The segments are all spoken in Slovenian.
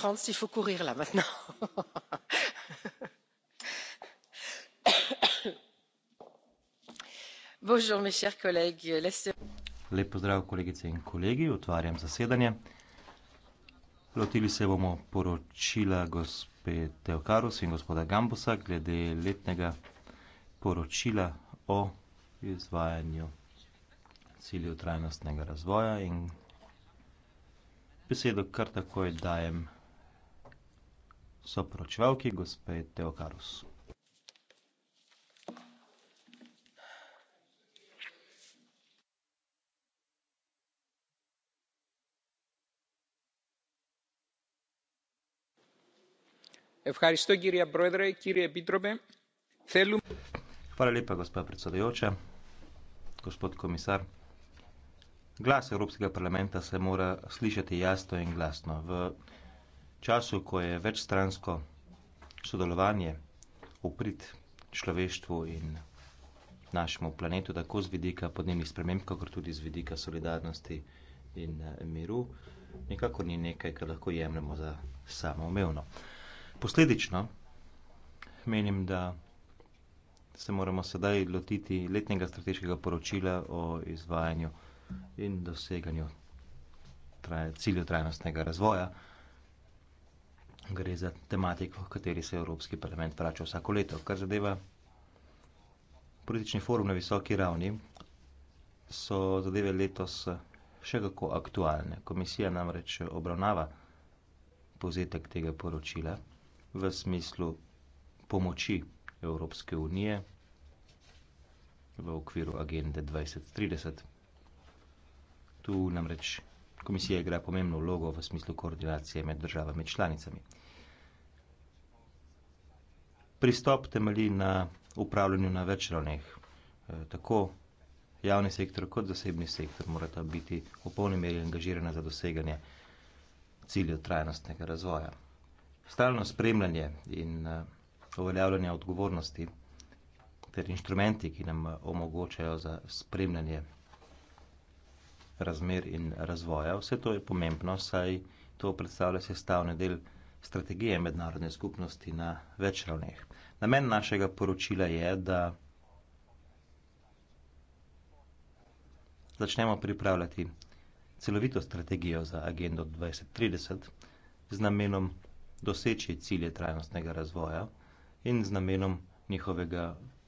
prendre s'il faut courir là maintenant. lep pozdrav kolegice in kolegi otvarjam zasedanje lotili se bomo poročila gospe teokarus in gospoda gambusa glede letnega poročila o izvajanju ciljev trajnostnega razvoja in besedo kar takoj dajem so poročevalki gospe Teokarus. Hvala lepa, gospod predsedujoča, gospod komisar. Glas Evropskega parlamenta se mora slišati jasno in glasno. V času, ko je večstransko sodelovanje uprit človeštvu in našemu planetu, tako z vidika podnebnih sprememb, kot tudi z vidika solidarnosti in eh, miru, nikako ni nekaj, kar lahko jemljemo za samoumevno. Posledično menim, da se moramo sedaj lotiti letnega strateškega poročila o izvajanju in doseganju traje, ciljev trajnostnega razvoja gre za tematiko, v kateri se Evropski parlament vrača vsako leto. Kar zadeva politični forum na visoki ravni, so zadeve letos še kako aktualne. Komisija namreč obravnava povzetek tega poročila v smislu pomoči Evropske unije v okviru agende 2030. Tu namreč komisija igra pomembno vlogo v smislu koordinacije med državami članicami pristop temelji na upravljanju na več ravneh. E, tako javni sektor kot zasebni sektor morata biti v polni meri angažirana za doseganje ciljev trajnostnega razvoja. Stalno spremljanje in e, uveljavljanje odgovornosti ter inštrumenti, ki nam e, omogočajo za spremljanje razmer in razvoja, vse to je pomembno, saj to predstavlja sestavni del strategije mednarodne skupnosti na več ravneh. Namen našega poročila je, da začnemo pripravljati celovito strategijo za agendo 2030 z namenom doseči cilje trajnostnega razvoja in z namenom njihovega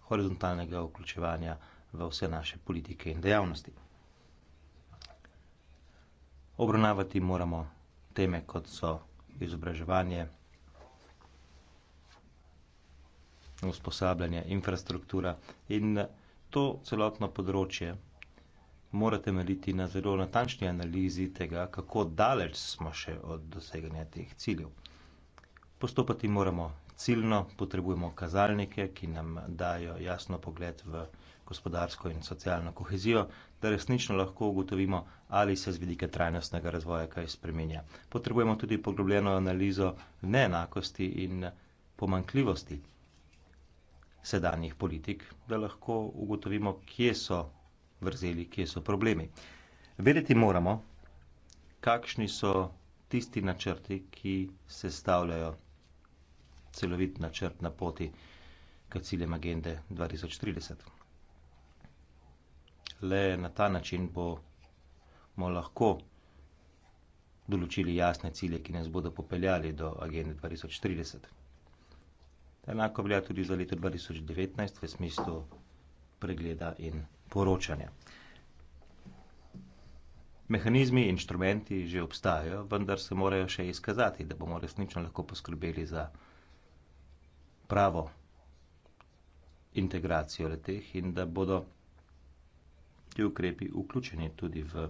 horizontalnega vključevanja v vse naše politike in dejavnosti. Obravnavati moramo teme, kot so izobraževanje, usposabljanje, infrastruktura in to celotno področje mora temeljiti na zelo natančni analizi tega, kako daleč smo še od doseganja teh ciljev. Postopati moramo ciljno, potrebujemo kazalnike, ki nam dajo jasno pogled v prihodnost gospodarsko in socialno kohezijo, da resnično lahko ugotovimo, ali se z vidike trajnostnega razvoja kaj spremenja. Potrebujemo tudi poglobljeno analizo neenakosti in pomankljivosti sedanjih politik, da lahko ugotovimo, kje so vrzeli, kje so problemi. Vedeti moramo, kakšni so tisti načrti, ki se stavljajo celovit načrt na poti k ciljem agende 2030 le na ta način bomo lahko določili jasne cilje, ki nas bodo popeljali do agende 2030. Enako velja tudi za leto 2019 v smislu pregleda in poročanja. Mehanizmi in inštrumenti že obstajajo, vendar se morajo še izkazati, da bomo resnično lahko poskrbeli za pravo integracijo leteh in da bodo ti ukrepi vključeni tudi v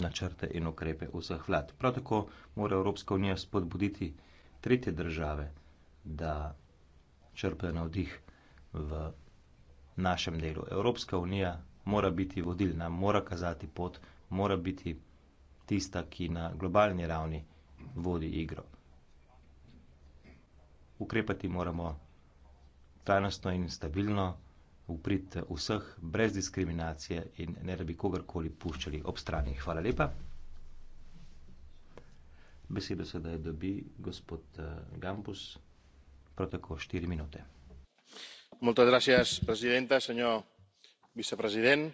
načrte in ukrepe vseh vlad. Prav tako mora Evropska unija spodbuditi tretje države, da črpajo na vdih v našem delu. Evropska unija mora biti vodilna, mora kazati pot, mora biti tista, ki na globalni ravni vodi igro. Ukrepati moramo trajnostno in stabilno uprit vseh, brez diskriminacije in ne da bi kogarkoli puščali ob strani. Hvala lepa. Besedo sedaj dobi gospod eh, Gambus, prav tako štiri minute. Muchas gracias, presidenta, señor viceprezident.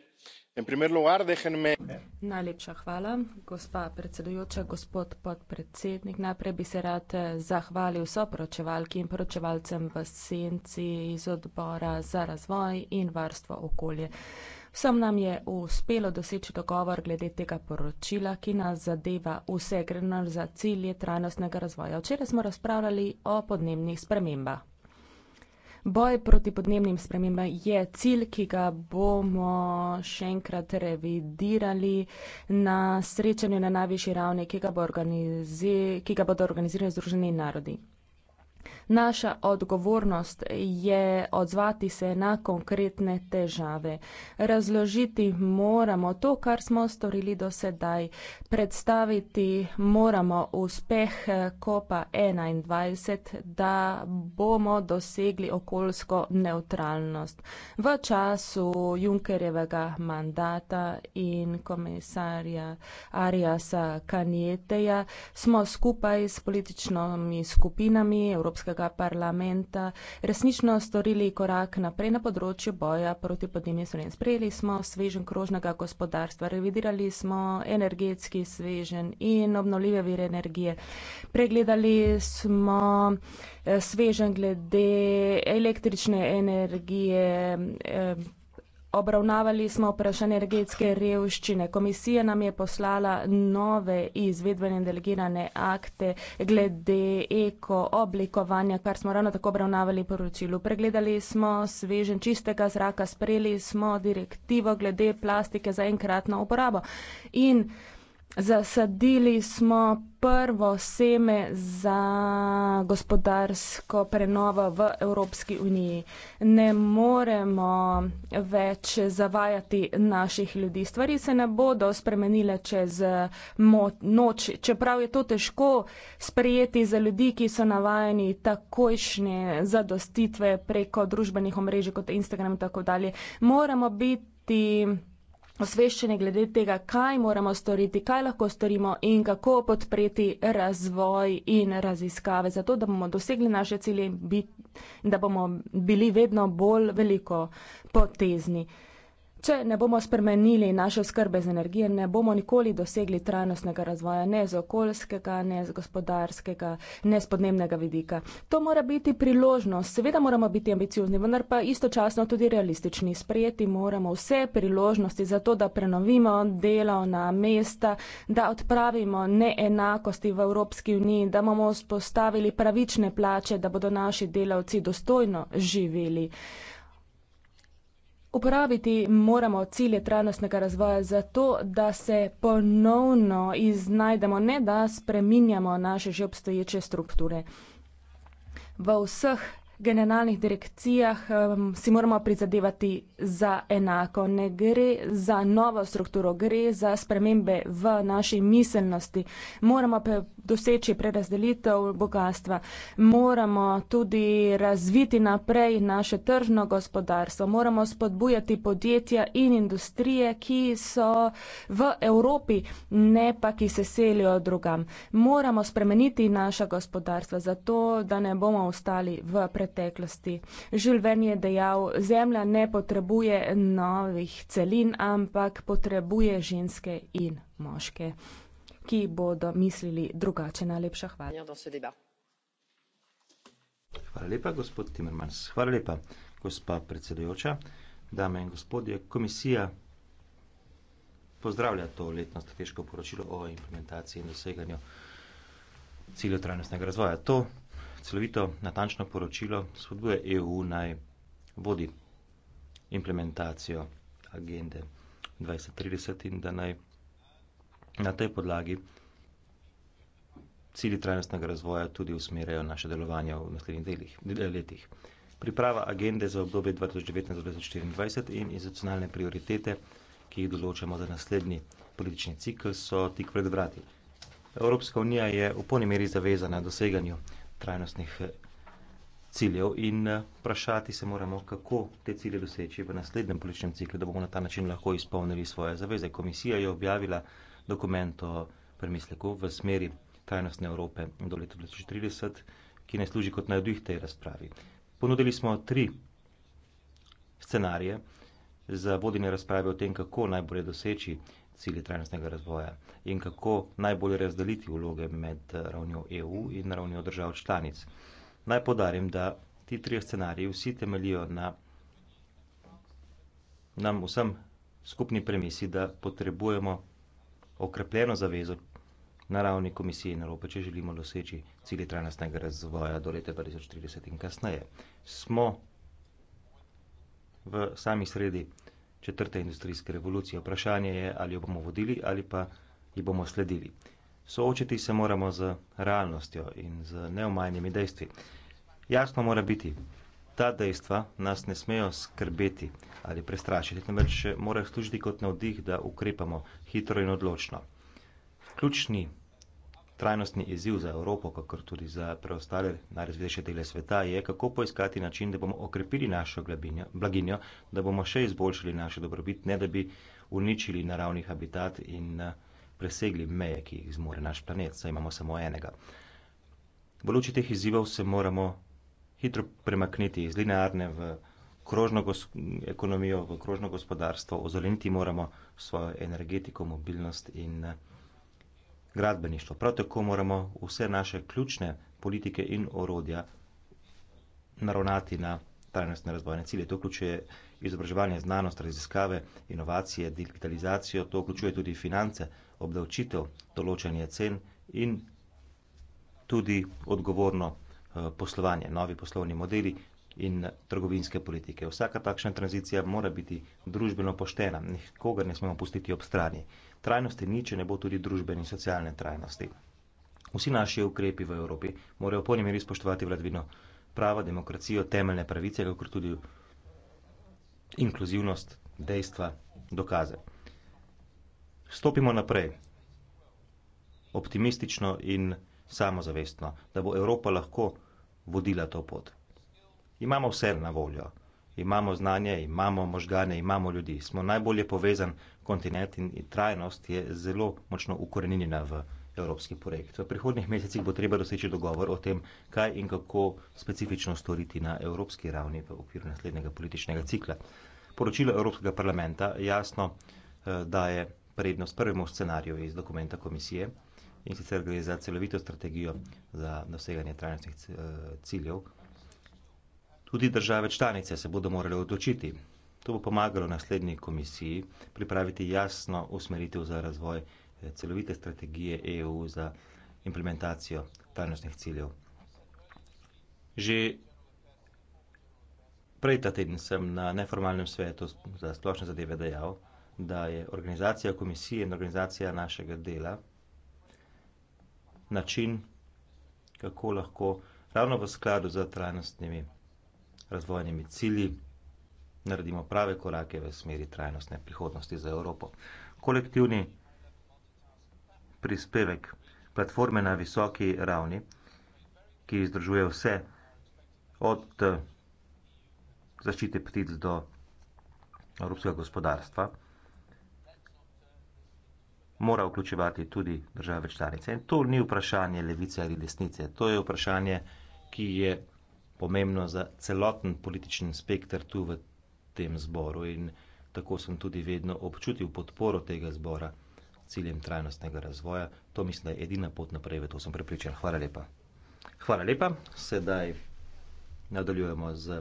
Najlepša hvala, gospa predsedujoča, gospod podpredsednik. Najprej bi se rad eh, zahvalil so poročevalki in poročevalcem v senci iz odbora za razvoj in varstvo okolje. Vsem nam je uspelo doseči dogovor glede tega poročila, ki nas zadeva vse, gre nam za cilje trajnostnega razvoja. Včeraj smo razpravljali o podnebnih spremembah. Boj proti podnebnim spremembam je cilj, ki ga bomo še enkrat revidirali na srečanju na najvišji ravni, ki ga bo ki ga bodo organizirali Združeni narodi. Naša odgovornost je odzvati se na konkretne težave. Razložiti moramo to, kar smo storili do sedaj. Predstaviti moramo uspeh COP-a 21, da bomo dosegli okoljsko neutralnost. V času Junckerjevega mandata in komisarja Arijasa Kanjeteja smo skupaj s političnimi skupinami Evropske unije Evropskega parlamenta resnično storili korak naprej na področju boja proti podnebnim spremembam. Sprejeli smo svežen krožnega gospodarstva, revidirali smo energetski svežen in obnovljive vire energije. Pregledali smo eh, svežen glede električne energije. Eh, Obravnavali smo vprašanje energetske revščine. Komisija nam je poslala nove izvedbene delegirane akte glede ekooblikovanja, kar smo ravno tako obravnavali v poročilu. Pregledali smo svežen čistega zraka, sprejeli smo direktivo glede plastike za enkratno uporabo. In Zasadili smo prvo seme za gospodarsko prenovo v Evropski uniji. Ne moremo več zavajati naših ljudi. Stvari se ne bodo spremenile čez noč. Čeprav je to težko sprejeti za ljudi, ki so navajeni takojšnje zadostitve preko družbenih omrežij kot Instagram in tako dalje. Moramo biti osveščeni glede tega, kaj moramo storiti, kaj lahko storimo in kako podpreti razvoj in raziskave, zato da bomo dosegli naše cilje in bi, da bomo bili vedno bolj veliko potezni. Če ne bomo spremenili naše skrbe z energije, ne bomo nikoli dosegli trajnostnega razvoja, ne z okoljskega, ne z gospodarskega, ne z podnebnega vidika. To mora biti priložnost. Seveda moramo biti ambiciozni, vendar pa istočasno tudi realistični. Sprejeti moramo vse priložnosti za to, da prenovimo delovna mesta, da odpravimo neenakosti v Evropski uniji, da bomo vzpostavili pravične plače, da bodo naši delavci dostojno živeli. Uporabiti moramo cilje trajnostnega razvoja za to, da se ponovno iznajdemo, ne da spreminjamo naše že obstoječe strukture. V vseh generalnih direkcijah um, si moramo prizadevati za enako, ne gre za novo strukturo, gre za spremembe v naši miselnosti. Moramo pa doseči prerazdelitev bogatstva, moramo tudi razviti naprej naše tržno gospodarstvo, moramo spodbujati podjetja in industrije, ki so v Evropi, ne pa ki se selijo drugam. Moramo spremeniti naša gospodarstva, zato da ne bomo ostali v preteklosti. Žilven je dejal, zemlja ne potrebuje potrebuje novih celin, ampak potrebuje ženske in moške, ki bodo mislili drugače. Najlepša hvala. Hvala lepa, gospod Timmermans. Hvala lepa, gospa predsedujoča. Dame in gospodje, komisija pozdravlja to letno strateško poročilo o implementaciji in doseganju ciljev trajnostnega razvoja. To celovito, natančno poročilo spodbuja EU naj vodi implementacijo agende 2030 in da naj na tej podlagi cilji trajnostnega razvoja tudi usmerjajo naše delovanje v naslednjih delih, letih. Priprava agende za obdobje 2019-2024 in institucionalne prioritete, ki jih določamo za naslednji politični cikl, so tik pred vrati. Evropska unija je v polni meri zavezana doseganju trajnostnih ciljev in eh, vprašati se moramo, kako te cilje doseči v naslednjem političnem ciklu, da bomo na ta način lahko izpolnili svoje zaveze. Komisija je objavila dokument o premisleku v smeri trajnostne Evrope do leta 2030, ki ne služi kot najdvih tej razpravi. Ponudili smo tri scenarije za vodenje razprave o tem, kako najbolje doseči cilje trajnostnega razvoja in kako najbolje razdeliti vloge med eh, ravnjo EU in ravnjo držav članic. Naj podarim, da ti trije scenariji vsi temelijo na nam vsem skupni premisi, da potrebujemo okrepljeno zavezo na ravni komisije in Evrope, če želimo doseči cilje trajnostnega razvoja do leta 2030 in kasneje. Smo v sami sredi četrte industrijske revolucije. Vprašanje je, ali jo bomo vodili ali pa ji bomo sledili. Soočiti se moramo z realnostjo in z neumajnimi dejstvi. Jasno mora biti, ta dejstva nas ne smejo skrbeti ali prestrašiti, temveč morajo služiti kot navdih, da ukrepamo hitro in odločno. Ključni trajnostni izziv za Evropo, kakor tudi za preostale najrazvidejše dele sveta, je, kako poiskati način, da bomo okrepili našo glabinjo, blaginjo, da bomo še izboljšali naše dobrobit, ne da bi uničili naravni habitat in uh, presegli meje, ki jih zmore naš planet, saj imamo samo enega. V luči teh izzivov se moramo hitro premakniti iz linearne v krožno gos ekonomijo, v krožno gospodarstvo, ozeleniti moramo svojo energetiko, mobilnost in gradbeništvo. Prav tako moramo vse naše ključne politike in orodja naravnati na trajnostne razvojne cilje. To vključuje izobraževanje, znanost, raziskave, inovacije, digitalizacijo, to vključuje tudi finance obdavčitev, določanje cen in tudi odgovorno eh, poslovanje, novi poslovni modeli in trgovinske politike. Vsaka takšna tranzicija mora biti družbeno poštena, nikogar ne smemo pustiti ob strani. Trajnosti ni, če ne bo tudi družbene in socialne trajnosti. Vsi naši ukrepi v Evropi morajo v polni meri spoštovati vladvino prava, demokracijo, temeljne pravice, kakor tudi inkluzivnost, dejstva, dokaze stopimo naprej optimistično in samozavestno, da bo Evropa lahko vodila to pot. Imamo vse na voljo, imamo znanje, imamo možgane, imamo ljudi, smo najbolje povezan kontinent in trajnost je zelo močno ukorenjena v evropski projekt. V prihodnih mesecih bo treba doseči dogovor o tem, kaj in kako specifično storiti na evropski ravni v okviru naslednjega političnega cikla. Poročilo Evropskega parlamenta jasno eh, daje prednost prvemu scenariju iz dokumenta komisije in sicer gre za celovito strategijo za doseganje trajnostnih eh, ciljev. Tudi države članice se bodo morale odločiti. To bo pomagalo naslednji komisiji pripraviti jasno usmeritev za razvoj eh, celovite strategije EU za implementacijo trajnostnih ciljev. Že prej ta teden sem na neformalnem svetu za splošne zadeve dejal, da je organizacija komisije in organizacija našega dela način, kako lahko ravno v skladu z trajnostnimi razvojnimi cilji naredimo prave korake v smeri trajnostne prihodnosti za Evropo. Kolektivni prispevek platforme na visoki ravni, ki izdržuje vse od eh, zaščite ptic do evropskega gospodarstva, mora vključevati tudi države članice. In to ni vprašanje levice ali desnice, to je vprašanje, ki je pomembno za celoten političen spektr tu v tem zboru. In tako sem tudi vedno občutil podporo tega zbora ciljem trajnostnega razvoja. To mislim, da je edina pot naprej, v to sem prepričan. Hvala lepa. Hvala lepa. Sedaj nadaljujemo z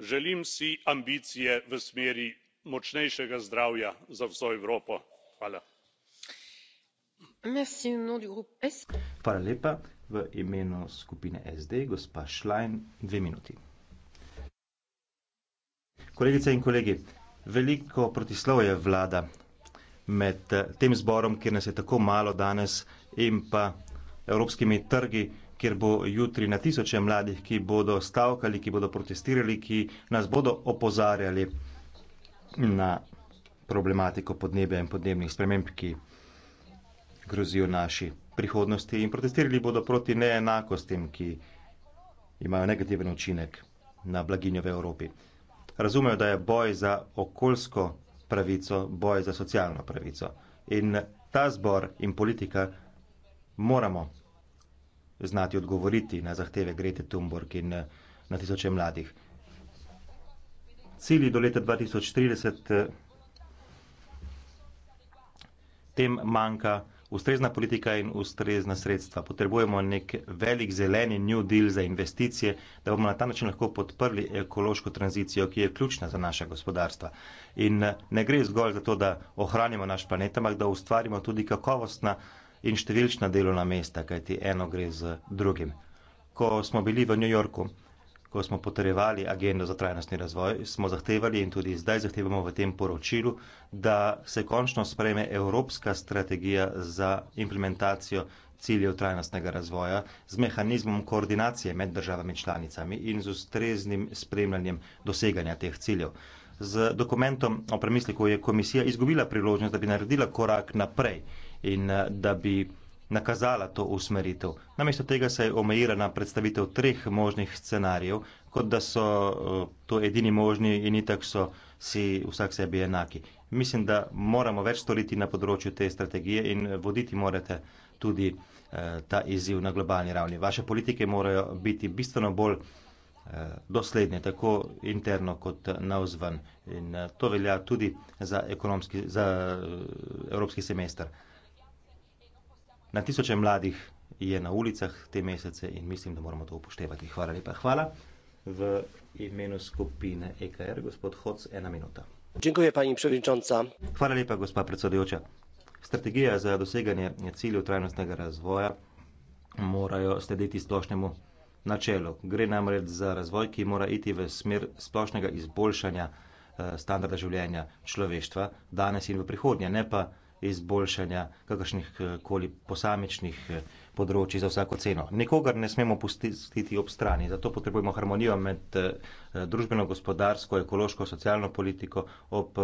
želim si ambicije v smeri močnejšega zdravja za vso evropo. hvala. kolegice in kolegi veliko protislovje vlada med tem zborom kjer nas je tako malo danes in pa evropskimi trgi kjer bo jutri na tisoče mladih, ki bodo stavkali, ki bodo protestirali, ki nas bodo opozarjali na problematiko podnebja in podnebnih sprememb, ki grozijo naši prihodnosti in protestirali bodo proti neenakostim, ki imajo negativen učinek na blaginjo v Evropi. Razumejo, da je boj za okoljsko pravico, boj za socialno pravico. In ta zbor in politika moramo znati odgovoriti na zahteve Grete Thunberg in eh, na tisoče mladih. Cilji do leta 2030, eh, tem manjka ustrezna politika in ustrezna sredstva. Potrebujemo nek velik zeleni new deal za investicije, da bomo na ta način lahko podprli ekološko tranzicijo, ki je ključna za naša gospodarstva. In eh, ne gre zgolj za to, da ohranimo naš planet, ampak da ustvarimo tudi kakovostna in številčna delovna mesta, kajti eno gre z drugim. Ko smo bili v New Yorku, ko smo potrjevali agendo za trajnostni razvoj, smo zahtevali in tudi zdaj zahtevamo v tem poročilu, da se končno spreme evropska strategija za implementacijo ciljev trajnostnega razvoja z mehanizmom koordinacije med državami članicami in z ustreznim spremljanjem doseganja teh ciljev. Z dokumentom o premisliku je komisija izgubila priložnost, da bi naredila korak naprej in eh, da bi nakazala to usmeritev. Namesto tega se je omejila na predstavitev treh možnih scenarijev, kot da so eh, to edini možni in itak so si vsak sebi enaki. Mislim, da moramo več storiti na področju te strategije in eh, voditi morate tudi eh, ta izziv na globalni ravni. Vaše politike morajo biti bistveno bolj eh, dosledne, tako interno kot na vzven. In eh, to velja tudi za, za eh, evropski semester. Na tisoče mladih je na ulicah te mesece in mislim, da moramo to upoštevati. Hvala lepa. Hvala v imenu skupine EKR, gospod Hoc, ena minuta. Dziękuję, pani przewodnicząca. Hvala lepa, gospa predsedujoča. Strategija za doseganje ciljev trajnostnega razvoja morajo slediti splošnemu načelu. Gre namreč za razvoj, ki mora iti v smer splošnega izboljšanja eh, standarda življenja človeštva danes in v prihodnje, ne pa izboljšanja kakršnih eh, koli posamičnih eh, področji za vsako ceno. Nikogar ne smemo pustiti ob strani, zato potrebujemo harmonijo med eh, družbeno, gospodarsko, ekološko, socialno politiko ob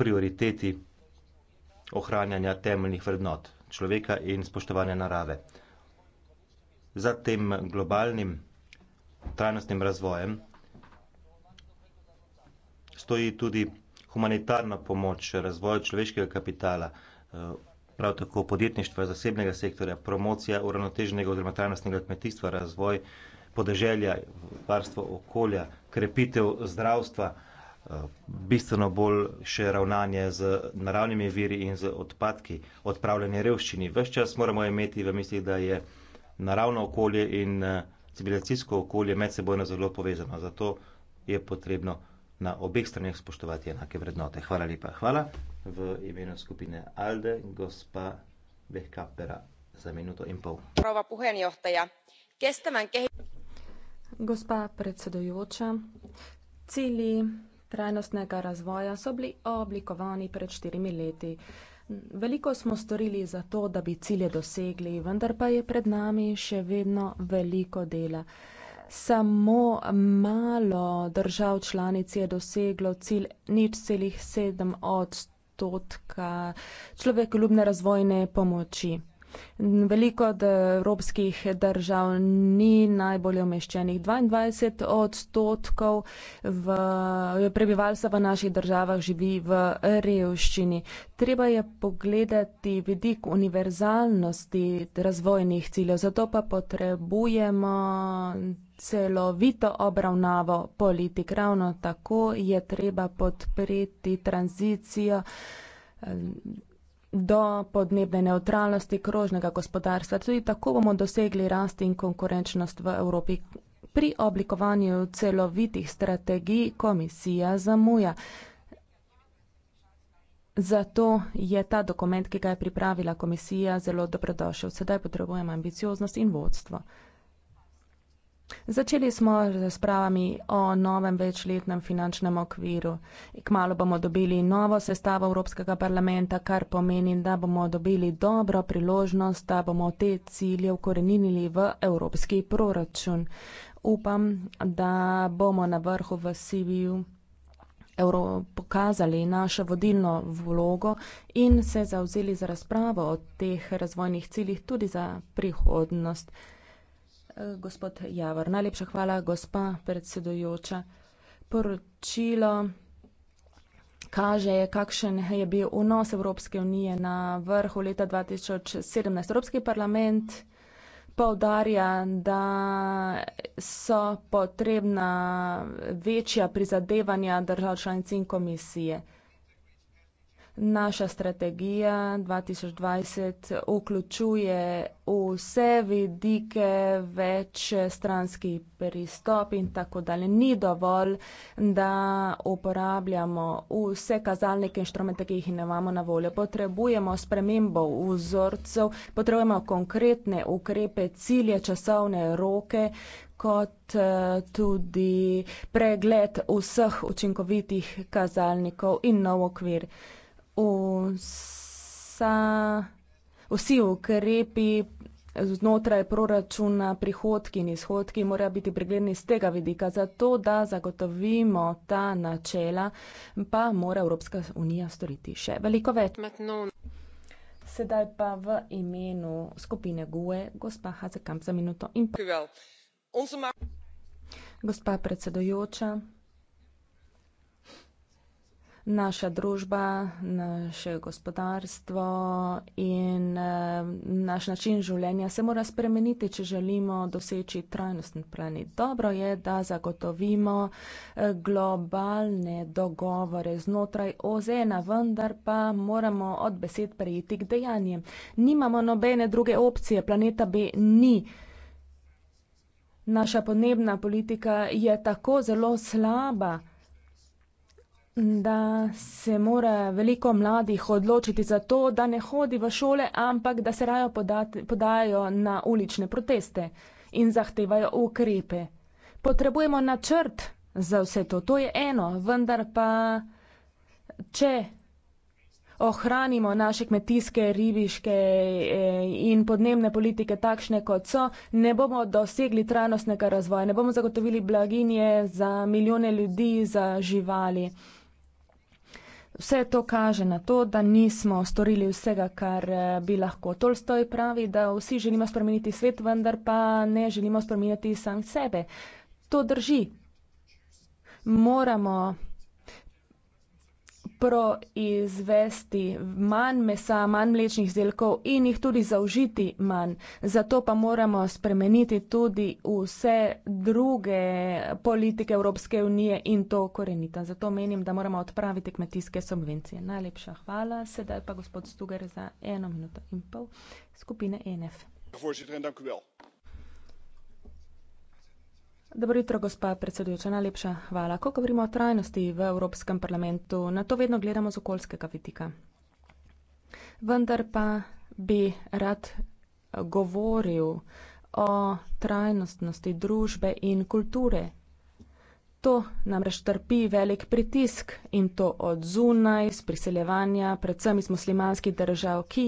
prioriteti ohranjanja temeljnih vrednot človeka in spoštovanja narave. Za tem globalnim trajnostnim razvojem stoji tudi humanitarna pomoč, razvoj človeškega kapitala, eh, prav tako podjetništva zasebnega sektorja, promocija uravnoteženega oziroma trajnostnega kmetijstva, razvoj podeželja, varstvo okolja, krepitev zdravstva, eh, bistveno bolj še ravnanje z naravnimi viri in z odpadki, odpravljanje revščini. Ves čas moramo imeti v mislih, da je naravno okolje in eh, civilizacijsko okolje medsebojno zelo povezano. Zato je potrebno na obeh stranih spoštovati enake vrednote. Hvala lepa. Hvala v imenu skupine ALDE, gospa Behkapera, za minuto in pol. Gospa predsedujoča, cilji trajnostnega razvoja so bili oblikovani pred štirimi leti. Veliko smo storili za to, da bi cilje dosegli, vendar pa je pred nami še vedno veliko dela samo malo držav članic je doseglo cilj nič celih sedem odstotka človekoljubne razvojne pomoči. Veliko od evropskih držav ni najbolje umeščenih. 22 odstotkov v prebivalstva v naših državah živi v revščini. Treba je pogledati vidik univerzalnosti razvojnih ciljev, zato pa potrebujemo celovito obravnavo politik. Ravno tako je treba podpreti tranzicijo do podnebne neutralnosti krožnega gospodarstva. Tudi tako bomo dosegli rast in konkurenčnost v Evropi. Pri oblikovanju celovitih strategij komisija zamuja. Zato je ta dokument, ki ga je pripravila komisija, zelo dobrodošel. Sedaj potrebujemo ambicioznost in vodstvo. Začeli smo z razpravami o novem večletnem finančnem okviru. Kmalo bomo dobili novo sestavo Evropskega parlamenta, kar pomeni, da bomo dobili dobro priložnost, da bomo te cilje ukoreninili v evropski proračun. Upam, da bomo na vrhu v Sibiju pokazali našo vodilno vlogo in se zauzeli za razpravo o teh razvojnih ciljih tudi za prihodnost. Gospod Javor, najlepša hvala, gospa predsedujoča. Poročilo kaže, kakšen je bil vnos Evropske unije na vrhu leta 2017. Evropski parlament povdarja, da so potrebna večja prizadevanja držav članic in komisije naša strategija 2020 vključuje vse vidike, več stranski pristop in tako dalje. Ni dovolj, da uporabljamo vse kazalnike inštrumente, ki jih imamo na voljo. Potrebujemo spremembo vzorcev, potrebujemo konkretne ukrepe, cilje, časovne roke kot tudi pregled vseh učinkovitih kazalnikov in nov okvir vsa, vsi ukrepi znotraj proračuna, prihodki in izhodki morajo biti pregledni z tega vidika. Zato, da zagotovimo ta načela, pa mora Evropska unija storiti še veliko več. Sedaj pa v imenu skupine GUE, gospa Hazekamp za minuto in pol. Gospa predsedujoča naša družba, naše gospodarstvo in eh, naš način življenja se mora spremeniti, če želimo doseči trajnostni planet. Dobro je, da zagotovimo eh, globalne dogovore znotraj OZN-a, vendar pa moramo od besed prejiti k dejanjem. Nimamo nobene druge opcije, planeta B ni. Naša podnebna politika je tako zelo slaba, da se mora veliko mladih odločiti za to, da ne hodi v šole, ampak da se rajo podajo na ulične proteste in zahtevajo ukrepe. Potrebujemo načrt za vse to, to je eno, vendar pa, če ohranimo naše kmetijske, ribiške eh, in podnebne politike takšne, kot so, ne bomo dosegli trajnostnega razvoja, ne bomo zagotovili blaginje za milijone ljudi, za živali vse to kaže na to, da nismo storili vsega, kar eh, bi lahko. Tolstoj pravi, da vsi želimo spremeniti svet, vendar pa ne želimo spremeniti sam sebe. To drži. Moramo proizvesti manj mesa, manj mlečnih izdelkov in jih tudi zaužiti manj. Zato pa moramo spremeniti tudi vse druge politike Evropske unije in to korenita. Zato menim, da moramo odpraviti kmetijske subvencije. Najlepša hvala. Sedaj pa gospod Stuger za eno minuto in pol skupine e NF. Voorzitter, en dank u wel. Dobro jutro, gospa predsedujoča, najlepša hvala. Ko govorimo o trajnosti v Evropskem parlamentu, na to vedno gledamo z okoljskega vidika. Vendar pa bi rad govoril o trajnostnosti družbe in kulture. To namreč trpi velik pritisk in to od zunaj, s priseljevanja, predvsem iz muslimanskih držav, ki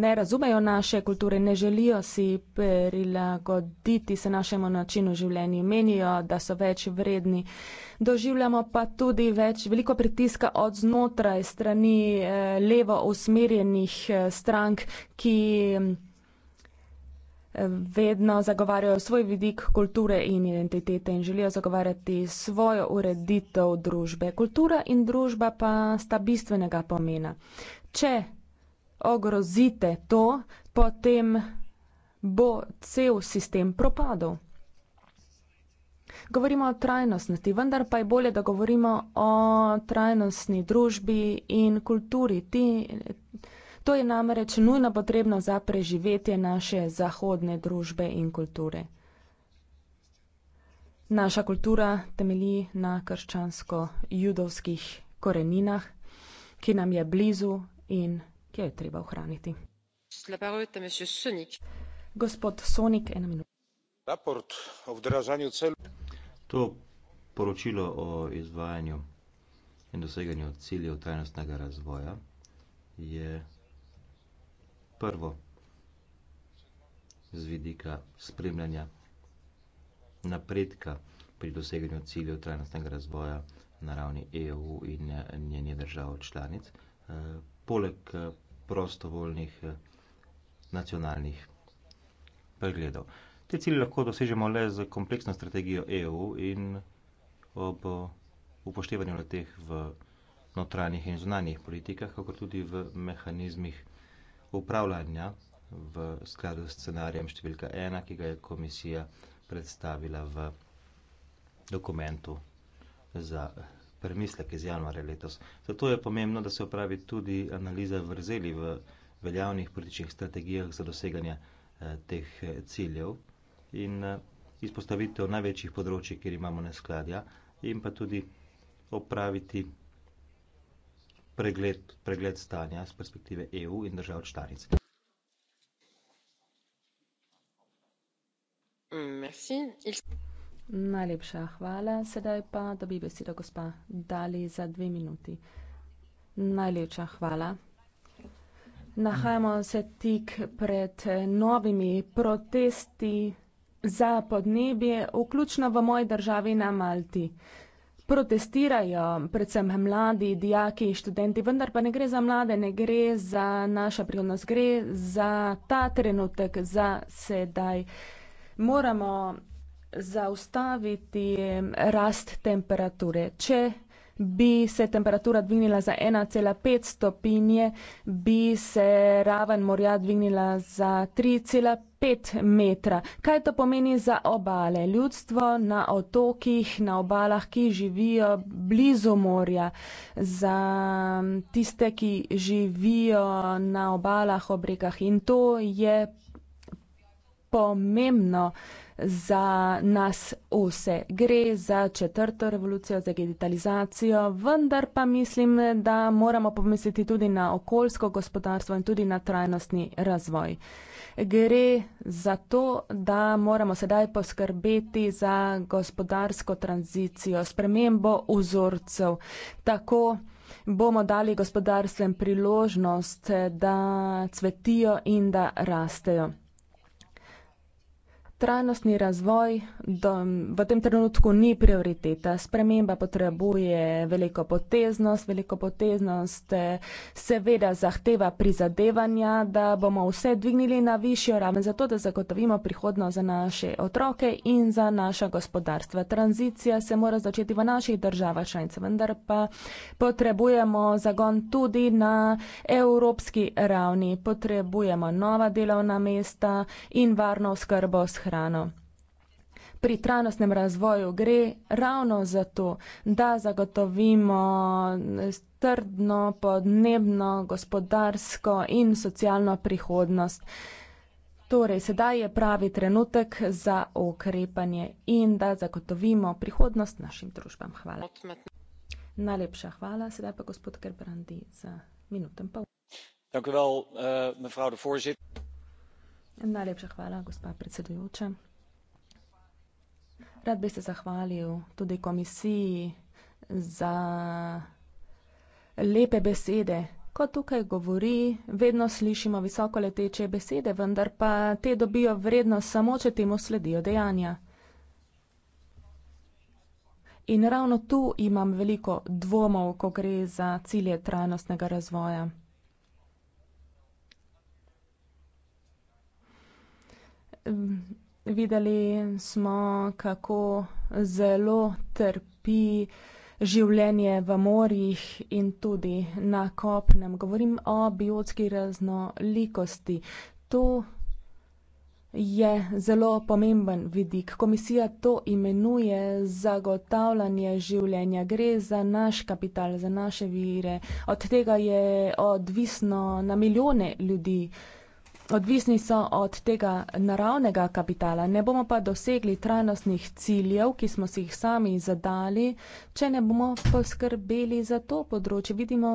ne razumejo naše kulture, ne želijo si prilagoditi se našemu načinu življenja, menijo, da so več vredni. Doživljamo pa tudi več, veliko pritiska od znotraj strani eh, levo usmerjenih eh, strank, ki eh, vedno zagovarjajo svoj vidik kulture in identitete in želijo zagovarjati svojo ureditev družbe. Kultura in družba pa sta bistvenega pomena če ogrozite to, potem bo cel sistem propadel. Govorimo o trajnostnosti, vendar pa je bolje, da govorimo o trajnostni družbi in kulturi. Ti, to je namreč nujno potrebno za preživetje naše zahodne družbe in kulture. Naša kultura temelji na krščansko-judovskih koreninah, ki nam je blizu in ki jo je treba ohraniti. Gospod Sonik, ena minuta. To poročilo o izvajanju in doseganju ciljev trajnostnega razvoja je prvo z vidika spremljanja napredka pri doseganju ciljev trajnostnega razvoja na ravni EU in njenih držav članic. Eh, poleg eh, prostovoljnih eh, nacionalnih pregledov. Te cilje lahko dosežemo le z kompleksno strategijo EU in ob upoštevanju le-teh v notranjih in zunanjih politikah, kakor tudi v mehanizmih upravljanja v skladu s scenarijem številka ena, ki ga je komisija predstavila v dokumentu za premislek iz januarja letos. Zato je pomembno, da se opravi tudi analiza vrzeli v veljavnih političnih strategijah za doseganje eh, teh eh, ciljev in eh, izpostavitev največjih področji, kjer imamo neskladja in pa tudi opraviti pregled, pregled stanja z perspektive EU in držav članic. Merci. Il... Najlepša hvala. Sedaj pa, da bi besedo gospa dali za dve minuti. Najlepša hvala. Nahajamo se tik pred novimi protesti za podnebje, vključno v moji državi na Malti. Protestirajo predvsem mladi, dijaki, študenti, vendar pa ne gre za mlade, ne gre za naša prihodnost, gre za ta trenutek, za sedaj. Moramo zaustaviti rast temperature. Če bi se temperatura dvignila za 1,5 stopinje, bi se raven morja dvignila za 3,5 metra. Kaj to pomeni za obale? Ljudstvo na otokih, na obalah, ki živijo blizu morja, za tiste, ki živijo na obalah, obrekah. In to je pomembno. Uh, za nas vse. Gre za četrto revolucijo, za digitalizacijo, vendar pa mislim, da moramo pomisliti tudi na okoljsko gospodarstvo in tudi na trajnostni razvoj. Gre za to, da moramo sedaj poskrbeti za gospodarsko tranzicijo, spremembo vzorcev. Tako bomo dali gospodarstvem priložnost, da cvetijo in da rastejo trajnostni razvoj do, v tem trenutku ni prioriteta. Sprememba potrebuje veliko poteznost, veliko poteznost eh, seveda zahteva prizadevanja, da bomo vse dvignili na višjo raven, zato da zagotovimo prihodnost za naše otroke in za naša gospodarstva. Tranzicija se mora začeti v naših državah članice, vendar pa potrebujemo zagon tudi na evropski ravni. Potrebujemo nova delovna mesta in varno oskrbo s hranjem prehrano. Pri trajnostnem razvoju gre ravno za to, da zagotovimo trdno podnebno, gospodarsko in socialno prihodnost. Torej, sedaj je pravi trenutek za okrepanje in da zagotovimo prihodnost našim družbam. Hvala. Najlepša hvala. Sedaj pa gospod Gerbrandi za minuto in pol. Dankjewel, uh, eh, mevrouw de voorzitter. Najlepša hvala, gospa predsedujoča. Rad bi se zahvalil tudi komisiji za lepe besede. Ko tukaj govori, vedno slišimo visokoleteče besede, vendar pa te dobijo vrednost samo, če temu sledijo dejanja. In ravno tu imam veliko dvomov, ko gre za cilje trajnostnega razvoja. videli smo, kako zelo trpi življenje v morjih in tudi na kopnem. Govorim o biotski raznolikosti. To je zelo pomemben vidik. Komisija to imenuje zagotavljanje življenja. Gre za naš kapital, za naše vire. Od tega je odvisno na milijone ljudi odvisni so od tega naravnega kapitala. Ne bomo pa dosegli trajnostnih ciljev, ki smo si jih sami zadali, če ne bomo poskrbeli za to področje. Vidimo,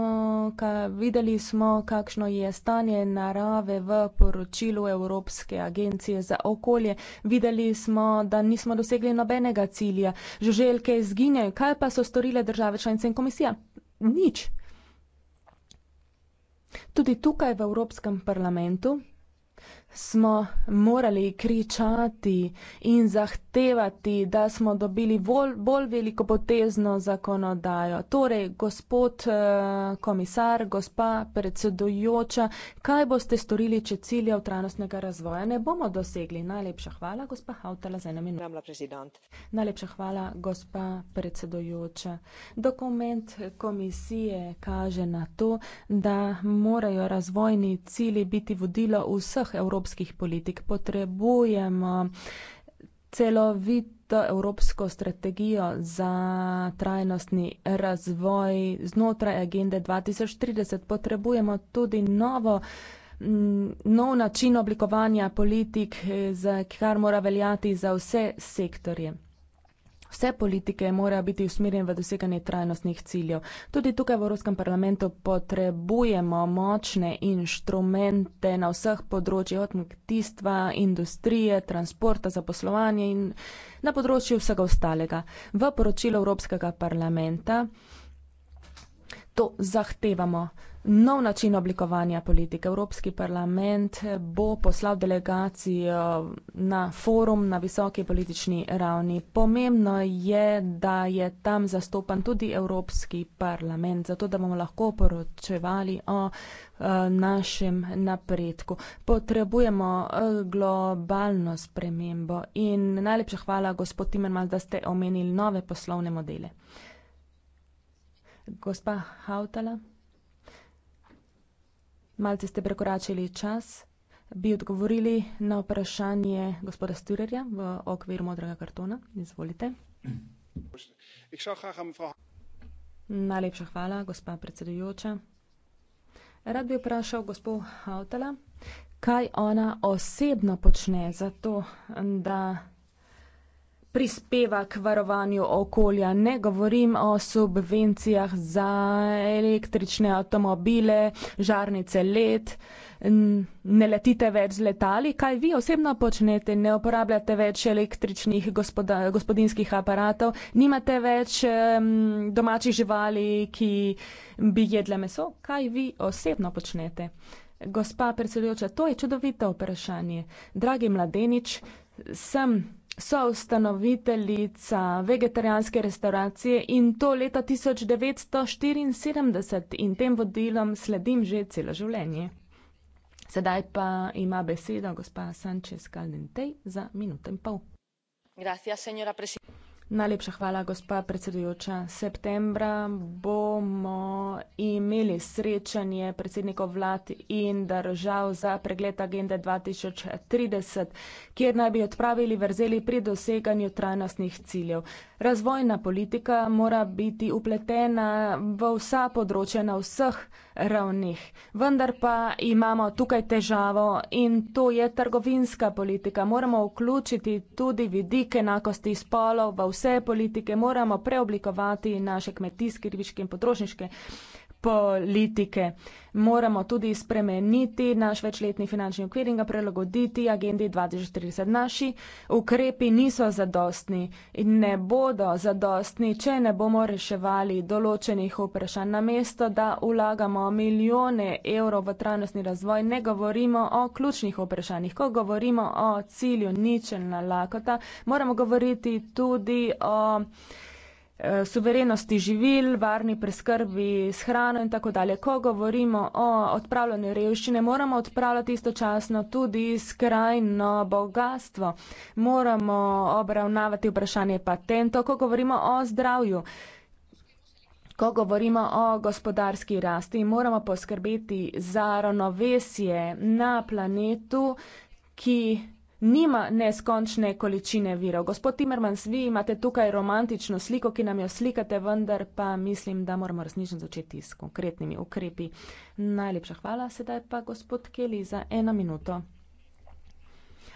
ka, videli smo, kakšno je stanje narave v poročilu Evropske agencije za okolje. Videli smo, da nismo dosegli nobenega cilja. Žuželke izginjajo. Kaj pa so storile države članice in komisija? Nič. Tudi tukaj v Evropskem parlamentu smo morali kričati in zahtevati, da smo dobili bolj, bolj veliko potezno zakonodajo. Torej, gospod eh, komisar, gospa predsedujoča, kaj boste storili, če ciljev trajnostnega razvoja ne bomo dosegli? Najlepša hvala, gospa Hautala, za eno minuto. Najlepša hvala, gospa predsedujoča. Dokument komisije kaže na to, da morajo razvojni cilji biti vodilo vseh evropskih evropskih politik. Potrebujemo celovito evropsko strategijo za trajnostni razvoj znotraj agende 2030. Potrebujemo tudi novo, mm, nov način oblikovanja politik, za kar mora veljati za vse sektorje. Vse politike morajo biti usmerjene v doseganje trajnostnih ciljev. Tudi tukaj v Evropskem parlamentu potrebujemo močne inštrumente na vseh področjih, od kmetijstva, industrije, transporta, zaposlovanja in na področju vsega ostalega. V poročilu Evropskega parlamenta to zahtevamo nov način oblikovanja politike. Evropski parlament bo poslal delegacijo na forum na visoki politični ravni. Pomembno je, da je tam zastopan tudi Evropski parlament, zato da bomo lahko poročevali o eh, našem napredku. Potrebujemo eh, globalno spremembo in najlepša hvala, gospod Timmermans, da ste omenili nove poslovne modele. Gospa Hautala malce ste prekoračili čas, bi odgovorili na vprašanje gospoda Sturerja v okviru modrega kartona. Izvolite. Najlepša hvala, gospa predsedujoča. Rad bi vprašal gospo Hautala, kaj ona osebno počne za to, da prispeva k varovanju okolja. Ne govorim o subvencijah za električne avtomobile, žarnice let, ne letite več z letali. Kaj vi osebno počnete? Ne uporabljate več električnih gospoda, gospodinskih aparatov, nimate več um, domačih živali, ki bi jedle meso. Kaj vi osebno počnete? Gospa predsedujoča, to je čudovito vprašanje. Dragi mladenič, sem soustanoviteljica vegetarijanske restauracije in to leta 1974 in tem vodilom sledim že celo življenje. Sedaj pa ima besedo gospa Sanchez Caldentej za minuto in pol. Gracias, señora presidenta. Najlepša hvala, gospa predsedujoča. Septembra bomo imeli srečanje predsednikov vlad in držav za pregled agende 2030, kjer naj bi odpravili vrzeli pri doseganju trajnostnih ciljev. Razvojna politika mora biti upletena v vsa področja na vseh ravnih. Vendar pa imamo tukaj težavo in to je trgovinska politika. Moramo vključiti tudi vidik enakosti spolov v vse politike, moramo preoblikovati naše kmetijske, ribiške in potrošniške politike. Moramo tudi spremeniti naš večletni finančni okvir in ga prilagoditi agendi 2030. Naši ukrepi niso zadostni in ne bodo zadostni, če ne bomo reševali določenih vprašanj. Namesto, da vlagamo milijone evrov v trajnostni razvoj, ne govorimo o ključnih vprašanjih. Ko govorimo o cilju ničelna lakota, moramo govoriti tudi o Eh, suverenosti živil, varni preskrbi s hrano in tako dalje. Ko govorimo o odpravljanju revščine, moramo odpravljati istočasno tudi skrajno bogatstvo. Moramo obravnavati vprašanje patentov, ko govorimo o zdravju. Ko govorimo o gospodarski rasti, moramo poskrbeti za ravnovesje na planetu, ki nima neskončne količine virov. Gospod Timmermans, vi imate tukaj romantično sliko, ki nam jo slikate, vendar pa mislim, da moramo resnično začeti s konkretnimi ukrepi. Najlepša hvala, sedaj pa gospod Keli za eno minuto.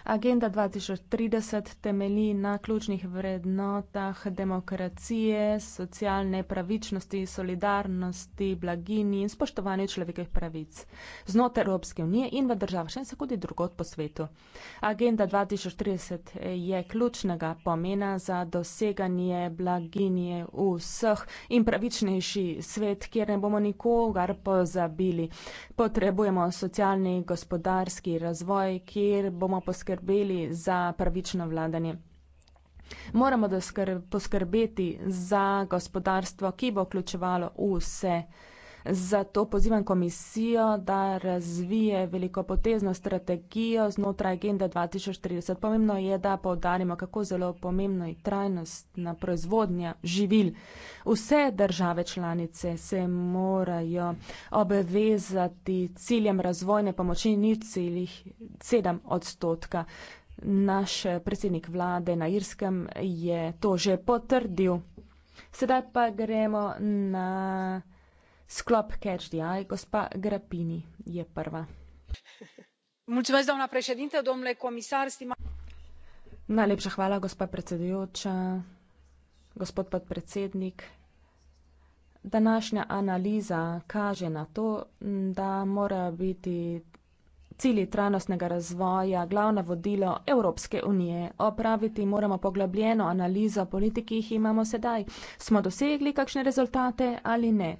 Agenda 2030 temelji na ključnih vrednotah demokracije, socialne pravičnosti, solidarnosti, blagini in spoštovanje človekovih pravic znotraj Evropske unije in v državah še in tako drugot po svetu. Agenda 2030 je ključnega pomena za doseganje blaginje vseh in pravičnejši svet, kjer ne bomo nikogar pozabili. Potrebujemo socialni gospodarski razvoj, kjer bomo poskrbeli poskrbeli za pravično vladanje. Moramo poskrbeti za gospodarstvo, ki bo vključevalo vse. Zato pozivam komisijo, da razvije velikopotezno strategijo znotraj agende 2040. Pomembno je, da povdarimo, kako zelo pomembno je trajnostna proizvodnja živil. Vse države članice se morajo obvezati ciljem razvojne pomoči in njih ciljih 7 odstotka. Naš predsednik vlade na Irskem je to že potrdil. Sedaj pa gremo na sklop catch the eye gospa grapini je prva. doamnă președintă domnule comisar stimați. najlepša hvala gospa predsedujoča gospod podpredsednik današnja analiza kaže na to da morajo biti cilji trajnostnega razvoja glavno vodilo evropske unije opraviti moramo poglobljeno analizo politik ki jih imamo sedaj smo dosegli kakšne rezultate ali ne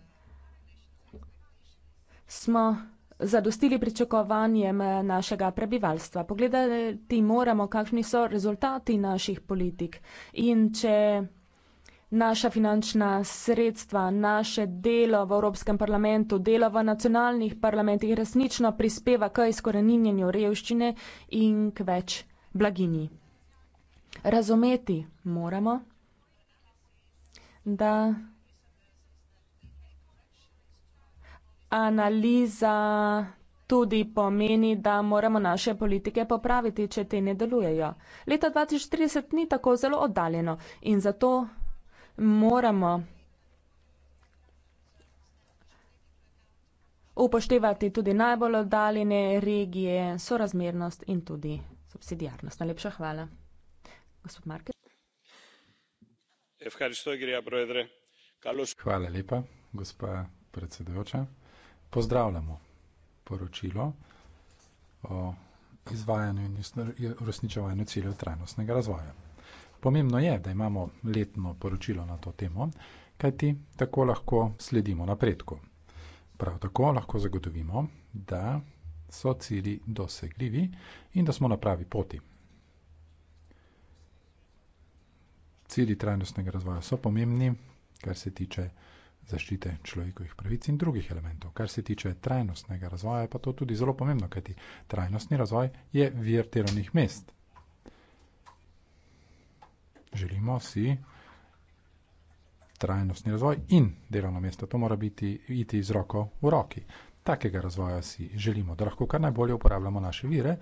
smo zadostili pričakovanjem eh, našega prebivalstva. Pogledati moramo, kakšni so rezultati naših politik in če naša finančna sredstva, naše delo v Evropskem parlamentu, delo v nacionalnih parlamentih resnično prispeva k izkoreninjenju revščine in k več blaginji. Razumeti moramo, da analiza tudi pomeni, da moramo naše politike popraviti, če te ne delujejo. Leto 2030 ni tako zelo oddaljeno in zato moramo upoštevati tudi najbolj oddaljene regije, sorazmernost in tudi subsidijarnost. Najlepša hvala. Gospod Marke. Hvala lepa, gospa predsedujoča pozdravljamo poročilo o izvajanju in uresničevanju ciljev trajnostnega razvoja. Pomembno je, da imamo letno poročilo na to temo, kajti tako lahko sledimo napredku. Prav tako lahko zagotovimo, da so cilji dosegljivi in da smo na pravi poti. Cilji trajnostnega razvoja so pomembni, kar se tiče zaščite človekovih pravic in drugih elementov. Kar se tiče trajnostnega razvoja, pa to tudi zelo pomembno, kajti trajnostni razvoj je vir delovnih mest. Želimo si trajnostni razvoj in delovno mesto. To mora biti iti z roko v roki. Takega razvoja si želimo, da lahko kar najbolje uporabljamo naše vire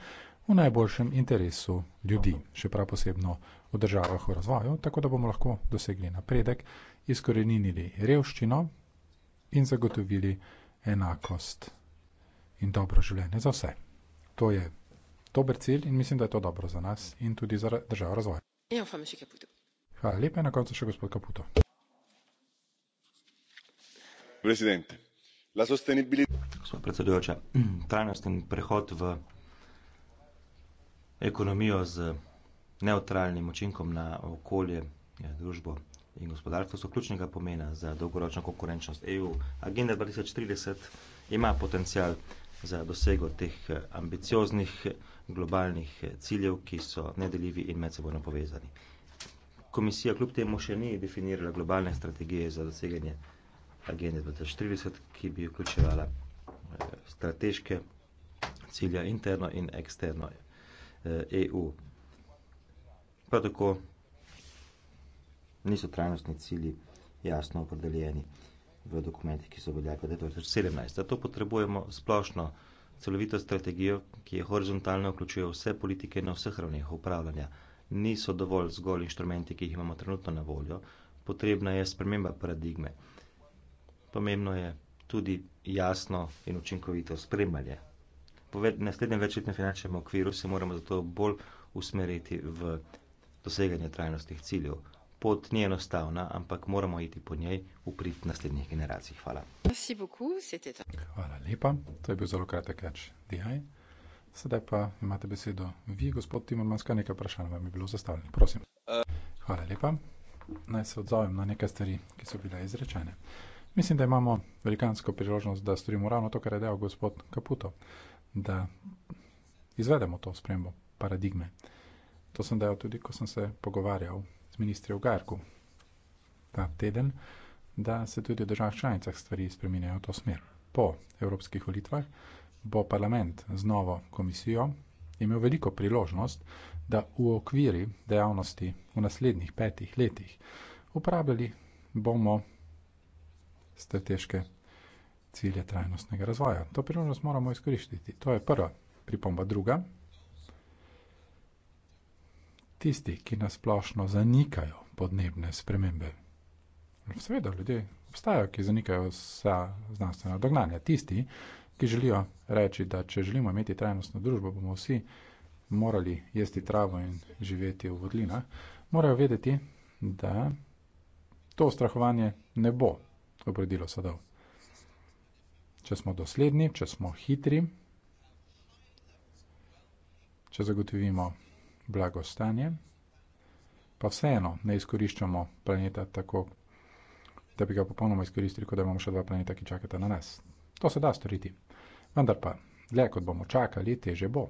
v najboljšem interesu ljudi, še prav posebno v državah v razvoju, tako da bomo lahko dosegli napredek izkorenili revščino in zagotovili enakost in dobro življenje za vse. To je dober cilj in mislim, da je to dobro za nas in tudi za državo razvoj. Ja, Hvala lepa in na koncu še gospod Kaputo. Presidente. La Gospod predsedujoča, trajnostni prehod v ekonomijo z neutralnim učinkom na okolje, ja, družbo in gospodarstvo so ključnega pomena za dolgoročno konkurenčnost EU. Agenda 2030 ima potencial za dosego teh eh, ambicioznih eh, globalnih eh, ciljev, ki so nedeljivi in medsebojno povezani. Komisija kljub temu še ni definirala globalne strategije za doseganje agende 2030, ki bi vključevala strateške cilje interno in eksterno EU. E Prav tako niso trajnostni cilji jasno opredeljeni v dokumentih, ki so veljali pa 2017. Zato potrebujemo splošno celovito strategijo, ki je horizontalno vključuje vse politike na vseh ravneh upravljanja. Niso dovolj zgolj inštrumenti, ki jih imamo trenutno na voljo, potrebna je sprememba paradigme. Pomembno je tudi jasno in učinkovito spremljanje. Po naslednjem večletnem finančnem okviru se moramo zato bolj usmeriti v doseganje trajnostnih ciljev pot ni enostavna, ampak moramo iti po njej v prid naslednjih generacij. Hvala. Hvala lepa, to je bil zelo kratek kač DIY. Sedaj pa imate besedo vi, gospod Timomanska, nekaj vprašanj vam je bilo zastavljeno, prosim. Hvala lepa, naj se odzovem na nekaj stvari, ki so bile izrečene. Mislim, da imamo velikansko priložnost, da storimo ravno to, kar je dejal gospod Kaputo, da izvedemo to spremembo paradigme. To sem dejal tudi, ko sem se pogovarjal z ministri v Garku ta teden, da se tudi v državah članicah stvari spremenjajo v to smer. Po evropskih volitvah bo parlament z novo komisijo imel veliko priložnost, da v okviri dejavnosti v naslednjih petih letih uporabljali bomo strateške cilje trajnostnega razvoja. To priložnost moramo izkoristiti. To je prva pripomba. Druga tisti, ki nasplošno zanikajo podnebne spremembe. Sveda, ljudje obstajajo, ki zanikajo vsa znanstvena dognanja. Tisti, ki želijo reči, da če želimo imeti trajnostno družbo, bomo vsi morali jesti travo in živeti v vodlinah, morajo vedeti, da to strahovanje ne bo obredilo sadov. Če smo dosledni, če smo hitri, če zagotovimo blagostanje, pa vseeno ne izkoriščamo planeta tako, da bi ga popolnoma izkoristili, kot da imamo še dva planeta, ki čakata na nas. To se da storiti. Vendar pa, le kot bomo čakali, teže bo.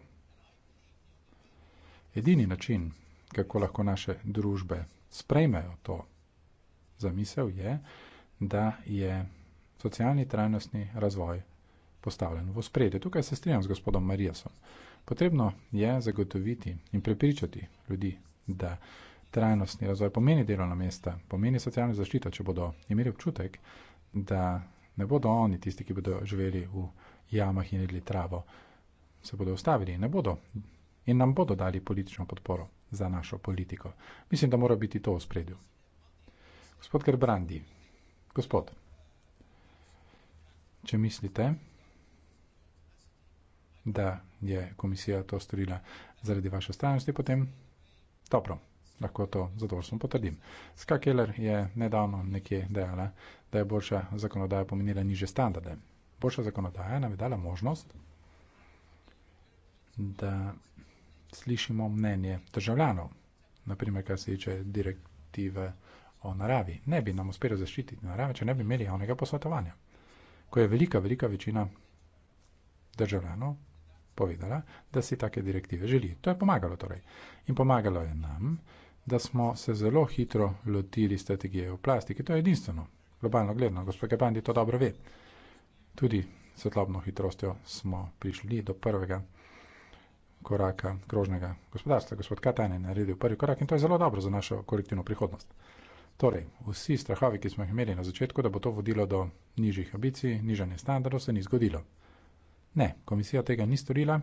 Edini način, kako lahko naše družbe sprejmejo to zamisel, je, da je socialni trajnostni razvoj postavljen v spredje. Tukaj se strinjam z gospodom Marijasom potrebno je zagotoviti in prepričati ljudi, da trajnostni razvoj pomeni delovna mesta, pomeni socialno zaščito, če bodo imeli občutek, da ne bodo oni tisti, ki bodo živeli v jamah in jedli travo, se bodo ustavili in ne bodo in nam bodo dali politično podporo za našo politiko. Mislim, da mora biti to v spredju. Gospod Gerbrandi, gospod, če mislite, da je komisija to storila zaradi vaše stranosti, potem dobro, lahko to zadovoljstvo potrdim. Ska Keller je nedavno nekje dejala, da je boljša zakonodaja pomenila niže standarde. Boljša zakonodaja nam je dala možnost, da slišimo mnenje državljanov, naprimer, kar se tiče direktive o naravi. Ne bi nam uspelo zaščititi narave, če ne bi imeli javnega posvetovanja. Ko je velika, velika večina državljanov povedala, da si take direktive želi. To je pomagalo torej. In pomagalo je nam, da smo se zelo hitro lotili strategije o plastiki. To je edinstveno, globalno gledano. Gospod Gepandi to dobro ve. Tudi svetlobno hitrostjo smo prišli do prvega koraka krožnega gospodarstva. Gospod Katajn je naredil prvi korak in to je zelo dobro za našo kolektivno prihodnost. Torej, vsi strahovi, ki smo jih imeli na začetku, da bo to vodilo do nižjih ambicij, nižanje standardov, se ni zgodilo. Ne, komisija tega ni storila,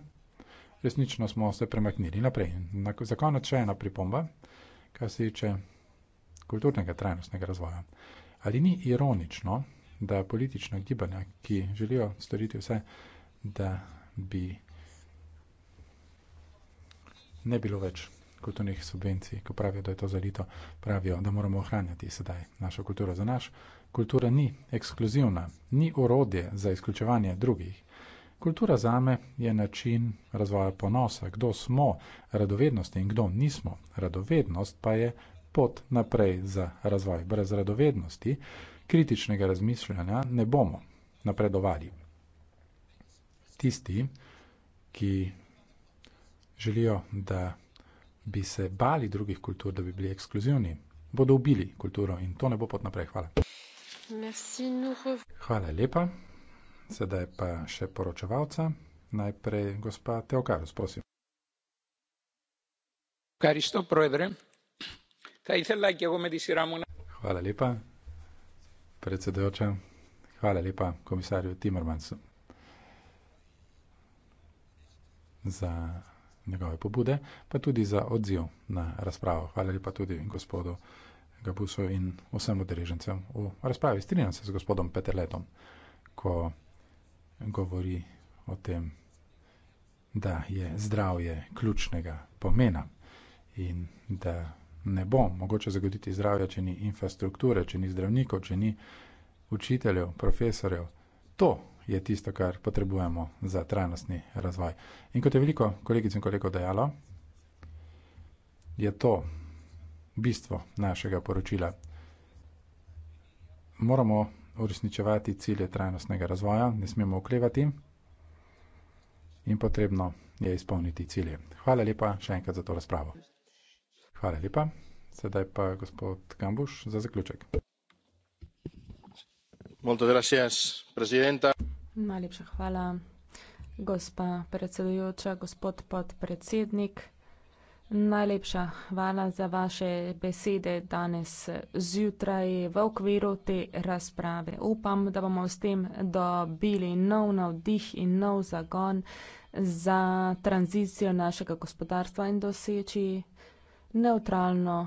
resnično smo se premaknili naprej. Na, za konec še ena pripomba, kar se tiče kulturnega trajnostnega razvoja. Ali ni ironično, da politična gibanja, ki želijo storiti vse, da bi ne bilo več kulturnih subvencij, ko pravijo, da je to zalito, pravijo, da moramo ohranjati sedaj našo kulturo za naš. Kultura ni ekskluzivna, ni orodje za izključevanje drugih. Kultura zame je način razvoja ponosa, kdo smo, radovednosti in kdo nismo. Radovednost pa je pot naprej za razvoj. Brez radovednosti, kritičnega razmišljanja ne bomo napredovali. Tisti, ki želijo, da bi se bali drugih kultur, da bi bili ekskluzivni, bodo ubili kulturo in to ne bo pot naprej. Hvala. Hvala lepa. Sedaj pa še poročevalca, najprej gospa Teokarus, prosim. Karisto, proedre. Hvala lepa, predsedujoča. Hvala lepa komisarju Timmermansu za njegove pobude, pa tudi za odziv na razpravo. Hvala lepa tudi gospodu Gabusu in vsem udeležencem v razpravi. Strinjam se z gospodom Peterletom, ko govori o tem, da je zdravje ključnega pomena in da ne bo mogoče zagoditi zdravja, če ni infrastrukture, če ni zdravnikov, če ni učiteljev, profesorjev. To je tisto, kar potrebujemo za trajnostni razvoj. In kot je veliko kolegic in kolegov dejalo, je to bistvo našega poročila. Moramo uresničevati cilje trajnostnega razvoja, ne smemo oklevati in potrebno je izpolniti cilje. Hvala lepa še enkrat za to razpravo. Hvala lepa. Sedaj pa gospod Gambuš za zaključek. Najlepša hvala, gospa predsedujoča, gospod podpredsednik. Najlepša hvala za vaše besede danes zjutraj v okviru te razprave. Upam, da bomo s tem dobili nov navdih in nov zagon za tranzicijo našega gospodarstva in doseči neutralno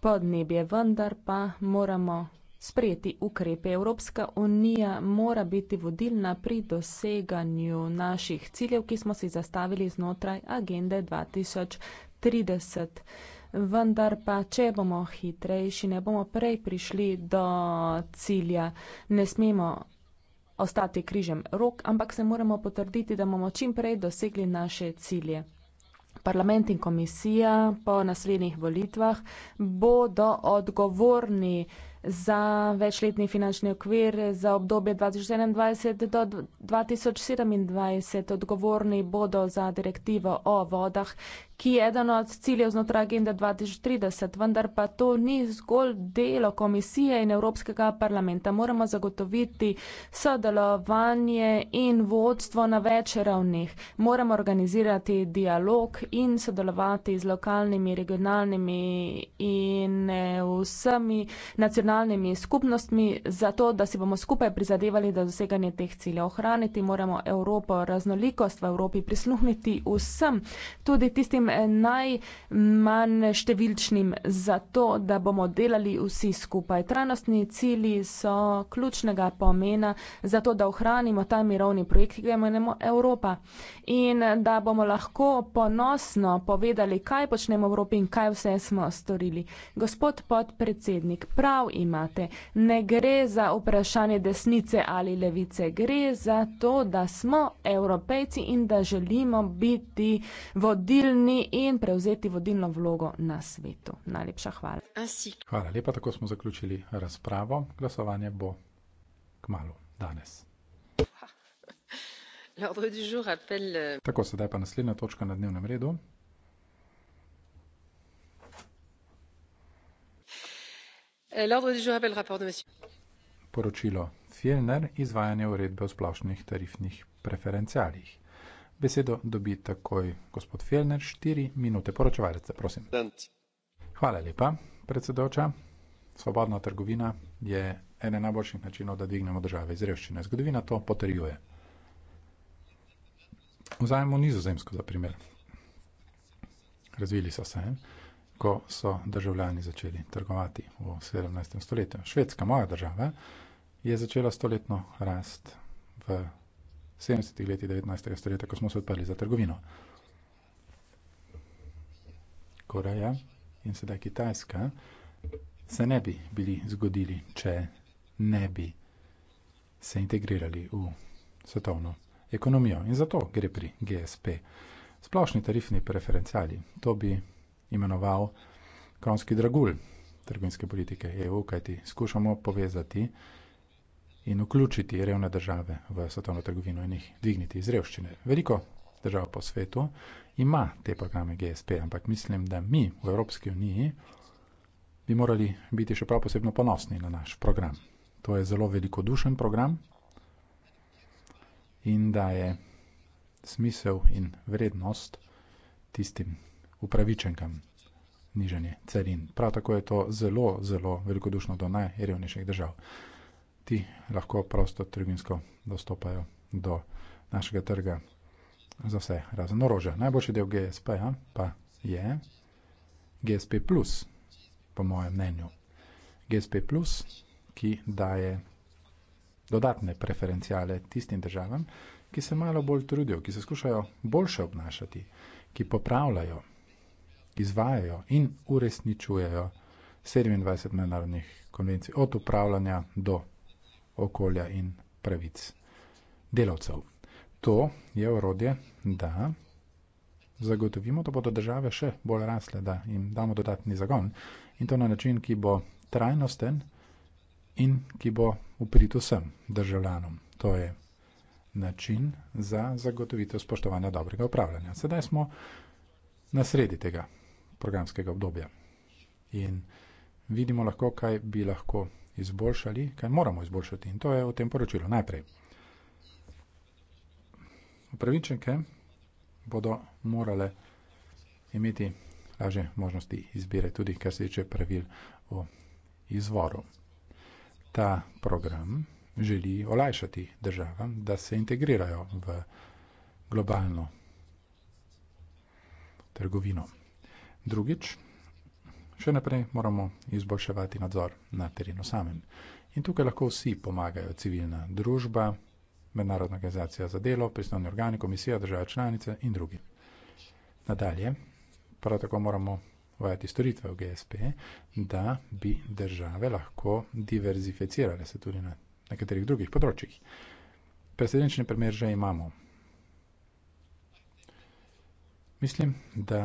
podnebje, vendar pa moramo Sprejeti ukrepe Evropska unija mora biti vodilna pri doseganju naših ciljev, ki smo si zastavili znotraj agende 2030. Vendar pa, če bomo hitrejši, ne bomo prej prišli do cilja. Ne smemo ostati križem rok, ampak se moramo potrditi, da bomo čim prej dosegli naše cilje. Parlament in komisija po naslednjih volitvah bodo odgovorni za večletni finančni okvir za obdobje 2021 do 2027. Odgovorni bodo za direktivo o vodah, ki je eden od ciljev znotraj agende 2030, vendar pa to ni zgolj delo komisije in Evropskega parlamenta. Moramo zagotoviti sodelovanje in vodstvo na več ravnih. Moramo organizirati dialog in sodelovati z lokalnimi, regionalnimi in eh, vsemi nacionalnimi skupnostmi, zato da si bomo skupaj prizadevali, da doseganje teh ciljev ohraniti. Moramo Evropo, raznolikost v Evropi prisluhniti vsem, tudi tistim, Eh, najmanj številčnim za to, da bomo delali vsi skupaj. Trajnostni cilji so ključnega pomena za to, da ohranimo ta mirovni projekt, ki ga imenujemo Evropa in da bomo lahko ponosno povedali, kaj počnemo v Evropi in kaj vse smo storili. Gospod podpredsednik, prav imate, ne gre za vprašanje desnice ali levice, gre za to, da smo evropejci in da želimo biti vodilni in prevzeti vodilno vlogo na svetu. Najlepša hvala. Hvala lepa, tako smo zaključili razpravo. Glasovanje bo k malu danes. Euh, Tako sedaj pa naslednja točka na dnevnem redu. Euh, Poročilo Fjellner izvajanje uredbe o splošnih tarifnih preferencialih. Besedo dobi takoj gospod Fjellner, štiri minute poročevalec, prosim. Hvala lepa, predsedoča. Svobodna trgovina je eden najboljših načinov, da dvignemo države iz revščine. Zgodovina to potrjuje. Vzamemo nizozemsko za primer. Razvili so se, ko so državljani začeli trgovati v 17. stoletju. Švedska, moja država, je začela stoletno rast v 70. letih 19. stoletja, ko smo se odprli za trgovino. Koreja in sedaj Kitajska se ne bi bili zgodili, če ne bi se integrirali v svetovno trgovino ekonomijo in zato gre pri GSP. Splošni tarifni preferencijali, to bi imenoval kronski dragulj trgovinske politike EU, kajti skušamo povezati in vključiti revne države v svetovno trgovino in jih dvigniti iz revščine. Veliko držav po svetu ima te programe GSP, ampak mislim, da mi v Evropski uniji bi morali biti še prav posebno ponosni na naš program. To je zelo velikodušen program, in daje smisel in vrednost tistim upravičenkam nižanje carin. Prav tako je to zelo, zelo velikodušno do najrevnejših držav. Ti lahko prosto trgovinsko dostopajo do našega trga za vse razen orožja. Najboljši del GSP ja, pa je GSP, po mojem mnenju. GSP, ki daje dodatne preferencijale tistim državam, ki se malo bolj trudijo, ki se skušajo boljše obnašati, ki popravljajo, izvajajo in uresničujejo 27 mednarodnih konvencij od upravljanja do okolja in pravic delavcev. To je urodje, da zagotovimo, da bodo države še bolj rasle, da jim damo dodatni zagon in to na način, ki bo trajnosten, in ki bo uprit vsem državljanom. To je način za zagotovitev spoštovanja dobrega upravljanja. Sedaj smo na sredi tega programskega obdobja in vidimo lahko, kaj bi lahko izboljšali, kaj moramo izboljšati in to je v tem poročilu najprej. Upravičenke bodo morale imeti lažje možnosti izbire tudi, kar se tiče pravil o izvoru ta program želi olajšati državam, da se integrirajo v globalno trgovino. Drugič, še naprej moramo izboljševati nadzor na terenu samem. In tukaj lahko vsi pomagajo, civilna družba, Mednarodna organizacija za delo, pristojni organi, komisija, države članice in drugi. Nadalje, prav tako moramo uvajati storitve v GSP, da bi države lahko diverzificirale se tudi na nekaterih drugih področjih. Presedenčni primer že imamo. Mislim, da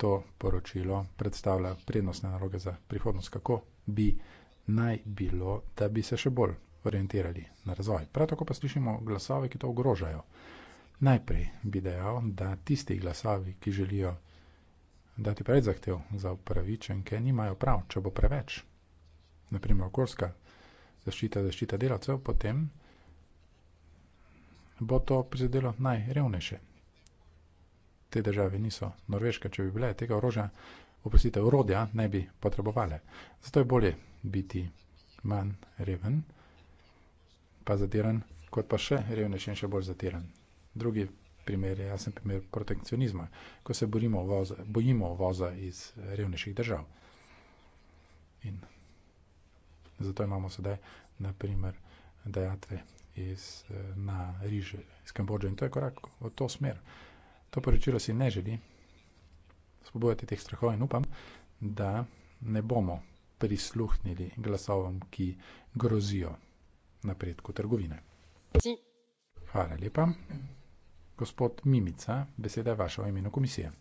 to poročilo predstavlja prednostne naloge za prihodnost, kako bi naj bilo, da bi se še bolj orientirali na razvoj. Prav tako pa slišimo glasove, ki to ogrožajo. Najprej bi dejal, da tisti glasovi, ki želijo dati prej zahtev za upravičenke nimajo prav, če bo preveč. Naprimer, okoljska zaščita, zaščita delavcev, potem bo to prizadelo najrevnejše. Te države niso norveške, če bi bile tega orožja, oprostite, orodja ne bi potrebovale. Zato je bolje biti manj reven, pa zatiran, kot pa še revnejši in še bolj zatiran. Drugi primer je jasen primer protekcionizma, ko se borimo voza, bojimo voza iz revnejših držav. In zato imamo sedaj, na primer, dajatve iz, na riže iz Kambodže in to je korak v to smer. To poročilo si ne želi spobojati teh strahov in upam, da ne bomo prisluhnili glasovom, ki grozijo napredku trgovine. Hvala lepa gospod mimica beseda je vaša v imenu komisije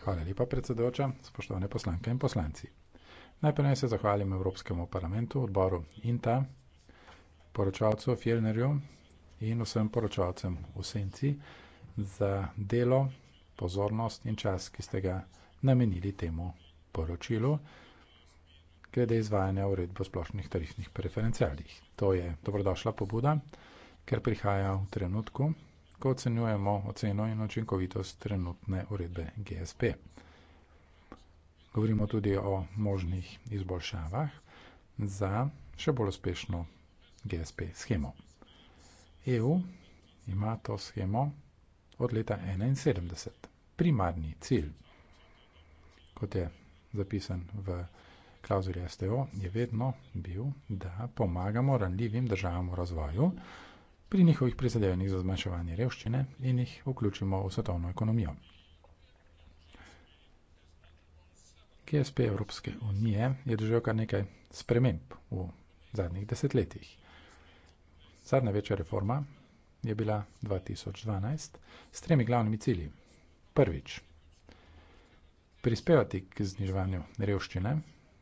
Hvala lepa, predsedujoča, spoštovane poslanke in poslanci. Najprej naj se zahvalim Evropskemu parlamentu, odboru INTA, poročalcu Fjellnerju in vsem poročalcem v Senci za delo, pozornost in čas, ki ste ga namenili temu poročilu glede izvajanja uredbe o splošnih tarifnih preferencialih. To je dobrodošla pobuda ker prihaja v trenutku, ko ocenjujemo oceno in očinkovitost trenutne uredbe GSP. Govorimo tudi o možnih izboljšavah za še bolj uspešno GSP schemo. EU ima to schemo od leta 1971. Primarni cilj, kot je zapisan v klauzuli STO, je vedno bil, da pomagamo ranljivim državam v razvoju, pri njihovih prizadevanjih za zmanjševanje revščine in jih vključimo v svetovno ekonomijo. GSP Evropske unije je doživel kar nekaj sprememb v zadnjih desetletjih. Zadnja večja reforma je bila 2012 s tremi glavnimi cilji. Prvič, prispevati k zniževanju revščine,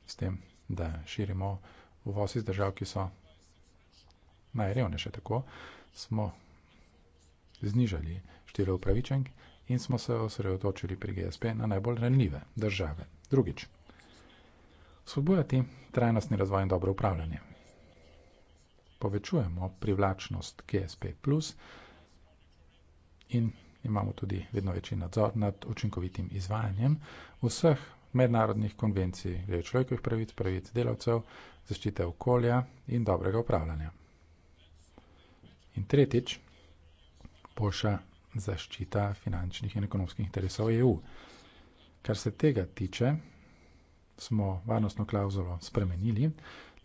s tem, da širimo uvoz iz držav, ki so najrevnejše, tako smo znižali število upravičenk in smo se osredotočili pri GSP na najbolj ranljive države. Drugič, spodbujati trajnostni razvoj in dobro upravljanje. Povečujemo privlačnost GSP, in imamo tudi vedno večji nadzor nad učinkovitim izvajanjem vseh mednarodnih konvencij glede človekovih pravic, pravic delavcev, zaščite okolja in dobrega upravljanja. In tretjič, boljša zaščita finančnih in ekonomskih interesov EU. Kar se tega tiče, smo varnostno klauzulo spremenili,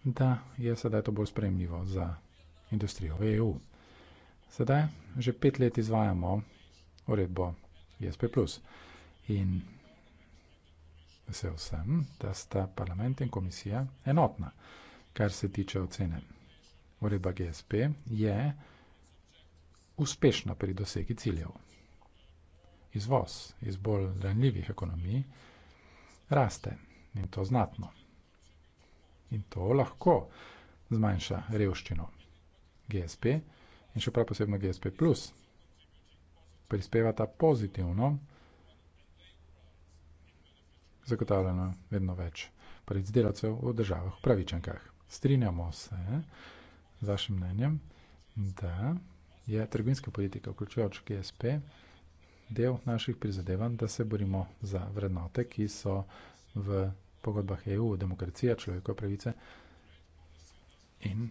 da je sedaj to bolj spremljivo za industrijo v EU. Sedaj že pet let izvajamo uredbo ISP. In vesel sem, da sta parlament in komisija enotna, kar se tiče ocene. Uredba GSP je uspešna pri dosegi ciljev. Izvoz iz bolj ranljivih ekonomij raste in to znatno. In to lahko zmanjša revščino GSP in še prav posebno GSP plus prispevata pozitivno zagotavljeno vedno več predzdelavcev v državah pravičenkah. Strinjamo se z vašim mnenjem, da je trgovinska politika, vključujoč GSP, del naših prizadevanj, da se borimo za vrednote, ki so v pogodbah EU, demokracija, človekove pravice in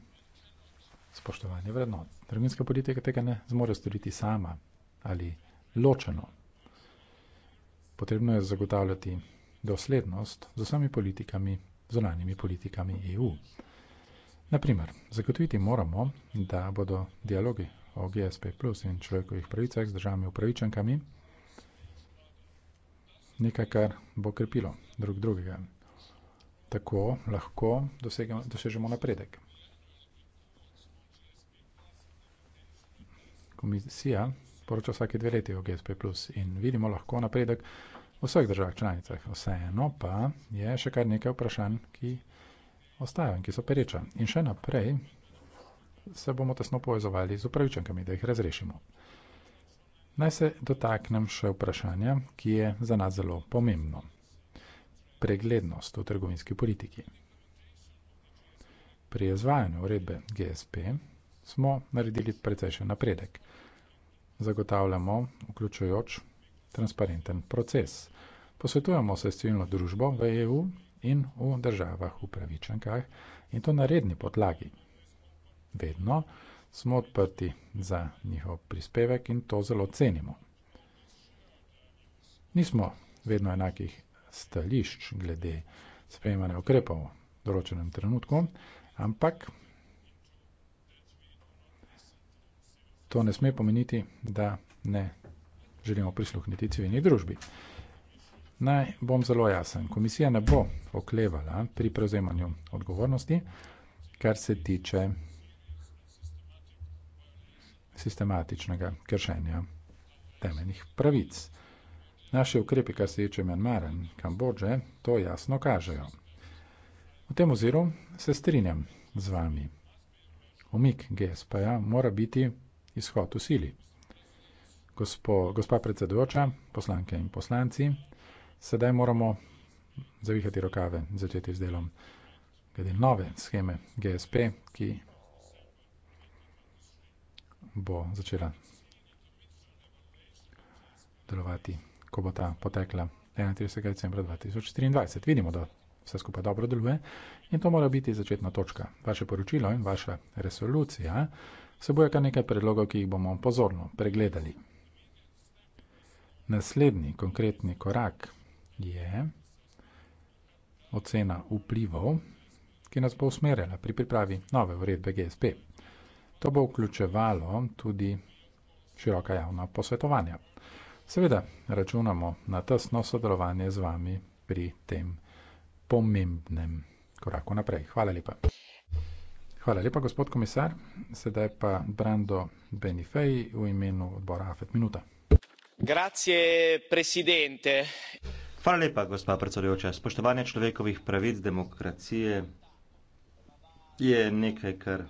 spoštovanje vrednot. Trgovinska politika tega ne zmore storiti sama ali ločeno. Potrebno je zagotavljati doslednost z vsemi politikami, zunanjimi politikami EU. Naprimer, zagotoviti moramo, da bodo dialogi o GSP plus in človekovih pravicah z državami upravičenkami. Nekaj, kar bo krepilo drug drugega. Tako lahko dosegemo, dosežemo napredek. Komisija poroča vsake dve leti o GSP plus in vidimo lahko napredek v vseh državah članicah. Vseeno pa je še kar nekaj vprašanj, ki ostajajo in ki so pereča. In še naprej se bomo tesno povezovali z upravičankami, da jih razrešimo. Naj se dotaknem še vprašanja, ki je za nas zelo pomembno. Preglednost v trgovinski politiki. Pri izvajanju uredbe GSP smo naredili precejšen napredek. Zagotavljamo vključujoč transparenten proces. Posvetujemo se s civilno družbo v EU in v državah upravičenkah in to na redni podlagi, vedno smo odprti za njihov prispevek in to zelo cenimo. Nismo vedno enakih stališč glede sprejemanja ukrepov v določenem trenutku, ampak to ne sme pomeniti, da ne želimo prisluhniti civilni družbi. Naj bom zelo jasen. Komisija ne bo oklevala pri prevzemanju odgovornosti, kar se tiče sistematičnega kršenja temeljnih pravic. Naše ukrepe, kar se tiče Mjanmara in Kambodže, to jasno kažejo. V tem oziru se strinjam z vami. Umik GSP-ja mora biti izhod v sili. Gospo, gospa predsedujoča, poslanke in poslanci, sedaj moramo zavihati rokave in začeti z delom glede nove scheme GSP, ki bo začela delovati, ko bo ta potekla 31. decembra 2024. Vidimo, da vse skupaj dobro deluje in to mora biti začetna točka. Vaše poročilo in vaša resolucija se boja kar nekaj predlogov, ki jih bomo pozorno pregledali. Naslednji konkretni korak je ocena vplivov, ki nas bo usmerjala pri pripravi nove uredbe GSP. To bo vključevalo tudi široka javna posvetovanja. Seveda računamo na tesno sodelovanje z vami pri tem pomembnem koraku naprej. Hvala lepa. Hvala lepa, gospod komisar. Sedaj pa Brando Benifej v imenu odbora AFET Minuta. Grazie, presidente. Hvala lepa, gospa predsedujoča. Spoštovanje človekovih pravic demokracije je nekaj, kar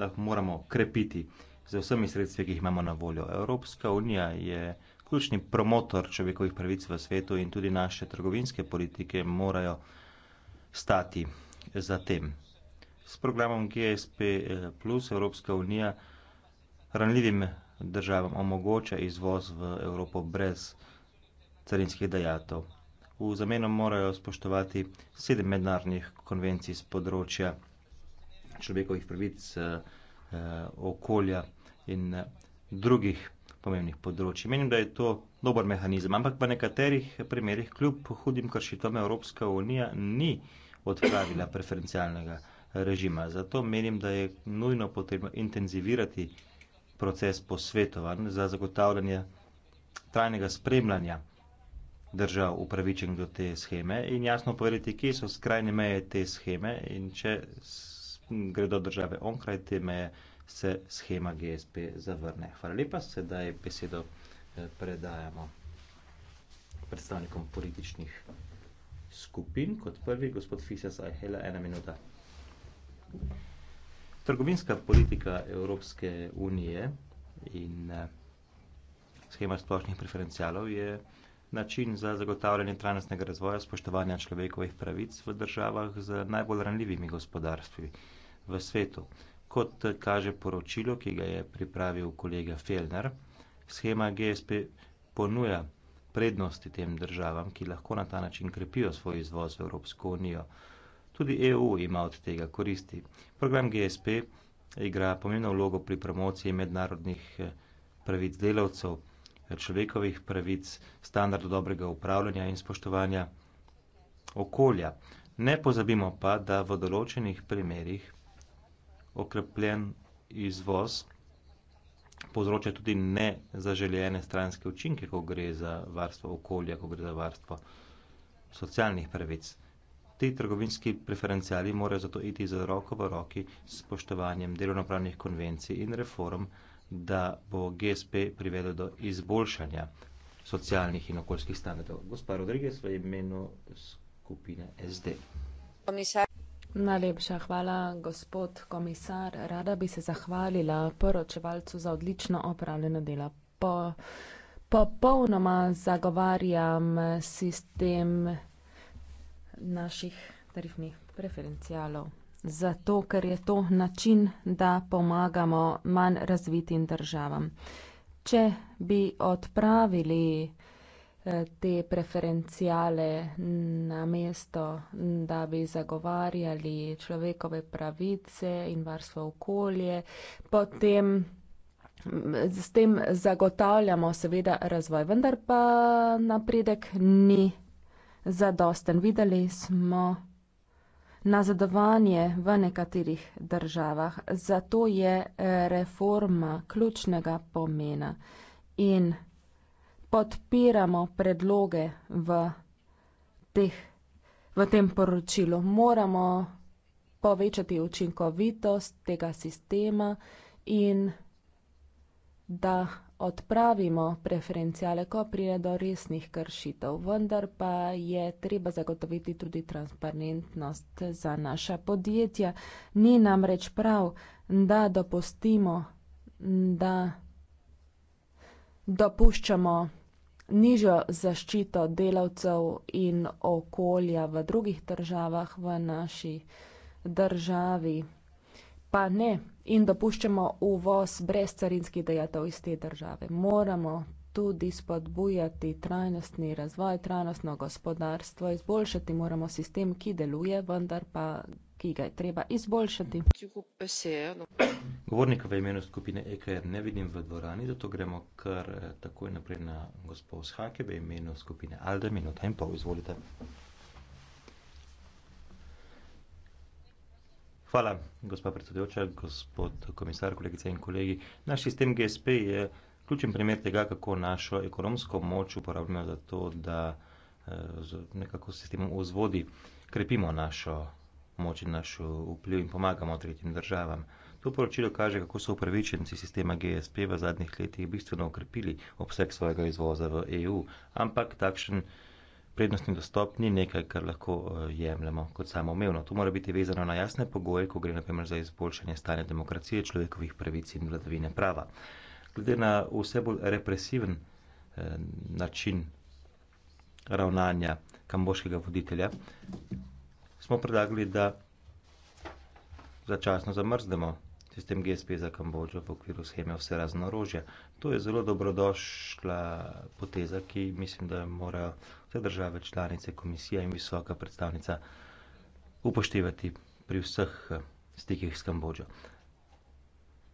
lahko moramo krepiti z vsemi sredstvi, ki jih imamo na voljo. Evropska unija je ključni promotor človekovih pravic v svetu in tudi naše trgovinske politike morajo stati za tem. S programom GSP eh, plus Evropska unija ranljivim državam omogoča izvoz v Evropo brez carinskih dajatov. V zameno morajo spoštovati sedem mednarodnih konvencij z področja človekovih pravic, eh, eh, okolja in eh, drugih pomembnih področji. Menim, da je to dober mehanizem, ampak v nekaterih primerjih kljub hudim kršitom Evropska unija ni odpravila preferencialnega režima. Zato menim, da je nujno potrebno intenzivirati proces posvetovanj za zagotavljanje trajnega spremljanja držav upravičenih do te scheme in jasno povedati, kje so skrajne meje te scheme in če gredo države onkraj te meje, se schema GSP zavrne. Hvala lepa, sedaj besedo eh, predajamo predstavnikom političnih skupin. Kot prvi, gospod Fisas Ajhela, ena minuta. Trgovinska politika Evropske unije in eh, schema splošnih preferencialov je način za zagotavljanje trajnostnega razvoja spoštovanja človekovih pravic v državah z najbolj ranljivimi gospodarstvi v svetu. Kot kaže poročilo, ki ga je pripravil kolega Felner, schema GSP ponuja prednosti tem državam, ki lahko na ta način krepijo svoj izvoz v Evropsko unijo. Tudi EU ima od tega koristi. Program GSP igra pomembno vlogo pri promociji mednarodnih eh, pravic delavcev, človekovih pravic, standardu dobrega upravljanja in spoštovanja okolja. Ne pozabimo pa, da v določenih primerjih okrepljen izvoz povzroča tudi nezaželjene stranske učinke, ko gre za varstvo okolja, ko gre za varstvo socialnih pravic. Ti trgovinski preferenciali morajo zato iti za roko v roki s spoštovanjem delovnopravnih konvencij in reform, da bo GSP privedel do izboljšanja socialnih in okoljskih standardov. Gospa Rodriguez v imenu skupine SD. Komisar. Najlepša hvala, gospod komisar. Rada bi se zahvalila poročevalcu za odlično opravljeno delo. Po, popolnoma zagovarjam sistem naših tarifnih preferencialov. Zato, ker je to način, da pomagamo manj razvitim državam. Če bi odpravili te preferencijale na mesto, da bi zagovarjali človekove pravice in varstvo okolje, potem s tem zagotavljamo seveda razvoj, vendar pa napredek ni zadosten. Videli smo nazadovanje v nekaterih državah, zato je eh, reforma ključnega pomena in podpiramo predloge v, teh, v tem poročilu. Moramo povečati učinkovitost tega sistema in da odpravimo preferencijale, ko prije do resnih kršitev. Vendar pa je treba zagotoviti tudi transparentnost za naša podjetja. Ni nam reč prav, da dopustimo, da dopuščamo nižjo zaščito delavcev in okolja v drugih državah v naši državi. Pa ne in dopuščamo uvoz brez carinskih dejatov iz te države. Moramo tudi spodbujati trajnostni razvoj, trajnostno gospodarstvo, izboljšati moramo sistem, ki deluje, vendar pa ki ga je treba izboljšati. Govornika v imenu skupine EKR ne vidim v dvorani, zato gremo kar eh, takoj naprej na gospod Shake v imenu skupine Alde, minuta in pol, izvolite. Hvala, gospa predsedujoča, gospod komisar, kolegice in kolegi. Naš sistem GSP je ključen primer tega, kako našo ekonomsko moč uporabljamo za to, da eh, nekako s sistemom vzvodi krepimo našo moč in naš uh, vpliv in pomagamo tretjim državam. To poročilo kaže, kako so upravičenci sistema GSP v zadnjih letih bistveno okrepili obseg svojega izvoza v EU, ampak takšen prednostni dostop ni nekaj, kar lahko uh, jemljemo kot samoumevno. To mora biti vezano na jasne pogoje, ko gre naprimer za izboljšanje stanja demokracije, človekovih pravic in vladavine prava. Glede na vse bolj represiven eh, način ravnanja kamboškega voditelja, smo predlagali, da začasno zamrznemo sistem GSP za Kambodžo v okviru scheme vse razno orožje. To je zelo dobrodošla poteza, ki mislim, da morajo vse države članice, komisija in visoka predstavnica upoštevati pri vseh eh, stikih s Kambodžo.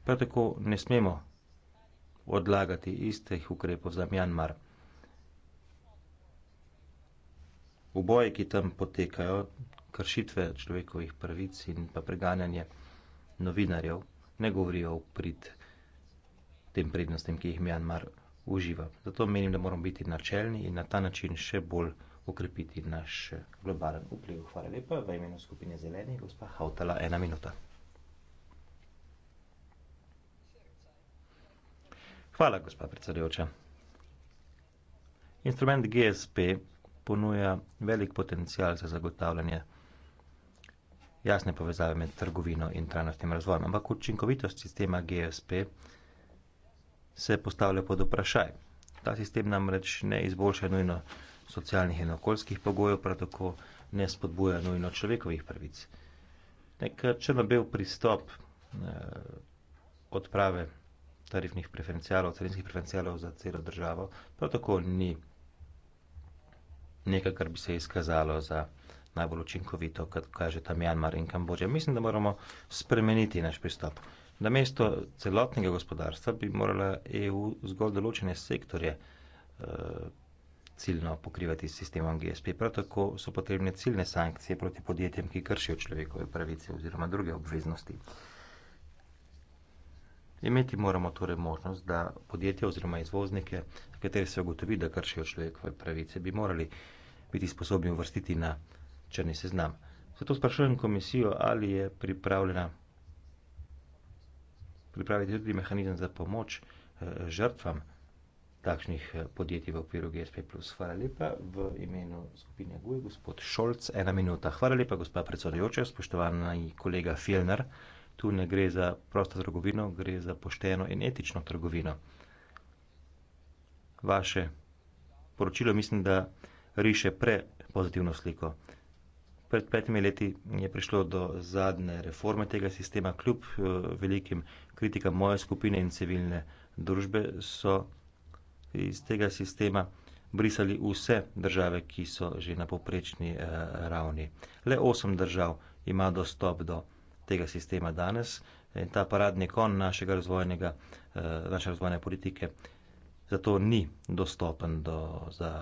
Prav tako ne smemo odlagati istih ukrepov za Mjanmar. V boji, ki tam potekajo, kršitve človekovih pravic in pa preganjanje novinarjev ne govorijo v prid tem prednostem, ki jih Mjanmar uživa. Zato menim, da moramo biti načelni in na ta način še bolj ukrepiti naš globalen vpliv. Hvala lepa. V imenu skupine Zeleni, gospa Hautala, ena minuta. Hvala, gospa predsedujoča. Instrument GSP ponuja velik potencial za zagotavljanje jasne povezave med trgovino in trajnostnim razvojem. Ampak učinkovitost sistema GSP se postavlja pod vprašaj. Ta sistem namreč ne izboljša nujno socialnih in okoljskih pogojev, prav tako ne spodbuja nujno človekovih pravic. Nek eh, črno-bel pristop eh, odprave tarifnih preferencijalov, carinskih preferencijalov za celo državo, prav tako ni nekaj, kar bi se izkazalo za najbolj učinkovito, kot kaže tam Janmar in Kambodža. Mislim, da moramo spremeniti naš pristop. Na mesto celotnega gospodarstva bi morala EU zgolj določene sektorje eh, ciljno pokrivati s sistemom GSP. Prav tako so potrebne ciljne sankcije proti podjetjem, ki kršijo človekove pravice oziroma druge obveznosti. Imeti moramo torej možnost, da podjetje oziroma izvoznike, katere se ugotovi, da kršijo človekove pravice, bi morali biti sposobni uvrstiti na črni seznam. Zato sprašujem komisijo, ali je pripravljena pripraviti tudi mehanizem za pomoč eh, žrtvam takšnih eh, podjetij v okviru GSP+. Hvala lepa v imenu skupine GUJ, e, gospod Šolc, ena minuta. Hvala lepa, gospod predsedujoča, spoštovana kolega Filner. Tu ne gre za prosto trgovino, gre za pošteno in etično trgovino. Vaše poročilo mislim, da riše pre pozitivno sliko pred petimi leti je prišlo do zadnje reforme tega sistema, kljub eh, velikim kritikam moje skupine in civilne družbe, so iz tega sistema brisali vse države, ki so že na poprečni eh, ravni. Le osem držav ima dostop do tega sistema danes in ta paradni kon eh, naše razvojne politike zato ni dostopen do, za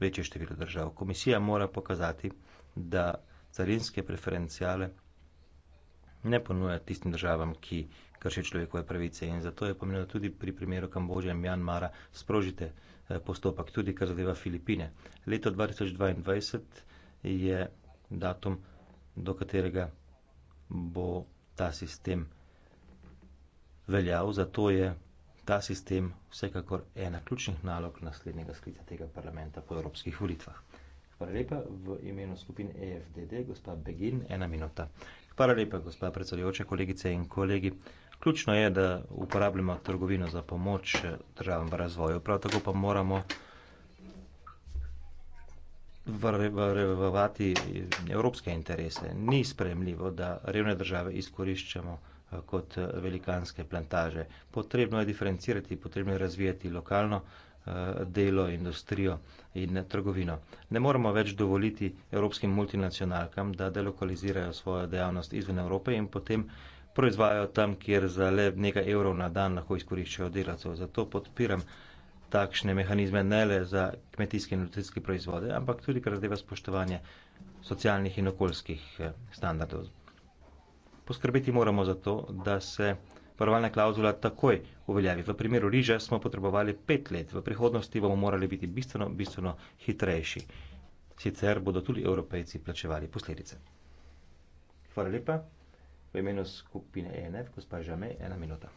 večje število držav. Komisija mora pokazati, da carinske preferencijale ne ponuja tistim državam, ki krši človekove pravice. In zato je pomenilo tudi pri primeru Kambođe in Mjanmara sprožite eh, postopek, tudi kar zadeva Filipine. Leto 2022 je datum, do katerega bo ta sistem veljav, zato je ta sistem vsekakor ena ključnih nalog naslednjega sklica tega parlamenta po evropskih volitvah. Hvala lepa v imenu skupine EFDD, gospa Begin, ena minuta. Hvala lepa, gospa predsedujoča, kolegice in kolegi. Ključno je, da uporabljamo trgovino za pomoč državam v razvoju. Prav tako pa moramo varovati evropske interese. Ni spremljivo, da revne države izkoriščamo eh, kot eh, velikanske plantaže. Potrebno je diferencirati, potrebno je razvijati lokalno Eh, delo, industrijo in trgovino. Ne moremo več dovoliti evropskim multinacionalkam, da delokalizirajo svojo dejavnost izven Evrope in potem proizvajajo tam, kjer za le nekaj evrov na dan lahko izkoriščajo delavcev. Zato podpiram takšne mehanizme ne le za kmetijske in industrijske proizvode, ampak tudi kar zadeva spoštovanje socialnih in okoljskih eh, standardov. Poskrbeti moramo za to, da se Varovalna klauzula takoj uveljavi. V primeru riža smo potrebovali pet let, v prihodnosti bomo morali biti bistveno, bistveno hitrejši. Sicer bodo tudi evropejci plačevali posledice. Hvala lepa. V imenu skupine ENF, gospa Žame, ena minuta.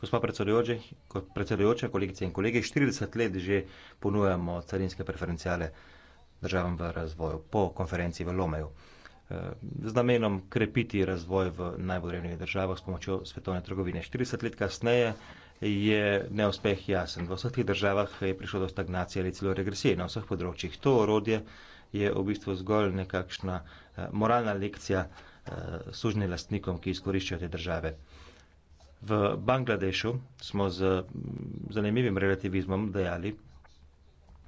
Gospa predsedujoča, kolegice in kolege, 40 let že ponujamo carinske preferencijale državam v razvoju po konferenciji v Lomeju z namenom krepiti razvoj v najvorevnih državah s pomočjo svetovne trgovine. 40 let kasneje je neuspeh jasen. V vseh teh državah je prišlo do stagnacije ali celo regresije na vseh področjih. To orodje je v bistvu zgolj nekakšna eh, moralna lekcija eh, sužnje lastnikom, ki izkoriščajo te države. V Bangladešu smo z mm, zanimivim relativizmom dejali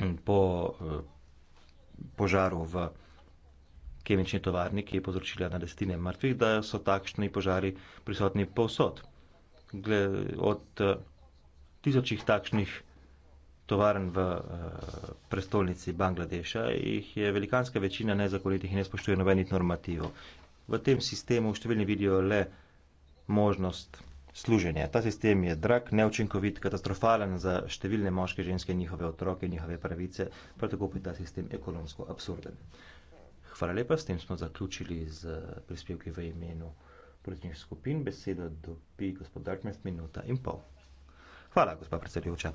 mm, po eh, požaru v kemični tovarni, ki je povzročila na desetine mrtvih, da so takšni požari prisotni povsod. Gle, od uh, tisočih takšnih tovarn v uh, prestolnici Bangladeša jih je velikanska večina nezakonitih in ne spoštuje nobenih normativov. V tem sistemu številni vidijo le možnost služenja. Ta sistem je drag, neučinkovit, katastrofalen za številne moške ženske, njihove otroke, njihove pravice, prav tako pa je ta sistem ekonomsko absurden. Hvala lepa, s tem smo zaključili z eh, prispevki v imenu političnih skupin. Besedo dobi gospod Darkmest, minuta in pol. Hvala, gospa predsedujoča.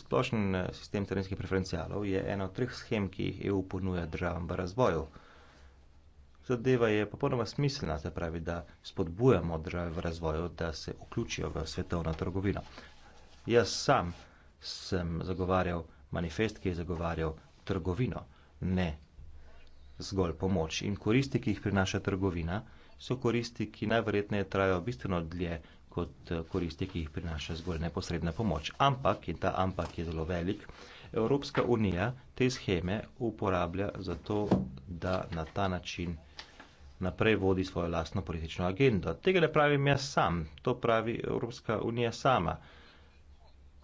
Splošen eh, sistem terenskih preferencialov je ena od treh schem, ki jih EU ponuja državam v razvoju. Zadeva je popolnoma smiselna, se pravi, da spodbujamo države v razvoju, da se vključijo v svetovno trgovino. Jaz sam sem zagovarjal manifest, ki je zagovarjal trgovino, ne zgolj pomoč. In koristi, ki jih prinaša trgovina, so koristi, ki najverjetneje trajajo bistveno dlje kot eh, koristi, ki jih prinaša zgolj neposredna pomoč. Ampak, in ta ampak je zelo velik, Evropska unija te scheme uporablja za to, da na ta način naprej vodi svojo lastno politično agendo. Tega ne pravim jaz sam, to pravi Evropska unija sama.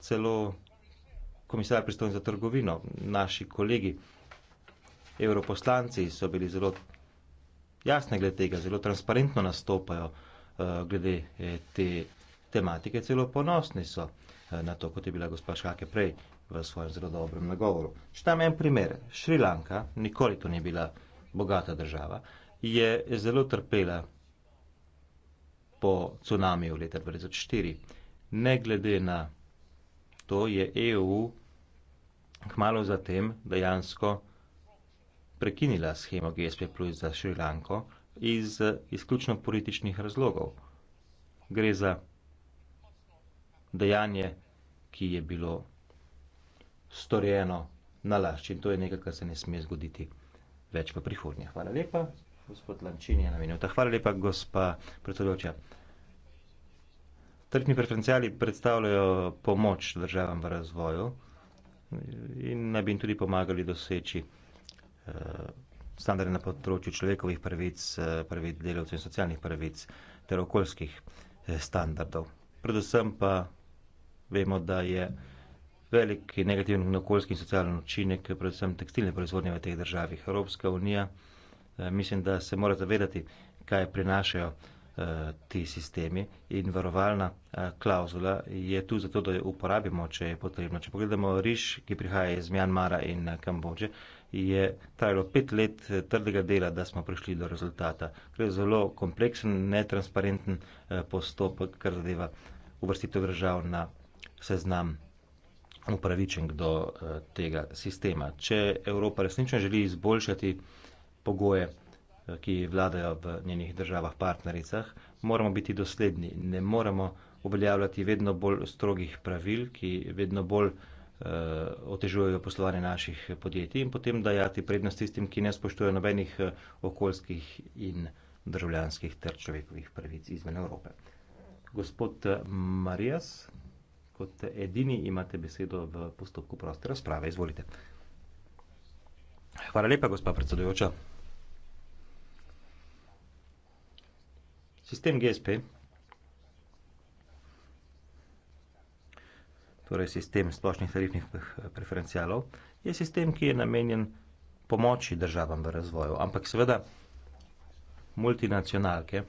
Celo komisar pristojen za trgovino, naši kolegi, europoslanci so bili zelo jasni glede tega, zelo transparentno nastopajo uh, glede eh, te tematike, celo ponosni so uh, na to, kot je bila gospa Škake prej v svojem zelo dobrem nagovoru. Če tam en primer, Šrilanka, nikoli to ni bila bogata država, je zelo trpela po cunamiju leta 2004. Ne glede na to je EU kmalo zatem dejansko prekinila schemo GSP plus za Šrilanko iz izključno političnih razlogov. Gre za dejanje, ki je bilo storjeno na lašči in to je nekaj, kar se ne sme zgoditi več v prihodnje. Hvala lepa, gospod Lančin je namenil. Ta hvala lepa, gospa predsedujoča. Tržni preferenciali predstavljajo pomoč državam v razvoju in naj bi jim tudi pomagali doseči eh, standarde na področju človekovih pravic, eh, pravic delavcev in socialnih pravic ter okoljskih eh, standardov. Predvsem pa vemo, da je velik negativni okoljski in socialni učinek, predvsem tekstilne proizvodnje v teh državah. Evropska unija, mislim, da se mora zavedati, kaj prinašajo. Eh, ti sistemi in varovalna eh, klauzula je tu zato, da jo uporabimo, če je potrebno. Če pogledamo riš, ki prihaja iz Mjanmara in eh, Kambođe, je trajalo pet let trdega dela, da smo prišli do rezultata. Gre za zelo kompleksen, netransparenten postopek, kar zadeva uvrstitev držav na seznam upravičenk do tega sistema. Če Evropa resnično želi izboljšati pogoje, ki vladajo v njenih državah partnericah, moramo biti dosledni. Ne moramo uveljavljati vedno bolj strogih pravil, ki vedno bolj uh, otežujejo poslovanje naših podjetij in potem dajati prednost tistim, ki ne spoštujejo nobenih eh, okoljskih in državljanskih ter človekovih pravic izven Evrope. Gospod eh, Marijas, kot edini imate besedo v postopku proste razprave. Izvolite. Hvala lepa, gospa predsedujoča. Sistem GSP, torej sistem splošnih tarifnih eh, preferencialov, je sistem, ki je namenjen pomoči državam v razvoju. Ampak seveda multinacionalke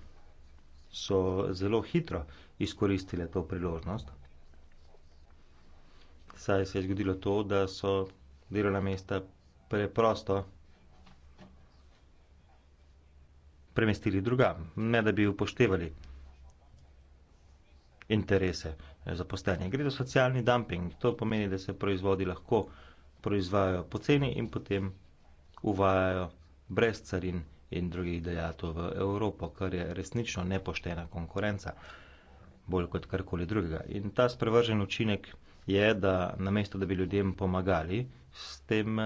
so zelo hitro izkoristile to priložnost. Saj se je zgodilo to, da so delovna mesta preprosto premestili drugam, ne da bi upoštevali interese za postanje. Gre za socialni dumping, to pomeni, da se proizvodi lahko proizvajajo po ceni in potem uvajajo brez carin in drugih dejatov v Evropo, kar je resnično nepoštena konkurenca, bolj kot karkoli drugega. In ta sprevržen učinek je, da namesto, da bi ljudem pomagali, s tem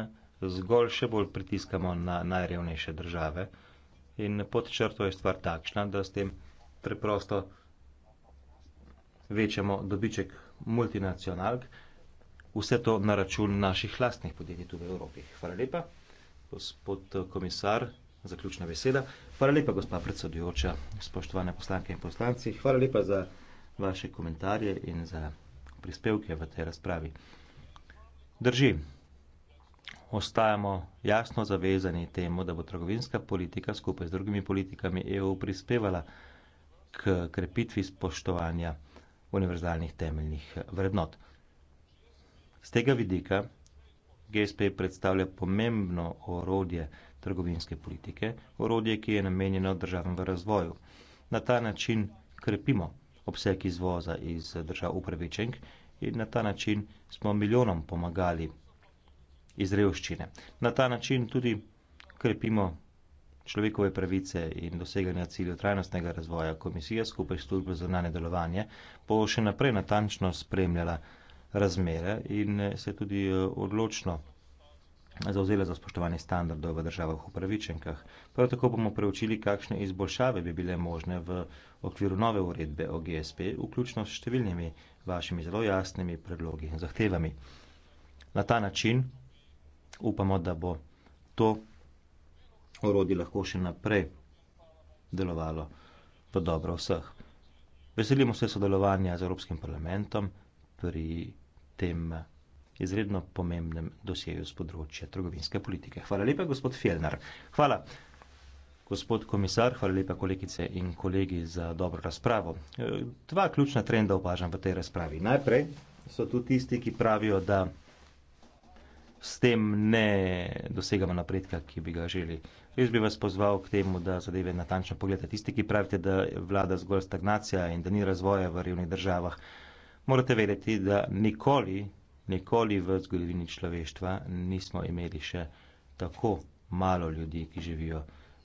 zgolj še bolj pritiskamo na najrevnejše države, In pod črto je stvar takšna, da s tem preprosto večamo dobiček multinacionalk, vse to na račun naših lastnih podjetij tudi v Evropi. Hvala lepa, gospod komisar, zaključna beseda. Hvala lepa, gospa predsedujoča, spoštovane poslanke in poslanci. Hvala lepa za vaše komentarje in za prispevke v tej razpravi. Drži ostajamo jasno zavezani temu, da bo trgovinska politika skupaj z drugimi politikami EU prispevala k krepitvi spoštovanja univerzalnih temeljnih vrednot. Z tega vidika GSP predstavlja pomembno orodje trgovinske politike, orodje, ki je namenjeno državam v razvoju. Na ta način krepimo obseg izvoza iz držav upravičenk in na ta način smo milijonom pomagali iz revščine. Na ta način tudi krepimo človekove pravice in doseganja ciljev trajnostnega razvoja. Komisija skupaj s službo za nane delovanje bo še naprej natančno spremljala razmere in eh, se tudi eh, odločno zauzela za spoštovanje standardov v državah upravičenkah. Prav tako bomo preučili, kakšne izboljšave bi bile možne v okviru nove uredbe o GSP, vključno s številnimi vašimi zelo jasnimi predlogi in zahtevami. Na ta način upamo, da bo to orodje lahko še naprej delovalo v dobro vseh. Veselimo se sodelovanja z Evropskim parlamentom pri tem izredno pomembnem dosjeju z področja trgovinske politike. Hvala lepa, gospod Fjellner. Hvala, gospod komisar, hvala lepa kolegice in kolegi za dobro razpravo. Dva ključna trenda opažam v tej razpravi. Najprej so tu tisti, ki pravijo, da s tem ne dosegamo napredka, ki bi ga želeli. Res bi vas pozval k temu, da zadeve natančno pogledate. Tisti, ki pravite, da vlada zgolj stagnacija in da ni razvoja v revnih državah, morate vedeti, da nikoli, nikoli v zgodovini človeštva nismo imeli še tako malo ljudi, ki živijo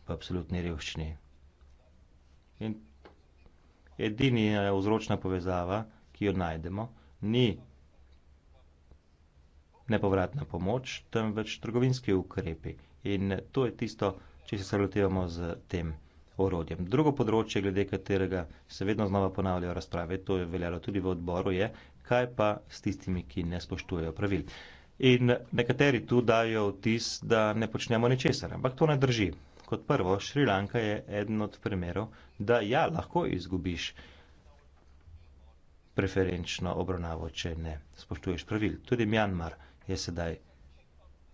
v absolutni revščini. In edini je eh, vzročna povezava, ki jo najdemo, ni nepovratna pomoč, temveč trgovinski ukrepi. In to je tisto, če se lotevamo z tem orodjem. Drugo področje, glede katerega se vedno znova ponavljajo razprave, to je veljalo tudi v odboru, je, kaj pa s tistimi, ki ne spoštujejo pravil. In nekateri tu dajo vtis, da ne počnemo ničesar, ampak to ne drži. Kot prvo, Šrilanka je eden od primerov, da ja, lahko izgubiš preferenčno obravnavo, če ne spoštuješ pravil. Tudi Mjanmar je sedaj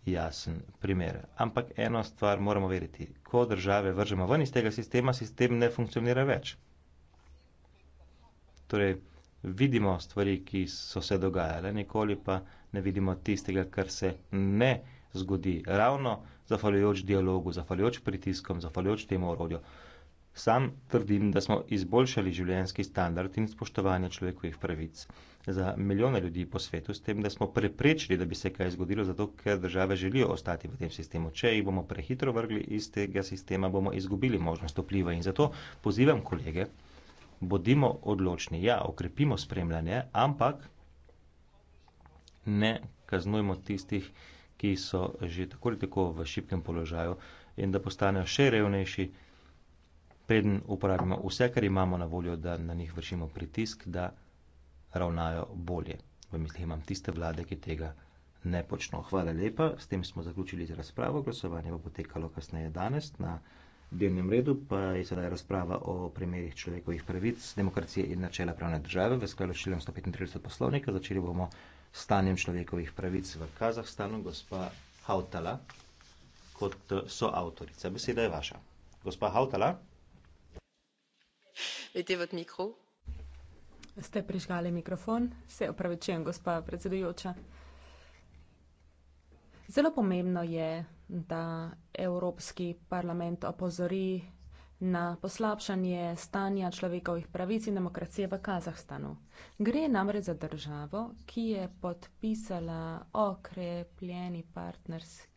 jasen primer. Ampak eno stvar moramo veriti. Ko države vržemo ven iz tega sistema, sistem ne funkcionira več. Torej, vidimo stvari, ki so se dogajale, nikoli pa ne vidimo tistega, kar se ne zgodi. Ravno zahvaljujoč dialogu, zahvaljujoč pritiskom, zahvaljujoč temu orodju. Sam trdim, da smo izboljšali življenjski standard in spoštovanje človekovih pravic za milijone ljudi po svetu, s tem, da smo preprečili, da bi se kaj zgodilo, zato ker države želijo ostati v tem sistemu. Če jih bomo prehitro vrgli iz tega sistema, bomo izgubili možnost vpliva. In zato pozivam kolege, bodimo odločni, ja, okrepimo spremljanje, ampak ne kaznujmo tistih, ki so že tako ali tako v šipkem položaju in da postanejo še revnejši. Preden uporabimo vse, kar imamo na voljo, da na njih vršimo pritisk, da ravnajo bolje. V mislih imam tiste vlade, ki tega ne počno. Hvala lepa, s tem smo zaključili z razpravo. Glasovanje bo potekalo kasneje danes na dnevnem redu, pa je sedaj razprava o primerih človekovih pravic, demokracije in načela pravne države. V skladu s členom 135 poslovnika začeli bomo s stanjem človekovih pravic v Kazahstanu. Gospa Hautala, kot soavtorica, beseda je vaša. Gospa Hautala. Vete v mikro. Ste prižgali mikrofon? Se opravičujem, gospa predsedujoča. Zelo pomembno je, da Evropski parlament opozori na poslabšanje stanja človekovih pravic in demokracije v Kazahstanu. Gre namreč za državo, ki je podpisala okrepljeni partnerski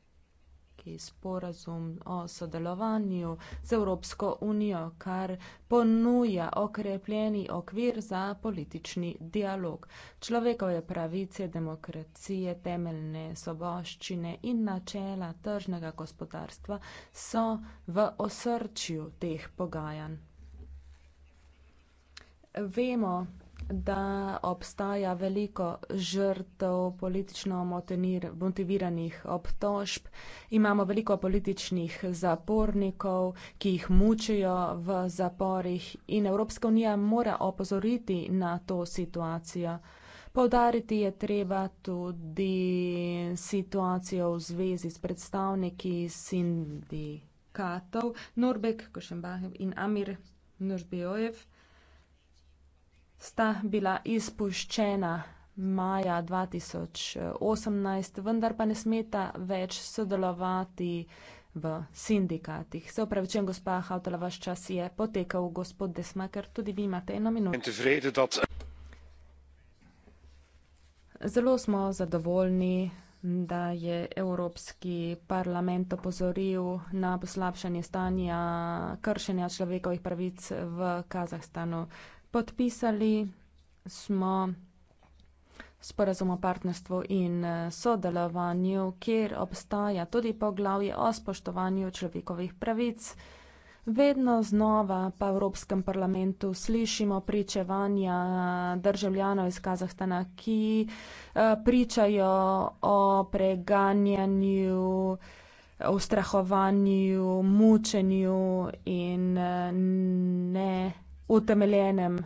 neki sporazum o sodelovanju z Evropsko unijo, kar ponuja okrepljeni okvir za politični dialog. Človekove pravice, demokracije, temeljne soboščine in načela tržnega gospodarstva so v osrčju teh pogajanj. Vemo, da obstaja veliko žrtev politično motiviranih obtožb. Imamo veliko političnih zapornikov, ki jih mučijo v zaporih in Evropska unija mora opozoriti na to situacijo. Povdariti je treba tudi situacijo v zvezi s predstavniki sindikatov Norbek Košembahev in Amir Nožbiojev sta bila izpuščena maja 2018, vendar pa ne smeta več sodelovati v sindikatih. Se upravičujem, gospa Hautala, vaš čas je potekal, gospod Desmaker, tudi vi imate eno minuto. Zelo smo zadovoljni, da je Evropski parlament opozoril na poslabšanje stanja kršenja človekovih pravic v Kazahstanu podpisali smo sporazum o partnerstvu in eh, sodelovanju, kjer obstaja tudi poglavje o spoštovanju človekovih pravic. Vedno znova pa v Evropskem parlamentu slišimo pričevanja državljanov iz Kazahstana, ki eh, pričajo o preganjanju, ustrahovanju, mučenju in eh, ne utemeljenem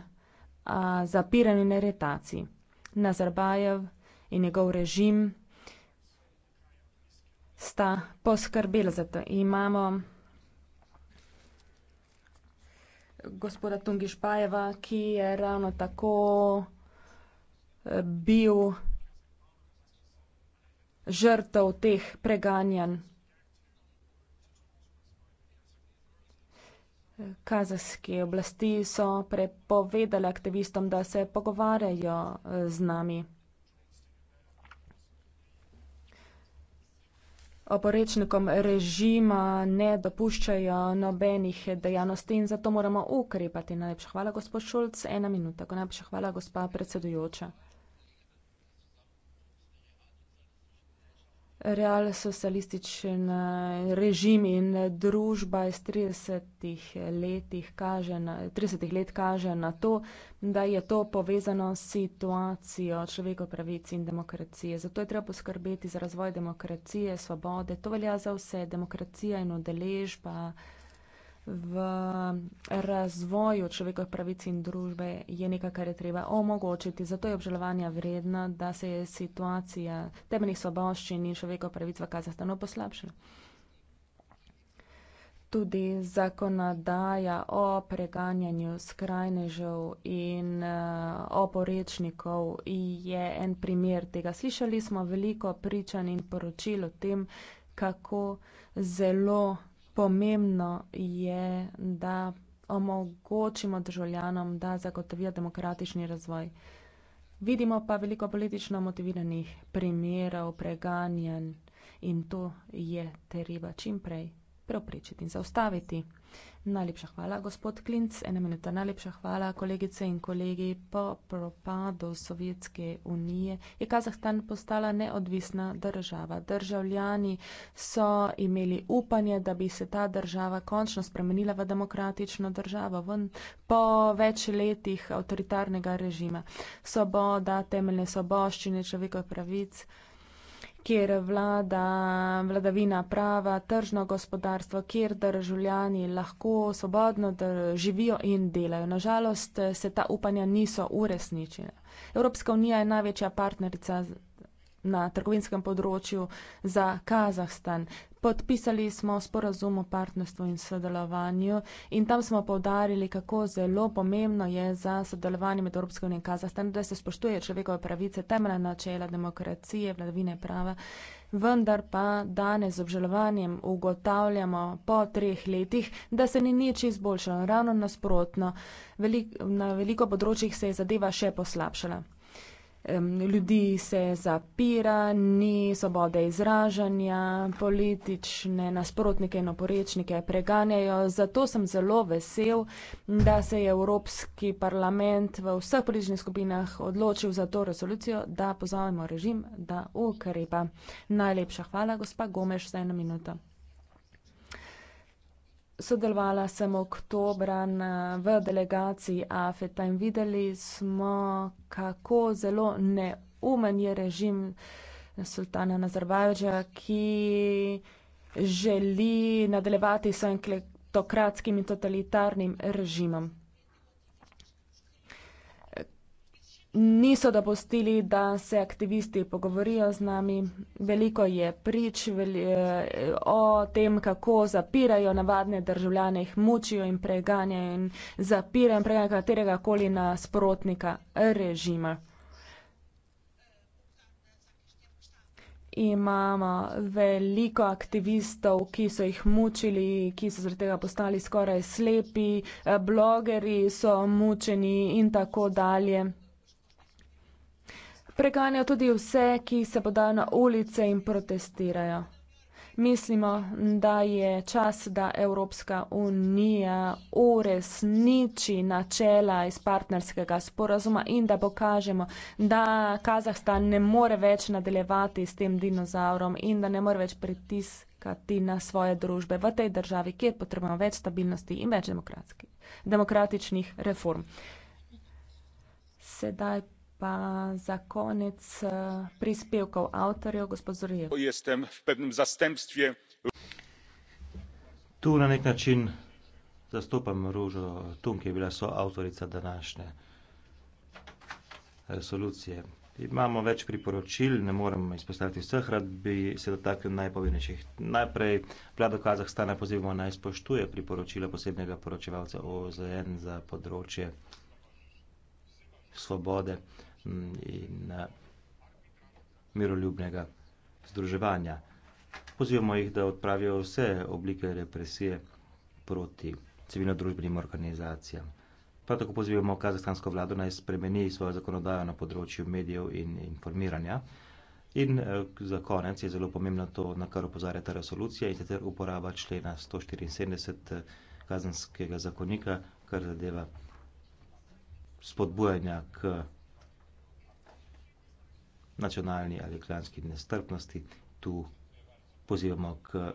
a, zapiranju in aretaciji. Nazarbajev in njegov režim sta poskrbela za to. Imamo gospoda Tungišbajeva, ki je ravno tako e, bil žrtev teh preganjanj. Kazahske oblasti so prepovedale aktivistom, da se pogovarjajo eh, z nami. Oporečnikom režima ne dopuščajo nobenih dejavnosti in zato moramo ukrepati. Najlepša hvala, gospod Šulc. Ena minuta. Najlepša hvala, gospa predsedujoča. real socialističen režim in družba iz 30 let kaže na, 30 let kaže na to, da je to povezano s situacijo človekov pravic in demokracije. Zato je treba poskrbeti za razvoj demokracije, svobode. To velja za vse. Demokracija in udeležba v razvoju človekovih pravic in družbe je nekaj, kar je treba omogočiti. Zato je obžalovanja vredno, da se je situacija temeljnih svoboščin in človekovih pravic v Kazahstanu poslabšala. Tudi zakonodaja o preganjanju skrajnežev in uh, eh, oporečnikov je en primer tega. Slišali smo veliko pričanj in poročil o tem, kako zelo pomembno je, da omogočimo državljanom, da zagotovijo demokratični razvoj. Vidimo pa veliko politično motiviranih primerov, preganjanj in to je treba čimprej preprečiti in zaustaviti. Najlepša hvala, gospod Klinc. Ena minuta. Najlepša hvala, kolegice in kolegi. Po propadu Sovjetske unije je Kazahstan postala neodvisna država. Državljani so imeli upanje, da bi se ta država končno spremenila v demokratično državo. Von po več letih avtoritarnega režima. Svoboda, temeljne soboščine, človekove pravice kjer vlada vladavina prava, tržno gospodarstvo, kjer državljani lahko svobodno živijo in delajo. Nažalost se ta upanja niso uresničile. Evropska unija je največja partnerica na trgovinskem področju za Kazahstan. Podpisali smo sporazum o partnerstvu in sodelovanju in tam smo povdarili, kako zelo pomembno je za sodelovanje med Evropsko unijo in Kazahstan, da se spoštuje človekove pravice, temeljna načela demokracije, vladavine prava. Vendar pa danes z obžalovanjem ugotavljamo po treh letih, da se ni nič izboljšalo. Ravno nasprotno, velik, na veliko področjih se je zadeva še poslabšala ljudi se zapira, ni svobode izražanja, politične nasprotnike in oporečnike preganjajo. Zato sem zelo vesel, da se je Evropski parlament v vseh političnih skupinah odločil za to resolucijo, da pozovemo režim, da ukrepa. Najlepša hvala, gospa Gomeš, za eno minuto sodelovala sem oktobra na, v delegaciji AFETA in videli smo, kako zelo neumen je režim sultana Nazarbajdža, ki želi nadaljevati s enklektokratskim in totalitarnim režimom. niso dopustili, da se aktivisti pogovorijo z nami. Veliko je prič veli, eh, o tem, kako zapirajo navadne državljane, jih mučijo in preganjajo in zapirajo prega katerega koli nasprotnika režima. Imamo veliko aktivistov, ki so jih mučili, ki so zaradi tega postali skoraj slepi, eh, blogeri so mučeni in tako dalje preganjajo tudi vse, ki se podajo na ulice in protestirajo. Mislimo, da je čas, da Evropska unija uresniči načela iz partnerskega sporazuma in da pokažemo, da Kazahstan ne more več nadaljevati s tem dinozaurom in da ne more več pritiskati na svoje družbe v tej državi, kjer potrebujemo več stabilnosti in več demokratičnih reform. Sedaj pa za konec eh, prispevkov avtorjev, gospod Zorjev. Tu na nek način zastopam Rožo Tun, ki je bila soavtorica današnje resolucije. Eh, Imamo več priporočil, ne moram izpostaviti vseh, rad bi se dotaknil najpomembnejših. Najprej vlado Kazahstana pozivamo naj spoštuje priporočila posebnega poročevalca OZN za področje svobode in eh, miroljubnega združevanja. Pozivamo jih, da odpravijo vse oblike represije proti civilno-družbenim organizacijam. Prav tako pozivamo kazahstansko vlado naj spremeni svojo zakonodajo na področju medijev in informiranja. In eh, za konec je zelo pomembno to, na kar opozarja ta resolucija in sicer uporaba člena 174 eh, kazanskega zakonika, kar zadeva spodbujanja k nacionalni ali klanski nestrpnosti, tu pozivamo k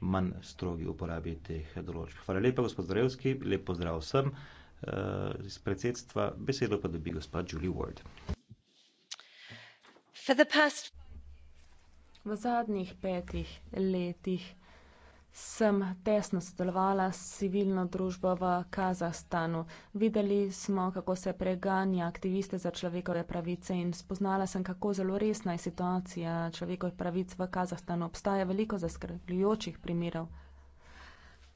manj strogi uporabi teh določb. Hvala lepa, gospod Zdravski, lep pozdrav vsem eh, iz predsedstva. Besedo pa dobi gospa Julie Ward. V zadnjih petih letih sem tesno sodelovala s civilno družbo v Kazahstanu. Videli smo, kako se preganja aktiviste za človekove pravice in spoznala sem, kako zelo resna je situacija človekovih pravic v Kazahstanu. Obstaja veliko zaskrbljujočih primerov.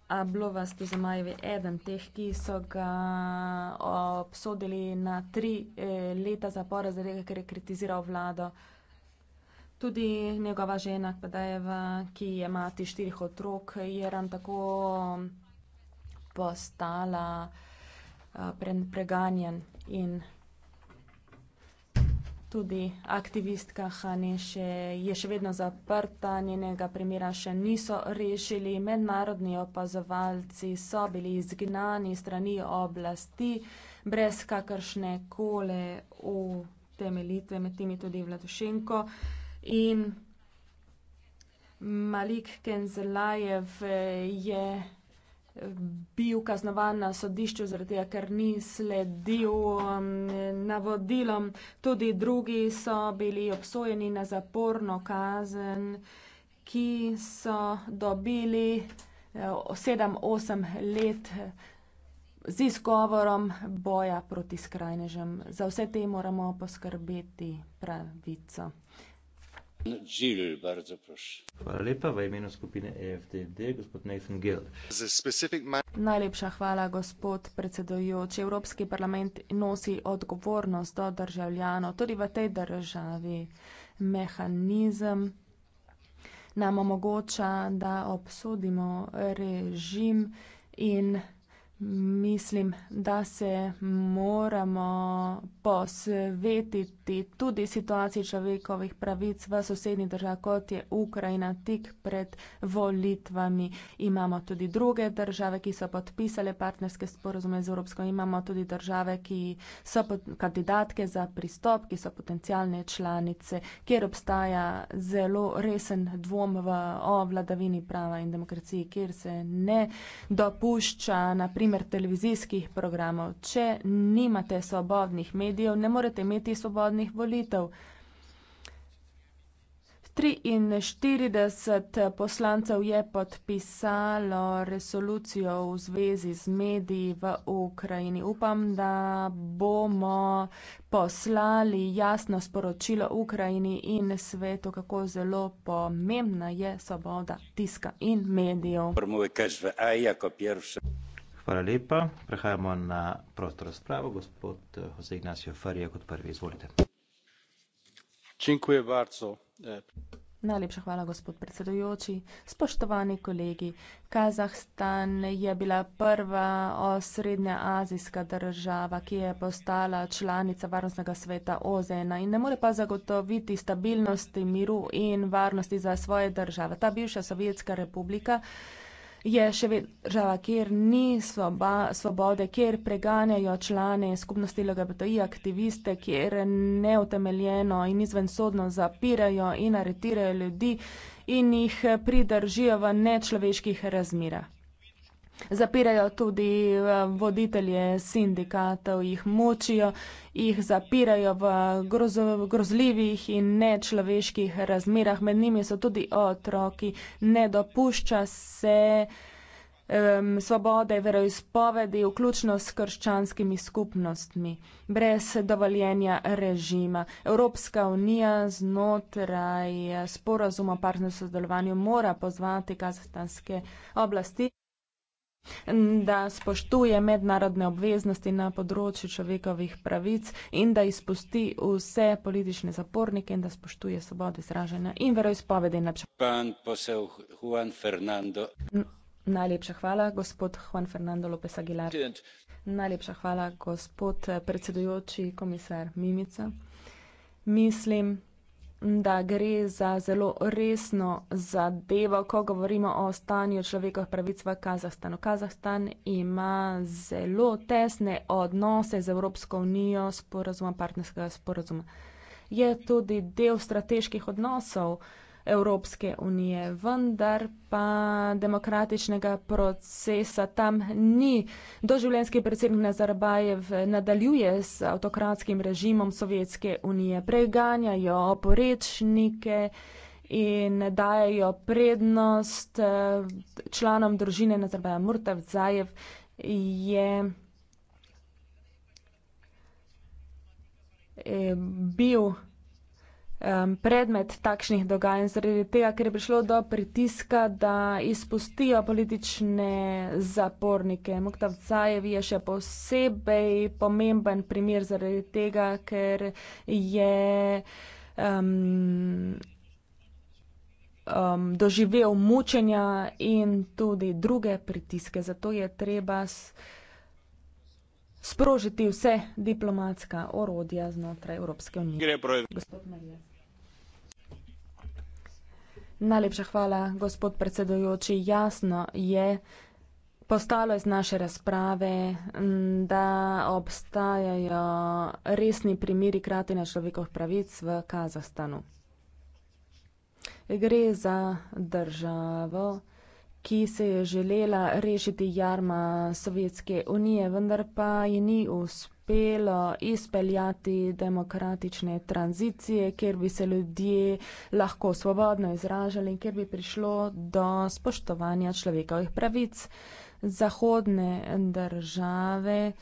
A bilo vas tu za Majevi eden teh, ki so ga obsodili na tri eh, leta zapora, zaradi tega, ker je kritiziral vlado. Tudi njegova žena, Pedajeva, ki je mati štirih otrok, je ran tako postala eh, preganjen in tudi aktivistka Hane še, je še vedno zaprta, njenega primera še niso rešili, mednarodni opazovalci so bili izgnani strani oblasti brez kakršne kole v temelitve, med temi tudi Vladošenko. Uh, In Malik Kenzelajev eh, je eh, bil kaznovan na sodišču zaradi tega, ker ni sledil um, navodilom. Tudi drugi so bili obsojeni na zaporno kazen, ki so dobili 7-8 eh, let z izgovorom boja proti skrajnežem. Za vse te moramo poskrbeti pravico. E Najlepša hvala, gospod predsedujoči. Evropski parlament nosi odgovornost do državljanov, tudi v tej državi. Mehanizem nam omogoča, da obsodimo režim in Mislim, da se moramo posvetiti tudi situaciji človekovih pravic v sosednji državi, kot je Ukrajina tik pred volitvami. Imamo tudi druge države, ki so podpisale partnerske sporozume z Evropsko unijo, imamo tudi države, ki so kandidatke za pristop, ki so potencijalne članice, kjer obstaja zelo resen dvom v, o vladavini prava in demokraciji, kjer se ne dopušča naprimer primer televizijskih programov. Če nimate svobodnih medijev, ne morete imeti svobodnih volitev. 43 poslancev je podpisalo resolucijo v zvezi z mediji v Ukrajini. Upam, da bomo poslali jasno sporočilo Ukrajini in svetu, kako zelo pomembna je svoboda tiska in medijev. Hvala lepa. Prehajamo na prosto razpravo. Gospod, eh, José Ignacio Faria kot prvi, izvolite. Najlepša hvala, gospod predsedujoči. Spoštovani kolegi. Kazahstan je bila prva osrednjeazijska država, ki je postala članica Varnostnega sveta OZN-a in ne more pa zagotoviti stabilnosti, miru in varnosti za svoje države. Ta bivša sovjetska republika je še vedno država, kjer ni svoba, svobode, kjer preganjajo člane skupnosti LGBTI, aktiviste, kjer neotemeljeno in izvensodno zapirajo in aretirajo ljudi in jih pridržijo v nečloveških razmirah. Zapirajo tudi eh, voditelje sindikatov, jih močijo, jih zapirajo v grozo, grozljivih in nečloveških razmerah, med njimi so tudi otroki. Ne dopušča se um, svobode veroizpovedi, vključno s krščanskimi skupnostmi, brez dovoljenja režima. Evropska unija znotraj eh, sporazuma o partnerstvu sodelovanju mora pozvati kazahstanske oblasti da spoštuje mednarodne obveznosti na področju človekovih pravic in da izpusti vse politične zapornike in da spoštuje svobodo izražanja in veroizpovedi. Najlepša hvala, gospod Juan Fernando López Aguilar. Najlepša hvala, gospod eh, predsedujoči komisar Mimica. Mislim, da gre za zelo resno zadevo, ko govorimo o stanju človekovih pravic v Kazahstanu. Kazahstan ima zelo tesne odnose z Evropsko unijo, sporazuma, partnerskega sporazuma. Je tudi del strateških odnosov. Evropske unije, vendar pa demokratičnega procesa tam ni. Doživljenski predsednik Nazarbajev nadaljuje s avtokratskim režimom Sovjetske unije, preganjajo oporečnike in dajajo prednost eh, članom družine Nazarbaja. Murtav Zajev je eh, bil um, predmet takšnih dogajanj, zaradi tega, ker je prišlo do pritiska, da izpustijo politične zapornike. Moktav Zajev je še posebej pomemben primer zaradi tega, ker je. Um, Um, doživel mučenja in tudi druge pritiske. Zato je treba sprožiti vse diplomatska orodja znotraj Evropske unije. Gre projekt. Najlepša hvala, gospod predsedujoči. Jasno je, postalo iz naše razprave, da obstajajo resni primiri kratenja človekovih pravic v Kazahstanu. Gre za državo, ki se je želela rešiti jarma Sovjetske unije, vendar pa ji ni uspelo uspelo izpeljati demokratične tranzicije, kjer bi se ljudje lahko svobodno izražali in kjer bi prišlo do spoštovanja človekovih pravic. Zahodne države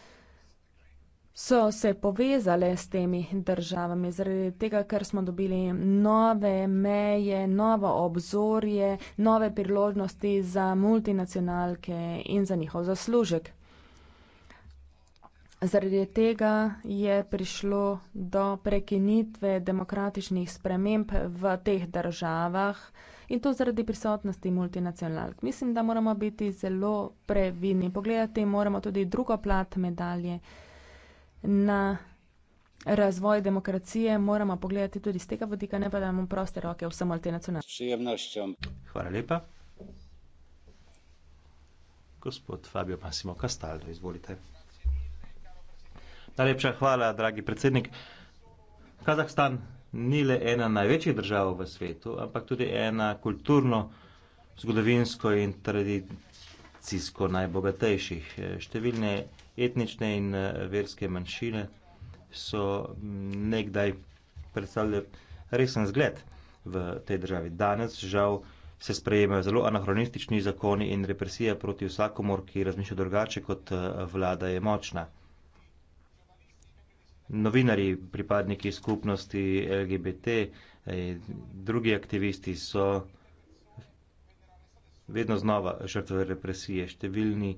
so se povezale s temi državami, zaradi tega, ker smo dobili nove meje, novo obzorje, nove priložnosti za multinacionalke in za njihov zaslužek. Zaradi tega je prišlo do prekinitve demokratičnih sprememb v teh državah in to zaradi prisotnosti multinacionalk. Mislim, da moramo biti zelo previdni. Pogledati moramo tudi drugo plat medalje na razvoj demokracije. Moramo pogledati tudi z tega vodika, ne pa da imamo proste roke vsem multinacionalkam. Hvala lepa. Gospod Fabio Massimo Castaldo, izvolite. Najlepša hvala, dragi predsednik. Kazahstan ni le ena največjih držav v svetu, ampak tudi ena kulturno, zgodovinsko in tradicijsko najbogatejših. Številne etnične in verske manjšine so nekdaj predstavljali resen zgled v tej državi. Danes žal se sprejemajo zelo anahronistični zakoni in represija proti vsakomor, ki razmišlja drugače kot vlada je močna novinari, pripadniki skupnosti LGBT, eh, drugi aktivisti so vedno znova žrtve represije. Številni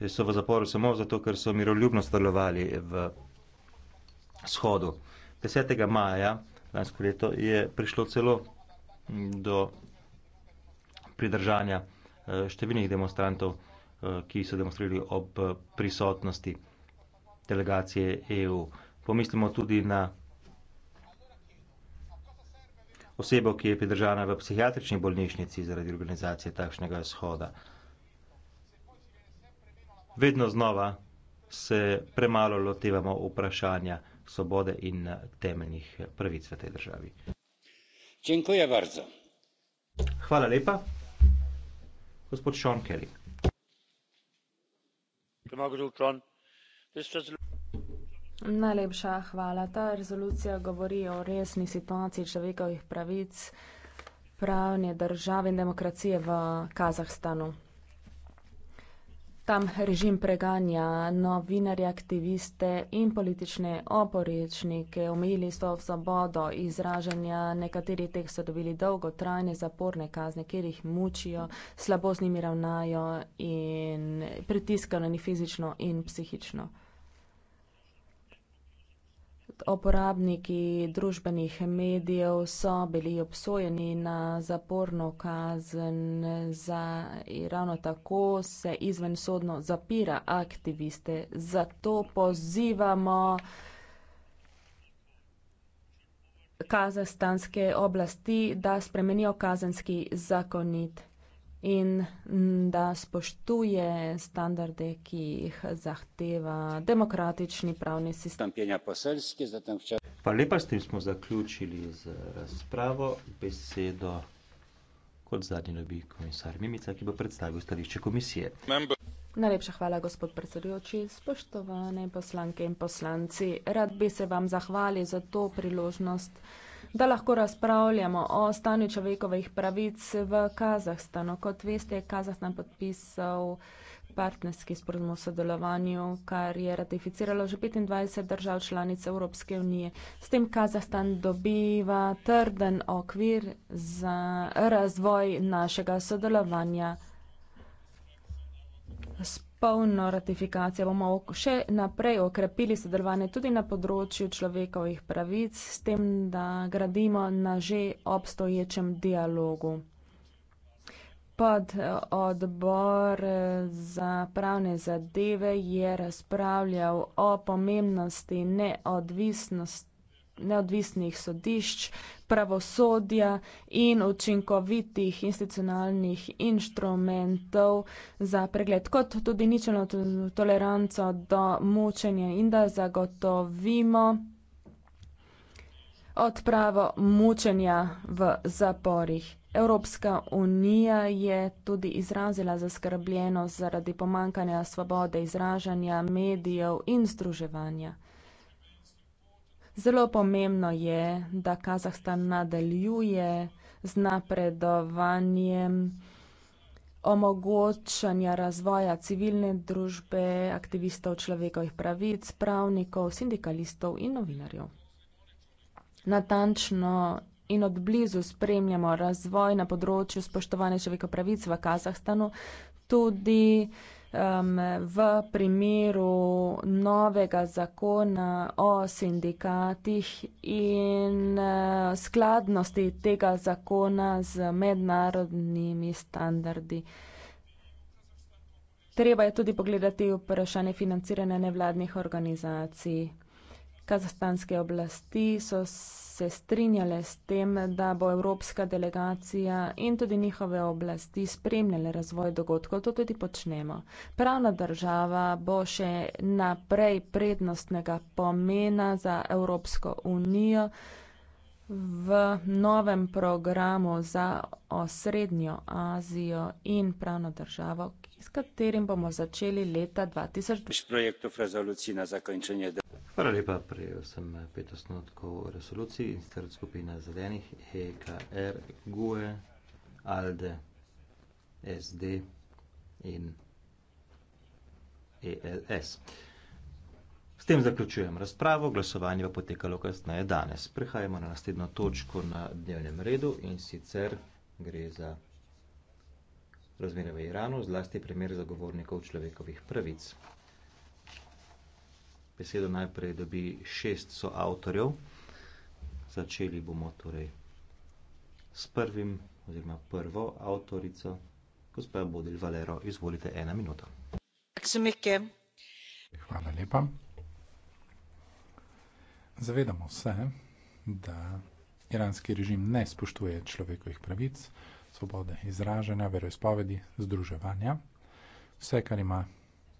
eh, so v zaporu samo zato, ker so miroljubno sodelovali v shodu. 10. maja lansko leto je prišlo celo do pridržanja eh, številnih demonstrantov, ki so demonstrirali ob prisotnosti delegacije EU. Pomislimo tudi na osebo, ki je pridržana v psihiatrični bolnišnici zaradi organizacije takšnega shoda. Vedno znova se premalo lotevamo vprašanja svobode in eh, temeljnih eh, pravic v tej državi. Hvala lepa. Gospod Sean Kelly. Democracy will Najlepša hvala. Ta rezolucija govori o resni situaciji človekovih pravic, pravne države in demokracije v Kazahstanu. Tam režim preganja novinarje, aktiviste in politične oporečnike, omejili so svobodo izražanja, nekateri teh so dobili dolgotrajne zaporne kazne, kjer jih mučijo, slabo z njimi ravnajo in pritiskajo na njih fizično in psihično uporabniki družbenih medijev so bili obsojeni na zaporno kazen za in ravno tako se izvensodno zapira aktiviste. Zato pozivamo kazastanske oblasti, da spremenijo kazenski zakonit in mm, da spoštuje standarde, ki jih zahteva demokratični pravni sistem. Pa lepa s tem smo zaključili z razpravo. Besedo kot zadnji dobi komisar Mimica, ki bo predstavil stališče komisije. Member. Najlepša hvala, gospod predsedujoči, spoštovane poslanke in poslanci. Rad bi se vam zahvalil za to priložnost da lahko razpravljamo o stanju človekovih pravic v Kazahstanu. Kot veste, je Kazahstan podpisal partnerski sporozum o sodelovanju, kar je ratificiralo že 25 držav članic Evropske unije. S tem Kazahstan dobiva trden okvir za razvoj našega sodelovanja polno ratifikacijo bomo še naprej okrepili sodelovanje tudi na področju človekovih pravic, s tem, da gradimo na že obstoječem dialogu. Pod eh, odbor eh, za pravne zadeve je razpravljal o pomembnosti neodvisnosti neodvisnih sodišč, pravosodja in učinkovitih institucionalnih inštrumentov za pregled, kot tudi ničelno toleranco do mučenja in da zagotovimo odpravo mučenja v zaporih. Evropska unija je tudi izrazila zaskrbljenost zaradi pomankanja svobode izražanja medijev in združevanja. Zelo pomembno je, da Kazahstan nadaljuje z napredovanjem omogočanja razvoja civilne družbe, aktivistov človekovih pravic, pravnikov, sindikalistov in novinarjev. Natančno in od blizu spremljamo razvoj na področju spoštovanja človekovih pravic v Kazahstanu, tudi um, v primeru novega zakona o sindikatih in uh, skladnosti tega zakona z mednarodnimi standardi. Treba je tudi pogledati vprašanje financiranja nevladnih organizacij. Kazahstanske oblasti so se strinjale s tem, da bo evropska delegacija in tudi njihove oblasti spremljale razvoj dogodkov. To tudi počnemo. Pravna država bo še naprej prednostnega pomena za Evropsko unijo v novem programu za osrednjo Azijo in pravno državo, s katerim bomo začeli leta 2020. Hvala lepa, prejel sem 15 notkov resoluciji in sicer od skupine zelenih EKR, GUE, ALDE, SD in ELS. S tem zaključujem razpravo, glasovanje bo potekalo kasneje danes. Prehajamo na naslednjo točko na dnevnem redu in sicer gre za razmere v Iranu, zlasti primer zagovornikov človekovih pravic. Besedo najprej dobi šest soavtorjev. Začeli bomo torej s prvim oziroma prvo avtorico, gospod Bodil Valero, izvolite ena minuta. Hvala lepa. Zavedamo se, da iranski režim ne spoštuje človekovih pravic, svobode izražanja, veroizpovedi, združevanja. Vse, kar ima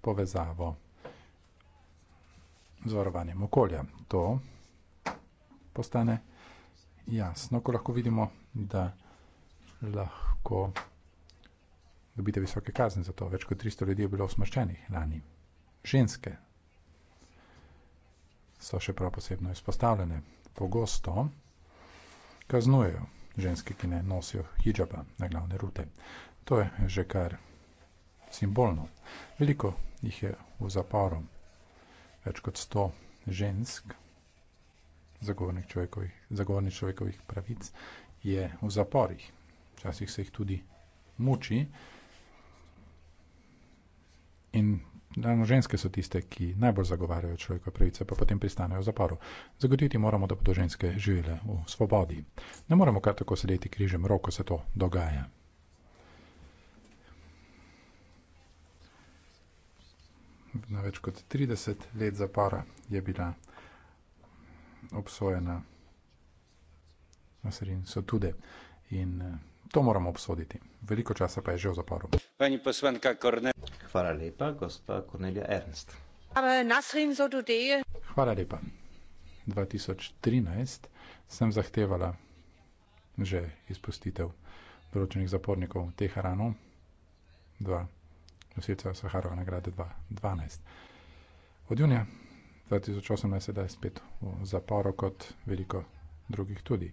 povezavo z varovanjem okolja, to postane jasno, ko lahko vidimo, da lahko dobite visoke kazne za to. Več kot 300 ljudi je bilo usmrčenih lani. Ženske so še prav posebno izpostavljene. Pogosto kaznujejo ženske, ki ne nosijo hijaba na glavne rute. To je že kar simbolno. Veliko jih je v zaporu, več kot sto žensk, zagovornih človekovih, zagovornih človekovih pravic, je v zaporih. Včasih se jih tudi muči. In ravno ženske so tiste, ki najbolj zagovarjajo človekove pravice, pa potem pristanejo v zaporu. Zagotoviti moramo, da bodo ženske živele v svobodi. Ne moremo kar tako sedeti križem roko, ko se to dogaja. Na več kot 30 let zapora je bila obsojena na sredini so tudi in uh, To moramo obsoditi. Veliko časa pa je že v zaporu. Hvala lepa, gospa Kornelija Ernst. Hvala lepa. 2013 sem zahtevala že izpustitev določenih zapornikov Teheranu, dva nosilca Saharova nagrade 2012. Od junija 2018 sedaj spet v zaporu kot veliko drugih tudi.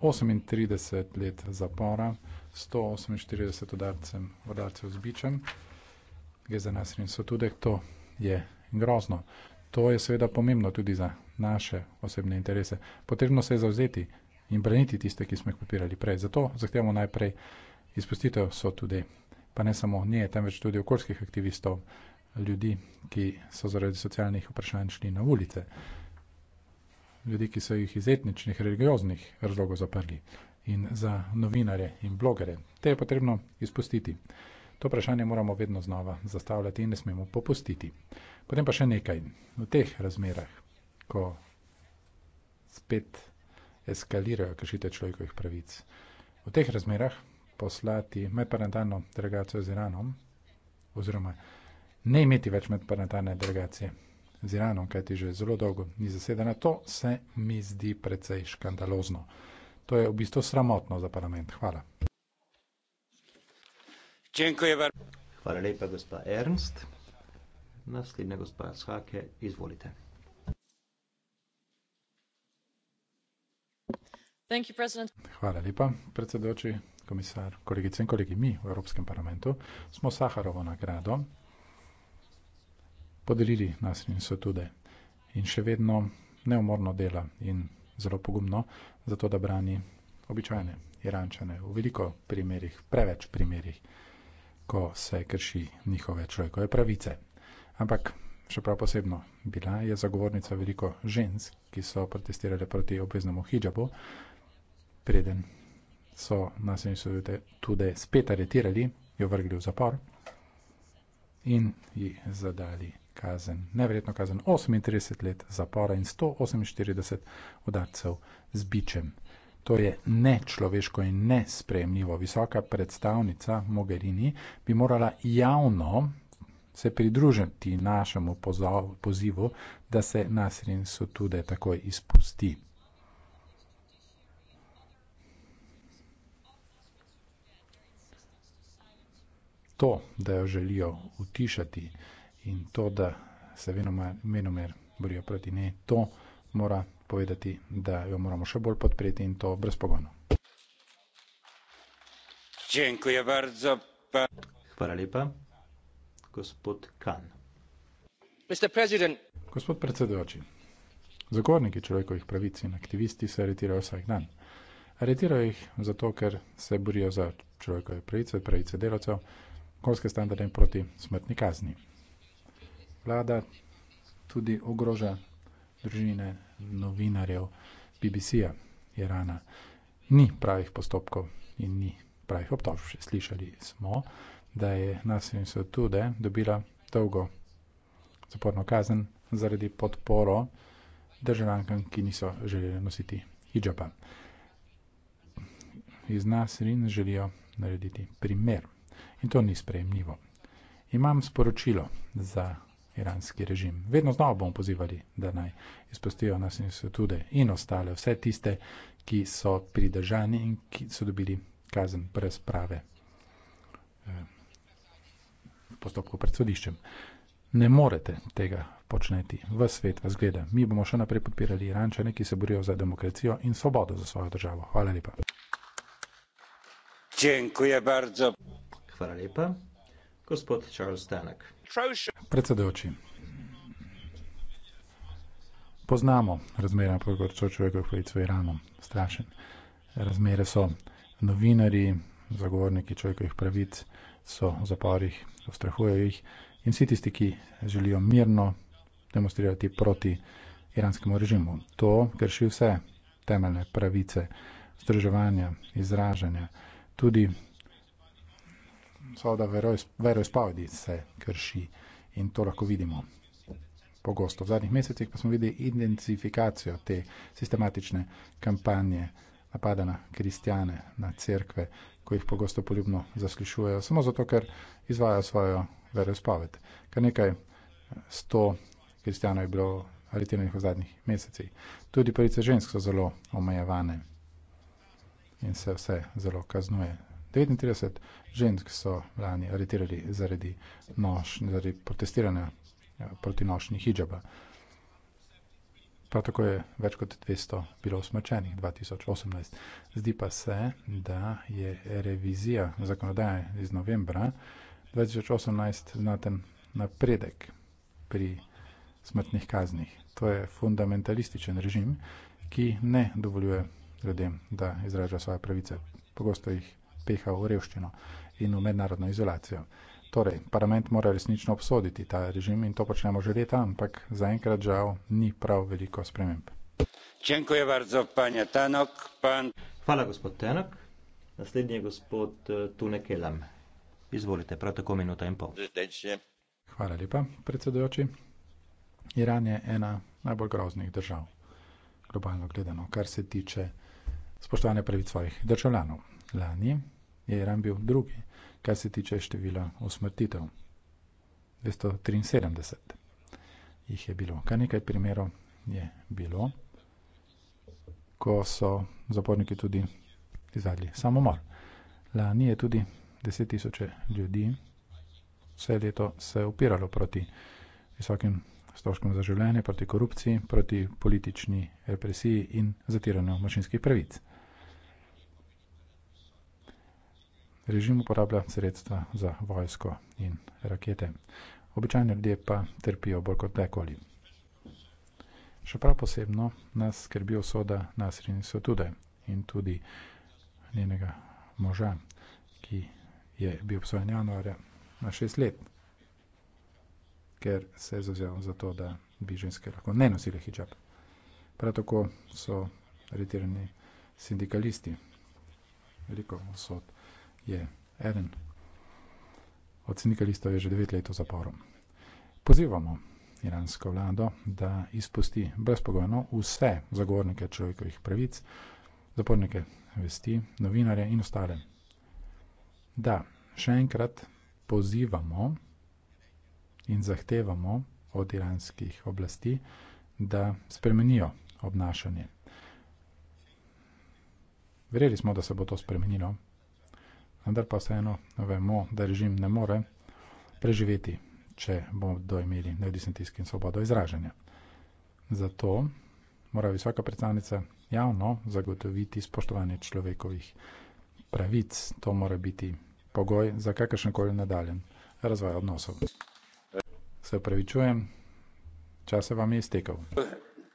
38 let zapora, 148 udarcem, udarcev z bičem, gre za nasilje. So tudi to je grozno. To je seveda pomembno tudi za naše osebne interese. Potrebno se je zavzeti in braniti tiste, ki smo jih podpirali prej. Zato zahtevamo najprej izpustitev so tudi, pa ne samo nje, temveč tudi okoljskih aktivistov, ljudi, ki so zaradi socialnih vprašanj šli na ulice ljudi, ki so jih iz etničnih, religioznih razlogov zaprli in za novinare in blogere. Te je potrebno izpustiti. To vprašanje moramo vedno znova zastavljati in ne smemo popustiti. Potem pa še nekaj. V teh razmerah, ko spet eskalirajo kršite človekovih pravic, v teh razmerah poslati medparentalno delegacijo z Iranom, oziroma ne imeti več medparentalne delegacije z Iranom, kajti že zelo dolgo ni zasedena, to se mi zdi precej škandalozno. To je v bistvu sramotno za parlament. Hvala. Hvala lepa, gospa Ernst. Naslednja gospa Shake, izvolite. Thank you, president. Hvala lepa, predsedoči komisar, kolegice in kolegi. Mi v Evropskem parlamentu smo Saharovo nagrado podelili nasrednjim svetude in še vedno neumorno dela in zelo pogumno za to, da brani običajne irančane v veliko primerih, preveč primerih, ko se krši njihove človekove pravice. Ampak še prav posebno bila je zagovornica veliko žensk, ki so protestirale proti obveznemu hijabu, preden so nasilni sodelite tudi spet aretirali, jo vrgli v zapor in ji zadali kazen, nevrjetno kazen, 38 let zapora in 148 udarcev z bičem. To je nečloveško in nespremljivo. Visoka predstavnica Mogherini bi morala javno se pridružiti našemu pozov, pozivu, da se Nasrin Sotude takoj izpusti. To, da jo želijo utišati, in to, da se venomer borijo proti njej, to mora povedati, da jo moramo še bolj podpreti in to brezpogojno. Hvala lepa. Gospod Kan. Gospod predsedujoči, zagovorniki človekovih pravic in aktivisti se aretirajo vsak dan. Aretirajo jih zato, ker se borijo za človekove pravice, pravice delavcev, okoljske standarde in proti smrtni kazni vlada tudi ogroža družine novinarjev BBC-ja Irana. Ni pravih postopkov in ni pravih obtožb. Slišali smo, da je Nasrin Sotude dobila dolgo zaporno kazen zaradi podporo državankam, ki niso želeli nositi hijaba. Iz Nasrin želijo narediti primer. In to ni sprejemljivo. Imam sporočilo za iranski režim. Vedno znova bomo pozivali, da naj izpustijo nas in vse tude in ostale, vse tiste, ki so pridržani in ki so dobili kazen brez prave eh, postopku pred sodiščem. Ne morete tega početi. V svet vas gleda. Mi bomo še naprej podpirali irančane, ki se borijo za demokracijo in svobodo za svojo državo. Hvala lepa. Hvala lepa. Gospod Charles Tanak. Predsedujoči. Poznamo razmere na področju človekovih pravic v Iranu. Strašen. Razmere so novinari, zagovorniki človekovih pravic, so v zaporih, ustrahujejo jih in vsi tisti, ki želijo mirno demonstrirati proti iranskemu režimu. To krši vse temeljne pravice združevanja, izražanja, tudi so da veroizpovedi se krši in to lahko vidimo pogosto. V zadnjih mesecih pa smo videli identifikacijo te sistematične kampanje napada na kristjane, na cerkve, ko jih pogosto poljubno zaslišujejo, samo zato, ker izvajo svojo veroizpoved. Kar nekaj sto kristjanov je bilo aretiranih v zadnjih mesecih. Tudi pravice žensk so zelo omejevane in se vse zelo kaznuje 39 žensk so lani aretirali zaradi, noš, zaradi protestiranja ja, proti nošnji hijaba. Prav tako je več kot 200 bilo usmrčenih 2018. Zdi pa se, da je revizija zakonodaje iz novembra 2018 znaten napredek pri smrtnih kaznih. To je fundamentalističen režim, ki ne dovoljuje ljudem, da izražajo svoje pravice. Pogosto jih peha v revščino in v mednarodno izolacijo. Torej, parlament mora resnično obsoditi ta režim in to počnemo že leta, ampak zaenkrat žal ni prav veliko sprememb. Bardzo, Tanok, pan... Hvala, gospod Tenok. Naslednji je gospod e, Tune Kelam. Izvolite, prav tako minuta in pol. Hvala lepa, predsedujoči. Iran je ena najbolj groznih držav, globalno gledano, kar se tiče spoštovanja pravic svojih državljanov. Lani je Iran bil drugi, kar se tiče števila usmrtitev. 273 jih je bilo. Kar nekaj primerov je bilo, ko so zaporniki tudi izvedli samomor. Lani je tudi 10 tisoče ljudi vse leto se upiralo proti visokim stroškom za življenje, proti korupciji, proti politični represiji in zatiranju mašinskih pravic. Režim uporablja sredstva za vojsko in rakete. Običajni ljudje pa trpijo bolj kot nekoli. Še prav posebno nas skrbi usoda Nasrin Sotude in tudi njenega moža, ki je bil obsojen januarja na šest let, ker se je zavzel za to, da bi ženske lahko ne nosile hijab. Prav tako so aretirani sindikalisti. Veliko usod je eden od sindikalistov je že devet let v zaporu. Pozivamo iransko vlado, da izpusti brezpogojno vse zagovornike človekovih pravic, zapornike vesti, novinarje in ostale. Da, še enkrat pozivamo in zahtevamo od iranskih oblasti, da spremenijo obnašanje. Verjeli smo, da se bo to spremenilo, vendar pa vseeno vemo, da režim ne more preživeti, če bomo imeli neodvisen tisk in svobodo izražanja. Zato mora visoka predstavnica javno zagotoviti spoštovanje človekovih pravic. To mora biti pogoj za kakršen koli nadaljen razvoj odnosov. Se upravičujem, čas se vam je iztekel.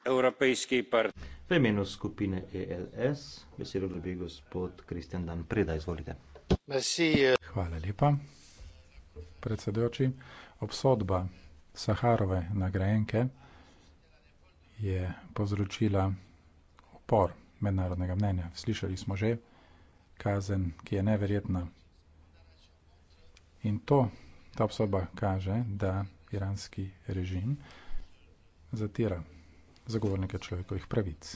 Evropejski part. V imenu skupine ELS besedo dobi gospod Kristjan Dan Preda, izvolite. Eh. Hvala lepa, predsedujoči. Obsodba Saharove nagrajenke je povzročila upor mednarodnega mnenja. Slišali smo že kazen, ki je neverjetna. In to, ta obsodba kaže, da iranski režim zatira zagovornike človekovih pravic.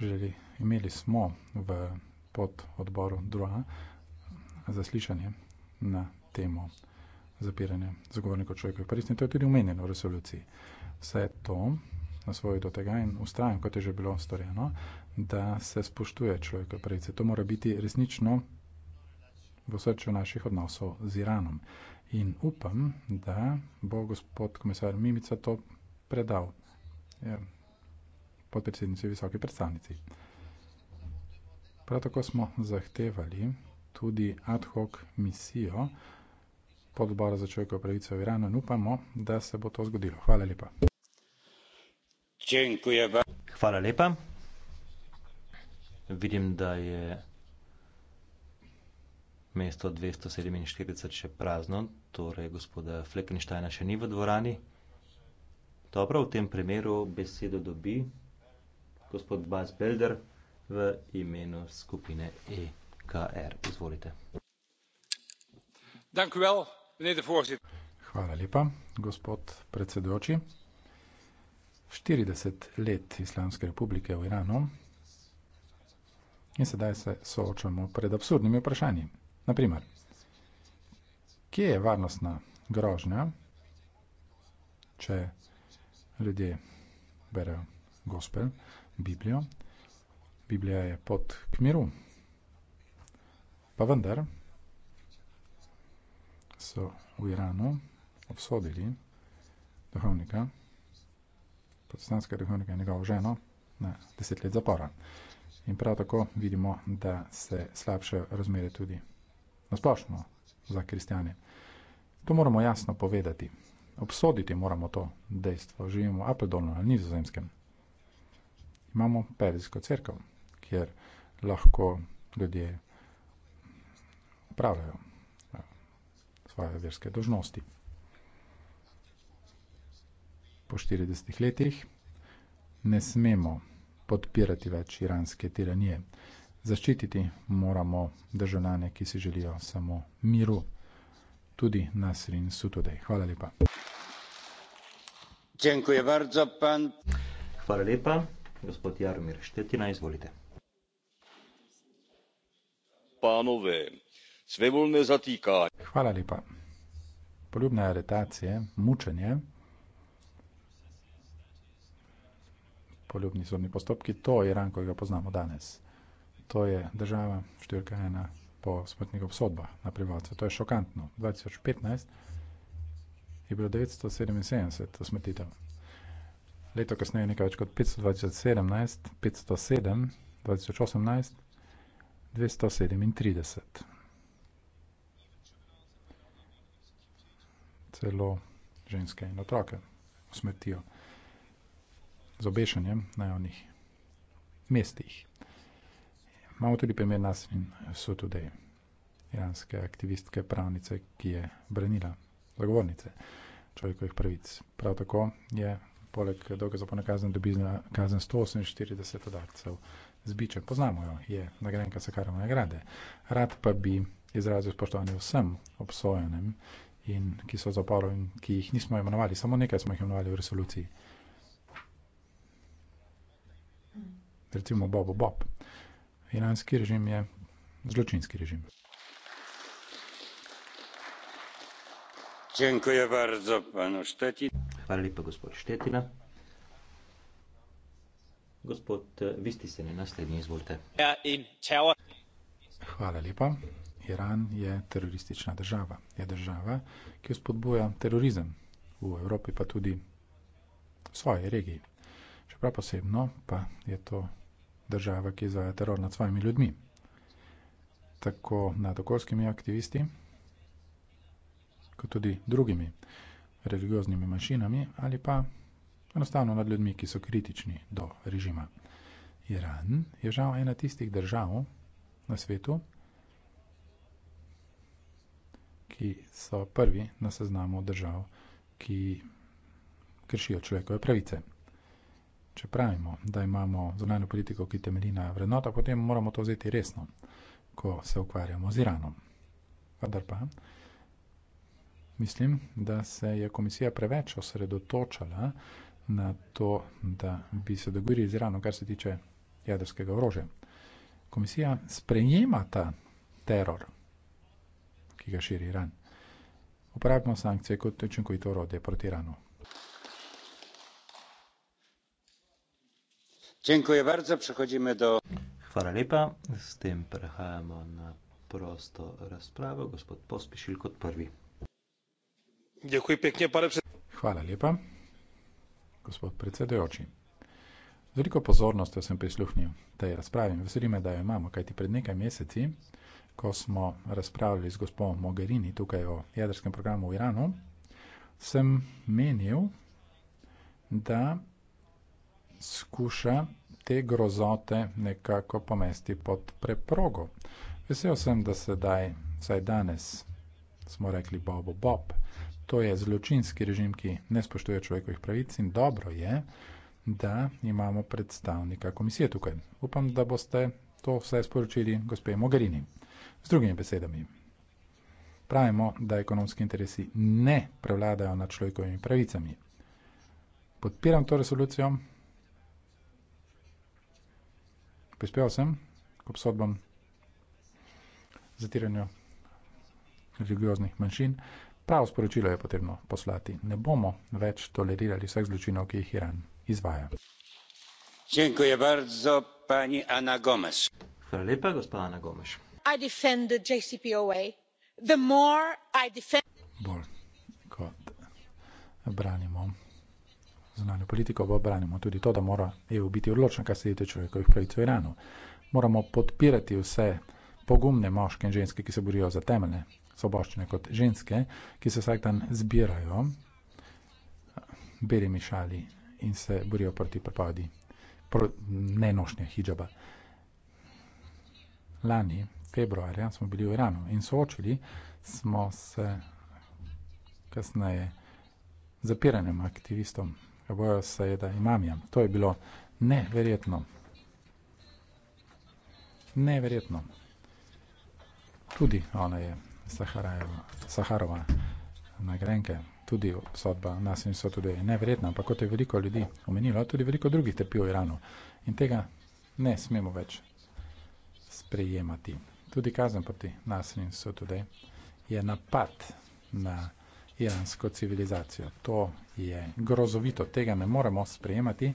Želi, imeli smo v pod odboru 2 zaslišanje na temo zapiranja zagovornikov človekovih pravic. In to je tudi omenjeno v resoluciji. Vse to na svoji do tega in ustrajam, kot je že bilo storjeno, da se spoštuje človekove pravice. To mora biti resnično v srču naših odnosov z Iranom. In upam, da bo gospod komisar Mimica to predal ja, podpredsednici visoke predstavnici. Prav tako smo zahtevali tudi ad hoc misijo podbora za človekove pravice v Iranu in upamo, da se bo to zgodilo. Hvala lepa. Hvala lepa. Vidim, da je mesto 247 še prazno, torej gospoda Fleckensteina še ni v dvorani. Dobro, v tem primeru besedo dobi gospod Bas Belder v imenu skupine ekr. Izvolite. Dank u wel, meneer de voorzitter. Hvala lepa, gospod predsedujoči. 40 let Islamske republike v Iranu in sedaj se soočamo pred absurdnimi vprašanji. Naprimer, kje je varnostna grožnja, če ljudje berejo gospel, Biblijo, Biblija je pot k miru. Pa vendar so v Iranu obsodili duhovnika, protestantska duhovnika in njegovo ženo, na deset let zapora. In prav tako vidimo, da se slabše razmere tudi nasplošno za kristjane. To moramo jasno povedati. Obsoditi moramo to dejstvo. Živimo v Apeldonu, na nizozemskem. Imamo perijsko crkvo kjer lahko ljudje pravijo ja, svoje verske dožnosti. Po 40 letih ne smemo podpirati več iranske tiranije. Zaščititi moramo državljane, ki si želijo samo miru. Tudi Nasrin Sutodej. Hvala lepa. Hvala lepa, gospod Jarmir Štetina, izvolite panove. Svevolne zatikanje. Hvala lepa. Poljubne aretacije, mučenje, poljubni sodni postopki, to je Iran, ki ga poznamo danes. To je država številka ena po smrtnih obsodbah na prebivalce. To je šokantno. 2015 je bilo 977 usmrtitev. Leto kasneje nekaj več kot 527, 507, 2018 237. Celo ženske in otroke usmrtijo z obešanjem na javnih mestih. Imamo tudi primer Nasrin Sotudej, iranske aktivistke pravnice, ki je branila zagovornice človekovih pravic. Prav tako je poleg dolga zapone kazen dobila kazen 148 odarcev z bičem, poznamo jo, je nagrajenka Sakarove nagrade. Rad pa bi izrazil spoštovanje vsem obsojenim, in, ki so zaporov in ki jih nismo imenovali, samo nekaj smo jih imenovali v resoluciji. Recimo Bobo Bob. Iranski režim je zločinski režim. Hvala lepa, gospod Štetina. Gospod, eh, vi ste se ne naslednji, izvolite. Ja, Hvala lepa. Iran je teroristična država. Je država, ki spodbuja terorizem v Evropi, pa tudi v svoji regiji. Čeprav posebno, pa je to država, ki izvaja teror nad svojimi ljudmi. Tako nad okoljskimi aktivisti, kot tudi drugimi religioznimi manjšinami ali pa enostavno nad ljudmi, ki so kritični do režima. Iran je žal ena tistih držav na svetu, ki so prvi na seznamu držav, ki kršijo človekove pravice. Če pravimo, da imamo zunanjo politiko, ki temelji na vrednota, potem moramo to vzeti resno, ko se ukvarjamo z Iranom. Vendar pa mislim, da se je komisija preveč osredotočala na to, da bi se dogovorili z Iranom, kar se tiče jedrskega orožja. Komisija sprejema ta teror, ki ga širi Iran. Uporabimo sankcije kot učinkovito orodje proti Iranu. Hvala lepa. S tem prehajamo na prosto razpravo. Gospod Pospišil kot prvi. Hvala lepa gospod predsedujoči. Z veliko pozornostjo sem prisluhnil tej razpravi in veseli me, da jo imamo, kajti pred nekaj meseci, ko smo razpravljali z gospodom Mogherini tukaj o jedrskem programu v Iranu, sem menil, da skuša te grozote nekako pomesti pod preprogo. Vesel sem, da se daj, saj danes smo rekli Bobo Bob, bob to je zločinski režim, ki ne spoštuje človekovih pravic in dobro je, da imamo predstavnika komisije tukaj. Upam, da boste to vse sporočili gospe Mogherini. Z drugimi besedami, pravimo, da ekonomski interesi ne prevladajo nad človekovimi pravicami. Podpiram to resolucijo, prispeval sem k obsodbam zatiranja religioznih manjšin. Pravo sporočilo je potrebno poslati. Ne bomo več tolerirali vseh zločinov, ki jih Iran izvaja. Bardzo, pani Ana Gomez. Hvala lepa, gospod Ana Gomes. Bolj kot branimo zunanjo politiko, bo branimo tudi to, da mora EU biti odločna, kar se tiče človekovih pravic v Iranu. Moramo podpirati vse pogumne moške in ženske, ki se borijo za temeljne soboščine, kot ženske, ki se vsak dan zbirajo, beri mišali in se borijo proti prepovedi pro, nenošnja hijaba. Lani, februarja, smo bili v Iranu in soočili smo se kasneje zapiranjem aktivistom, ki bojo se da imamija. To je bilo neverjetno. Neverjetno. Tudi ona je Saharova, na Grenke, tudi sodba nas in so tudi nevredna, ampak kot je veliko ljudi omenilo, tudi veliko drugih trpi v Iranu. In tega ne smemo več sprejemati. Tudi kazen proti nas in so tudi je napad na iransko civilizacijo. To je grozovito, tega ne moremo sprejemati.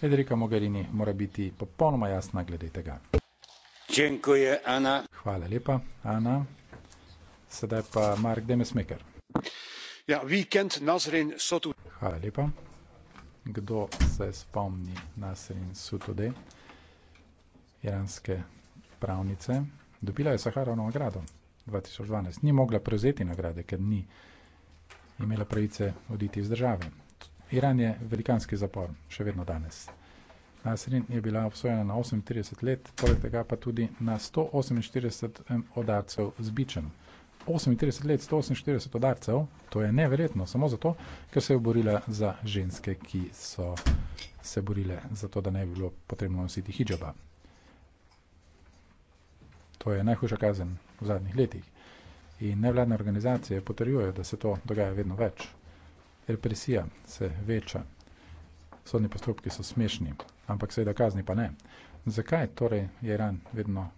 Federica Mogherini mora biti popolnoma jasna glede tega. Dziękuję, Ana. Hvala lepa, Ana. Sedaj pa Mark Demesmeker. Ja, vikend Nazrin Sotude. Hvala lepa. Kdo se spomni Nazrin Sotude, iranske pravnice? Dobila je Saharovno nagrado 2012. Ni mogla prevzeti nagrade, ker ni imela pravice oditi iz države. Iran je velikanski zapor, še vedno danes. Nasrin je bila obsojena na 38 let, poleg tega pa tudi na 148 odarcev z bičem. 38 let, 148 udarcev, to je neverjetno, samo zato, ker se je borila za ženske, ki so se borile za to, da ne bi bilo potrebno nositi hijaba. To je najhujša kazen v zadnjih letih. In nevladne organizacije potrjujejo, da se to dogaja vedno več. Represija se veča, sodni postopki so smešni, ampak seveda kazni pa ne. Zakaj torej je Iran vedno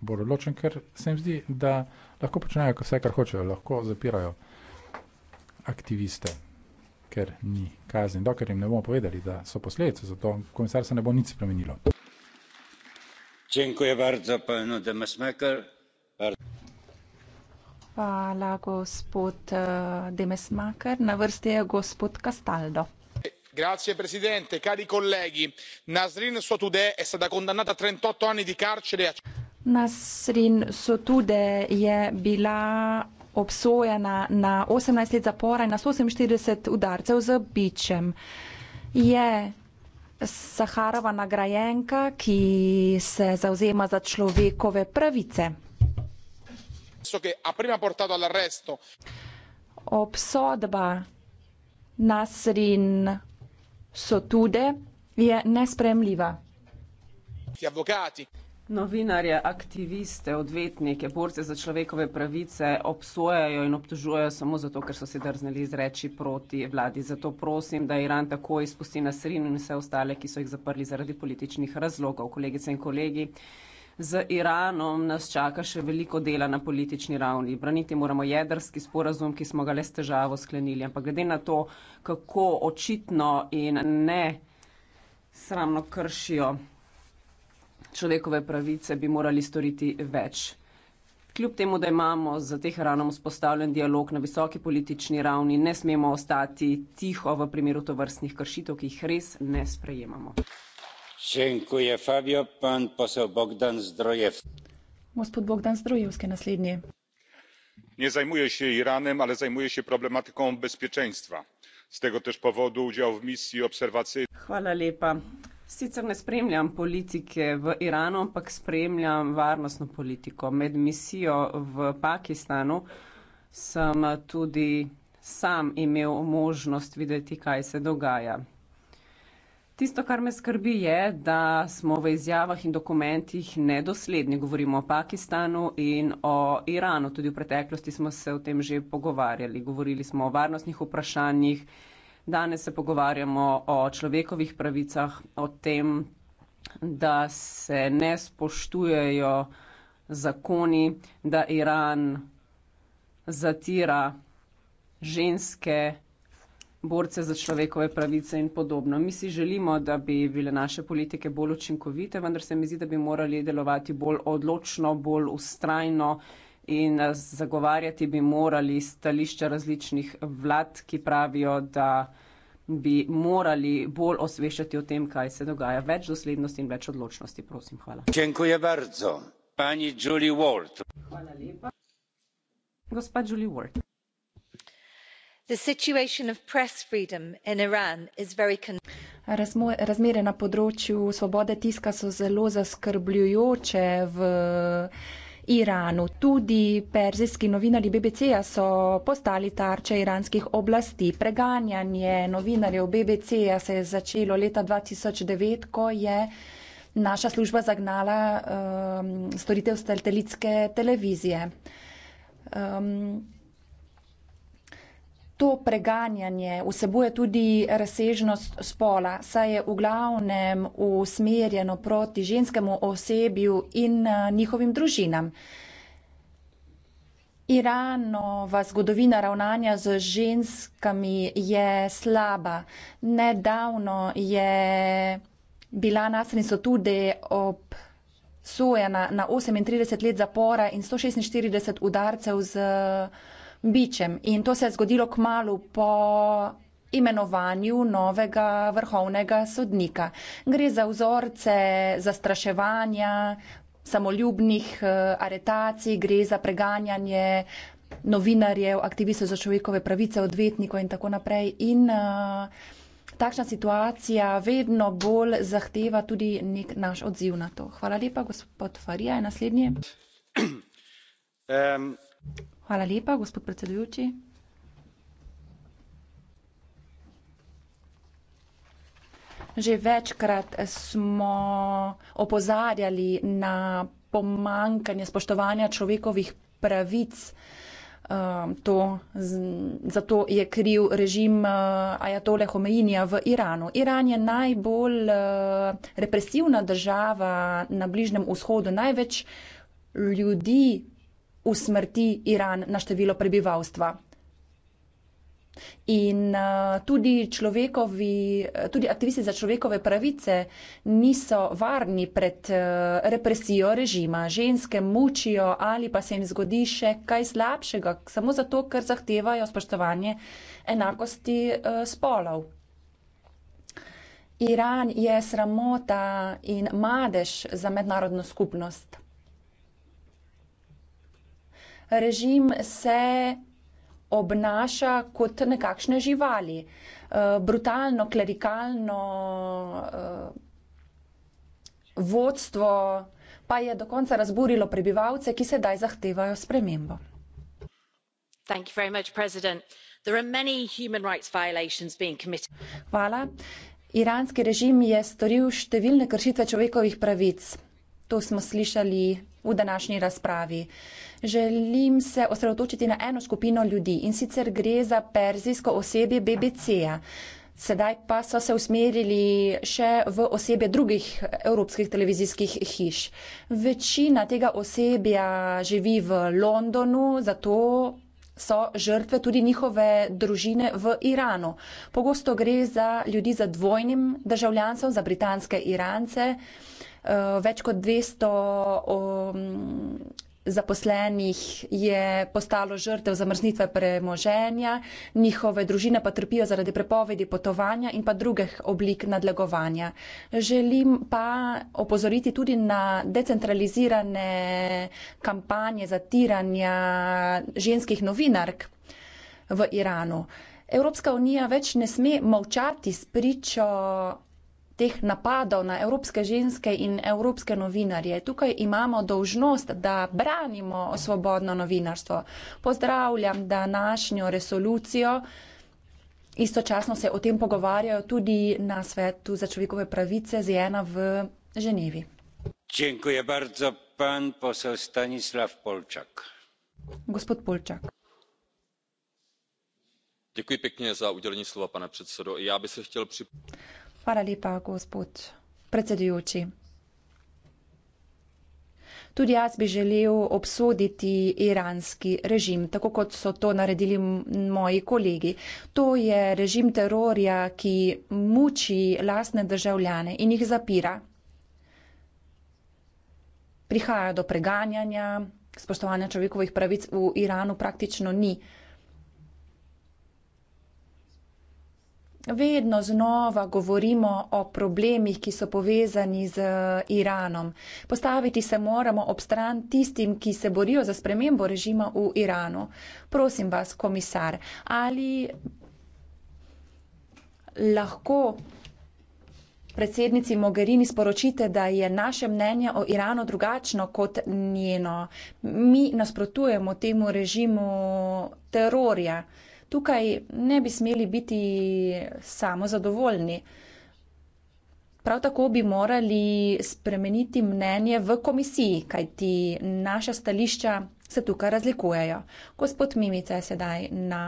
bolj odločen, ker se jim zdi, da lahko počnejo vse, kar hočejo, lahko zapirajo aktiviste, ker ni kazni, dokler jim ne bomo povedali, da so posledice za to, komisar se ne bo nič spremenilo. Hvala, gospod eh, Demesmaker. Na vrsti je gospod Castaldo. Grazie Presidente, cari colleghi. Nasrin Sotoudeh è stata condannata a 38 anni di carcere. A... Nasrin Sotude je bila obsojena na 18 let zapora in na 148 udarcev z bičem. Je Saharova nagrajenka, ki se zauzema za človekove pravice. Obsodba Nasrin Sotude je nespremljiva. Novinarje, aktiviste, odvetnike, borce za človekove pravice obsojajo in obtožujejo samo zato, ker so se drznili izreči proti vladi. Zato prosim, da Iran tako izpusti na srin in vse ostale, ki so jih zaprli zaradi političnih razlogov. Kolegice in kolegi, z Iranom nas čaka še veliko dela na politični ravni. Braniti moramo jedrski sporazum, ki smo ga le s težavo sklenili. Ampak glede na to, kako očitno in ne sramno kršijo človekove pravice bi morali storiti več. Kljub temu, da imamo za teh ranom spostavljen dialog na visoki politični ravni, ne smemo ostati tiho v primeru tovrstnih kršitev, ki jih res ne sprejemamo. Čenkuje, Fabio, pan posel Bogdan Zdrojev. Gospod Bogdan Zdrojevski, naslednji. Nie zajmuję się Iranem, ale zajmuję się problematyką bezpieczeństwa. Z tego też powodu udział w misji obserwacyjnej. Hvala lepa. Sicer ne spremljam politike v Iranu, ampak spremljam varnostno politiko. Med misijo v Pakistanu sem tudi sam imel možnost videti, kaj se dogaja. Tisto, kar me skrbi, je, da smo v izjavah in dokumentih nedosledni. Govorimo o Pakistanu in o Iranu. Tudi v preteklosti smo se o tem že pogovarjali. Govorili smo o varnostnih vprašanjih, Danes se pogovarjamo o človekovih pravicah, o tem, da se ne spoštujejo zakoni, da Iran zatira ženske, borce za človekove pravice in podobno. Mi si želimo, da bi bile naše politike bolj učinkovite, vendar se mi zdi, da bi morali delovati bolj odločno, bolj ustrajno in eh, zagovarjati bi morali stališča različnih vlad, ki pravijo, da bi morali bolj osvešati o tem, kaj se dogaja. Več doslednosti in več odločnosti, prosim. Hvala. Razmere na področju svobode tiska so zelo zaskrbljujoče v Iranu. Iranu. Tudi perzijski novinari BBC-ja so postali tarče iranskih oblasti. Preganjanje novinarjev BBC-ja se je začelo leta 2009, ko je naša služba zagnala um, storitev satelitske televizije. Um, to preganjanje vsebuje tudi razsežnost spola, saj je v glavnem usmerjeno proti ženskemu osebju in eh, njihovim družinam. Iranova zgodovina ravnanja z ženskami je slaba. Nedavno je bila nasrnica tudi obsojena na 38 let zapora in 146 udarcev z bičem. In to se je zgodilo k malu po imenovanju novega vrhovnega sodnika. Gre za vzorce zastraševanja, samoljubnih eh, aretacij, gre za preganjanje novinarjev, aktivistov za človekove pravice, odvetnikov in tako naprej. In uh, takšna situacija vedno bolj zahteva tudi nek naš odziv na to. Hvala lepa, gospod Farija, je naslednji. Um. Hvala lepa, gospod predsedujoči. Že večkrat smo opozarjali na pomankanje spoštovanja človekovih pravic. Ehm, to, za to je kriv režim eh, ajatole Homeinija v Iranu. Iran je najbolj eh, represivna država na Bližnjem vzhodu. Največ ljudi usmrti Iran na število prebivalstva. In uh, tudi, tudi aktivisti za človekove pravice niso varni pred uh, represijo režima. Ženske mučijo ali pa se jim zgodi še kaj slabšega, samo zato, ker zahtevajo spoštovanje enakosti uh, spolov. Iran je sramota in madež za mednarodno skupnost režim se obnaša kot nekakšne živali, eh, brutalno, klerikalno eh, vodstvo pa je do konca razburilo prebivalce, ki sedaj zahtevajo spremembo. Hvala. Iranski režim je storil številne kršitve človekovih pravic. To smo slišali v današnji razpravi. Želim se osredotočiti na eno skupino ljudi in sicer gre za perzijsko osebje BBC-ja. Sedaj pa so se usmerili še v osebe drugih evropskih televizijskih hiš. Večina tega osebja živi v Londonu, zato so žrtve tudi njihove družine v Iranu. Pogosto gre za ljudi za dvojnim državljanstvom, za britanske Irance. Uh, Eh, več kot 200 um, zaposlenih je postalo žrtev zamrznitve premoženja, njihove družine pa trpijo zaradi prepovedi potovanja in pa drugih oblik nadlegovanja. Želim pa opozoriti tudi na decentralizirane kampanje zatiranja ženskih novinark v Iranu. Evropska unija več ne sme molčati s pričo teh napadov na evropske ženske in evropske novinarje. Tukaj imamo dožnost, da branimo svobodno novinarstvo. Pozdravljam današnjo resolucijo. Istočasno se o tem pogovarjajo tudi na svetu za človekove pravice z ena v Ženevi. Čenkuje bardzo pan posel Stanislav Polčak. Gospod Polčak. Děkuji pěkně za udělení slova, pane předsedo. Já ja bych se chtěl připojit. Hvala lepa, gospod predsedujoči. Tudi jaz bi želel obsoditi iranski režim, tako kot so to naredili moji kolegi. To je režim terorja, ki muči lastne državljane in jih zapira. Prihaja do preganjanja, spoštovanja človekovih pravic v Iranu praktično ni. vedno znova govorimo o problemih, ki so povezani z eh, Iranom. Postaviti se moramo ob stran tistim, ki se borijo za spremembo režima v Iranu. Prosim vas, komisar, ali lahko predsednici Mogherini sporočite, da je naše mnenje o Iranu drugačno kot njeno. Mi nasprotujemo temu režimu terorja tukaj ne bi smeli biti samozadovoljni. Prav tako bi morali spremeniti mnenje v komisiji, kajti naša stališča se tukaj razlikujejo. Gospod Mimica je sedaj na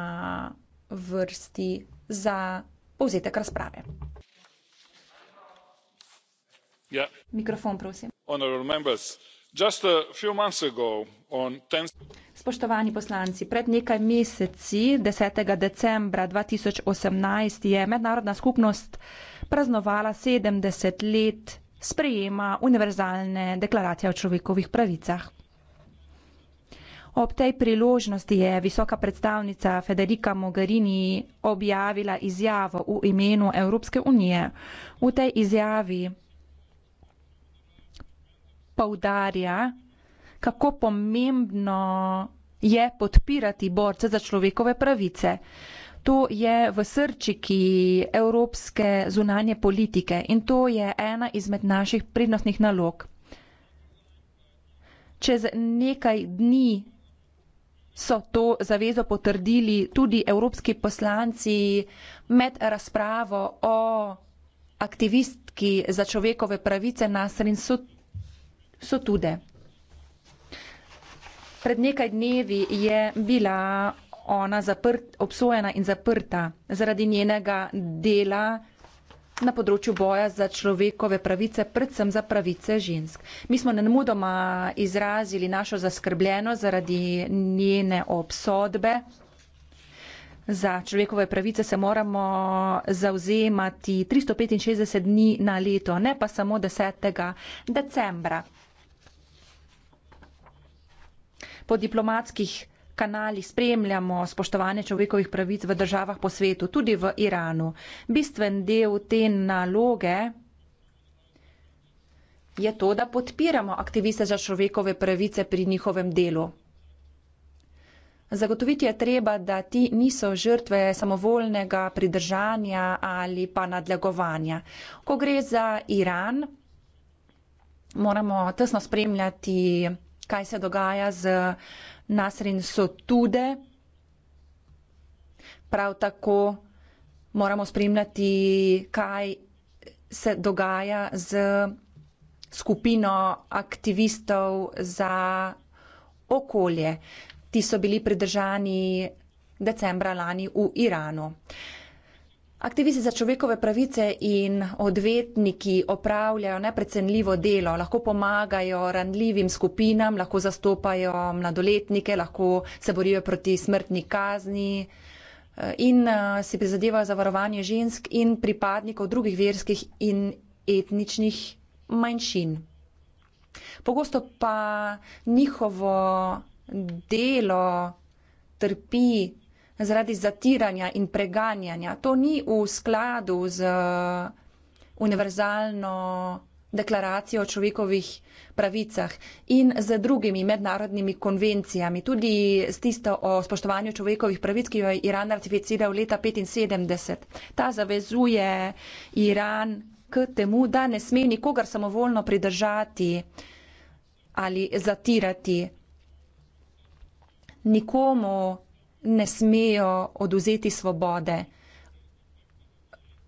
vrsti za povzetek razprave. Ja. Mikrofon, prosim spoštovani poslanci pred nekaj meseci deset decembra dva tisoč osemnajst je mednarodna skupnost praznovala sedemdeset let sprejema univerzalne deklaracije o človekovih pravicah. ob tej priložnosti je visoka predstavnica federica mogherini objavila izjavo v imenu evropske unije. v tej izjavi poudarja, kako pomembno je podpirati borce za človekove pravice. To je v srčiki evropske zunanje politike in to je ena izmed naših prednostnih nalog. Čez nekaj dni so to zavezo potrdili tudi evropski poslanci med razpravo o aktivistki za človekove pravice na Srinsut so tude. Pred nekaj dnevi je bila ona zaprt, obsojena in zaprta zaradi njenega dela na področju boja za človekove pravice, predvsem za pravice žensk. Mi smo nenamudoma izrazili našo zaskrbljeno zaradi njene obsodbe. Za človekove pravice se moramo zauzemati 365 dni na leto, ne pa samo 10. decembra po diplomatskih kanalih spremljamo spoštovanje človekovih pravic v državah po svetu, tudi v Iranu. Bistven del te naloge je to, da podpiramo aktiviste za človekove pravice pri njihovem delu. Zagotoviti je treba, da ti niso žrtve samovoljnega pridržanja ali pa nadlegovanja. Ko gre za Iran, moramo tesno spremljati kaj se dogaja z Nasrin Sotude. Prav tako moramo spremljati, kaj se dogaja z skupino aktivistov za okolje. Ti so bili pridržani decembra lani v Iranu. Aktivisti za človekove pravice in odvetniki opravljajo neprecenljivo delo, lahko pomagajo ranljivim skupinam, lahko zastopajo mladoletnike, lahko se borijo proti smrtni kazni eh, in eh, si prizadevajo za varovanje žensk in pripadnikov drugih verskih in etničnih manjšin. Pogosto pa njihovo delo trpi zaradi zatiranja in preganjanja. To ni v skladu z eh, univerzalno deklaracijo o človekovih pravicah in z drugimi mednarodnimi konvencijami, tudi s tisto o spoštovanju človekovih pravic, ki jo je Iran ratificiral leta 1975. Ta zavezuje Iran k temu, da ne sme nikogar samovoljno pridržati ali zatirati nikomu ne smejo oduzeti svobode,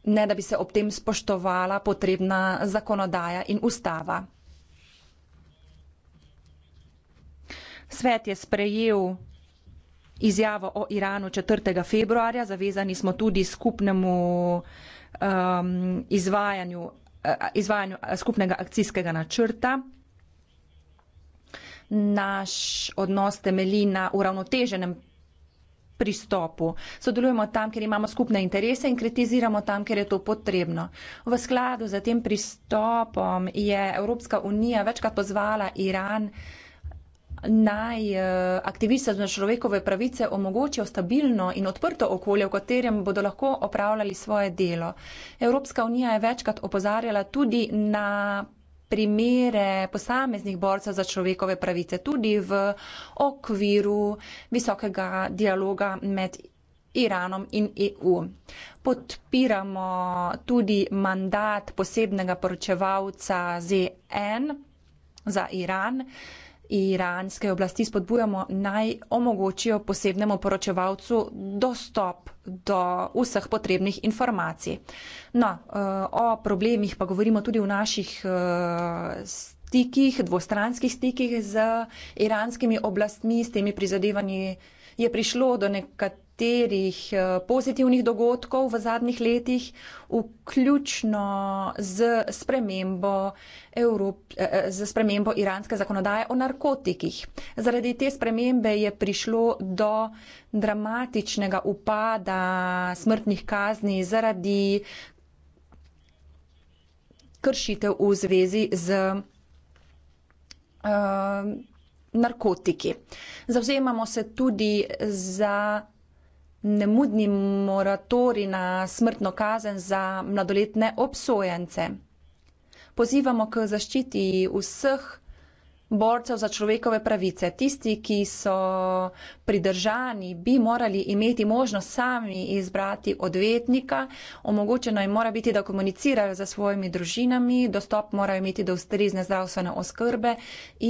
ne da bi se ob tem spoštovala potrebna zakonodaja in ustava. Svet je sprejel izjavo o Iranu 4. februarja, zavezani smo tudi skupnemu um, izvajanju, eh, izvajanju eh, skupnega akcijskega načrta. Naš odnos temelji na uravnoteženem pristopu. Sodelujemo tam, kjer imamo skupne interese in kritiziramo tam, kjer je to potrebno. V skladu z tem pristopom je Evropska unija večkrat pozvala Iran naj eh, aktiviste za človekove pravice omogočijo stabilno in odprto okolje, v katerem bodo lahko opravljali svoje delo. Evropska unija je večkrat opozarjala tudi na primere posameznih borcev za človekove pravice tudi v okviru visokega dialoga med Iranom in EU. Podpiramo tudi mandat posebnega poročevalca ZN za Iran iranske oblasti spodbujamo naj omogočijo posebnemu poročevalcu dostop do vseh potrebnih informacij. No, eh, o problemih pa govorimo tudi v naših eh, stikih, dvostranskih stikih z iranskimi oblastmi, s temi prizadevanji je prišlo do nekaterih nekaterih eh, pozitivnih dogodkov v zadnjih letih, vključno z spremembo, Evrop, z eh, eh, spremembo iranske zakonodaje o narkotikih. Zaradi te spremembe je prišlo do dramatičnega upada smrtnih kazni zaradi kršitev v zvezi z uh, narkotiki. Zavzemamo se tudi za nemudni moratori na smrtno kazen za mladoletne obsojence. Pozivamo k zaščiti vseh borcev za človekove pravice. Tisti, ki so pridržani, bi morali imeti možnost sami izbrati odvetnika. Omogočeno jim mora biti, da komunicirajo za svojimi družinami, dostop morajo imeti do ustrezne zdravstvene oskrbe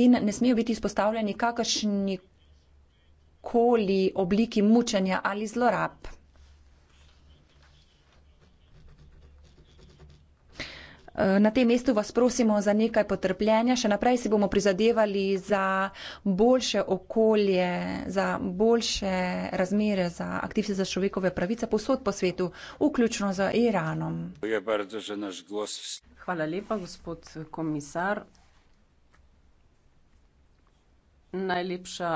in ne smejo biti izpostavljeni kakršni koli obliki mučenja ali zlorab. E, na tem mestu vas prosimo za nekaj potrpljenja. Še naprej si bomo prizadevali za boljše okolje, za boljše razmere za aktivce za človekove pravice posod po svetu, vključno z Iranom. Hvala lepa, gospod komisar. Najlepša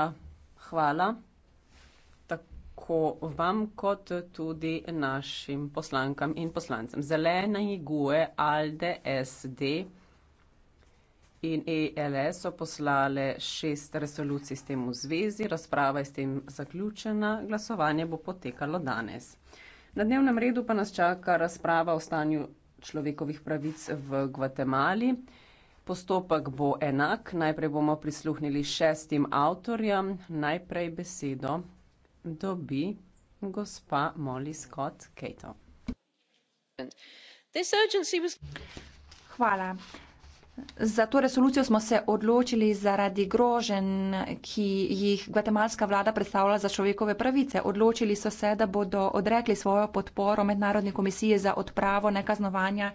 hvala tako vam kot tudi našim poslankam in poslancem. Zelena Igue, Alde, SD in ELS so poslale šest resolucij s tem v zvezi. Razprava je s tem zaključena. Glasovanje bo potekalo danes. Na dnevnem redu pa nas čaka razprava o stanju človekovih pravic v Gvatemali. Postopek bo enak. Najprej bomo prisluhnili šestim avtorjem. Najprej besedo dobi gospa Molly Scott Cato. Hvala. Za to resolucijo smo se odločili zaradi grožen, ki jih gvatemalska vlada predstavlja za človekove pravice. Odločili so se, da bodo odrekli svojo podporo Mednarodne komisije za odpravo nekaznovanja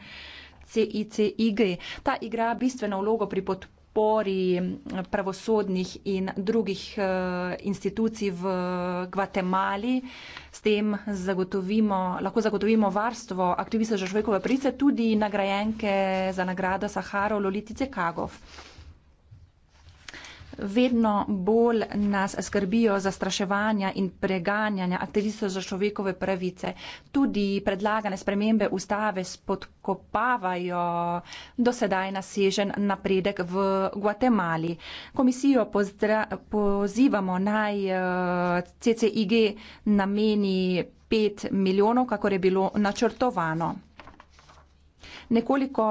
CICY. Ta igra bistveno vlogo pri podpori eh, pravosodnih in drugih eh, institucij v eh, Gvatemali. S tem zagotovimo, lahko zagotovimo varstvo aktivista Žažvekove price, tudi nagrajenke za nagrado Saharov Lolitice Kagov. Vedno bolj nas skrbijo zastraševanja in preganjanja aktivistov za človekove pravice. Tudi predlagane spremembe ustave spodkopavajo dosedaj nasežen napredek v Guatemali. Komisijo pozdra, pozivamo naj eh, CCIG nameni 5 milijonov, kako je bilo načrtovano nekoliko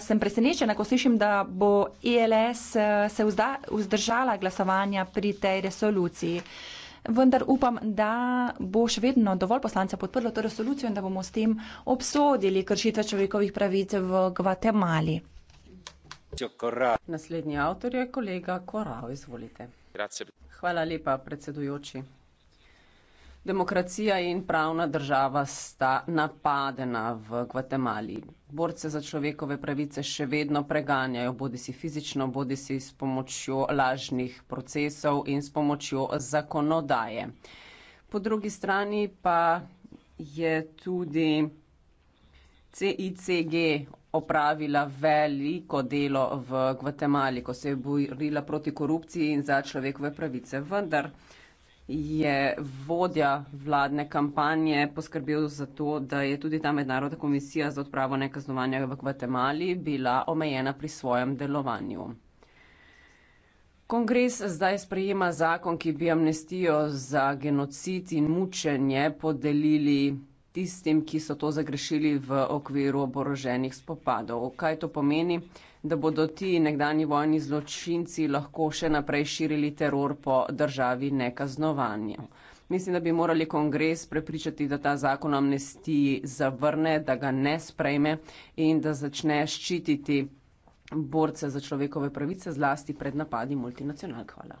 sem presenečena, ko slišim, da bo ILS e eh, se vzdržala glasovanja pri tej resoluciji. Vendar upam, da bo še vedno dovolj poslancev podprlo to resolucijo in da bomo s tem obsodili kršitve človekovih pravic v Gvatemali. Naslednji avtor je kolega Korao, izvolite. Hvala lepa, predsedujoči. Demokracija in pravna država sta napadena v Gvatemali. Borce za človekove pravice še vedno preganjajo, bodi si fizično, bodi si s pomočjo lažnih procesov in s pomočjo zakonodaje. Po drugi strani pa je tudi CICG opravila veliko delo v Gvatemali, ko se je borila proti korupciji in za človekove pravice. Vendar je vodja vladne kampanje poskrbel za to, da je tudi ta mednarodna komisija za odpravo nekaznovanja v Gvatemali bila omejena pri svojem delovanju. Kongres zdaj sprejema zakon, ki bi amnestijo za genocid in mučenje podelili tistim, ki so to zagrešili v okviru oboroženih spopadov. Kaj to pomeni? da bodo ti nekdani vojni zločinci lahko še naprej širili teror po državi nekaznovanje. Mislim, da bi morali kongres prepričati, da ta zakon amnestiji zavrne, da ga ne sprejme in da začne ščititi borce za človekove pravice zlasti pred napadi multinacionalk. Hvala.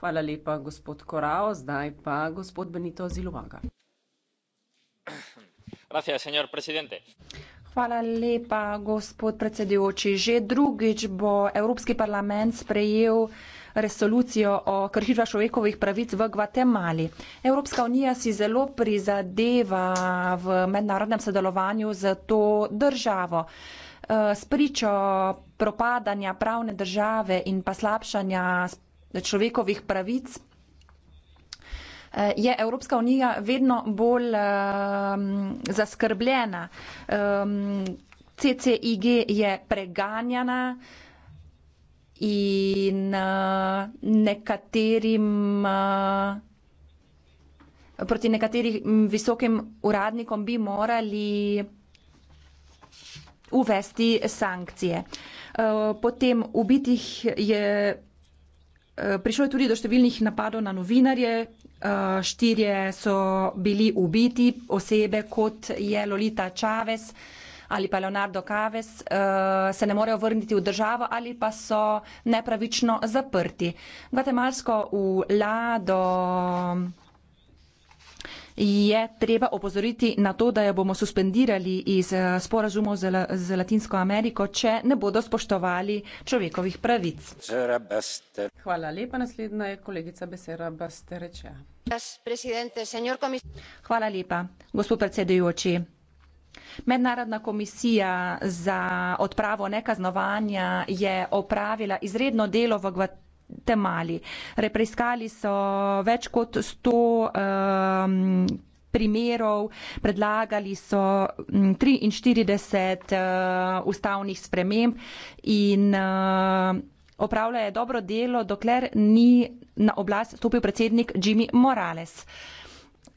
Hvala lepa, gospod Korao. Zdaj pa gospod Benito Zilovaga. Gracias, señor presidente. Hvala lepa, gospod predsedujoči. Že drugič bo Evropski parlament sprejel resolucijo o kršitvah človekovih pravic v Gvatemali. Evropska unija si zelo prizadeva v mednarodnem sodelovanju z to državo. Eh, s pričo propadanja pravne države in pa slabšanja človekovih pravic Eh, je Evropska unija vedno bolj um, zaskrbljena. Um, ehm, CCIG je preganjana in uh, nekaterim. Uh, Proti nekaterim visokim uradnikom bi morali uvesti sankcije. Potem ubitih je prišlo je tudi do številnih napadov na novinarje, Eh, štirje so bili ubiti, osebe kot je Lolita Čaves ali pa Leonardo Kaves eh, se ne morejo vrniti v državo ali pa so nepravično zaprti. Gvatemalsko vlado je treba opozoriti na to, da jo bomo suspendirali iz eh, sporazumov z, z Latinsko Ameriko, če ne bodo spoštovali človekovih pravic. Hvala lepa, naslednja je kolegica Besera Bastereča. Hvala lepa, gospod predsedujoči. Mednarodna komisija za odpravo nekaznovanja je opravila izredno delo v Gvatemali temali. Repreiskali so več kot 100 um, ehm, primerov, predlagali so 43 mm, uh, eh, ustavnih sprememb in uh, opravljajo dobro delo, dokler ni na oblast stopil predsednik Jimmy Morales.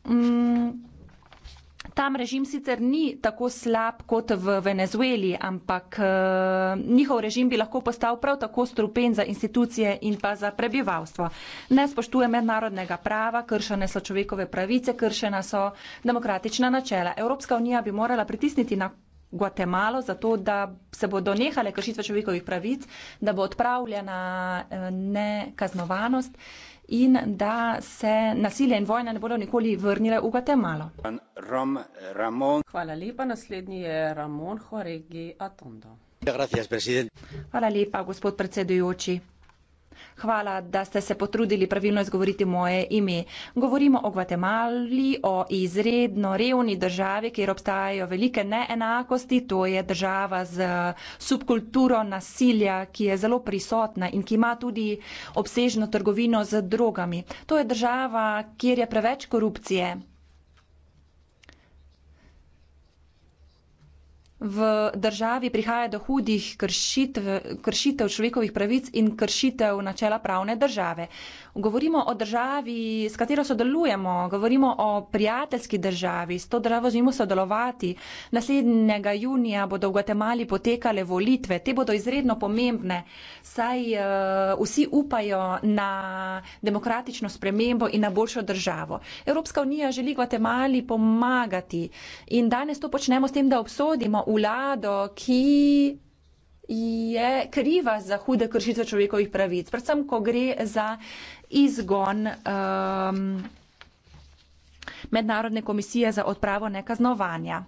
Um, Tam režim sicer ni tako slab kot v Venezueli, ampak eh, njihov režim bi lahko postal prav tako strupen za institucije in pa za prebivalstvo. Ne spoštuje mednarodnega prava, kršene so človekove pravice, kršena so demokratična načela. Evropska unija bi morala pritisniti na. Guatemalo, zato da se bodo nehale kršitve človekovih pravic, da bo odpravljena eh, nekaznovanost in da se nasilje in vojna ne bodo nikoli vrnile v Gvatemalo. Hvala lepa. Naslednji je Ramon Horegi Atondo. Hvala lepa, gospod predsedujoči. Hvala, da ste se potrudili pravilno izgovoriti moje ime. Govorimo o Gvatemali, o izredno revni državi, kjer obstajajo velike neenakosti. To je država z subkulturo nasilja, ki je zelo prisotna in ki ima tudi obsežno trgovino z drogami. To je država, kjer je preveč korupcije. v državi prihaja do hudih kršitev, kršitev človekovih pravic in kršitev načela pravne države govorimo o državi, s katero sodelujemo, govorimo o prijateljski državi, s to državo želimo sodelovati. Naslednjega junija bodo v Gvatemali potekale volitve, te bodo izredno pomembne, saj uh, vsi upajo na demokratično spremembo in na boljšo državo. Evropska unija želi Gvatemali pomagati in danes to počnemo s tem, da obsodimo vlado, ki je kriva za hude kršitve človekovih pravic, predvsem ko gre za izgon um, Mednarodne komisije za odpravo nekaznovanja.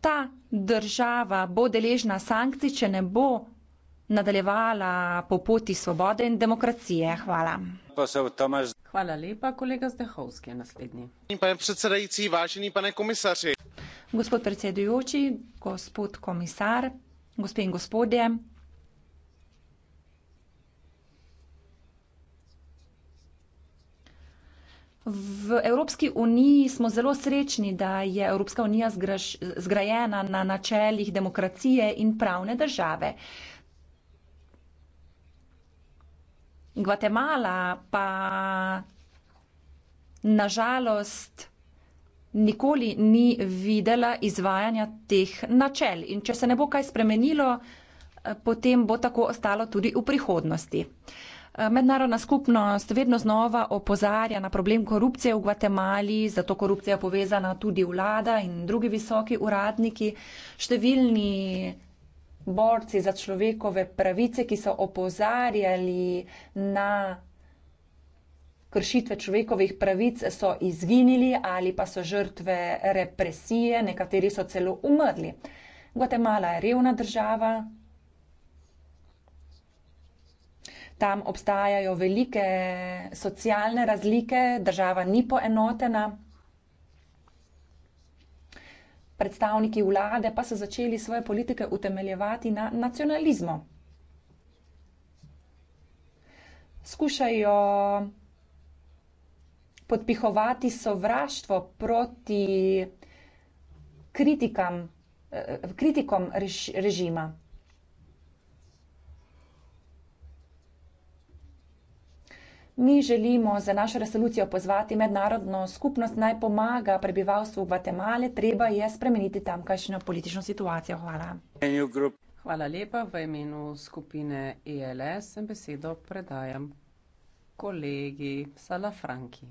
Ta država bo deležna sankcij, če ne bo nadaljevala po poti svobode in demokracije. Hvala. Hvala lepa, kolega Zdehovski je naslednji. Pane predsedajci, važeni pane komisarji. Gospod predsedujoči, gospod komisar, gospe in gospodje, V Evropski uniji smo zelo srečni, da je Evropska unija zgraž, zgrajena na načeljih demokracije in pravne države. Gvatemala pa nažalost nikoli ni videla izvajanja teh načel. In če se ne bo kaj spremenilo, eh, potem bo tako ostalo tudi v prihodnosti. Mednarodna skupnost vedno znova opozarja na problem korupcije v Gvatemali, zato korupcija je povezana tudi vlada in drugi visoki uradniki. Številni borci za človekove pravice, ki so opozarjali na kršitve človekovih pravic, so izginili ali pa so žrtve represije, nekateri so celo umrli. Gvatemala je revna država, tam obstajajo velike socialne razlike, država ni poenotena. Predstavniki vlade pa so začeli svoje politike utemeljevati na nacionalizmu. Skušajo podpihovati sovraštvo proti kritikam, eh, kritikom režima. Mi želimo za našo resolucijo pozvati mednarodno skupnost naj pomaga prebivalstvu Gvatemale, treba je spremeniti tamkajšnjo politično situacijo. Hvala. Hvala lepa. V imenu skupine ELS sem besedo predajam kolegi Salafranki.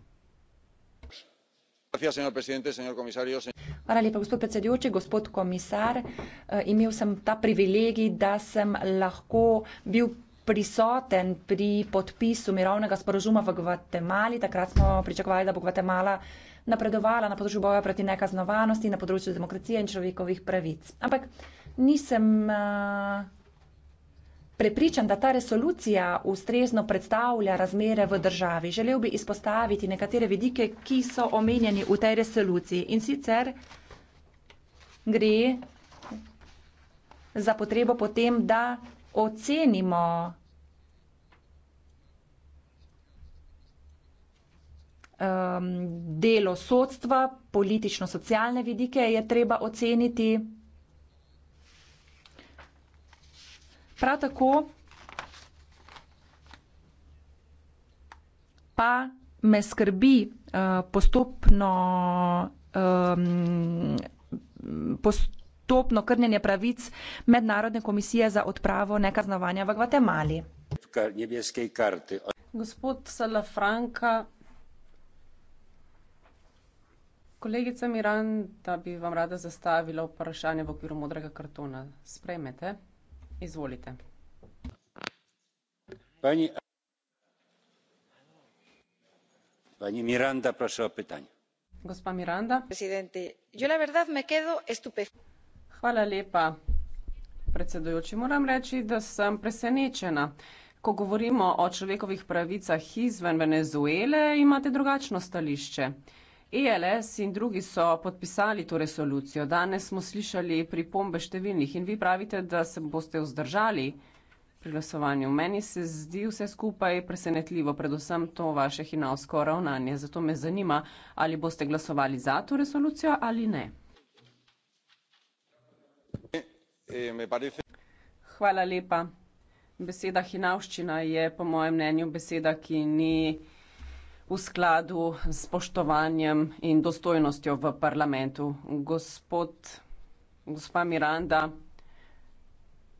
Hvala lepa, gospod predsedujoči, gospod komisar. Eh, imel sem ta privilegij, da sem lahko bil prisoten pri podpisu mirovnega sporožuma v Gvatemali. Takrat smo pričakovali, da bo Gvatemala napredovala na področju boja proti nekaznovanosti, na področju demokracije in človekovih pravic. Ampak nisem prepričan, da ta resolucija ustrezno predstavlja razmere v državi. Želel bi izpostaviti nekatere vidike, ki so omenjeni v tej resoluciji. In sicer gre za potrebo potem, da ocenimo um, delo sodstva, politično-socialne vidike je treba oceniti. Prav tako pa me skrbi uh, postopno um, postopno postopno krnjenje pravic Mednarodne komisije za odpravo nekaznovanja v Gvatemali. Gospod Salafranka, kolegica Miranda bi vam rada zastavila vprašanje v okviru modrega kartona. Sprejmete? Izvolite. Pani, pani Miranda, prosim, vprašanje. Gospa Miranda. Hvala lepa. Predsedujoči, moram reči, da sem presenečena. Ko govorimo o človekovih pravicah izven Venezuele, imate drugačno stališče. ELS in drugi so podpisali to resolucijo. Danes smo slišali pripombe številnih in vi pravite, da se boste vzdržali pri glasovanju. Meni se zdi vse skupaj presenetljivo, predvsem to vaše hinavsko ravnanje. Zato me zanima, ali boste glasovali za to resolucijo ali ne. Eh, Hvala lepa. Beseda hinavščina je po mojem mnenju beseda, ki ni v skladu s spoštovanjem in dostojnostjo v parlamentu. Gospod, gospa Miranda,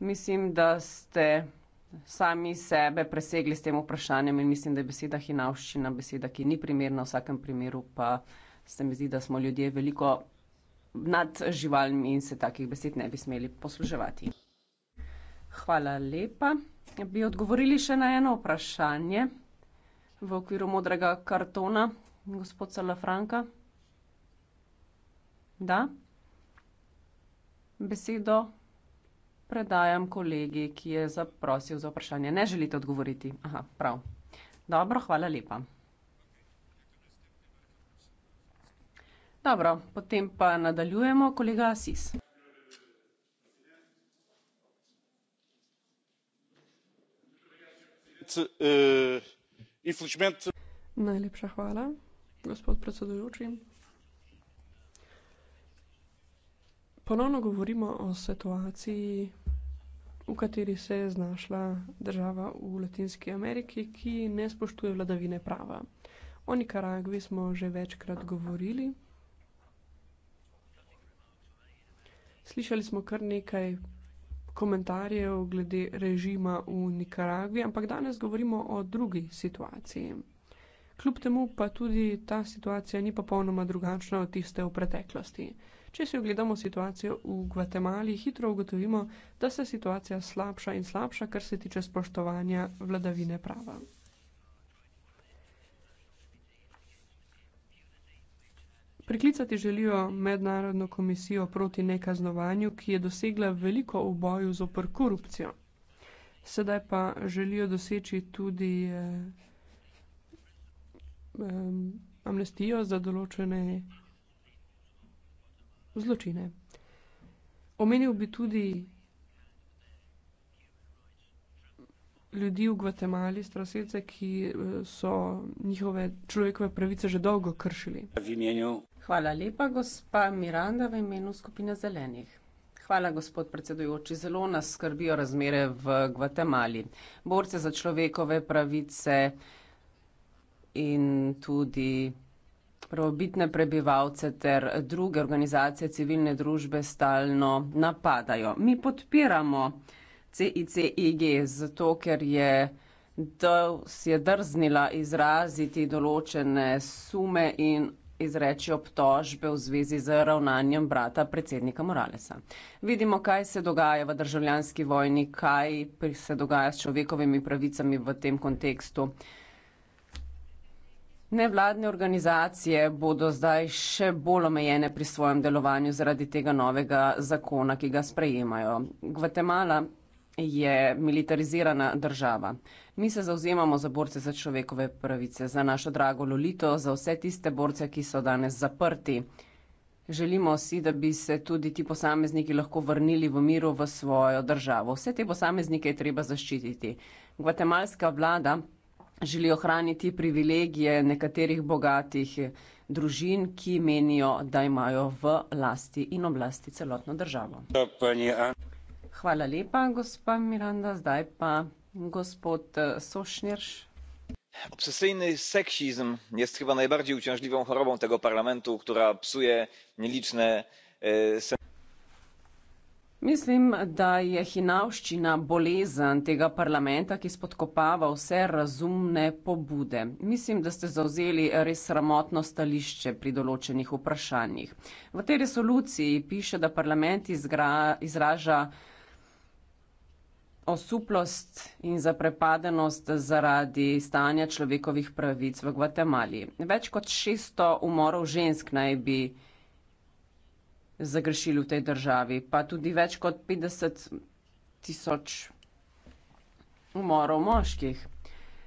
mislim, da ste sami sebe presegli s tem vprašanjem in mislim, da je beseda hinavščina beseda, ki ni primerna, v vsakem primeru pa se mi zdi, da smo ljudje veliko nad živalmi in se takih besed ne bi smeli posluževati. Hvala lepa. Bi odgovorili še na eno vprašanje v okviru modrega kartona, gospod Salafranka? Da? Besedo predajam kolegi, ki je zaprosil za vprašanje. Ne želite odgovoriti? Aha, prav. Dobro, hvala lepa. Dobro, potem pa nadaljujemo, kolega Asis. Eh, Najlepša hvala, gospod predsedujoči. Ponovno govorimo o situaciji, v kateri se je znašla država v Latinski Ameriki, ki ne spoštuje vladavine prava. O Nikaragvi smo že večkrat govorili. Slišali smo kar nekaj komentarjev glede režima v Nikaragvi, ampak danes govorimo o drugi situaciji. Kljub temu pa tudi ta situacija ni popolnoma drugačna od tiste v preteklosti. Če si ogledamo situacijo v Gvatemali, hitro ugotovimo, da se situacija slabša in slabša, kar se tiče spoštovanja vladavine prava. Priklicati želijo mednarodno komisijo proti nekaznovanju, ki je dosegla veliko v boju z opr korupcijo. Sedaj pa želijo doseči tudi eh, amnestijo za določene zločine. Omenil bi tudi ljudi v Gvatemali, strasilce, ki eh, so njihove človekove pravice že dolgo kršili. V imenju Hvala lepa, gospa Miranda, v imenu skupine zelenih. Hvala, gospod predsedujoči. Zelo nas skrbijo razmere v Gvatemali. Borce za človekove pravice in tudi pravobitne prebivalce ter druge organizacije civilne družbe stalno napadajo. Mi podpiramo CICIG zato, ker je da si je drznila izraziti določene sume in izreči obtožbe v zvezi z ravnanjem brata predsednika Moralesa. Vidimo, kaj se dogaja v državljanski vojni, kaj se dogaja s človekovimi pravicami v tem kontekstu. Nevladne organizacije bodo zdaj še bolj omejene pri svojem delovanju zaradi tega novega zakona, ki ga sprejemajo. Gvatemala je militarizirana država. Mi se zauzemamo za borce za človekove pravice, za našo drago Lolito, za vse tiste borce, ki so danes zaprti. Želimo si, da bi se tudi ti posamezniki lahko vrnili v miru v svojo državo. Vse te posameznike je treba zaščititi. Gvatemalska vlada želi ohraniti privilegije nekaterih bogatih družin, ki menijo, da imajo v lasti in oblasti celotno državo. Hvala lepa, gospa Miranda. Zdaj pa gospod eh, Sošnirš. Obsesyjny seksizm jest chyba najbardziej uciążliwą chorobą tego parlamentu, która psuje nieliczne. E, Mislim, da je hinavščina bolezen tega parlamenta, ki spodkopava vse razumne pobude. Mislim, da ste zauzeli res sramotno stališče pri določenih vprašanjih. V tej resoluciji piše, da parlament izgra, izraža osuplost in zaprepadenost zaradi stanja človekovih pravic v Gvatemali. Več kot 600 umorov žensk naj bi zagrešili v tej državi, pa tudi več kot 50 tisoč umorov moških.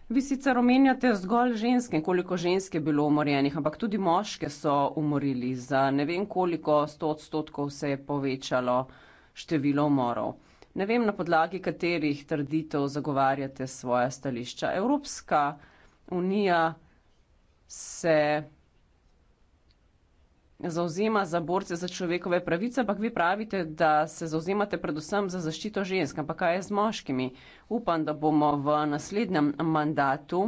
Vi sicer omenjate zgolj ženske, koliko žensk je bilo umorjenih, ampak tudi moške so umorili za ne vem koliko, 100 odstotkov se je povečalo število umorov. Ne vem, na podlagi katerih trditev zagovarjate svoje stališča. Evropska unija se zauzema za borce za človekove pravice, ampak vi pravite, da se zauzemate predvsem za zaščito žensk. Ampak kaj je z moškimi? Upam, da bomo v naslednjem mandatu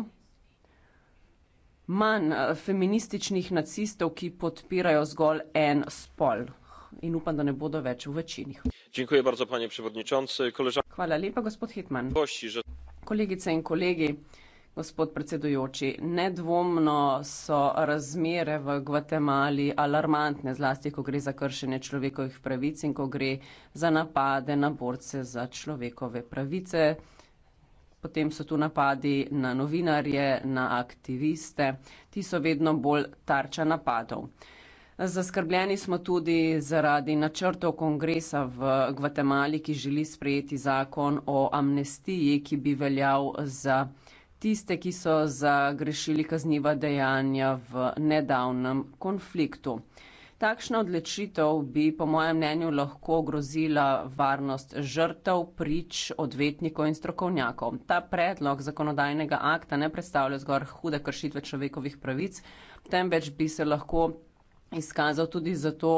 manj eh, feminističnih nacistov, ki podpirajo zgolj en spol in upam da ne bodo več v večini. Hvala lepa, gospod Hitman. Kolegice in kolegi, gospod predsedujoči, nedvomno so razmere v Gvatemali alarmantne, zlasti ko gre za kršenje človekovih pravic in ko gre za napade na borce za človekove pravice. Potem so tu napadi na novinarje, na aktiviste. Ti so vedno bolj tarča napadov. Zaskrbljeni smo tudi zaradi načrtov kongresa v Gvatemali, ki želi sprejeti zakon o amnestiji, ki bi veljal za tiste, ki so zagrešili kazniva dejanja v nedavnem konfliktu. Takšna odločitev bi po mojem mnenju lahko grozila varnost žrtev, prič, odvetnikov in strokovnjakov. Ta predlog zakonodajnega akta ne predstavlja zgolj hude kršitve človekovih pravic, temveč bi se lahko izkazal tudi zato,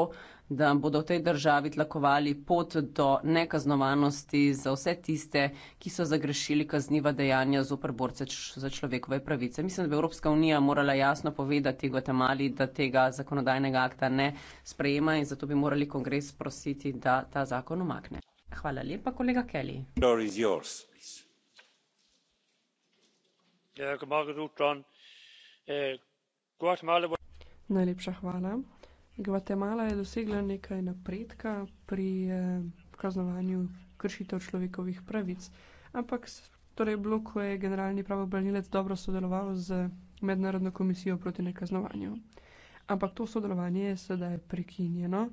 da bodo v tej državi tlakovali pot do nekaznovanosti za vse tiste, ki so zagrešili kazniva dejanja z oprborce za človekove pravice. Mislim, da bi Evropska unija morala jasno povedati Gvatemali, da tega zakonodajnega akta ne sprejema in zato bi morali kongres prositi, da ta zakon omakne. Hvala lepa, kolega Kelly. Yeah, good morning, Guatemala. Najlepša hvala. Gvatemala je dosegla nekaj napredka pri eh, kaznovanju kršitev človekovih pravic, ampak torej bilo, ko je generalni pravobranilec dobro sodeloval z Mednarodno komisijo proti nekaznovanju. Ampak to sodelovanje je sedaj prekinjeno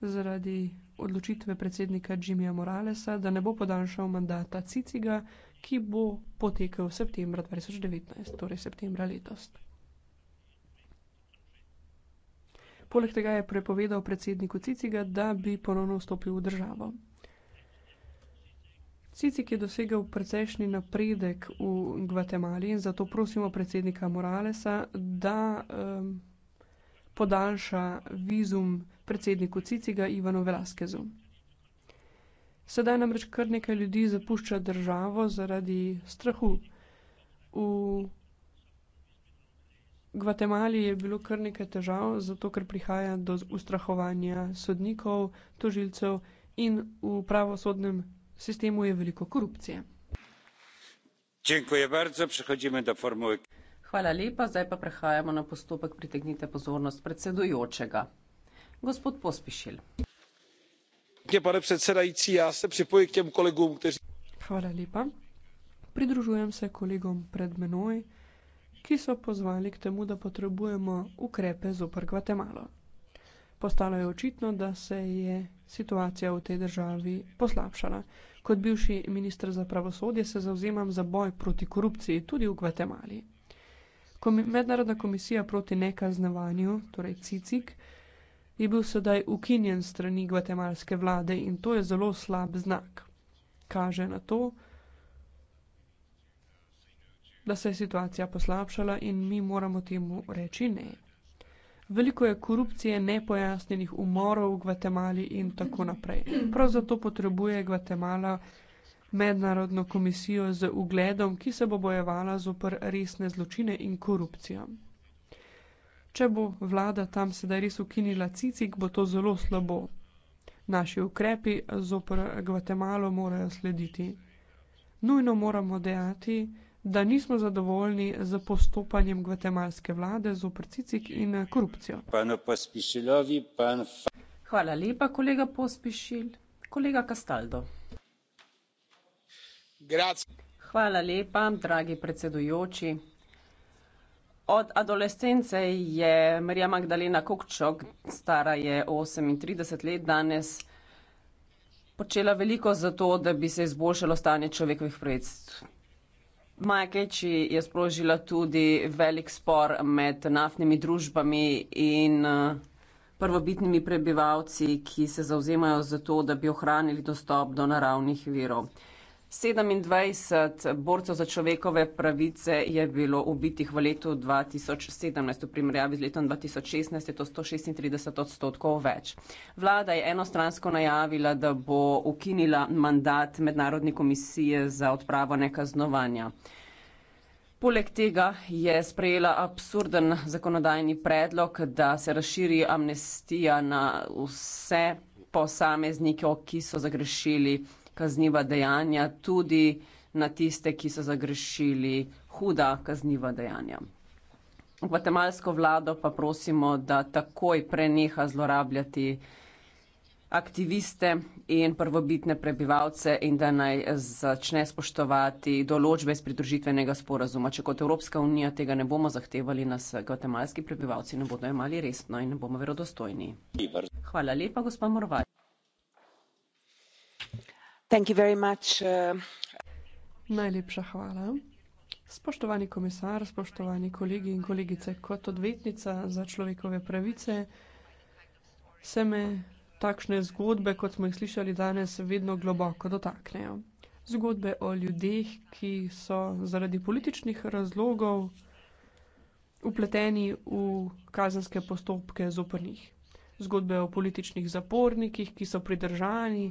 zaradi odločitve predsednika Jimmyja Moralesa, da ne bo podaljšal mandata Ciciga, ki bo potekel v septembra 2019, torej septembra letos. Poleg tega je prepovedal predsedniku Ciciga, da bi ponovno vstopil v državo. Cicik je dosegel precejšnji napredek v Gvatemali in zato prosimo predsednika Moralesa, da um, podaljša vizum predsedniku Ciciga Ivanu Velaskezu. Sedaj namreč kar nekaj ljudi zapušča državo zaradi strahu. V Gvatemali je bilo kar nekaj težav, zato ker prihaja do ustrahovanja sodnikov, tožilcev in v pravosodnem sistemu je veliko korupcije. Hvala lepa, zdaj pa prehajamo na postopek pritegnite pozornost predsedujočega. Gospod Pospišil. Hvala lepa. Pridružujem se kolegom pred menoj ki so pozvali k temu, da potrebujemo ukrepe zoper Gvatemalo. Postalo je očitno, da se je situacija v tej državi poslabšala. Kot bivši ministr za pravosodje se zauzemam za boj proti korupciji tudi v Gvatemali. Mednarodna komisija proti nekaznevanju, torej CICIK, je bil sedaj ukinjen strani gvatemalske vlade in to je zelo slab znak. Kaže na to, da da se je situacija poslabšala in mi moramo temu reči ne. Veliko je korupcije, nepojasnjenih umorov v Gvatemali in tako naprej. Prav zato potrebuje Gvatemala mednarodno komisijo z ugledom, ki se bo bojevala zopr resne zločine in korupcijo. Če bo vlada tam sedaj res ukinila cicik, bo to zelo slabo. Naši ukrepi zopr Gvatemalo morajo slediti. Nujno moramo dejati, da da nismo zadovoljni z postopanjem gvatemalske vlade z oprcicik in eh, korupcijo. Hvala lepa, kolega Pospišil. Kolega Kastaldo. Hvala lepa, dragi predsedujoči. Od adolescence je Marija Magdalena Kokčok, stara je 38 let danes, počela veliko za to, da bi se izboljšalo stanje človekovih pravic. Maja Keči je sprožila tudi velik spor med naftnimi družbami in eh, prvobitnimi prebivalci, ki se zauzemajo za to, da bi ohranili dostop do naravnih virov. 27 borcev za človekove pravice je bilo ubitih v letu 2017, v primerjavi z letom 2016 je to 136 odstotkov več. Vlada je enostransko najavila, da bo ukinila mandat Mednarodne komisije za odpravo nekaznovanja. Poleg tega je sprejela absurden zakonodajni predlog, da se razširi amnestija na vse posameznike, ki so zagrešili kazniva dejanja, tudi na tiste, ki so zagrešili huda kazniva dejanja. Gvatemalsko vlado pa prosimo, da takoj preneha zlorabljati aktiviste in prvobitne prebivalce in da naj začne spoštovati določbe iz pridružitvenega sporazuma. Če kot Evropska unija tega ne bomo zahtevali, nas gvatemalski prebivalci ne bodo imali resno in ne bomo verodostojni. Hvala lepa, gospod Morvaj. Uh, Najlepša hvala. Spoštovani komisar, spoštovani kolegi in kolegice, kot odvetnica za človekove pravice se me takšne zgodbe, kot smo jih slišali danes, vedno globoko dotaknejo. Zgodbe o ljudeh, ki so zaradi političnih razlogov vpleteni v kazenske postopke zoper njih. Zgodbe o političnih zapornikih, ki so pridržani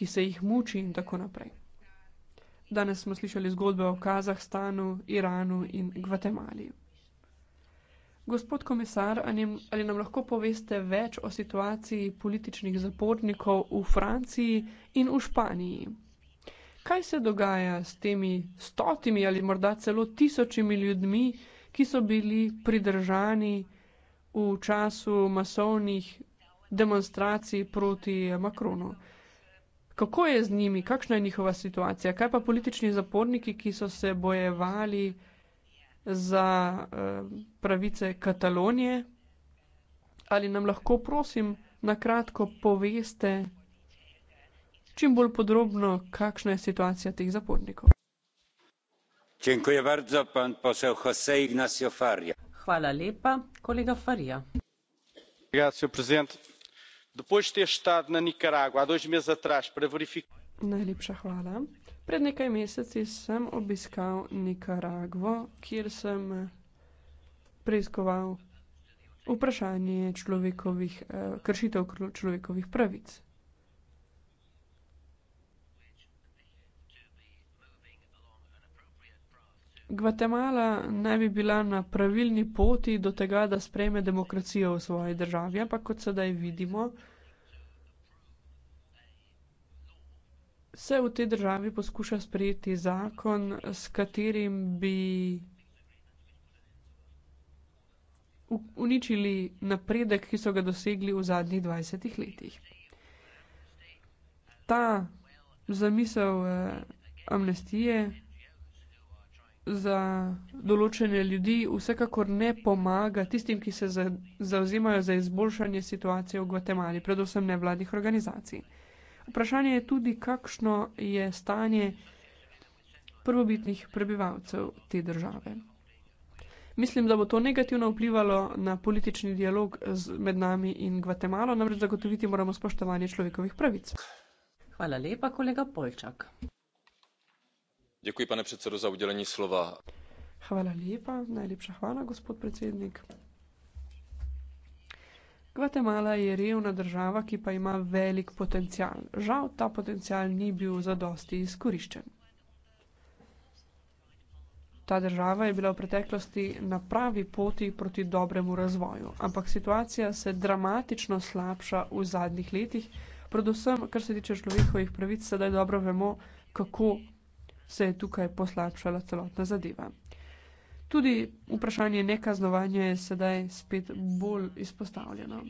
ki se jih muči in tako naprej. Danes smo slišali zgodbe o Kazahstanu, Iranu in Gvatemali. Gospod komisar, ali nam lahko poveste več o situaciji političnih zapornikov v Franciji in v Španiji? Kaj se dogaja s temi stotimi ali morda celo tisočimi ljudmi, ki so bili pridržani v času masovnih demonstracij proti Makronu? Kako je z njimi, kakšna je njihova situacija? Kaj pa politični zaporniki, ki so se bojevali za uh, pravice Katalonije? Ali nam lahko, prosim, na kratko poveste čim bolj podrobno, kakšna je situacija teh zapornikov? Hvala lepa, kolega Farija. Najlepša hvala. Pred nekaj meseci sem obiskal Nikaragvo, kjer sem eh, preiskoval vprašanje človekovih, eh, kršitev človekovih pravic. Gvatemala naj bi bila na pravilni poti do tega, da sprejme demokracijo v svoji državi, ampak kot sedaj vidimo, se v tej državi poskuša sprejeti zakon, s katerim bi uničili napredek, ki so ga dosegli v zadnjih dvajsetih letih. Ta zamisel, eh, amnestije za določene ljudi vsekakor ne pomaga tistim, ki se za, zauzimajo za izboljšanje situacije v Gvatemali, predvsem ne vladnih organizacij. Vprašanje je tudi, kakšno je stanje prvobitnih prebivalcev te države. Mislim, da bo to negativno vplivalo na politični dialog z, med nami in Gvatemalo, namreč zagotoviti moramo spoštovanje človekovih pravic. Hvala lepa, kolega Polčak pane předsedající guatemala je revna država ki pa ima velik potencial. žal ta potencial ni bil zadosti izkoriščen ta država je bila v preteklosti na pravi poti proti dobremu razvoju ampak situacija se dramatično slabša v zadnjih letih predvsem kar se tiče človekovih pravic sedaj dobro vemo kako se je tukaj poslačala celotna zadeva. Tudi vprašanje nekaznovanja je sedaj spet bolj izpostavljeno.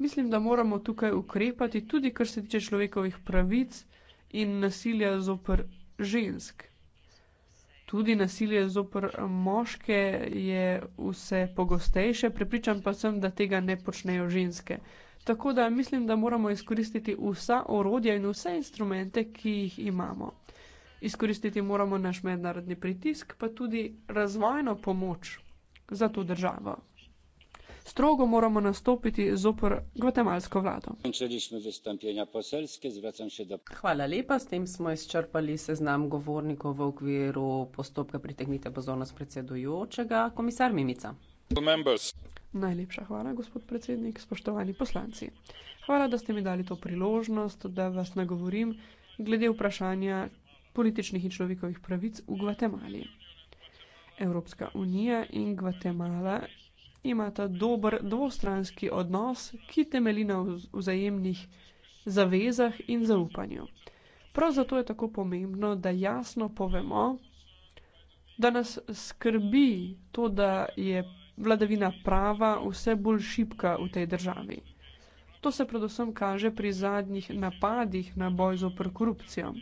Mislim, da moramo tukaj ukrepati tudi, kar se tiče človekovih pravic in nasilja zopr žensk. Tudi nasilje zopr moške je vse pogostejše, prepričan pa sem, da tega ne počnejo ženske. Tako da mislim, da moramo izkoristiti vsa orodja in vse instrumente, ki jih imamo. Izkoristiti moramo naš mednarodni pritisk, pa tudi razvojno pomoč za to državo. Strogo moramo nastopiti zoper gvatemalsko vlado. Hvala lepa, s tem smo izčrpali seznam govornikov v okviru postopka pritegnite pozornost predsedujočega, komisar Mimica. Najlepša hvala, gospod predsednik, spoštovani poslanci. Hvala, da ste mi dali to priložnost, da vas nagovorim glede vprašanja političnih in človekovih pravic v Gvatemali. Evropska unija in Gvatemala imata dober dvostranski odnos, ki temeli na vzajemnih zavezah in zaupanju. Prav zato je tako pomembno, da jasno povemo, da nas skrbi to, da je vladavina prava vse bolj šibka v tej državi. To se predvsem kaže pri zadnjih napadih na boj zoper korupcijo.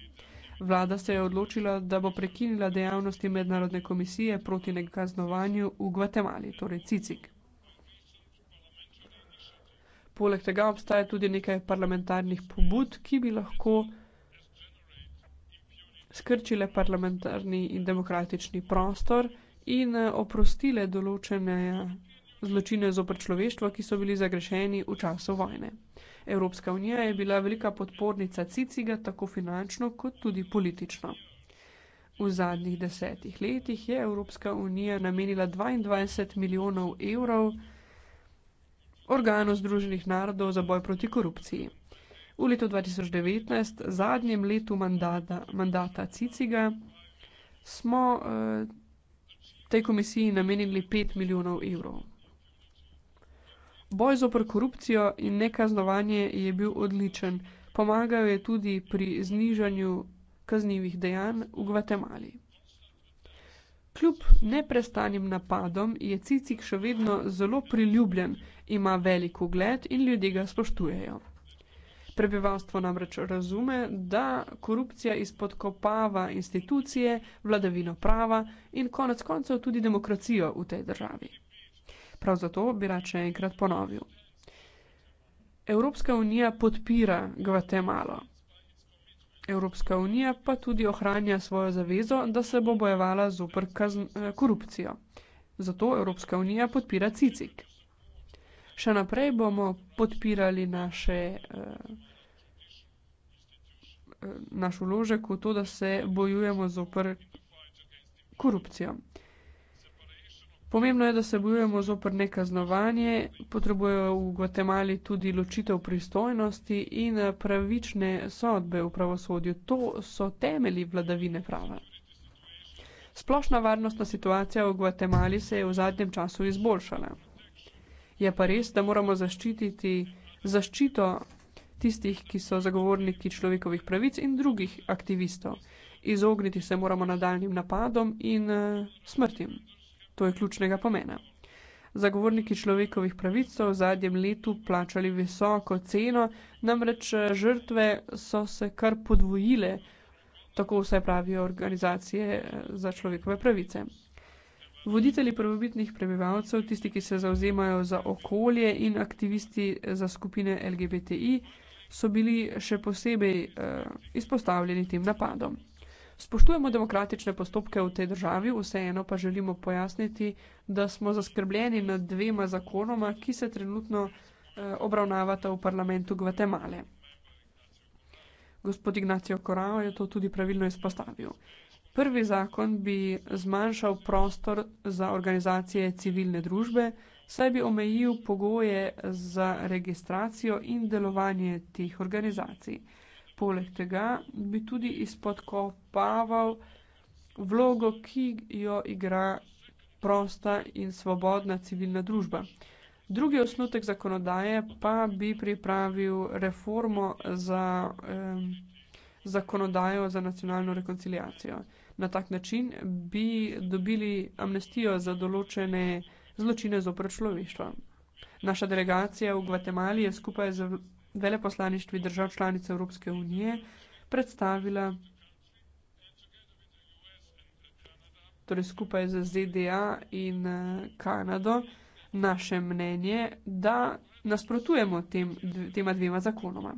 Vlada se je odločila, da bo prekinila dejavnosti Mednarodne komisije proti nekaznovanju v Gvatemali, torej CICIK. Poleg tega obstaja tudi nekaj parlamentarnih pobud, ki bi lahko skrčile parlamentarni in demokratični prostor, in eh, oprostile določene zločine zopr človeštvo, ki so bili zagrešeni v času vojne. Evropska unija je bila velika podpornica Ciciga tako finančno kot tudi politično. V zadnjih desetih letih je Evropska unija namenila 22 milijonov evrov organu Združenih narodov za boj proti korupciji. V letu 2019, zadnjem letu mandata, mandata Ciciga, smo eh, tej komisiji namenili 5 milijonov evrov. Boj zoper korupcijo in nekaznovanje je bil odličen, pomagal je tudi pri znižanju kaznivih dejanj v Gvatemali. Kljub neprestanim napadom je Cicik še vedno zelo priljubljen, ima velik ugled in ljudje ga spoštujejo. Prebivalstvo namreč razume, da korupcija izpodkopava institucije, vladavino prava in konec koncev tudi demokracijo v tej državi. Prav zato bi rad še enkrat ponovil. Evropska unija podpira Gvatemalo. Evropska unija pa tudi ohranja svojo zavezo, da se bo bojevala zoper eh, korupcijo. Zato Evropska unija podpira CICIK. Še naprej bomo podpirali naše uh, naš uložek v to, da se bojujemo zoper korupcijo. Pomembno je, da se bojujemo zoper nekaznovanje, potrebujejo v Gvatemali tudi ločitev pristojnosti in pravične sodbe v pravosodju. To so temeli vladavine prava. Splošna varnostna situacija v Gvatemali se je v zadnjem času izboljšala. Je pa res, da moramo zaščititi zaščito tistih, ki so zagovorniki človekovih pravic in drugih aktivistov. Izogniti se moramo nadaljnim napadom in uh, smrtim. To je ključnega pomena. Zagovorniki človekovih pravic so v zadnjem letu plačali visoko ceno, namreč eh, žrtve so se kar podvojile, tako vse pravijo organizacije eh, za človekove pravice. Voditelji prvobitnih prebivalcev, tisti, ki se zauzemajo za okolje in aktivisti za skupine LGBTI, so bili še posebej eh, izpostavljeni tem napadom. Spoštujemo demokratične postopke v tej državi, vseeno pa želimo pojasniti, da smo zaskrbljeni nad dvema zakonoma, ki se trenutno eh, obravnavata v parlamentu Gvatemale. Gospod Ignacio Korao je to tudi pravilno izpostavil. Prvi zakon bi zmanjšal prostor za organizacije civilne družbe, saj bi omejil pogoje za registracijo in delovanje teh organizacij. Poleg tega bi tudi izpodkopaval vlogo, ki jo igra prosta in svobodna civilna družba. Drugi osnutek zakonodaje pa bi pripravil reformo za eh, zakonodajo za nacionalno rekonciliacijo. Na tak način bi dobili amnestijo za določene eh, zločine zopr človeštva. Naša delegacija v Gvatemali je skupaj z veleposlaništvi držav članice Evropske unije predstavila torej skupaj z ZDA in eh, Kanado naše mnenje, da nasprotujemo tem, tema dvema zakonoma.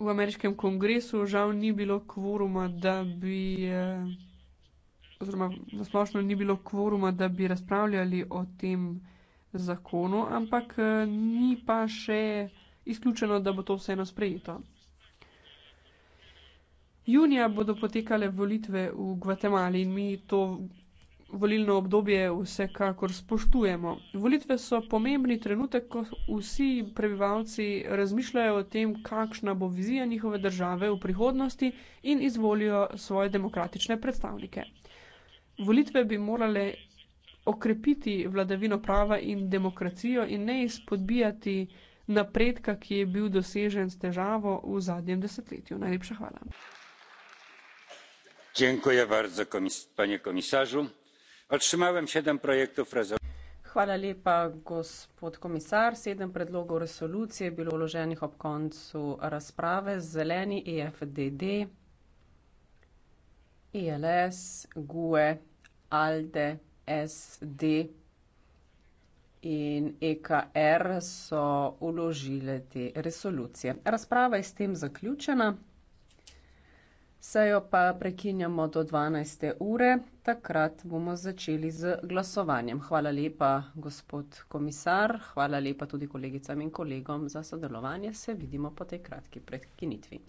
V ameriškem kongresu žal ni bilo kvoruma, da bi eh, oziroma nasplošno ni bilo kvoruma, da bi razpravljali o tem zakonu, ampak eh, ni pa še izključeno, da bo to vseeno sprejeto. Junija bodo potekale volitve v Gvatemali in mi to volilno obdobje vsekakor spoštujemo. Volitve so pomembni trenutek, ko vsi prebivalci razmišljajo o tem, kakšna bo vizija njihove države v prihodnosti in izvolijo svoje demokratične predstavnike. Volitve bi morale okrepiti vladavino prava in demokracijo in ne izpodbijati napredka, ki je bil dosežen s težavo v zadnjem desetletju. Najlepša hvala. Hvala lepa, gospod komisar. Sedem predlogov resolucije je bilo vloženih ob koncu razprave. Zeleni, EFDD, ELS, GUE. ALDE, SD in EKR so vložile te resolucije. Razprava je s tem zaključena. Sejo pa prekinjamo do 12. ure, takrat bomo začeli z glasovanjem. Hvala lepa, gospod komisar, hvala lepa tudi kolegicam in kolegom za sodelovanje. Se vidimo po tej kratki prekinitvi.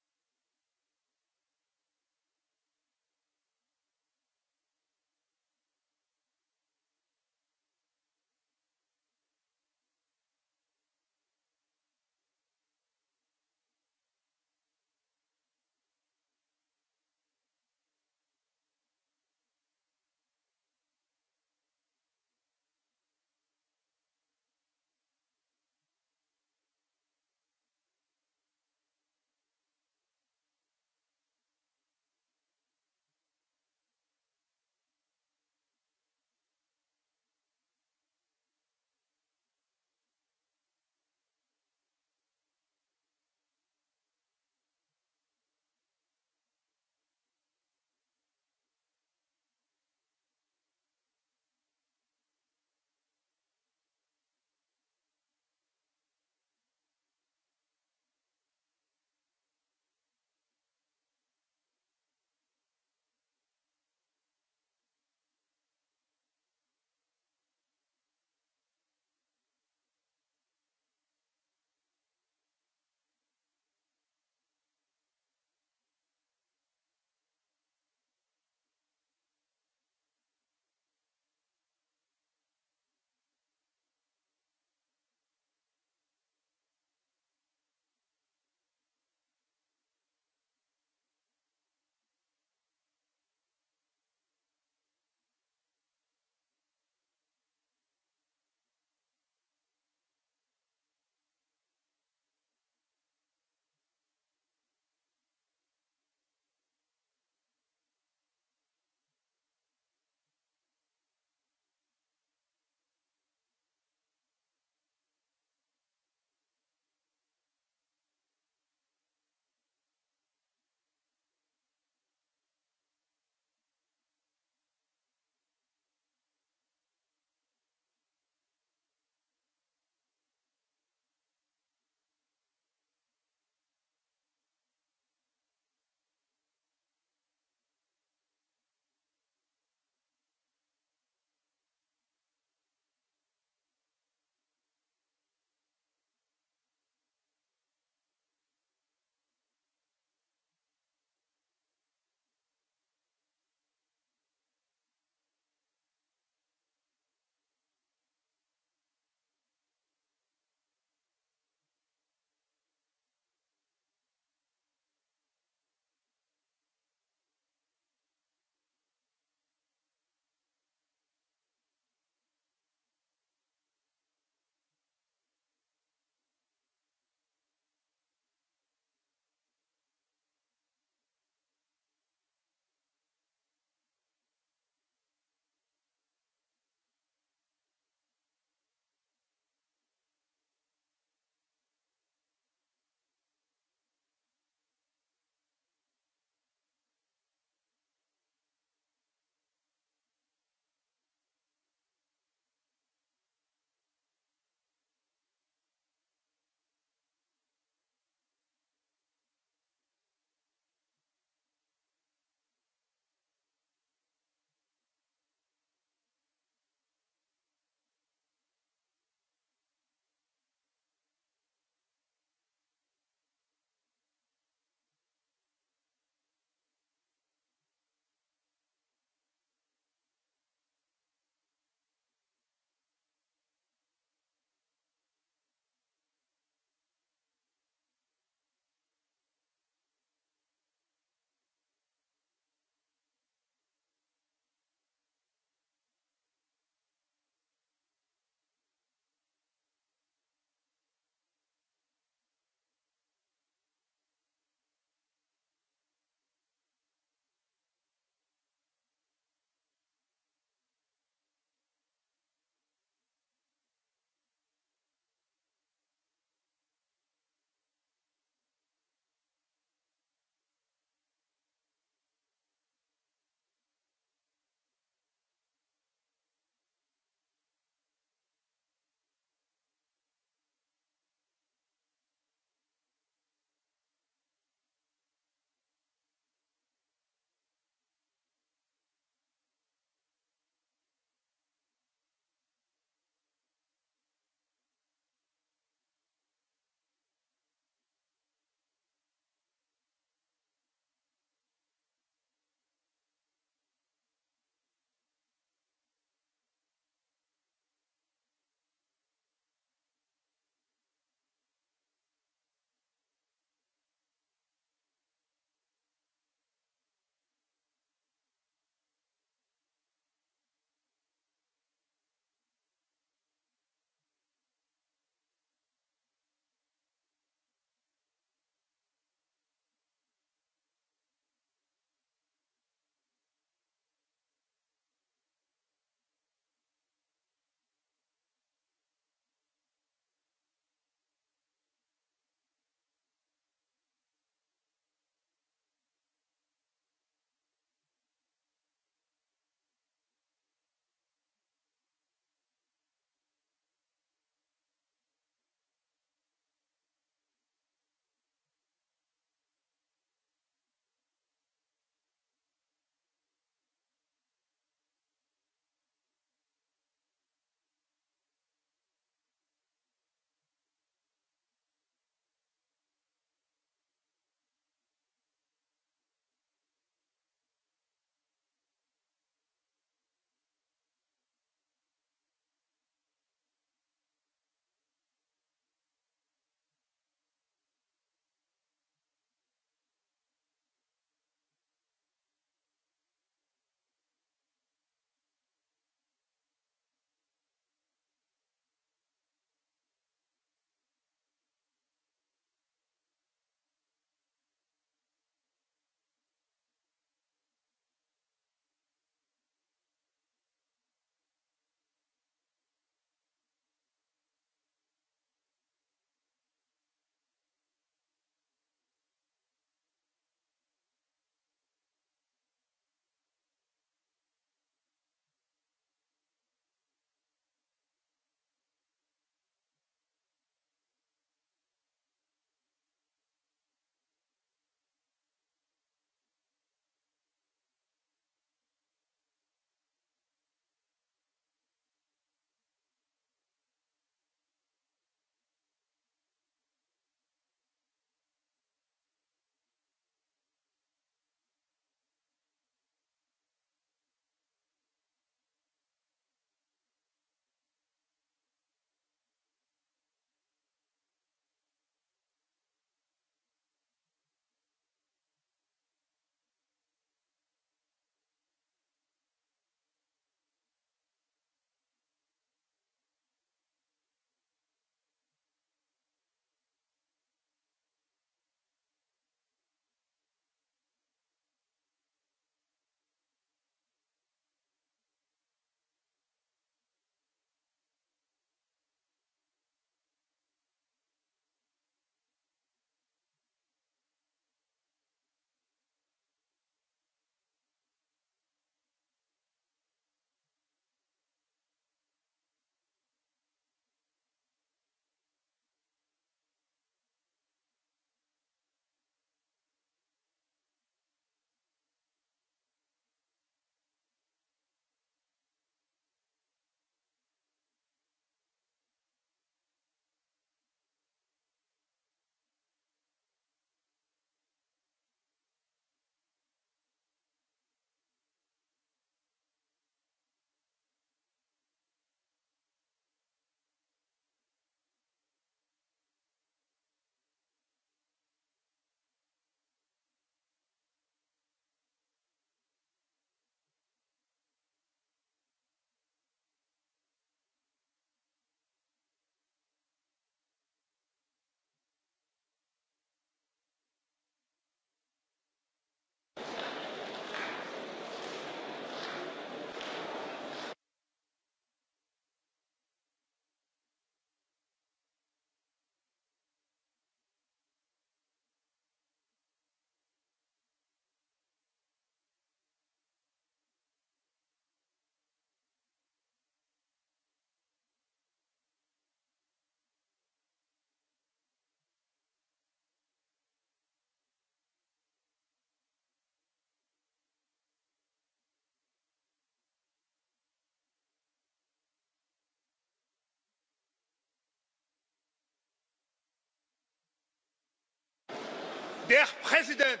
der präsident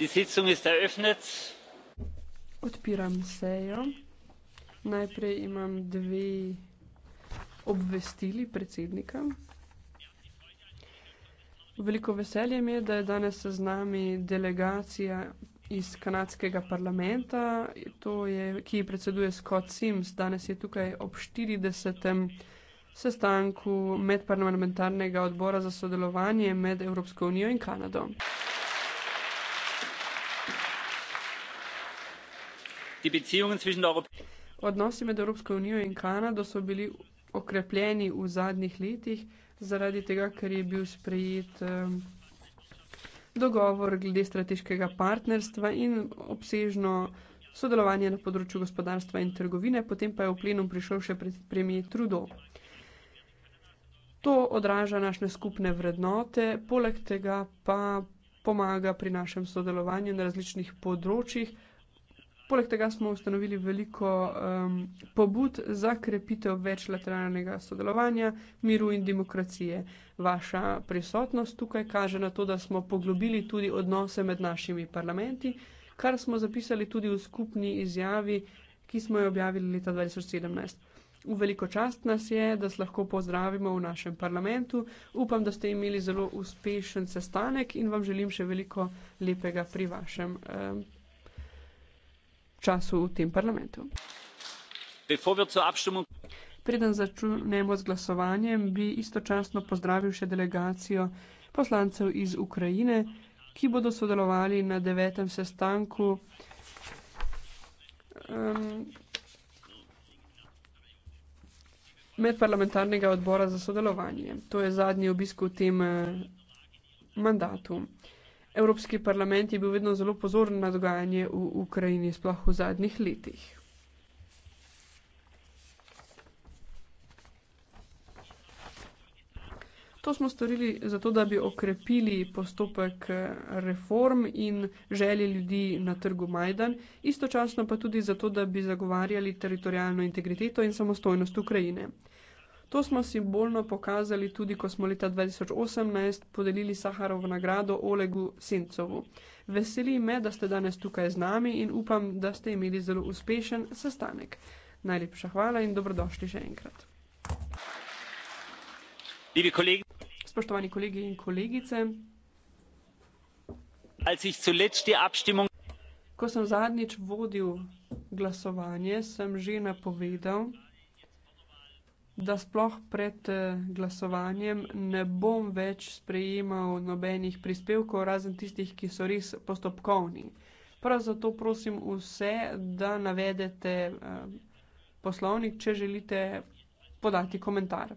die sitzung ist eröffnet odpiram sejo najprej imam dve obvestili predsednika. Veliko veselje mi je, da je danes z nami delegacija iz kanadskega parlamenta, je, ki predseduje Scott Sims. Danes je tukaj ob 40. sestanku medparlamentarnega odbora za sodelovanje med Evropsko unijo in Kanado. Odnosi med Evropsko unijo in Kanado so bili okrepljeni v zadnjih letih, zaradi tega, ker je bil sprejet um, dogovor glede strateškega partnerstva in obsežno sodelovanje na področju gospodarstva in trgovine, potem pa je v plenum prišel še pred premijer Trudo. To odraža naše skupne vrednote, poleg tega pa pomaga pri našem sodelovanju na različnih področjih, Poleg tega smo ustanovili veliko um, pobud za krepitev večlateralnega sodelovanja, miru in demokracije. Vaša prisotnost tukaj kaže na to, da smo poglobili tudi odnose med našimi parlamenti, kar smo zapisali tudi v skupni izjavi, ki smo jo objavili leta 2017. V veliko čast nas je, da se lahko pozdravimo v našem parlamentu. Upam, da ste imeli zelo uspešen sestanek in vam želim še veliko lepega pri vašem. Um, času v tem parlamentu. Preden začnemo z glasovanjem, bi istočasno pozdravil še delegacijo poslancev iz Ukrajine, ki bodo sodelovali na devetem sestanku um, medparlamentarnega odbora za sodelovanje. To je zadnji obisk v tem eh, mandatu. Evropski parlament je bil vedno zelo pozoren na dogajanje v Ukrajini, sploh v zadnjih letih. To smo storili zato, da bi okrepili postopek eh, reform in želje ljudi na trgu Majdan, istočasno pa tudi zato, da bi zagovarjali teritorijalno integriteto in samostojnost Ukrajine. To smo simbolno pokazali tudi, ko smo leta 2018 podelili Saharovo nagrado Olegu Sencovu. Veseli me, da ste danes tukaj z nami in upam, da ste imeli zelo uspešen sestanek. Najlepša hvala in dobrodošli še enkrat. Kolegi. Spoštovani kolegi in kolegice. Ko sem zadnjič vodil glasovanje, sem že napovedal, da sploh pred eh, glasovanjem ne bom več sprejemal nobenih prispevkov, razen tistih, ki so res postopkovni. Prav zato prosim vse, da navedete eh, poslovnik, če želite podati komentar.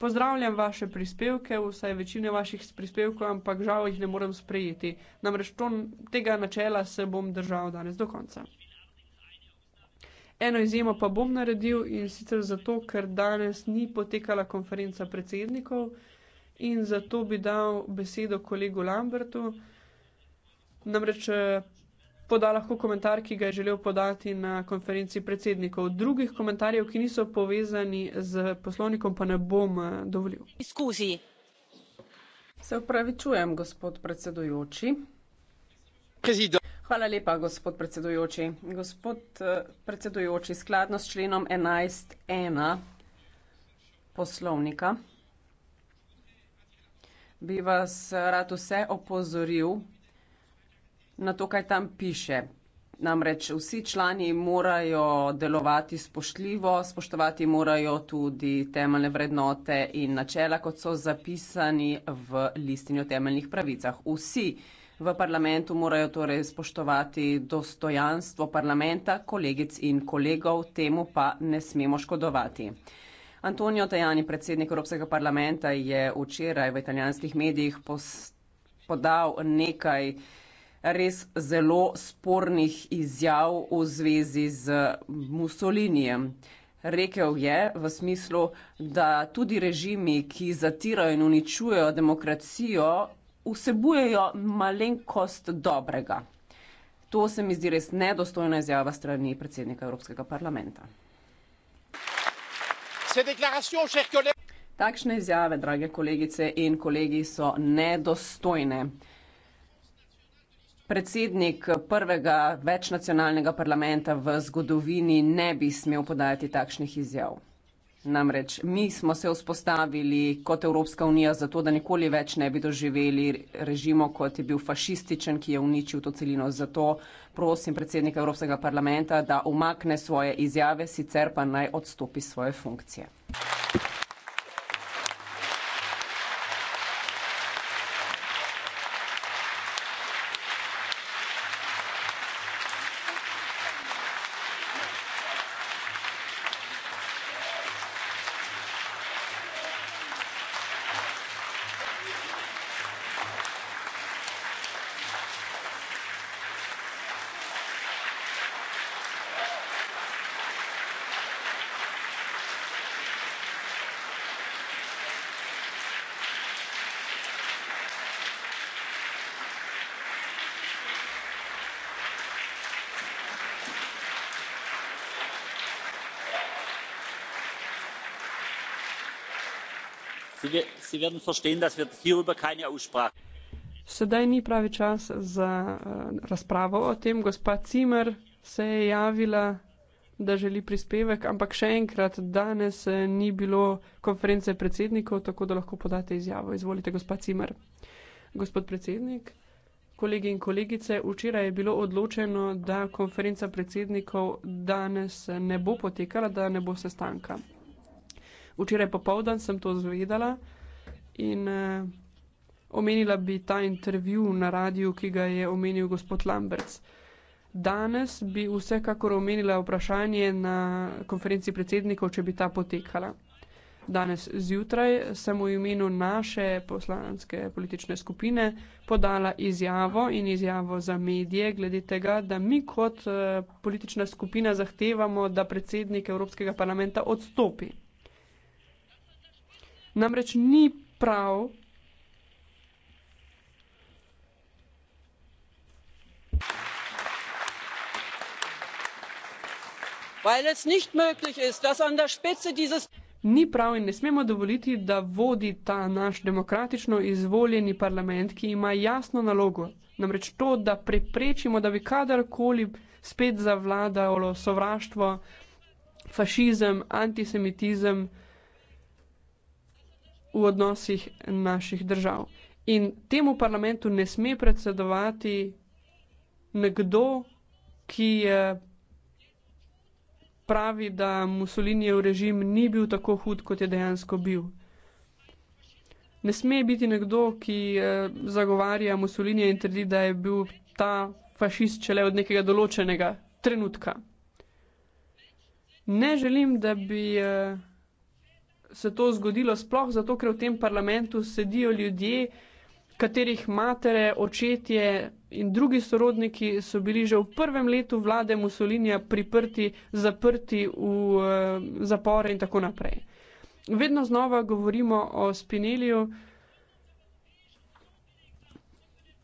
Pozdravljam vaše prispevke, vsaj večine vaših prispevkov, ampak žal jih ne morem sprejeti. Namreč to, tega načela se bom držal danes do konca. Eno izjemo pa bom naredil in sicer zato, ker danes ni potekala konferenca predsednikov in zato bi dal besedo kolegu Lambertu. Namreč eh, poda lahko komentar, ki ga je želel podati na konferenci predsednikov. Drugih komentarjev, ki niso povezani z poslovnikom, pa ne bom eh, dovolil. Izkusi. Se opravičujem, gospod predsedujoči. Prezido. Hvala lepa, gospod predsedujoči. Gospod eh, predsedujoči, skladno s členom 11.1 poslovnika bi vas rad vse opozoril na to, kaj tam piše. Namreč vsi člani morajo delovati spoštljivo, spoštovati morajo tudi temeljne vrednote in načela, kot so zapisani v listinju temeljnih pravicah. Vsi V parlamentu morajo torej spoštovati dostojanstvo parlamenta, kolegic in kolegov, temu pa ne smemo škodovati. Antonio Tajani, predsednik Evropskega parlamenta, je včeraj v italijanskih medijih podal nekaj res zelo spornih izjav v zvezi z Mussolinijem. Rekel je v smislu, da tudi režimi, ki zatirajo in uničujejo demokracijo, vsebujejo malenkost dobrega. To se mi zdi res nedostojna izjava strani predsednika Evropskega parlamenta. Takšne izjave, drage kolegice in kolegi, so nedostojne. Predsednik prvega večnacionalnega parlamenta v zgodovini ne bi smel podajati takšnih izjav. Namreč mi smo se vzpostavili kot Evropska unija zato, da nikoli več ne bi doživeli režimo, kot je bil fašističen, ki je uničil to celino. Zato prosim predsednika Evropskega parlamenta, da umakne svoje izjave, sicer pa naj odstopi svoje funkcije. Sedaj ni pravi čas za eh, razpravo o tem. Gospa Cimer se je javila, da želi prispevek, ampak še enkrat, danes eh, ni bilo konference predsednikov, tako da lahko podate izjavo. Izvolite, gospa Cimer. Gospod predsednik, kolegi in kolegice, včeraj je bilo odločeno, da konferenca predsednikov danes ne bo potekala, da ne bo sestanka včeraj popovdan sem to zvedala in uh, omenila bi ta intervju na radiju, ki ga je omenil gospod Lamberts. Danes bi vsekakor omenila vprašanje na konferenci predsednikov, če bi ta potekala. Danes zjutraj sem v imenu naše poslanske politične skupine podala izjavo in izjavo za medije glede tega, da mi kot eh, politična skupina zahtevamo, da predsednik Evropskega parlamenta odstopi. Namreč ni prav, Weil es nicht möglich ist, dass an der Spitze dieses Ni prav in ne smemo dovoliti, da vodi ta naš demokratično izvoljeni parlament, ki ima jasno nalogo, namreč to, da preprečimo, da bi kadarkoli spet zavladalo sovraštvo, fašizem, antisemitizem v odnosih naših držav. In temu parlamentu ne sme predsedovati nekdo, ki je pravi, da Mussolinijev režim ni bil tako hud, kot je dejansko bil. Ne sme biti nekdo, ki eh, zagovarja Mussolinija in trdi, da je bil ta fašist čele od nekega določenega trenutka. Ne želim, da bi. Uh, se to zgodilo, sploh zato, ker v tem parlamentu sedijo ljudje, katerih matere, očetje in drugi sorodniki so bili že v prvem letu vlade Mussolinija priprti, zaprti v e, zapore in tako naprej. Vedno znova govorimo o Spinelju.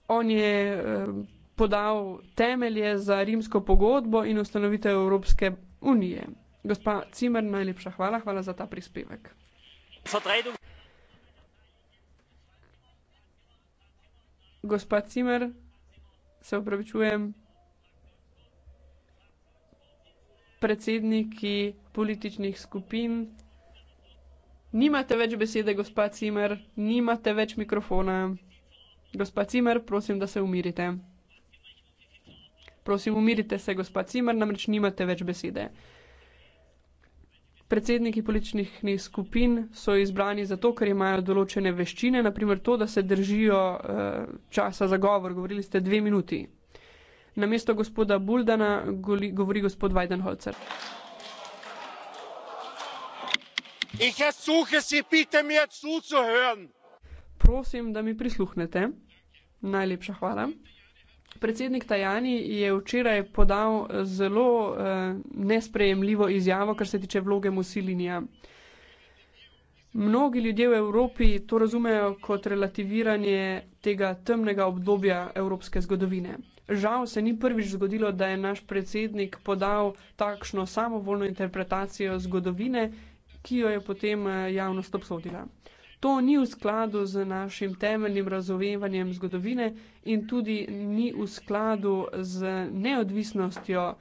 On je eh, podal temelje za rimsko pogodbo in ustanovitev Evropske unije. Gospa Cimer, najlepša hvala, hvala za ta prispevek. Gospa Cimer, se opravičujem. Predsedniki političnih skupin, nimate več besede, gospa Cimer, nimate več mikrofona. Gospa Cimer, prosim, da se umirite. Prosim, umirite se, gospa Cimer, namreč nimate več besede. Predsedniki političnih skupin so izbrani zato, ker imajo določene veščine, naprimer to, da se držijo uh, časa za govor. Govorili ste dve minuti. Na mesto gospoda Buldana goli, govori gospod Weidenholzer. Prosim, da mi prisluhnete. Najlepša hvala. Predsednik Tajani je včeraj podal eh, zelo eh, nesprejemljivo izjavo, kar se tiče vloge Musilinija. Mnogi ljudje v Evropi to razumejo kot relativiranje tega temnega obdobja evropske zgodovine. Žal se ni prvič zgodilo, da je naš predsednik podal takšno samovoljno interpretacijo zgodovine, ki jo je potem eh, javnost obsodila. To ni v skladu z našim temeljnim razumevanjem zgodovine in tudi ni v skladu z neodvisnostjo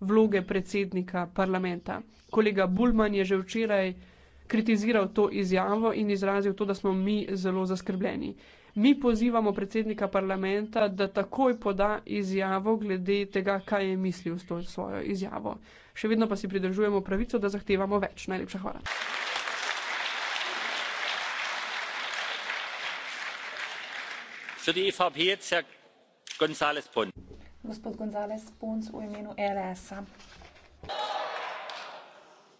vloge predsednika parlamenta. Kolega Bulman je že včeraj kritiziral to izjavo in izrazil to, da smo mi zelo zaskrbljeni. Mi pozivamo predsednika parlamenta, da takoj poda izjavo glede tega, kaj je mislil s to svojo izjavo. Še vedno pa si pridržujemo pravico, da zahtevamo več. Najlepša hvala. E gospod gonzales pons v imenu poslanske skupine sa.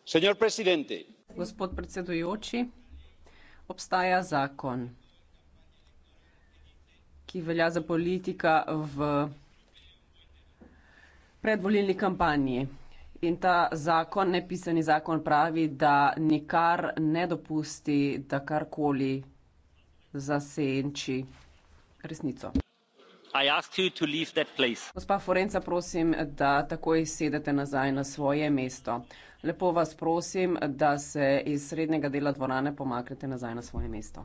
señor presidente gospod predsedujoči obstaja zakon ki velja za politika v predvolilni kampanji in ta zakon nepisani zakon pravi da nikar ne dopusti da karkoli zasenči resnico. Gospa Forenza, prosim, da takoj sedete nazaj na svoje mesto. Lepo vas prosim, da se iz srednjega dela dvorane pomaknete nazaj na svoje mesto.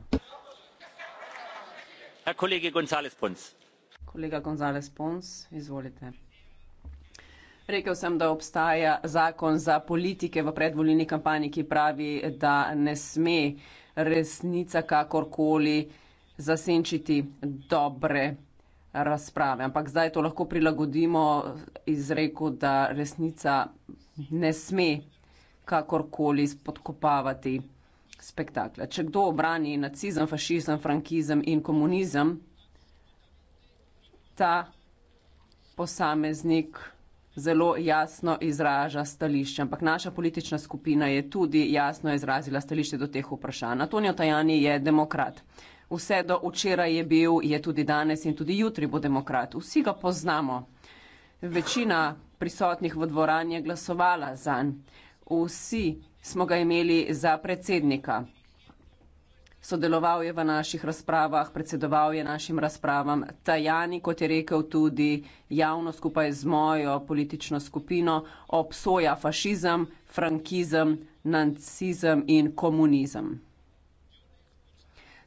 Kolega Gonzales Pons, izvolite. Rekel sem, da obstaja zakon za politike v predvolilni kampanji, ki pravi, da ne sme resnica kakorkoli zasenčiti dobre razprave. Ampak zdaj to lahko prilagodimo izreku, da resnica ne sme kakorkoli spodkopavati spektakla. Če kdo obrani nacizem, fašizem, frankizem in komunizem, ta posameznik zelo jasno izraža stališče. Ampak naša politična skupina je tudi jasno izrazila stališče do teh vprašanj. Antonijo Tajani je demokrat. Vse do včeraj je bil, je tudi danes in tudi jutri bo demokrat. Vsi ga poznamo. Večina prisotnih v dvorani je glasovala za njega. Vsi smo ga imeli za predsednika. Sodeloval je v naših razpravah, predsedoval je našim razpravam. Tajani, kot je rekel tudi javno skupaj z mojo politično skupino, obsoja fašizem, frankizem, nacizem in komunizem.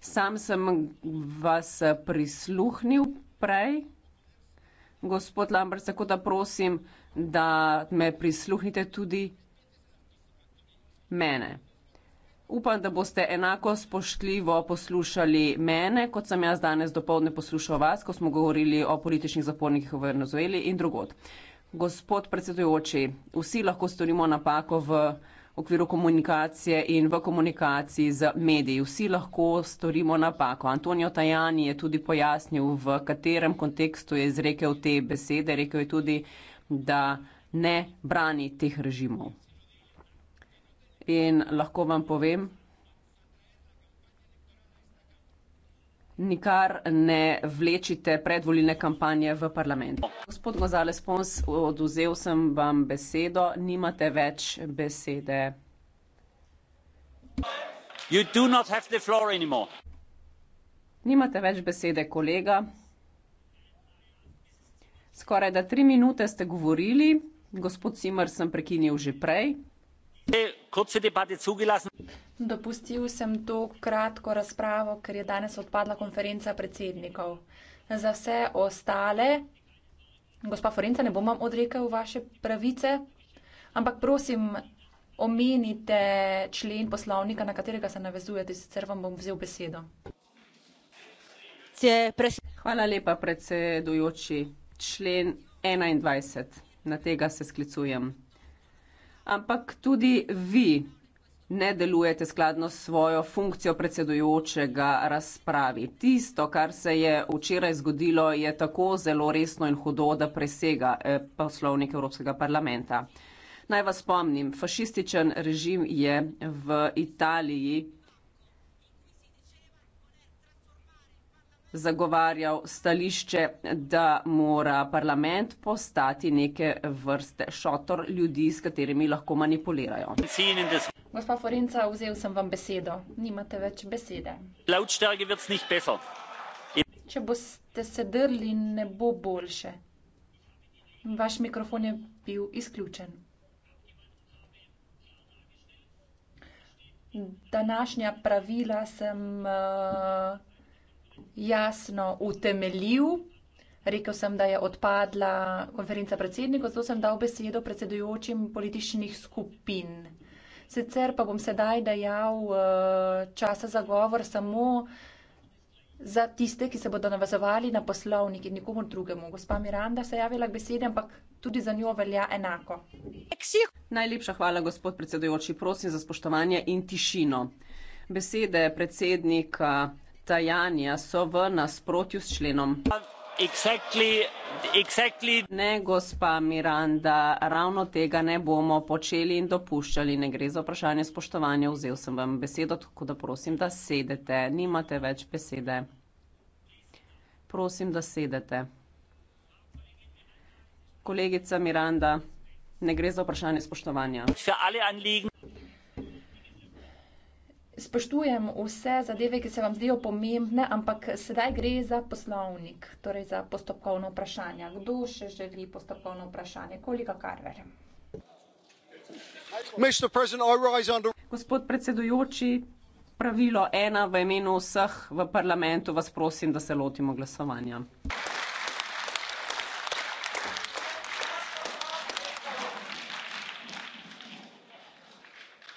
Sam sem vas prisluhnil prej, gospod Lambert, tako da prosim, da me prisluhnite tudi mene. Upam, da boste enako spoštljivo poslušali mene, kot sem jaz danes dopolne poslušal vas, ko smo govorili o političnih zapornikih v Venezueli in drugod. Gospod predsedujoči, vsi lahko storimo napako v v okviru komunikacije in v komunikaciji z mediji. Vsi lahko storimo napako. Antonijo Tajani je tudi pojasnil, v katerem kontekstu je izrekel te besede. Rekel je tudi, da ne brani teh režimov. In lahko vam povem, nikar ne vlečite predvoljne kampanje v parlament. Gospod Gozales Pons, oduzel sem vam besedo, nimate več besede. Nimate več besede, kolega. Skoraj da tri minute ste govorili, gospod Simr sem prekinil že prej. Dopustil sem to kratko razpravo, ker je danes odpadla konferenca predsednikov. Za vse ostale, gospa Forenca, ne bom vam odrekel vaše pravice, ampak prosim, omenite člen poslovnika, na katerega se navezujete, sicer vam bom vzel besedo. Hvala lepa, predsedujoči. Člen enaindvajset, na tega se sklicujem ampak tudi vi ne delujete skladno s svojo funkcijo predsedujočega razpravi. Tisto, kar se je včeraj zgodilo, je tako zelo resno in hudo, da presega eh, poslovnik Evropskega parlamenta. Naj vas spomnim, fašističen režim je v Italiji zagovarjal stališče, da mora parlament postati neke vrste šotor ljudi, s katerimi lahko manipulirajo. Gospa Forenca, vzel sem vam besedo, nimate več besede. Če boste se drli, ne bo boljše. Vaš mikrofon je bil izključen. Današnja pravila sem. Uh, jasno utemeljil. Rekel sem, da je odpadla konferenca predsednikov, zato sem dal besedo predsedujočim političnih skupin. Sicer pa bom sedaj dejal eh, časa za govor samo za tiste, ki se bodo navazovali na poslovnik in nikomu drugemu. Gospa Miranda se je javila k besedi, ampak tudi za njo velja enako. Najlepša hvala, gospod predsedujoči. Prosim za spoštovanje in tišino. Besede predsednika dajanja so v nasprotju s členom. Exactly, exactly. Ne, gospa Miranda, ravno tega ne bomo počeli in dopuščali. Ne gre za vprašanje spoštovanja. Vzel sem vam besedo, tako da prosim, da sedete. Nimate več besede. Prosim, da sedete. Kolegica Miranda, ne gre za vprašanje spoštovanja spoštujem vse zadeve, ki se vam zdijo pomembne, ampak sedaj gre za poslovnik, torej za postopkovno vprašanje. Kdo še želi postopkovno vprašanje? Kolika Karver? Gospod predsedujoči, pravilo ena v imenu vseh v parlamentu, vas prosim, da se lotimo glasovanja.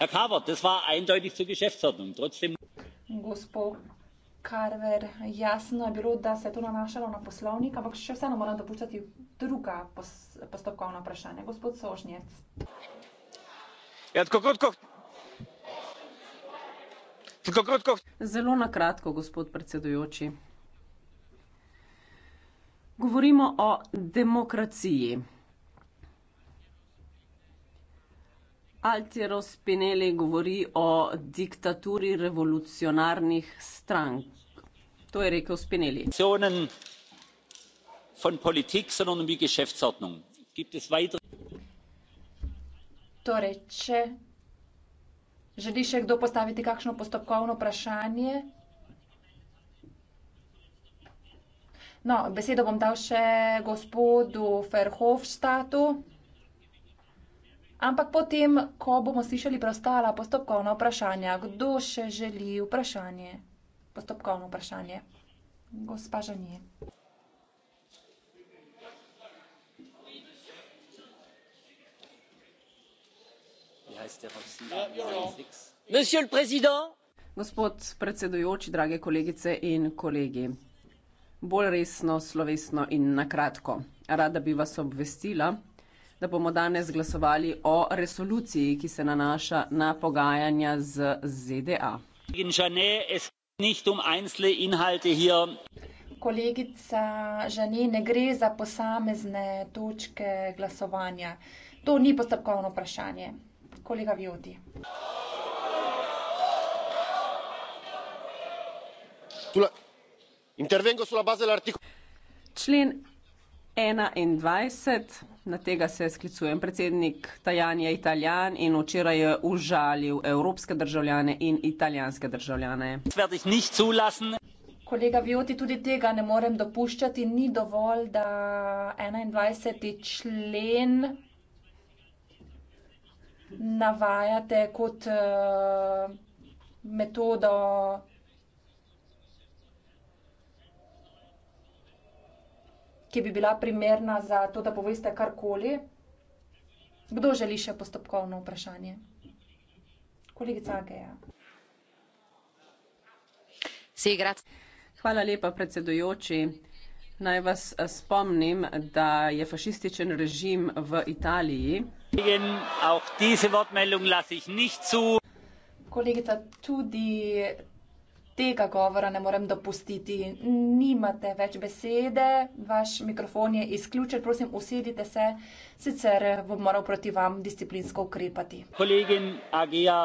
herr carver das war eindeutig zur geschäftsordnung. trotzdem Carver, jasno je bilo, da se je to nanašalo na poslovnik, ampak še vseeno moram dopuščati druga postopkovna vprašanja. Gospod Sožnjec. Ja, tako kot kot. Tako kot kot. Zelo nakratko, gospod predsedujoči. Govorimo o demokraciji. Altiero Spinelli govori o diktaturi revolucionarnih strank. To je rekel Spinelli. Um torej, če želi še kdo postaviti kakšno postopkovno vprašanje? No, besedo bom dal še gospodu Verhofstadtu. Ampak potem, ko bomo slišali preostala postopkovna vprašanja, kdo še želi vprašanje? Postopkovno vprašanje. Gospa Žanje. Ja, Gospod predsedujoči, drage kolegice in kolegi. Bolj resno, slovesno in na kratko. Rada bi vas obvestila, da bomo danes glasovali o resoluciji, ki se nanaša na pogajanja z ZDA. Um Kolegica Žene, ne gre za posamezne točke glasovanja. To ni postopkovno vprašanje. Kolega Vjodi. Člen 21, na tega se sklicujem predsednik Tajan je italijan in včeraj je užalil evropske državljane in italijanske državljane. Kolega Vjoti, tudi tega ne morem dopuščati, ni dovolj, da 21. člen navajate kot uh, metodo ki bi bila primerna za to, da poveste karkoli. Kdo želi še postopkovno vprašanje? Kolegica Ageja. Hvala lepa, predsedujoči. Naj vas eh, spomnim, da je fašističen režim v Italiji. Kolegica, tudi tega govora ne morem dopustiti. Nimate več besede, vaš mikrofon je izključen, prosim, usedite se, sicer bom moral proti vam disciplinsko ukrepati. Kolegin Agija,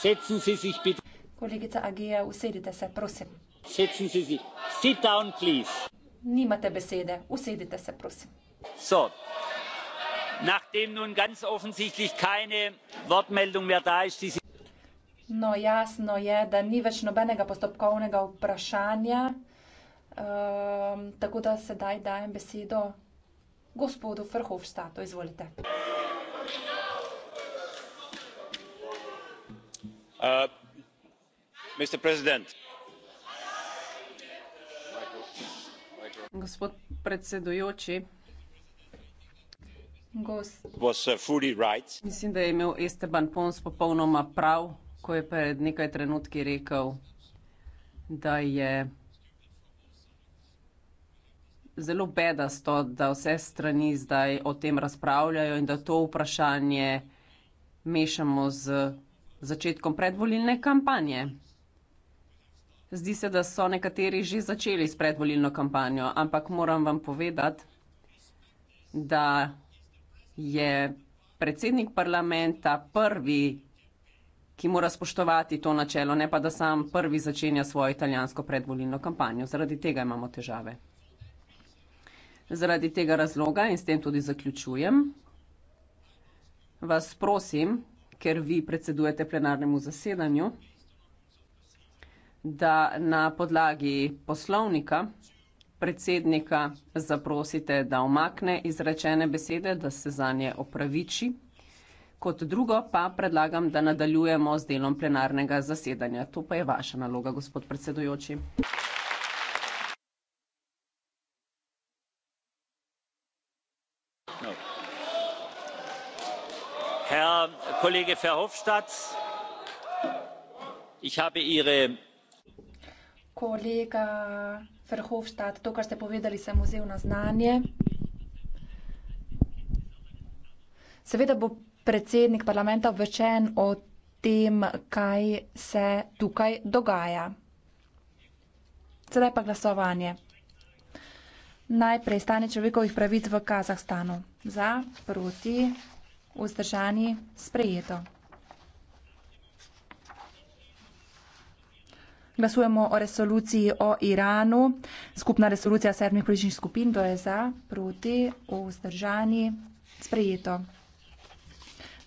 setzen si si bit. Kolegica Agija, usedite se, prosim. Setzen si si. Sit down, please. Nimate besede, usedite se, prosim. So. Nachdem nun ganz offensichtlich keine Wortmeldung mehr da ist, die Sie. No, jasno je, da ni več nobenega postopkovnega vprašanja, um, tako da sedaj dajem besedo gospodu Frhovštatu. Izvolite. Uh, Mr. President. Gospod predsedujoči. Gos. Was, uh, fully right. Mislim, da je imel Esteban Pons popolnoma prav, ko je pred nekaj trenutki rekel, da je zelo bedasto, da vse strani zdaj o tem razpravljajo in da to vprašanje mešamo z začetkom predvolilne kampanje. Zdi se, da so nekateri že začeli s predvolilno kampanjo, ampak moram vam povedati, da je predsednik parlamenta prvi ki mora spoštovati to načelo, ne pa da sam prvi začenja svojo italijansko predvolilno kampanjo. Zaradi tega imamo težave. Zaradi tega razloga in s tem tudi zaključujem, vas prosim, ker vi predsedujete plenarnemu zasedanju, da na podlagi poslovnika predsednika zaprosite, da omakne izrečene besede, da se za nje opraviči. Kot drugo pa predlagam, da nadaljujemo z delom plenarnega zasedanja. To pa je vaša naloga, gospod predsedujoči. No. Herr Kollege Verhofstadt, ich habe Ihre. Kollege Verhofstadt, to, kar ste povedali, sem vzel na znanje. Seveda bo predsednik parlamenta obveščen o tem, kaj se tukaj dogaja. Sedaj pa glasovanje. Najprej stanje človekovih pravic v Kazahstanu. Za, proti, vzdržani, sprejeto. Glasujemo o resoluciji o Iranu. Skupna resolucija sedmih političnih skupin, to je za, proti, vzdržani, sprejeto.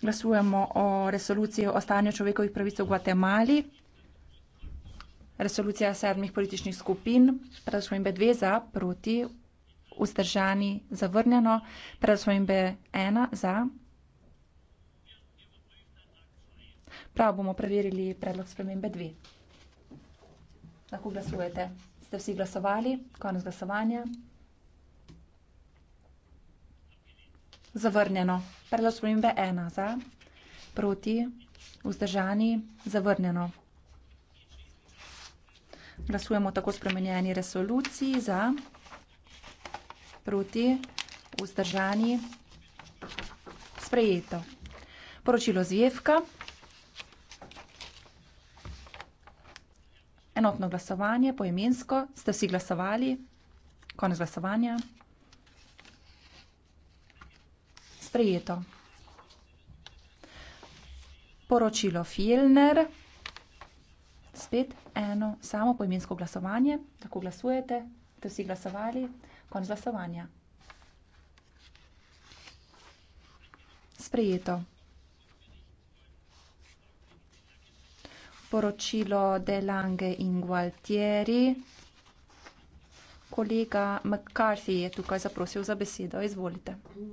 Glasujemo o resoluciji o stanju človekovih pravic v Gvatemali. Resolucija sedmih političnih skupin. Predstavljim B2 za, proti, vzdržani, zavrnjeno. Predstavljim B1 za. Prav bomo preverili predlog spremembe 2. Lahko glasujete. Ste vsi glasovali? Konec glasovanja. Zavrnjeno. Predlog spremembe ena za, proti, vzdržani, zavrnjeno. Glasujemo tako spremenjeni resoluciji za, proti, vzdržani, sprejeto. Poročilo zjevka. Enotno glasovanje, poimensko, ste vsi glasovali, konec glasovanja. sprejeto. Poročilo Fjellner. Spet eno samo poimensko glasovanje, tako glasujete, ste vsi glasovali, konc glasovanja. Sprejeto. Poročilo De Lange in Gualtieri. Kolega McCarthy je tukaj zaprosil za besedo, izvolite. Mm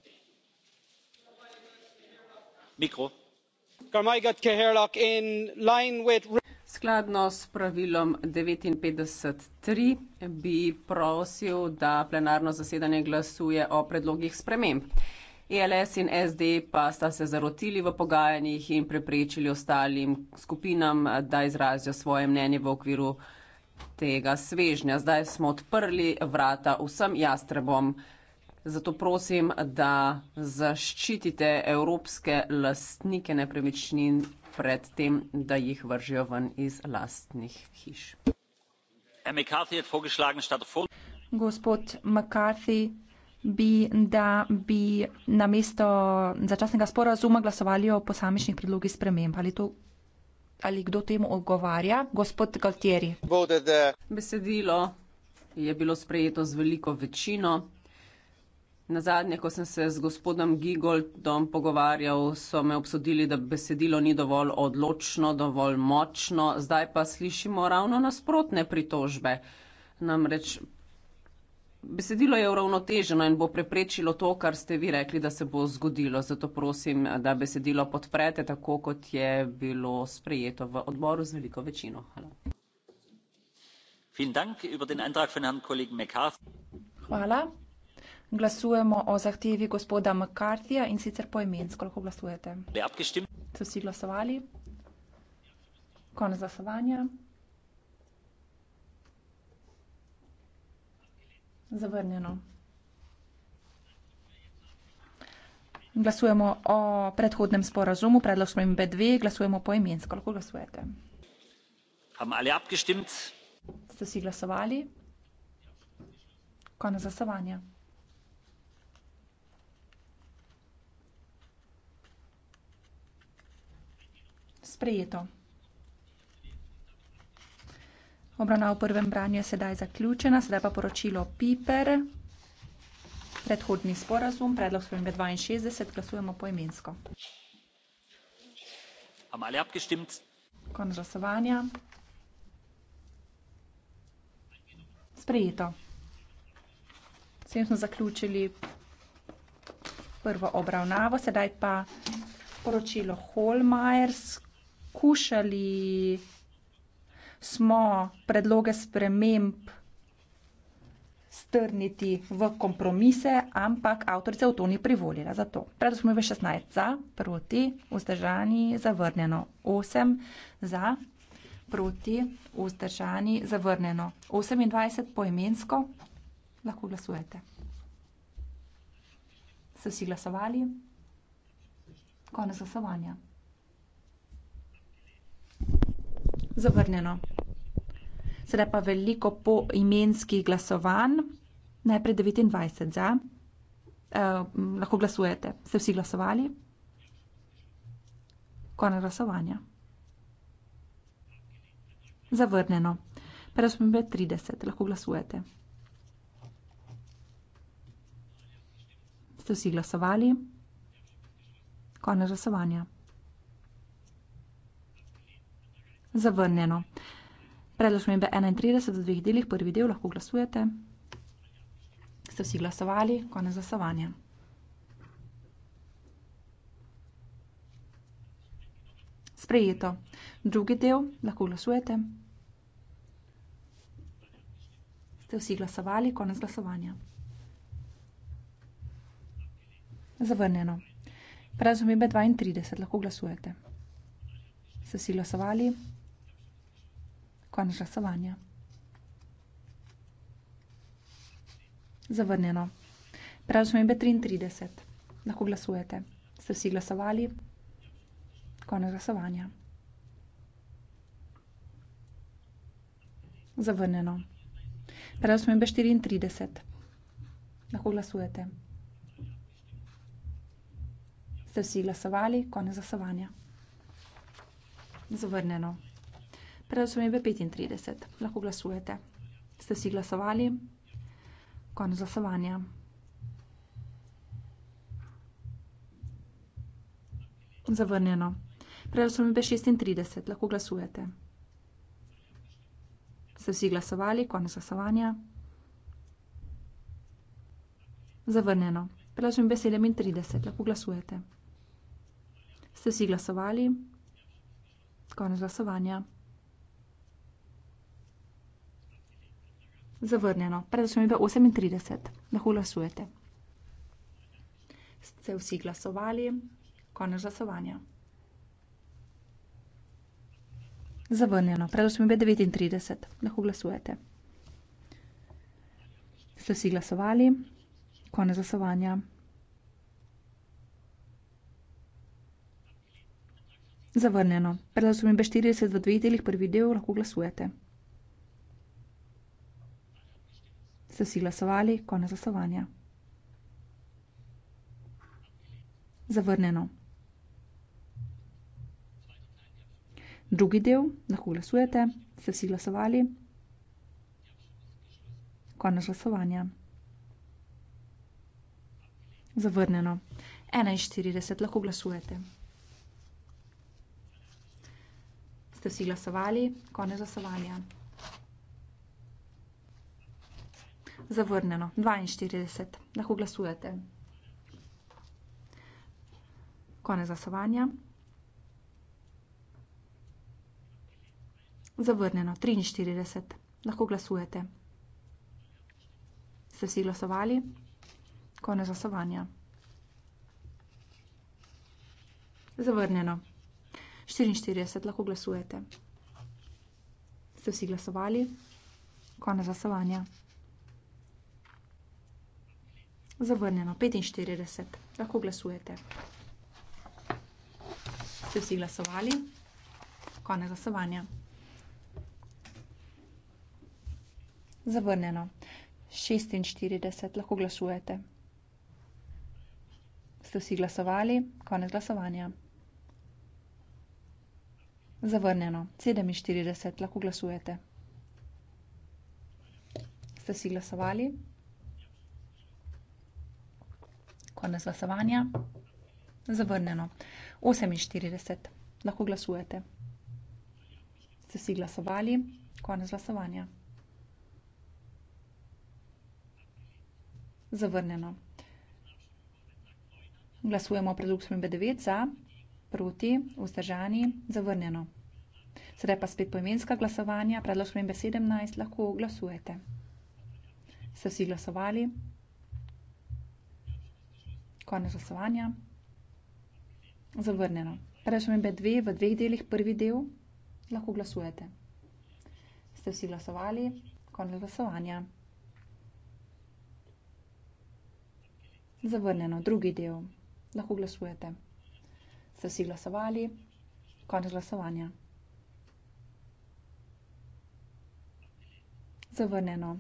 skladno s pravilom devetinpetdeset tri bi prosil da plenarno zasedanje glasuje o predlogih sprememb els in sd pa sta se zarotili v pogajanjih in preprečili ostalim skupinam da izrazijo svoje mnenje v okviru tega svežnja zdaj smo odprli vrata vsem jastrebom Zato prosim, da zaščitite evropske lastnike nepremičnin pred tem, da jih vržijo ven iz lastnih hiš. Gospod McCarthy bi, da bi na mesto začasnega sporazuma glasovali o posamičnih predlogih sprememb. Ali, to, ali kdo temu odgovarja? Gospod Galtieri. Besedilo je bilo sprejeto z veliko večino. Na zadnje, ko sem se z gospodom Gigoldom pogovarjal, so me obsodili, da besedilo ni dovolj odločno, dovolj močno, zdaj pa slišimo ravno nasprotne pritožbe. Namreč besedilo je uravnoteženo in bo preprečilo to, kar ste vi rekli, da se bo zgodilo. Zato prosim, da besedilo podprete tako, kot je bilo sprejeto v odboru z veliko večino. Hvala. Hvala. Glasujemo o zahtevi gospoda McCarthyja in sicer poimensko, lahko glasujete. So vsi glasovali? Konec glasovanja. Zavrnjeno. Glasujemo o predhodnem sporazumu, predlog spremembe dve, glasujemo poimensko, lahko glasujete. Ste vsi glasovali? Konec glasovanja. sprejeto. Obravnava v prvem branju je sedaj zaključena, sedaj pa poročilo Piper. Predhodni sporazum, predlog spremembe dvainšestdeset, glasujemo poimensko. Konec glasovanja. Sprejeto. S tem smo zaključili prvo obravnavo, sedaj pa poročilo Hohlmeiers skušali, smo predloge sprememb strniti v kompromise, ampak avtorica v to ni privolila. Zato predvsem je 16 za, proti, vzdržani, zavrnjeno. 8 za, proti, vzdržani, zavrnjeno. 28 poimensko lahko glasujete. So vsi glasovali? Konec glasovanja. zavrnjeno. Sedaj pa veliko poimenskih glasovanj. Najprej devetindvajset za. Eh, lahko glasujete. Ste vsi glasovali? Konec glasovanja. Zavrnjeno. Preusmeritve trideset, lahko glasujete. Ste vsi glasovali? Konec glasovanja. zavrnjeno. Predlog spremembe 31 v dveh delih, prvi del lahko glasujete. Ste vsi glasovali, konec glasovanja. Sprejeto. Drugi del lahko glasujete. Ste vsi glasovali, konec glasovanja. Zavrnjeno. Predlog spremembe 32 lahko glasujete. Ste vsi glasovali, Konec glasovanja. Zavrnjeno. Pražmembe 33. Lahko glasujete. Ste vsi glasovali? Konec glasovanja. Zavrnjeno. Pražmembe 34. Lahko glasujete. Ste vsi glasovali? Konec glasovanja. Zavrnjeno pred osmimi 35. Lahko glasujete. Ste vsi glasovali? Konec glasovanja. Zavrnjeno. Pred osmimi 36. Lahko glasujete. Ste vsi glasovali? Konec glasovanja. Zavrnjeno. Prelažim B37, lahko glasujete. Ste vsi glasovali? Konec glasovanja. zavrnjeno. Pred časom je bilo 38, lahko glasujete. Ste vsi glasovali, konec glasovanja. Zavrnjeno, pred časom je bilo 39, lahko glasujete. Ste vsi glasovali, konec glasovanja. Zavrnjeno. Predlagam, da se mi be 40 v dveh delih prvi del, lahko glasujete. ste si glasovali, konec glasovanja. Zavrnjeno. Drugi del, lahko glasujete, ste si glasovali, konec glasovanja. Zavrnjeno. 41, lahko glasujete. Ste si glasovali, konec glasovanja. Zavrnjeno. 42. Lahko glasujete. Konec glasovanja. Zavrnjeno. 43. Lahko glasujete. Ste vsi glasovali? Konec glasovanja. Zavrnjeno. 44. Lahko glasujete. Ste vsi glasovali? Konec glasovanja. Zavrnjeno 45. Lahko glasujete. Ste vsi glasovali? Konec glasovanja. Zavrnjeno 46. Lahko glasujete. Ste vsi glasovali? Konec glasovanja. Zavrnjeno 47. Lahko glasujete. Ste vsi glasovali? Konec glasovanja. Zavrnjeno. 48. Lahko glasujete. Ste vsi glasovali? Konec glasovanja. Zavrnjeno. Glasujemo pred Luksemburgom 9 za, proti, vzdržani, zavrnjeno. Sedaj pa spet poimenska glasovanja, predlog spremembe 17, lahko glasujete. Ste vsi glasovali? Konec glasovanja. Zavrnjeno. Rešujem B2 v dveh delih, prvi del, lahko glasujete. Ste vsi glasovali? Konec glasovanja. Zavrnjeno, drugi del, lahko glasujete. Ste vsi glasovali? Konec glasovanja. Zavrnjeno.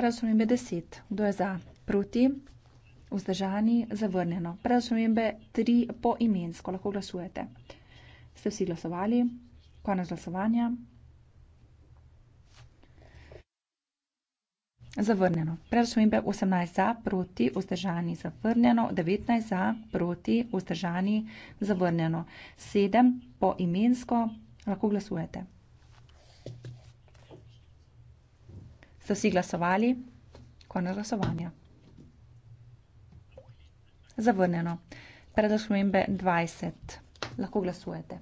Rešujem B10, kdo je za, proti. Vzdržani, zavrnjeno. Brez omembe, tri po imensko lahko glasujete. Ste vsi glasovali? Konec glasovanja. Zavrnjeno. Brez omembe, 18 za, proti, vzdržani, zavrnjeno. 19 za, proti, vzdržani, zavrnjeno. 7 po imensko lahko glasujete. Ste vsi glasovali? Konec glasovanja zavrnjeno. Predlog spremembe 20. Lahko glasujete.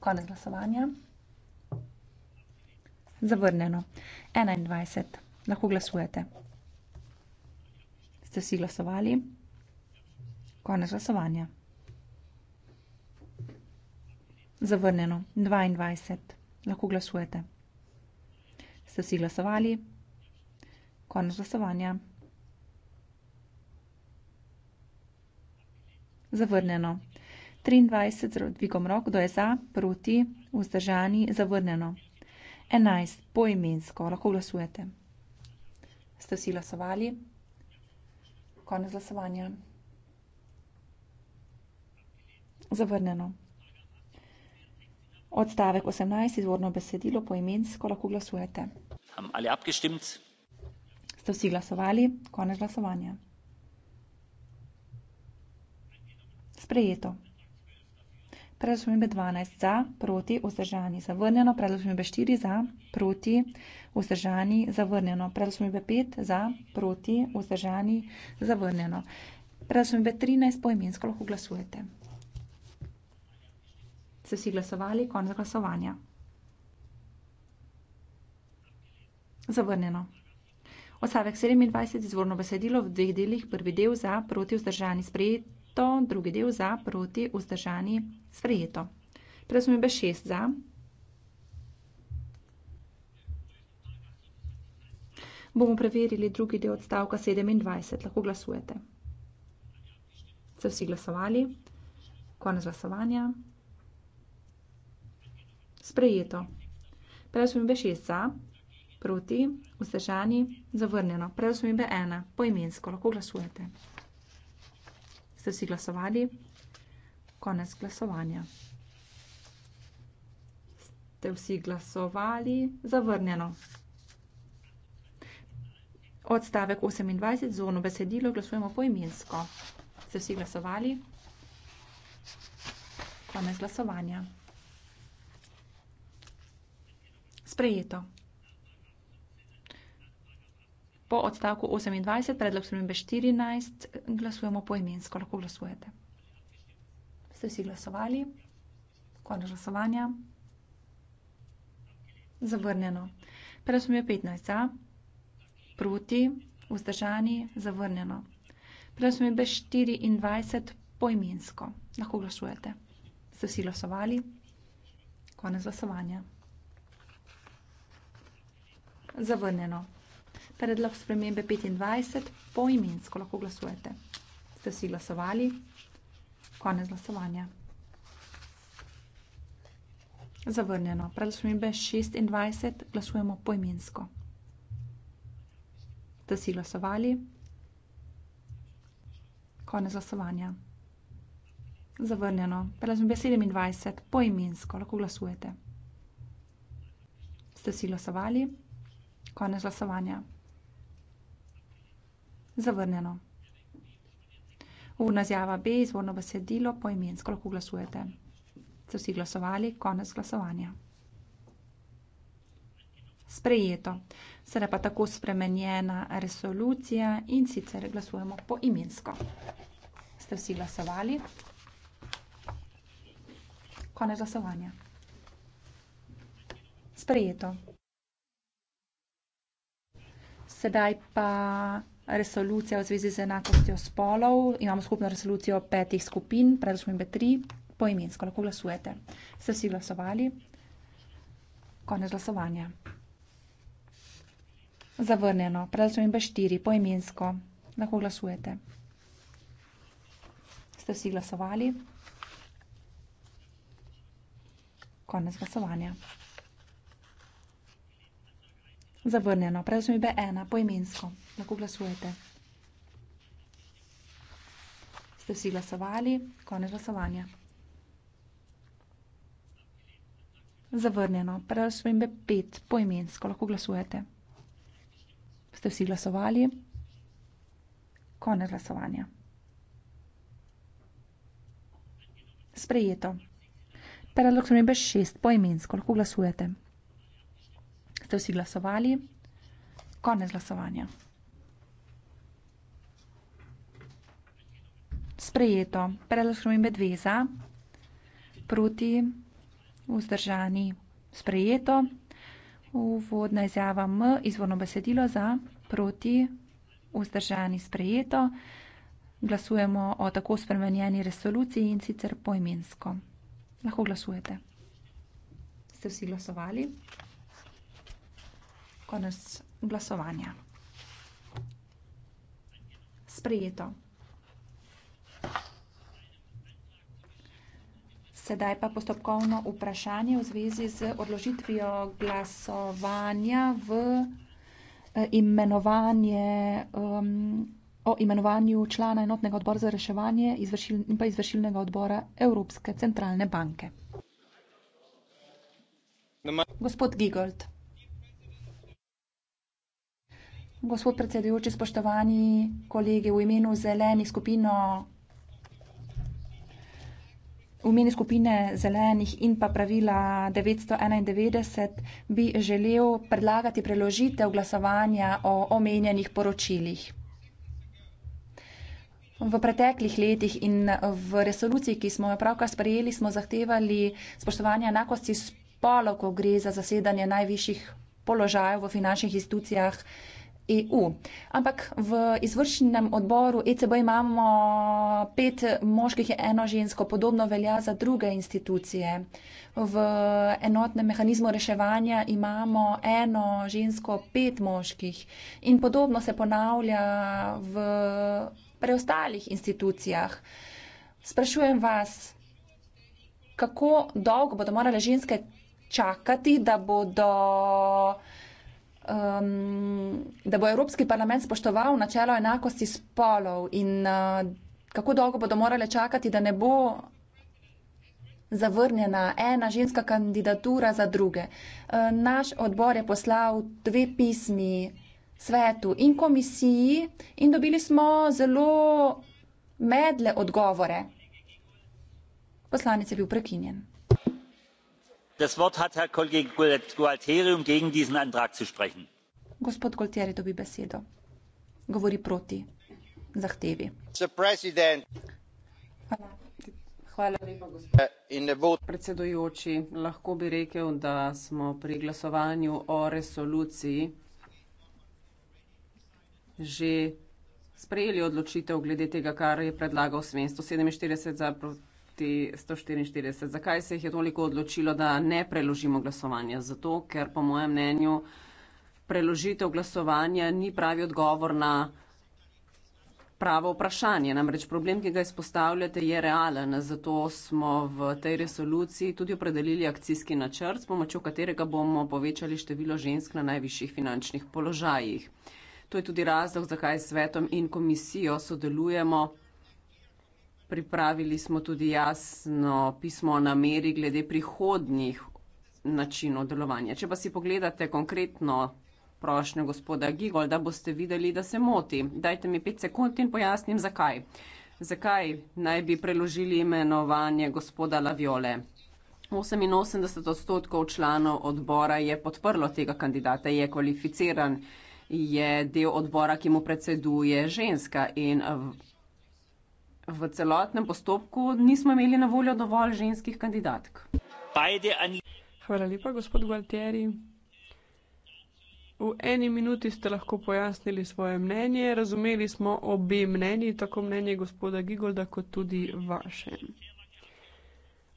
Konec glasovanja. Zavrnjeno. 21. Lahko glasujete. Ste vsi glasovali? Konec glasovanja. Zavrnjeno. 22. Lahko glasujete. Ste vsi glasovali? Konec glasovanja. Zavrnjeno. 23 z dvigom rok, kdo je za, proti, vzdržani, zavrnjeno. 11 poimensko, lahko glasujete. Ste vsi glasovali? Konec glasovanja. Zavrnjeno. Odstavek 18, izvorno besedilo poimensko, lahko glasujete. Ali abgestimt? Ste vsi glasovali? Konec glasovanja. Sprejeto. Predlog smembe 12 za, proti, vzdržani, zavrnjeno. Predlog smembe 4 za, proti, vzdržani, zavrnjeno. Predlog smembe 5 za, proti, vzdržani, zavrnjeno. Predlog smembe 13 poimensko lahko glasujete. Ste vsi glasovali? Konec glasovanja. Zavrnjeno. Osavek 27, izvorno besedilo v dveh delih, prvi del za proti vzdržani sprejeto, drugi del za proti vzdržani sprejeto. Prezumim B6 za. Bomo preverili drugi del odstavka 27, lahko glasujete. Se vsi glasovali? Konec glasovanja. Sprejeto. Prezumim B6 za. Proti, vzdržani, zavrnjeno. Preosmembe ena, poimensko, lahko glasujete. Ste vsi glasovali? Konec glasovanja. Ste vsi glasovali? Zavrnjeno. Odstavek 28, zono besedilo, glasujemo poimensko. Ste vsi glasovali? Konec glasovanja. Sprejeto po odstavku 28, predlog spremembe 14, glasujemo poimensko, lahko glasujete. Ste vsi glasovali? Konec glasovanja. Zavrnjeno. Predlog spremembe 15 za, proti, vzdržani, zavrnjeno. Predlog spremembe 24 poimensko, lahko glasujete. Ste vsi glasovali? Konec glasovanja. Zavrnjeno. Predlog spremembe 25 poimensko lahko glasujete. Ste si glasovali? Konec glasovanja. Zavrnjeno. Predlog spremembe 26 glasujemo poimensko. Ste si glasovali? Konec glasovanja. Zavrnjeno. Predlog spremembe 27 poimensko lahko glasujete. Ste si glasovali? Konec glasovanja. Zavrnjeno. Urna zjava B, izvorno besedilo, poimensko lahko glasujete. Ste vsi glasovali, konec glasovanja. Sprejeto. Sedaj pa tako spremenjena resolucija in sicer glasujemo poimensko. Ste vsi glasovali? Konec glasovanja. Sprejeto. Sedaj pa resolucija v zvezi z enakostjo spolov. Imamo skupno resolucijo petih skupin, predvsem ime tri, poimensko lahko glasujete. Ste vsi glasovali? Konec glasovanja. Zavrnjeno. Predvsem ime štiri, poimensko lahko glasujete. Ste vsi glasovali? Konec glasovanja. Zavrnjeno. Prezumi B1 poimensko. Lahko glasujete. Ste vsi glasovali? Konec glasovanja. Zavrnjeno. Prezumi B5 poimensko. Lahko glasujete. Ste vsi glasovali? Konec glasovanja. Sprejeto. Predlog spremembe 6 poimensko. Lahko glasujete ste vsi glasovali. Konec glasovanja. Sprejeto. Predlog spremembe dve za, proti, vzdržani. Sprejeto. Uvodna izjava M, izvorno besedilo za, proti, vzdržani. Sprejeto. Glasujemo o tako spremenjeni resoluciji in sicer poimensko. Lahko glasujete. Ste vsi glasovali? konec glasovanja. Sprejeto. Sedaj pa postopkovno vprašanje v zvezi z odložitvijo glasovanja v eh, imenovanje, um, o imenovanju člana enotnega odbora za reševanje izvršil, in pa izvršilnega odbora Evropske centralne banke. Gospod Gigold. Gospod predsedujoči, spoštovani kolegi, v imenu zeleni skupino, v imenu skupine zelenih in pa pravila 991 bi želel predlagati preložitev glasovanja o omenjenih poročilih. V preteklih letih in v resoluciji, ki smo jo pravkar sprejeli, smo zahtevali spoštovanje enakosti spolov, ko gre za zasedanje najvišjih položajev v finančnih institucijah, EU. Ampak v izvršnem odboru ECB imamo pet moških in eno žensko, podobno velja za druge institucije. V enotnem mehanizmu reševanja imamo eno žensko, pet moških in podobno se ponavlja v preostalih institucijah. Sprašujem vas, kako dolgo bodo morale ženske čakati, da bodo um, da bo Evropski parlament spoštoval načelo enakosti spolov in uh, kako dolgo bodo morale čakati, da ne bo zavrnjena ena ženska kandidatura za druge. Uh, naš odbor je poslal dve pismi svetu in komisiji in dobili smo zelo medle odgovore. Poslanec je bil prekinjen das wort hat herr kollege gualtieri um gegen diesen antrag zu sprechen. Eh, predsedujoči lahko bi rekel da smo pri glasovanju o resoluciji že sprejeli odločitev glede tega kar je predlagal sven sto sedeminštirideset za proti 144. Zakaj se jih je toliko odločilo, da ne preložimo glasovanja? Zato, ker po mojem mnenju preložitev glasovanja ni pravi odgovor na pravo vprašanje. Namreč problem, ki ga izpostavljate, je realen. Zato smo v tej resoluciji tudi opredelili akcijski načrt, s pomočjo katerega bomo povečali število žensk na najvišjih finančnih položajih. To je tudi razlog, zakaj s svetom in komisijo sodelujemo Pripravili smo tudi jasno pismo o nameri glede prihodnjih načinov delovanja. Če pa si pogledate konkretno prošnjo gospoda Gigolda, boste videli, da se moti. Dajte mi pet sekund in pojasnim, zakaj. Zakaj naj bi preložili imenovanje gospoda Laviole? 88 odstotkov članov odbora je podprlo tega kandidata, je kvalificiran, je del odbora, ki mu predseduje ženska in v celotnem postopku nismo imeli na voljo dovolj ženskih kandidatk. Hvala lepa, gospod Gualtieri. V eni minuti ste lahko pojasnili svoje mnenje. Razumeli smo obe mnenji, tako mnenje gospoda Gigolda, kot tudi vaše.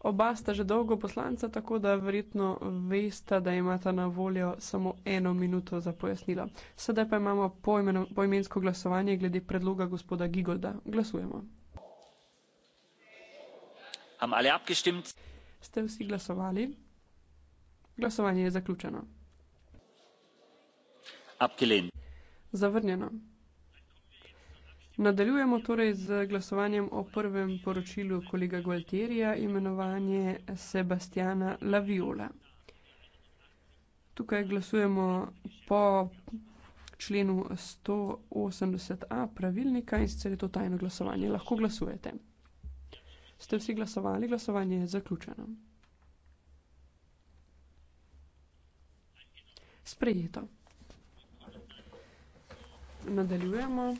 Oba sta že dolgo poslanca, tako da verjetno veste, da imata na voljo samo eno minuto za pojasnilo. Sedaj pa imamo poimensko glasovanje glede predloga gospoda Gigolda. Glasujemo haben alle abgestimmt. Ste vsi glasovali? Glasovanje je zaključeno. Abgelehnt. Zavrnjeno. Nadaljujemo torej z glasovanjem o prvem poročilu kolega Gualtierija, imenovanje Sebastiana Laviola. Tukaj glasujemo po členu 180a pravilnika in sicer je to tajno glasovanje. Lahko glasujete. Ste vsi glasovali? Glasovanje je zaključeno. Sprejeto. Nadaljujemo.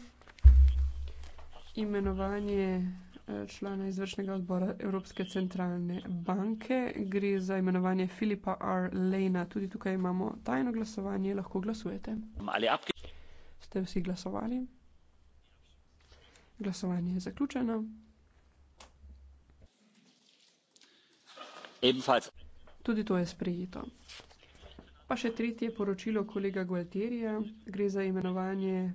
Imenovanje eh, člana izvršnega odbora Evropske centralne banke. Gre za imenovanje Filipa R. Lejna. Tudi tukaj imamo tajno glasovanje. Lahko glasujete. Ste vsi glasovali? Glasovanje je zaključeno. Tudi to je sprejeto. Pa še tretje poročilo kolega Gualterija. Gre za imenovanje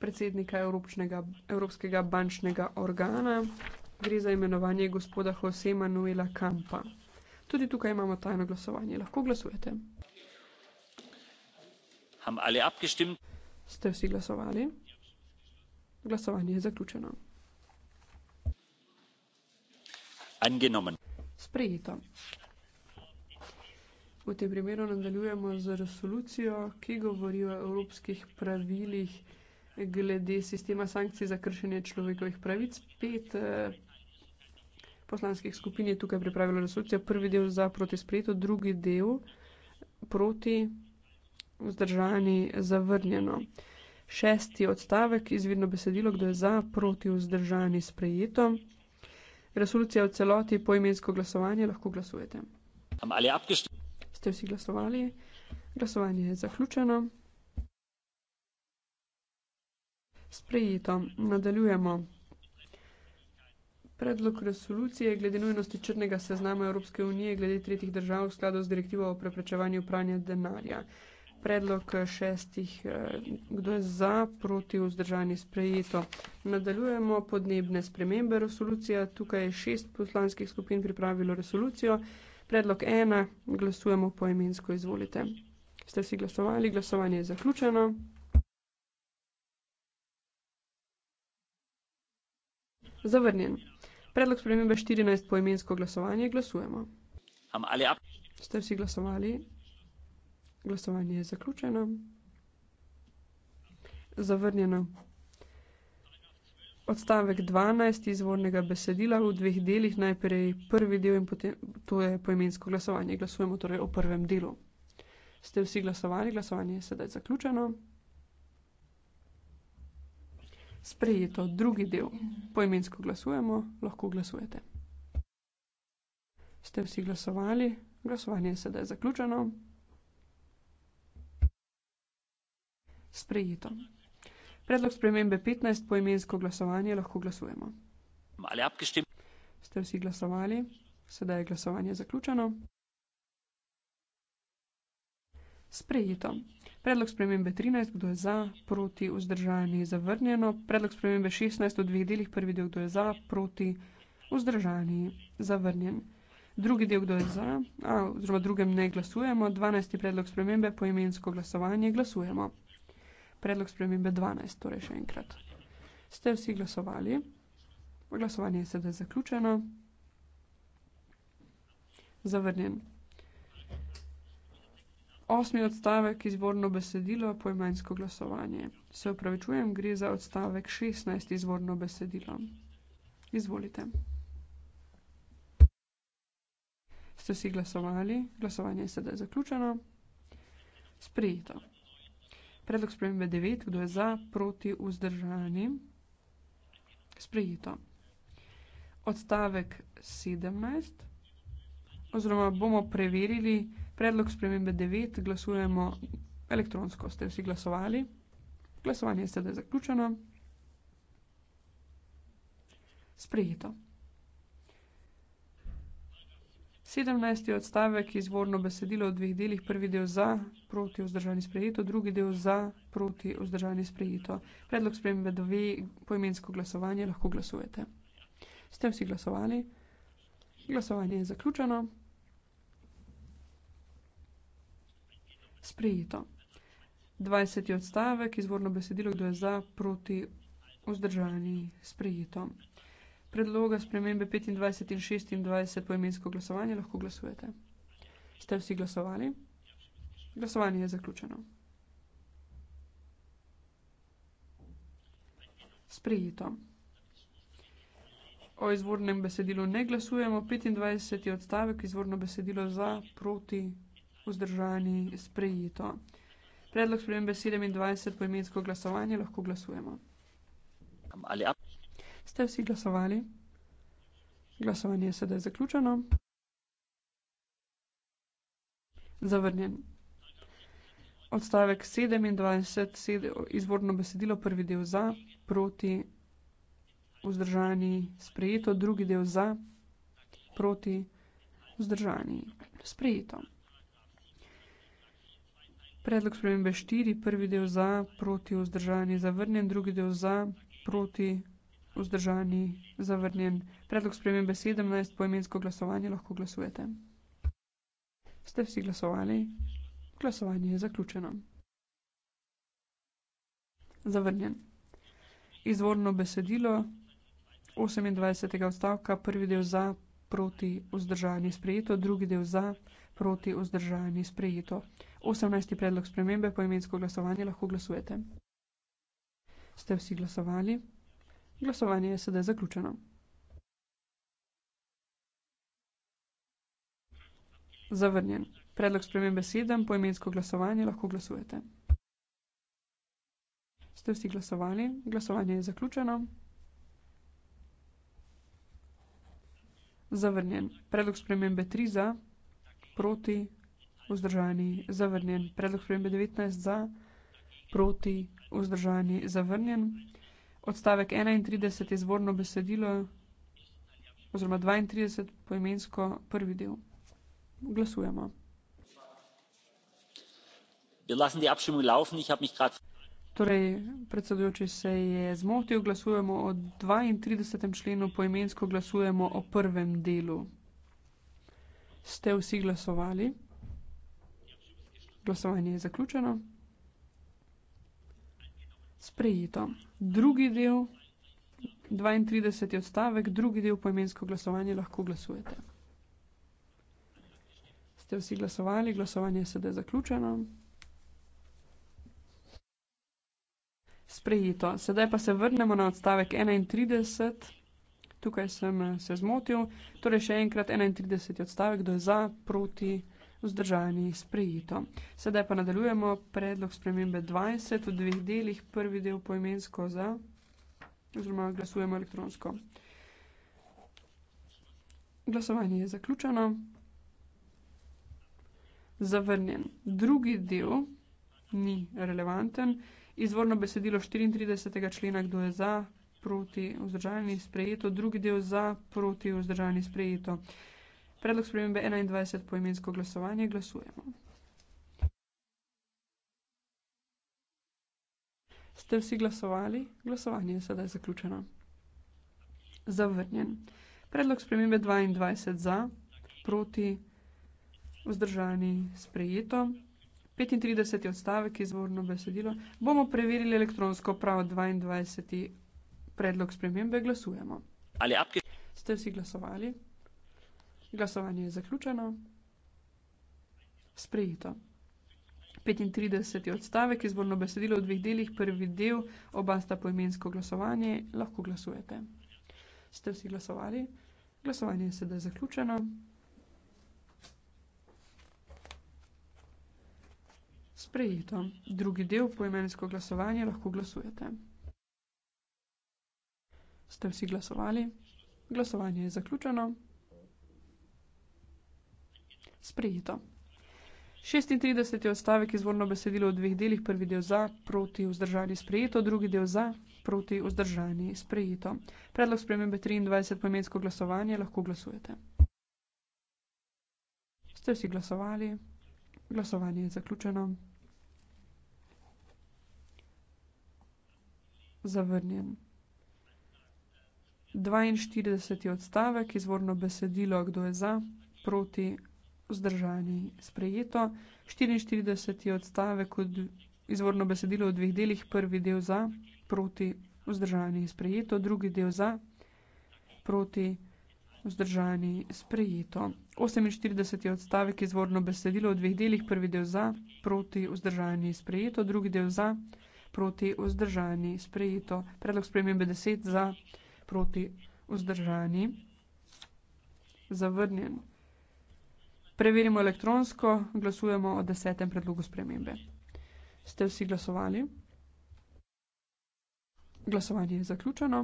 predsednika Evropšnega, Evropskega bančnega organa. Gre za imenovanje gospoda Jose Manuela Kampa. Tudi tukaj imamo tajno glasovanje. Lahko glasujete. Ste vsi glasovali? Glasovanje je zaključeno. Angenommen sprejeta. V tem primeru nadaljujemo z resolucijo, ki govori o evropskih pravilih glede sistema sankcij za kršenje človekovih pravic. Pet eh, poslanskih skupin je tukaj pripravilo resolucijo. Prvi del za proti sprejeto, drugi del proti vzdržani zavrnjeno. Šesti odstavek, izvirno besedilo, kdo je za, proti vzdržani sprejeto resolucija v celoti, poimensko glasovanje, lahko glasujete. Ste vsi glasovali? Glasovanje je zaključeno. Sprejeto. Nadaljujemo. Predlog resolucije glede nujnosti črnega seznama Evropske unije glede tretjih držav v skladu z direktivo o preprečevanju pranja denarja predlog eh, šestih, eh, kdo je za, proti vzdržanje sprejeto. Nadaljujemo podnebne spremembe resolucija. Tukaj je šest poslanskih skupin pripravilo resolucijo. Predlog ena, glasujemo poemensko, izvolite. Ste si glasovali, glasovanje je zaključeno. Zavrnjen. Predlog spremembe 14 poemensko glasovanje, glasujemo. Ste si glasovali? Glasovanje je zaključeno. Zavrnjeno. Odstavek 12 izvornega besedila v dveh delih, najprej prvi del in potem to je poimensko glasovanje. Glasujemo torej o prvem delu. Ste vsi glasovali, glasovanje je sedaj zaključeno. Sprejeto drugi del, poimensko glasujemo, lahko glasujete. Ste vsi glasovali, glasovanje je sedaj zaključeno. sprejeto. Predlog spremembe 15 po imensko glasovanje lahko glasujemo. Ste vsi glasovali? Sedaj je glasovanje zaključeno. Sprejeto. Predlog spremembe 13, kdo je za, proti, vzdržani, zavrnjeno. Predlog spremembe 16 v dveh delih, prvi del, kdo je za, proti, vzdržani, zavrnjen. Drugi del, kdo je za, oziroma drugem ne glasujemo. 12. predlog spremembe po imensko glasovanje glasujemo predlog spremembe 12, torej še enkrat. Ste vsi glasovali? Glasovanje je sedaj zaključeno. Zavrnjen. Osmi odstavek izvorno besedilo, pojmanjsko glasovanje. Se upravičujem, gre za odstavek 16 izvorno besedilo. Izvolite. Ste vsi glasovali? Glasovanje je sedaj zaključeno. Sprejeto. Predlog spremembe 9. Kdo je za, proti, vzdržani? Sprejeto. Odstavek 17. Oziroma bomo preverili predlog spremembe 9. Glasujemo elektronsko. Ste vsi glasovali? Glasovanje je sedaj zaključeno. Sprejeto. Sedemnajsti odstavek je izvorno besedilo v dveh delih, prvi del za, proti vzdržani sprejeto, drugi del za, proti vzdržani sprejeto. Predlog spremembe dve, poimensko glasovanje, lahko glasujete. Ste vsi glasovali? Glasovanje je zaključeno. Sprejeto. 20. odstavek, izvorno besedilo, kdo je za, proti, vzdržani, sprejeto predloga spremembe 25 in 26 poimensko glasovanje lahko glasujete. Ste vsi glasovali? Glasovanje je zaključeno. Sprejito. O izvornem besedilu ne glasujemo. 25 je odstavek, izvorno besedilo za, proti, vzdržani, sprejito. Predlog spremembe 27 poimensko glasovanje lahko glasujemo. Ali ja. Ste vsi glasovali? Glasovanje je sedaj zaključeno. Zavrnjen. Odstavek 27, sed, izvorno besedilo, prvi del za, proti, vzdržani, sprejeto, drugi del za, proti, vzdržani, sprejeto. Predlog spremembe 4, prvi del za, proti, vzdržani, zavrnjen, drugi del za, proti, vzdržani, zavrnjen. Predlog spremembe 17 po imensko glasovanje lahko glasujete. Ste vsi glasovali? Glasovanje je zaključeno. Zavrnjen. Izvorno besedilo 28. odstavka, prvi del za, proti vzdržanje sprejeto, drugi del za, proti vzdržanje sprejeto. 18. predlog spremembe po imensko glasovanje lahko glasujete. Ste vsi glasovali? Glasovanje je sedaj zaključeno. Zavrnjen. Predlog spremembe 7, poimensko glasovanje, lahko glasujete. Ste vsi glasovali? Glasovanje je zaključeno. Zavrnjen. Predlog spremembe 3 za, proti, vzdržani, zavrnjen. Predlog spremembe 19 za, proti, vzdržani, zavrnjen. Odstavek 31 je zvorno besedilo, oziroma 32 poimensko prvi del. Glasujemo. Torej, predsedujoči se je zmotil, glasujemo o 32. členu, poimensko glasujemo o prvem delu. Ste vsi glasovali? Glasovanje je zaključeno sprejeto. Drugi del, 32. odstavek, drugi del poimensko glasovanje lahko glasujete. Ste vsi glasovali, glasovanje je sedaj zaključeno. Sprejeto. Sedaj pa se vrnemo na odstavek 31. Tukaj sem eh, se zmotil. Torej še enkrat 31. odstavek, kdo je za, proti См vzdržani sprejeto. Sedaj pa nadaljujemo predlog spremembe 20 v dveh delih. Prvi del poimensko za, oziroma glasujemo elektronsko. Glasovanje je zaključeno. Zavrnjen. Drugi del ni relevanten. Izvorno besedilo 34. člena, kdo je za, proti, vzdržani, sprejeto. Drugi del za, proti, vzdržani, sprejeto. Predlog spremembe 21 poimensko glasovanje glasujemo. Ste vsi glasovali? Glasovanje je sedaj zaključeno. Zavrnjen. Predlog spremembe 22 za, proti, vzdržani, sprejeto. 35. odstavek izvorno besedilo. Bomo preverili elektronsko pravo 22. predlog spremembe. Glasujemo. Ali Ste vsi glasovali? Glasovanje je zaključeno. Sprejeto. 35. odstavek izvorno besedilo v dveh delih, prvi del, oba sta poimensko glasovanje, lahko glasujete. Ste vsi glasovali? Glasovanje je sedaj zaključeno. Sprejeto. Drugi del, poimensko glasovanje, lahko glasujete. Ste vsi glasovali? Glasovanje je zaključeno sprejeto. 36. odstavek izvorno besedilo v dveh delih, prvi del za, proti vzdržani sprejeto, drugi del za, proti vzdržani sprejeto. Predlog spremembe 23 pomensko glasovanje lahko glasujete. Ste vsi glasovali? Glasovanje je zaključeno. Zavrnjen. 42. odstavek izvorno besedilo, kdo je za, proti vzdržani. Sprejeto. 44 je odstave kot izvorno besedilo v dveh delih. Prvi del za, proti, vzdržani. Sprejeto. Drugi del za, proti, vzdržani. Sprejeto. 48 je odstavek izvorno besedilo v dveh delih. Prvi del za, proti, vzdržani. Sprejeto. Drugi del za, proti, vzdržani. Sprejeto. Predlog spremembe 10 za, proti, vzdržani. Zavrnjen. Preverimo elektronsko, glasujemo o desetem predlogu spremembe. Ste vsi glasovali? Glasovanje je zaključeno.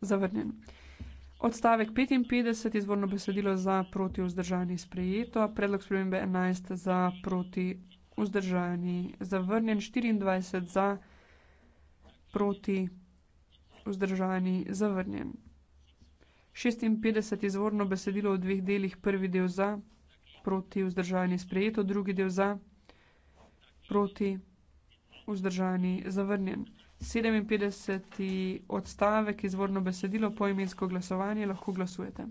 Zavrnjen. Odstavek 55, izvorno besedilo za proti vzdržani sprejeto, predlog spremembe 11 za proti vzdržani zavrnjen, 24 za proti vzdržani zavrnjen. 56 izvorno besedilo v dveh delih, prvi del za, proti vzdržajni sprejeto, drugi del za, proti vzdržajni zavrnjen. 57. odstavek izvorno besedilo po imensko glasovanje lahko glasujete.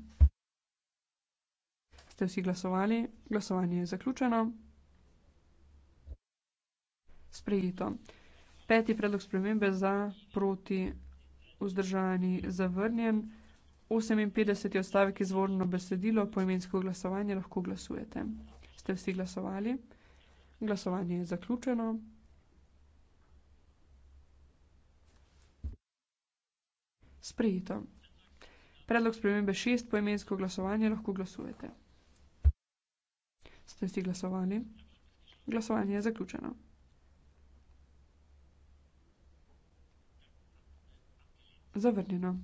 Ste vsi glasovali? Glasovanje je zaključeno. Sprejeto. Peti predlog spremembe za proti vzdržajni zavrnjen. 58. odstavek izvorno besedilo, poimensko glasovanje lahko glasujete. Ste vsi glasovali? Glasovanje je zaključeno. Sprejeto. Predlog spremembe 6. Poimensko glasovanje lahko glasujete. Ste vsi glasovali? Glasovanje je zaključeno. Zavrnjeno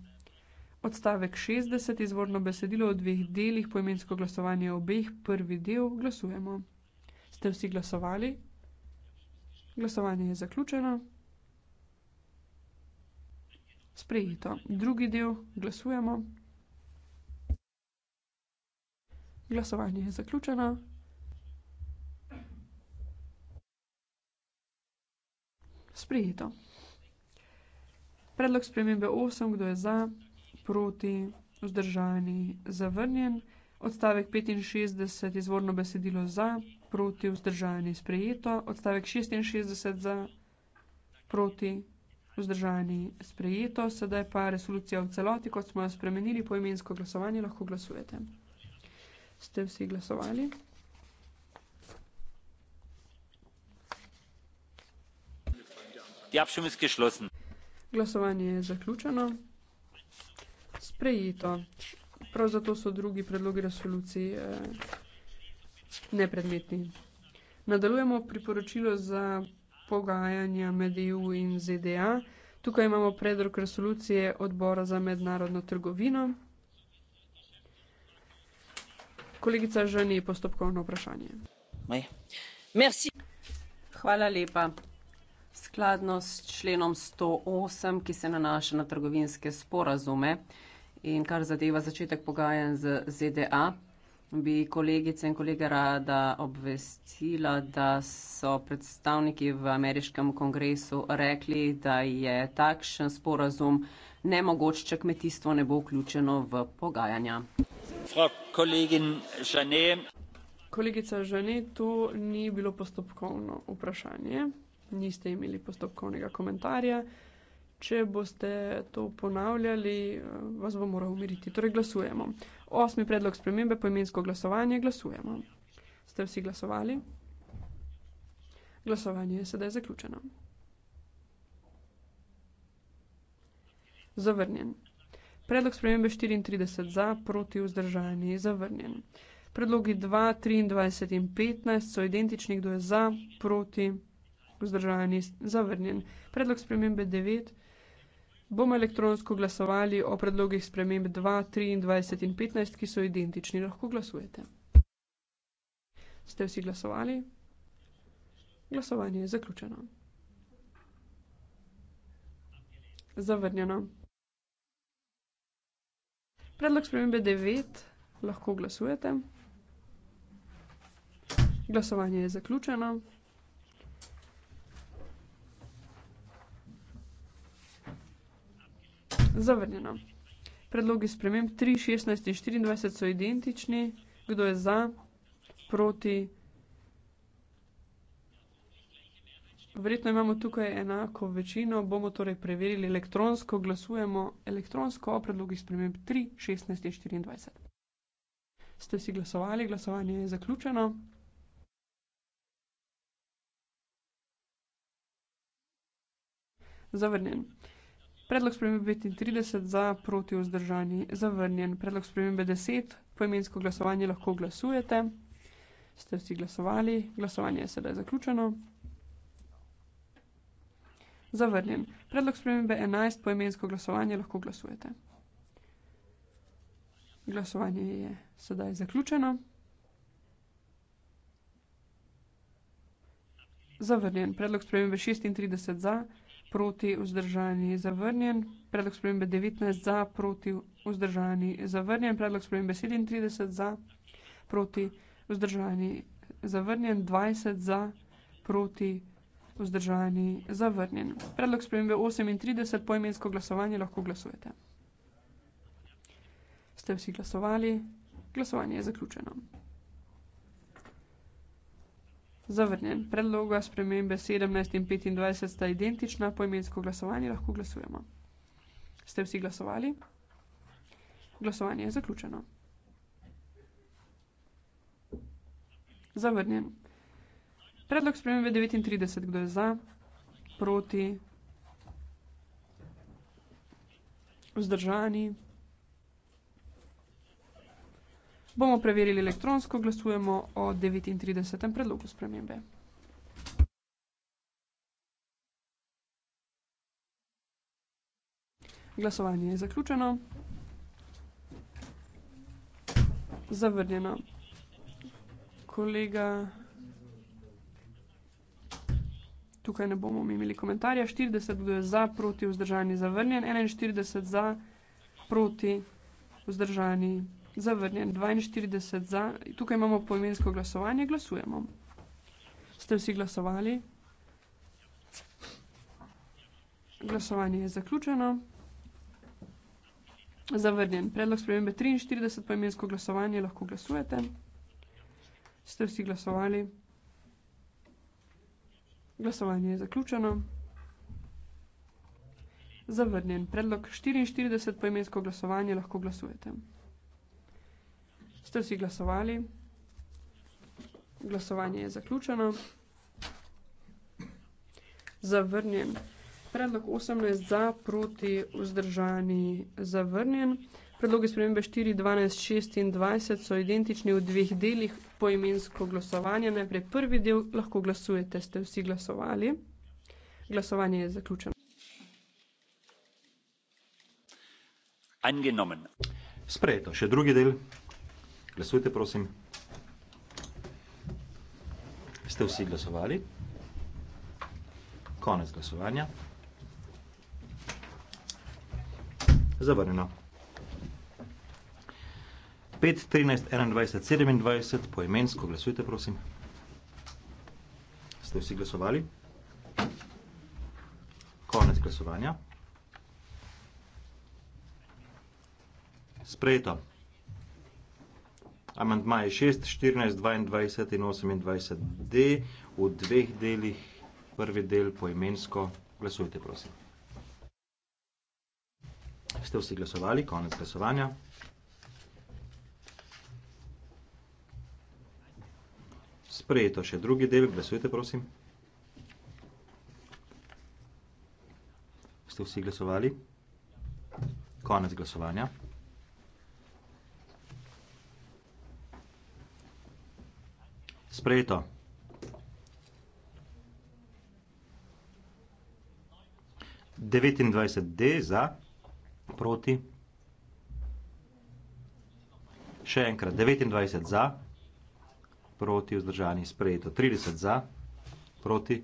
odstavek 60, izvorno besedilo v dveh delih, poimensko glasovanje obeh, prvi del, glasujemo. Ste vsi glasovali? Glasovanje je zaključeno. Sprejito. Drugi del, glasujemo. Glasovanje je zaključeno. Sprejito. Predlog spremembe 8, kdo je za? proti, vzdržani, zavrnjen, odstavek 65, izvorno besedilo za, proti, vzdržani, sprejeto, odstavek 66 za, proti, vzdržani, sprejeto, sedaj pa resolucija v celoti, kot smo jo spremenili, po imensko glasovanje lahko glasujete. Ste vsi glasovali? Glasovanje je zaključeno sprejeto. Prav zato so drugi predlogi resoluciji eh, nepredmetni. Nadaljujemo priporočilo za pogajanja med EU in ZDA. Tukaj imamo predlog resolucije odbora za mednarodno trgovino. Kolegica Žani, postopkovno vprašanje. Hvala lepa. Skladno s členom 108, ki se nanaša na trgovinske sporazume, In kar zadeva začetek pogajanj z ZDA, bi kolegice in kolege rada obvestila, da so predstavniki v ameriškem kongresu rekli, da je takšen sporazum nemogoč, če kmetijstvo ne bo vključeno v pogajanja. Kolegica Žene, to ni bilo postopkovno vprašanje, niste imeli postopkovnega komentarja. Če boste to ponavljali, vas bo moral umiriti. Torej, glasujemo. Osmi predlog spremembe poimensko glasovanje, glasujemo. Ste vsi glasovali? Glasovanje je sedaj zaključeno. Zavrnjen. Predlog spremembe 34 za, proti vzdržanje je zavrnjen. Predlogi 2, 23 in 15 so identični, kdo je za, proti, vzdržanje je zavrnjen. Predlog spremembe 9 je bomo elektronsko glasovali o predlogih sprememb 2, 23 in 15, ki so identični. Lahko glasujete. Ste vsi glasovali? Glasovanje je zaključeno. Zavrnjeno. Predlog spremembe 9 lahko glasujete. Glasovanje je zaključeno. Zavrnjeno. Predlogi sprememb 3, 16 in 24 so identični. Kdo je za, proti? Verjetno imamo tukaj enako večino, bomo torej preverili elektronsko, glasujemo elektronsko o predlogih sprememb 3, 16 in 24. Ste si glasovali, glasovanje je zaključeno. Zavrnjen. Predlog spremembe 35 za proti vzdržanji zavrnjen. Predlog spremembe 10, poimensko glasovanje lahko glasujete. Ste vsi glasovali, glasovanje je sedaj zaključeno. Zavrnjen. Predlog spremembe 11, poimensko glasovanje lahko glasujete. Glasovanje je sedaj zaključeno. Zavrnjen. Predlog spremembe 36 za proti vzdržanji zavrnjen proti vzdržani zavrnjen, predlog spremembe 19 za proti vzdržani zavrnjen, predlog spremembe 37 za proti vzdržani zavrnjen, 20 za proti vzdržani zavrnjen. Predlog spremembe 38 poimensko glasovanje lahko glasujete. Ste vsi glasovali? Glasovanje je zaključeno. Zavrnjen. Predloga spremembe 17 in 25 sta identična, po imensko glasovanje lahko glasujemo. Ste vsi glasovali? Glasovanje je zaključeno. Zavrnjen. Predlog spremembe 39. Kdo je za? Proti? Vzdržani? Vzdržani? Bomo preverili elektronsko, glasujemo o 39. predlogu spremembe. Glasovanje je zaključeno. Zavrnjeno. Kolega, tukaj ne bomo imeli komentarja. 40 je za, proti, vzdržani, zavrnjen. 41 za, proti, vzdržani, zavrnjen, 42 za. Tukaj imamo poimensko glasovanje, glasujemo. Ste vsi glasovali? Glasovanje je zaključeno. Zavrnjen, predlog spremembe 43, poimensko glasovanje, lahko glasujete. Ste vsi glasovali? Glasovanje je zaključeno. Zavrnjen, predlog 44, poimensko glasovanje, lahko glasujete. Ste vsi glasovali? Glasovanje je zaključeno. Zavrnjen. Predlog 18 za, proti, vzdržani, zavrnjen. Predlogi spremembe 4, 12, 26 so identični v dveh delih poimensko glasovanje. Najprej prvi del lahko glasujete, ste vsi glasovali. Glasovanje je zaključeno. Angenomen. Sprejeto, še drugi del. Glasujte, prosim. Ste vsi glasovali? Konec glasovanja. Zavrnjeno. 5, 13, 21, 27, poimensko glasujte, prosim. Ste vsi glasovali? Konec glasovanja. Sprejeto amantmaje 6, 14, 22 in 28 D v dveh delih, prvi del poimensko. Glasujte, prosim. Ste vsi glasovali, konec glasovanja. Sprejeto še drugi del, glasujte, prosim. Ste vsi glasovali? Konec glasovanja. Sprejeto. Devetindvajset D za, proti. Še enkrat, devetindvajset za, proti, vzdržani, sprejeto. Trideset za, proti,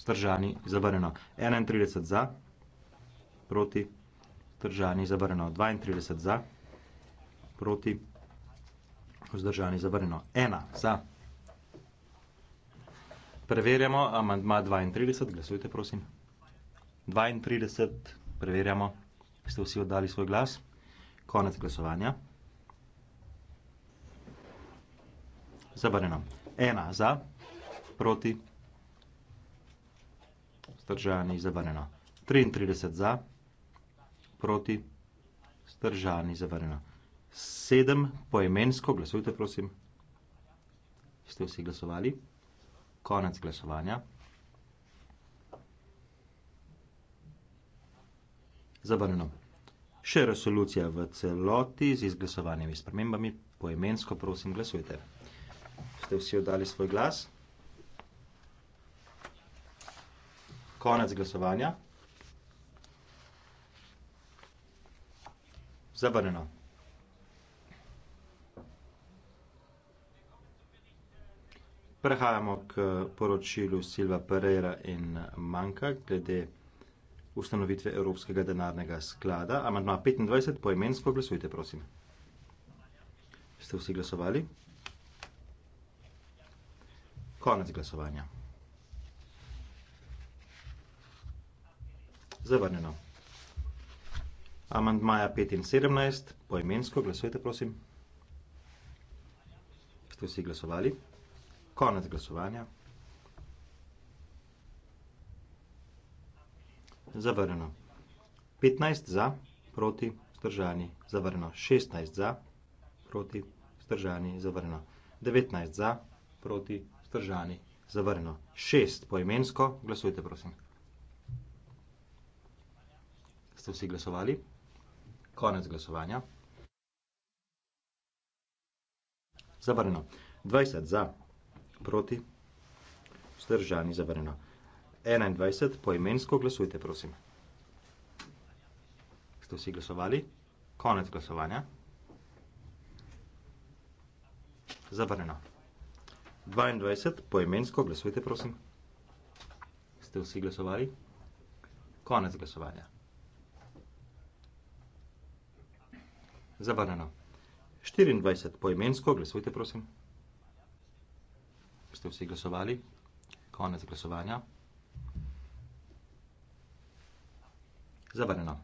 vzdržani, zavrnjeno. Enaintrideset za, proti, vzdržani, zavrnjeno. Dvaintrideset za, proti. Vzdržani zavrnjeno. Ena za. Preverjamo amandma 32. Glasujte, prosim. 32. Preverjamo. Ste vsi oddali svoj glas. Konec glasovanja. Zavrnjeno. Ena za. Proti. Vzdržani zavrnjeno. 33 za. Proti. Vzdržani zavrnjeno sedem poimensko, glasujte prosim. Ste vsi glasovali? Konec glasovanja. Zavrnjeno. Še resolucija v celoti z izglasovanimi spremembami. Poimensko, prosim, glasujte. Ste vsi oddali svoj glas? Konec glasovanja. Zavrnjeno. Prehajamo k poročilu Silva Pereira in Manka glede ustanovitve Evropskega denarnega sklada. Amandma 25, poimensko glasujte, prosim. Ste vsi glasovali? Konec glasovanja. Zavrnjeno. Amandmaja 75, poimensko glasujte, prosim. Ste vsi glasovali? Konec glasovanja. Zavrnjeno. 15 za, proti, vzdržani, zavrnjeno. 16 za, proti, vzdržani, zavrnjeno. 19 za, proti, vzdržani, zavrnjeno. 6 poimensko, glasujte prosim. Ste vsi glasovali? Konec glasovanja. Zavrnjeno. 20 za, proti, vzdržani zavrnjeno. 21, poimensko glasujte, prosim. Ste vsi glasovali? Konec glasovanja. Zavrnjeno. 22, poimensko glasujte, prosim. Ste vsi glasovali? Konec glasovanja. Zavrnjeno. 24, poimensko glasujte, prosim ste vsi glasovali. Konec glasovanja. Zavrnjeno.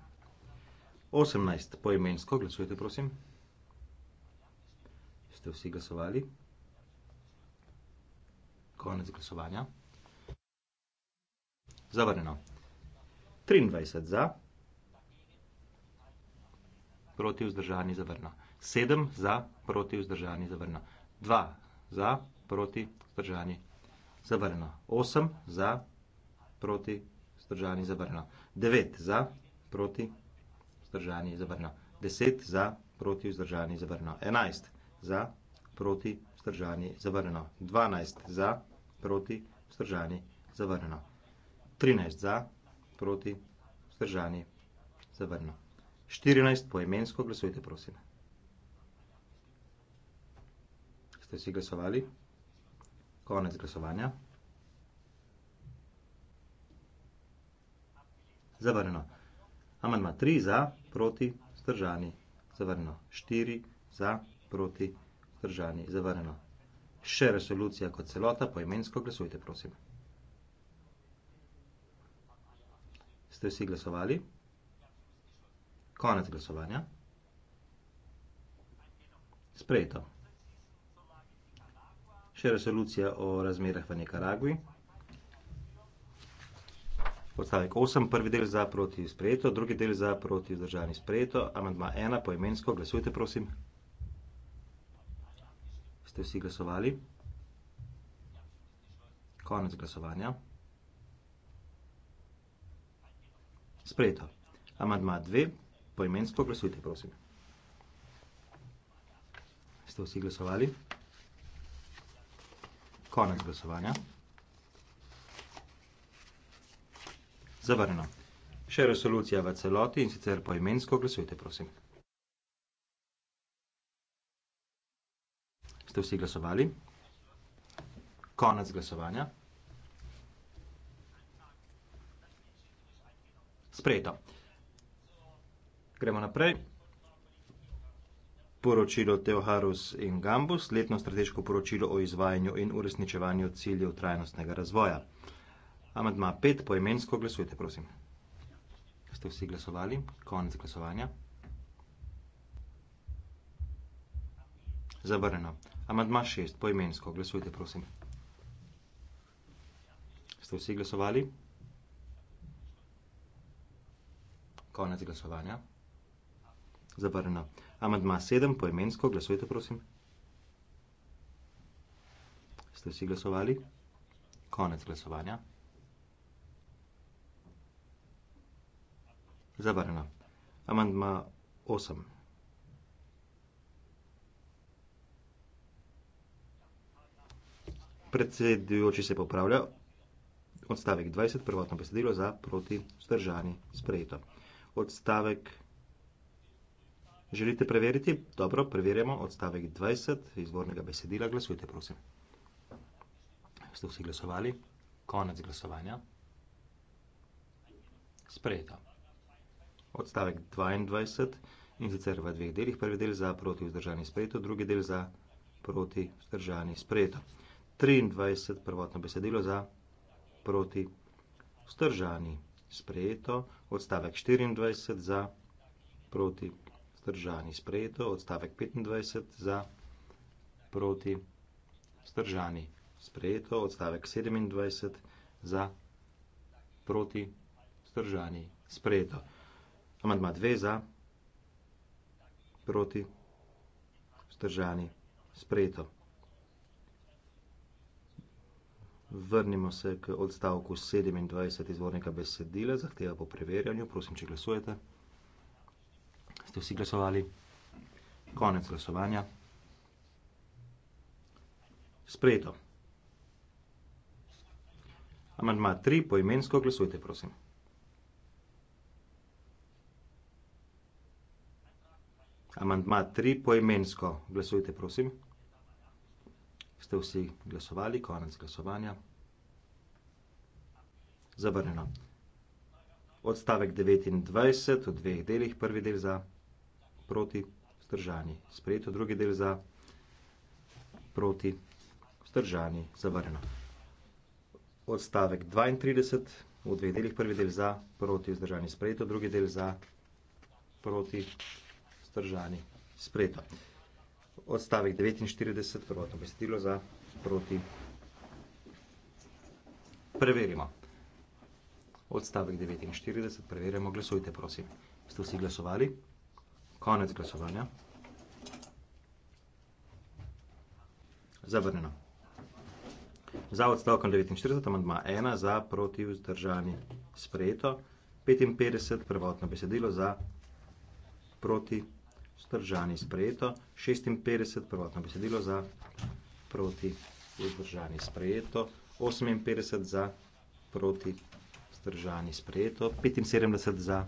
18 poimensko, glasujte prosim. Ste vsi glasovali. Konec glasovanja. Zavrnjeno. 23 za. Proti vzdržani zavrna. 7 za, proti vzdržani zavrna. 2 za, proti vzdržani, zavrnjeno. 8 za, proti, vzdržani, zavrnjeno. 9 za, proti, vzdržani, zavrnjeno. 10 za, proti, vzdržani, zavrnjeno. 11 za, proti, vzdržani, zavrnjeno. 12 za, proti, vzdržani, zavrnjeno. 13 za, proti, vzdržani, zavrnjeno. 14 poimensko, glasujte, prosim. Ste si glasovali? Konec glasovanja. Zavrnjeno. Amandma 3 za, proti, zdržani. Zavrnjeno. 4 za, proti, zdržani. Zavrnjeno. Še resolucija kot celota, poimensko glasujte, prosim. Ste vsi glasovali? Konec glasovanja. Sprejeto še resolucija o razmerah v Nikaragvi. Odstavek 8, prvi del za proti sprejeto, drugi del za proti vzdržani sprejeto, amandma 1 poimensko, glasujte prosim. Ste vsi glasovali? Konec glasovanja. Sprejeto. Amandma 2 poimensko, glasujte prosim. Ste vsi glasovali? Konec glasovanja. Zavrnjeno. Še resolucija v celoti in sicer poimensko glasujte, prosim. Ste vsi glasovali? Konec glasovanja. Sprejeto. Gremo naprej poročilo Teoharus in Gambus, letno strateško poročilo o izvajanju in uresničevanju ciljev trajnostnega razvoja. Amadma 5, poimensko glasujte, prosim. Ste vsi glasovali? Konec glasovanja. Zavrnjeno. Amadma 6, poimensko glasujte, prosim. Ste vsi glasovali? Konec glasovanja. Zavrnjeno. Amandma sedem, poimensko, glasujte, prosim. Ste vsi glasovali? Konec glasovanja. Zavrnjeno. Amandma osem. Predsedujoči se popravlja. Odstavek 20, prvotno besedilo za proti vzdržani sprejeto. Odstavek 21. Želite preveriti? Dobro, preverjamo odstavek 20 izvornega besedila. Glasujte, prosim. Ste vsi glasovali? Konec glasovanja. Sprejeto. Odstavek 22 in sicer v dveh delih. Prvi del za proti vzdržani sprejeto, drugi del za proti vzdržani sprejeto. 23 prvotno besedilo za proti vzdržani sprejeto. Odstavek 24 za proti vzdržani sprejeto vzdržani, sprejeto, odstavek 25 za, proti, vzdržani, sprejeto, odstavek 27 za, proti, vzdržani, sprejeto. Amandma 2 za, proti, vzdržani, sprejeto. Vrnimo se k odstavku 27 izvornega besedila, zahteva po preverjanju, prosim, če glasujete. Ste vsi glasovali? Konec glasovanja. Sprejeto. Amandma 3, poimensko glasujte, prosim. Amandma 3, poimensko glasujte, prosim. Ste vsi glasovali? Konec glasovanja. Zavrneno. Odstavek 29 v dveh delih, prvi del za proti, vzdržani, sprejeto drugi del za, proti, vzdržani, zavrjeno. Odstavek 32, v dveh delih prvi del za, proti, vzdržani, sprejeto drugi del za, proti, vzdržani, sprejeto. Odstavek 49, prvotno besedilo za, proti, preverimo. Odstavek 49, preverimo, glasujte prosim. Ste vsi glasovali? Konec glasovanja. Zavrnjeno. Za odstavkom 49, amandma 1, za proti vzdržani sprejeto, 55 prvotno besedilo za proti vzdržani sprejeto, 56 prvotno besedilo za proti vzdržani sprejeto, 58 za proti vzdržani sprejeto, 75 za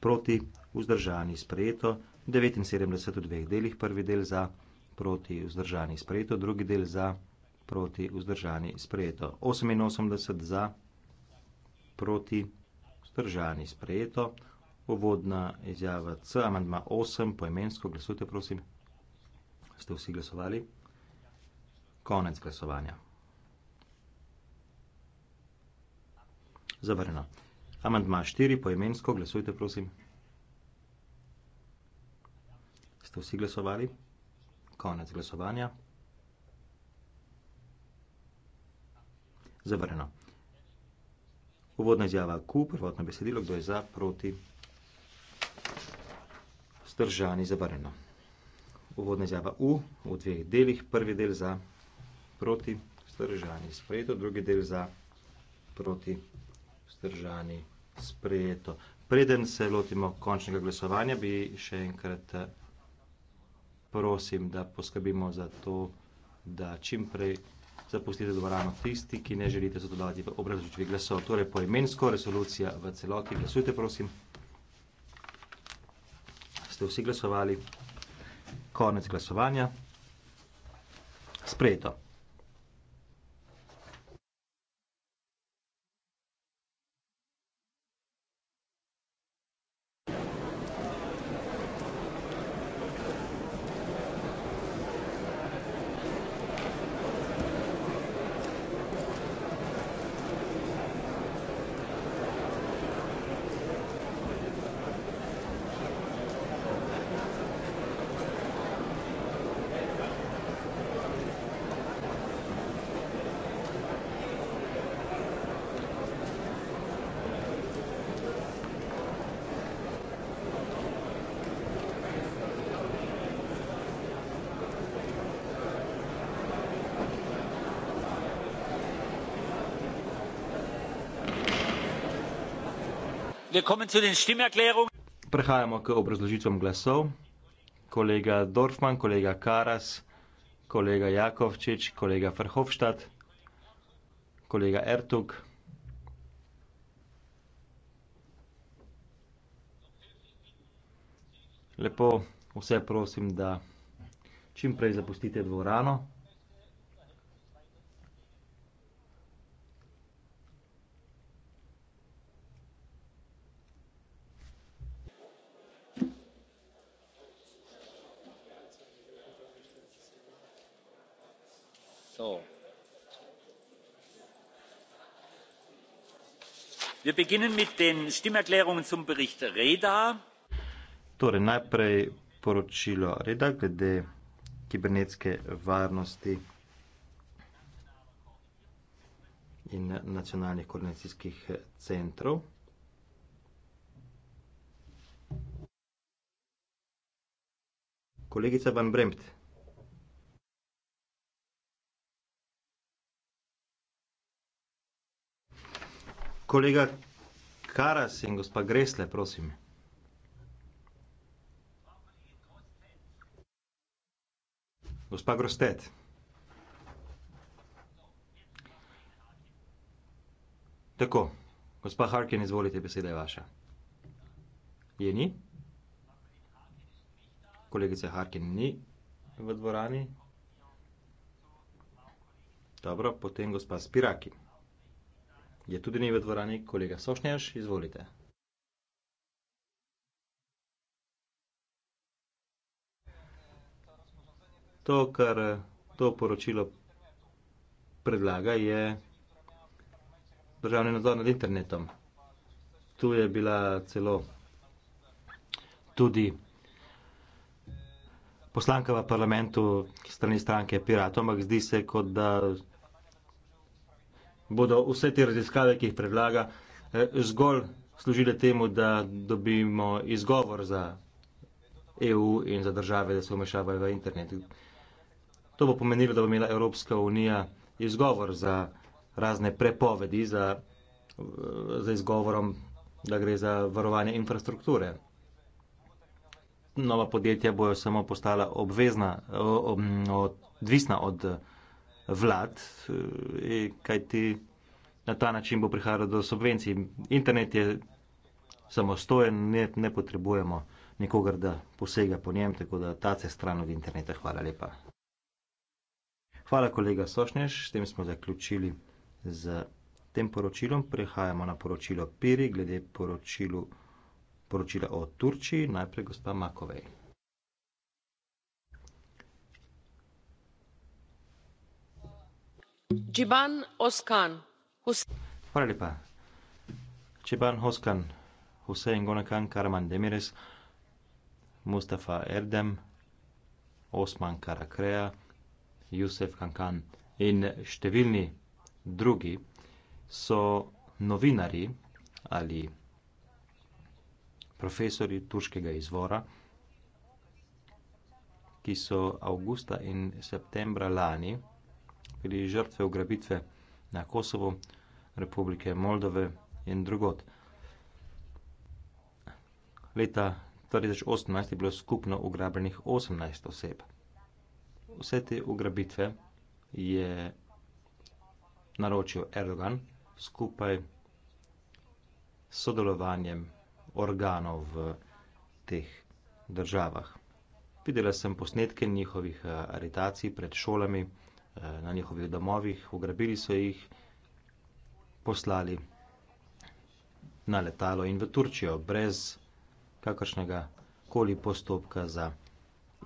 proti vzdržani sprejeto, 79 v dveh delih, prvi del za, proti vzdržani sprejeto, drugi del za, proti vzdržani sprejeto, 88 za, proti vzdržani sprejeto, uvodna izjava C, amandma 8, poimensko glasujte, prosim, ste vsi glasovali, konec glasovanja. Zavrno. Amandma 4, poimensko, glasujte prosim. ste vsi glasovali. Konec glasovanja. Zavrjeno. Uvodna izjava Q, prvotno besedilo, kdo je za, proti, zdržani, zavrjeno. Uvodna izjava U v dveh delih, prvi del za, proti, zdržani, sprejeto, drugi del za, proti, zdržani, sprejeto. Preden se lotimo končnega glasovanja, bi še enkrat prosim, da poskrbimo za to, da čim prej zapustite dvorano tisti, ki ne želite sodelovati v obrazočitvi glasov. Torej, poimensko resolucija v celoti. Glasujte, prosim. Ste vsi glasovali? Konec glasovanja. Sprejeto. Prehajamo k obrazložitvam glasov. Kolega Dorfman, kolega Karas, kolega Jakovčič, kolega Ferhofstadt, kolega Ertug. Lepo vse prosim, da čimprej zapustite dvorano. wir beginnen mit den stimmerklärungen zum bericht reda. torej najprej poročilo reda glede kibernetske varnosti in nacionalnih koordinacijskih centrov. Kolegica Van Bremt, kolega Karas in gospa Gresle, prosim. Gospa Grostet. Tako, gospa Harkin, izvolite, beseda je vaša. Je ni? Kolegice Harkin ni v dvorani. Dobro, potem gospa Spirakin je tudi ni v dvorani kolega Sošnjaš, izvolite. To, kar to poročilo predlaga, je državni nadzor nad internetom. Tu je bila celo tudi poslanka v parlamentu strani stranke Piratom, ampak zdi se, kot da bodo vse te raziskave, ki jih predlaga, eh, zgolj služile temu, da dobimo izgovor za EU in za države, da se vmešavajo v internet. To bo pomenilo, da bo imela Evropska unija izgovor za razne prepovedi, za, eh, za izgovorom, da gre za varovanje infrastrukture. Nova podjetja bojo samo postala obvezna, eh, odvisna od vlad, eh, eh, kaj ti na ta način bo prihajalo do subvencij. Internet je samostojen, ne, ne potrebujemo nikogar, da posega po njem, tako da ta se stran od interneta. Hvala lepa. Hvala, kolega Sošnjež, s tem smo zaključili z tem poročilom. Prehajamo na poročilo Piri, glede poročilu, poročila o Turčiji, najprej gospa Makovej. Ciban Hoskan Hussein Gonakan Karaman Demires Mustafa Erdem Osman Karakrea Jusef Kankan in številni drugi so novinari ali profesori turškega izvora, ki so avgusta in septembra lani bili žrtve ugrabitve na Kosovo, Republike Moldove in drugod. Leta 2018 je bilo skupno ugrabljenih 18 oseb. Vse te ugrabitve je naročil Erdogan skupaj s sodelovanjem organov v teh državah. Videla sem posnetke njihovih eh, aretacij pred šolami na njihovih domovih, ugrabili so jih, poslali na letalo in v Turčijo, brez kakršnega koli postopka za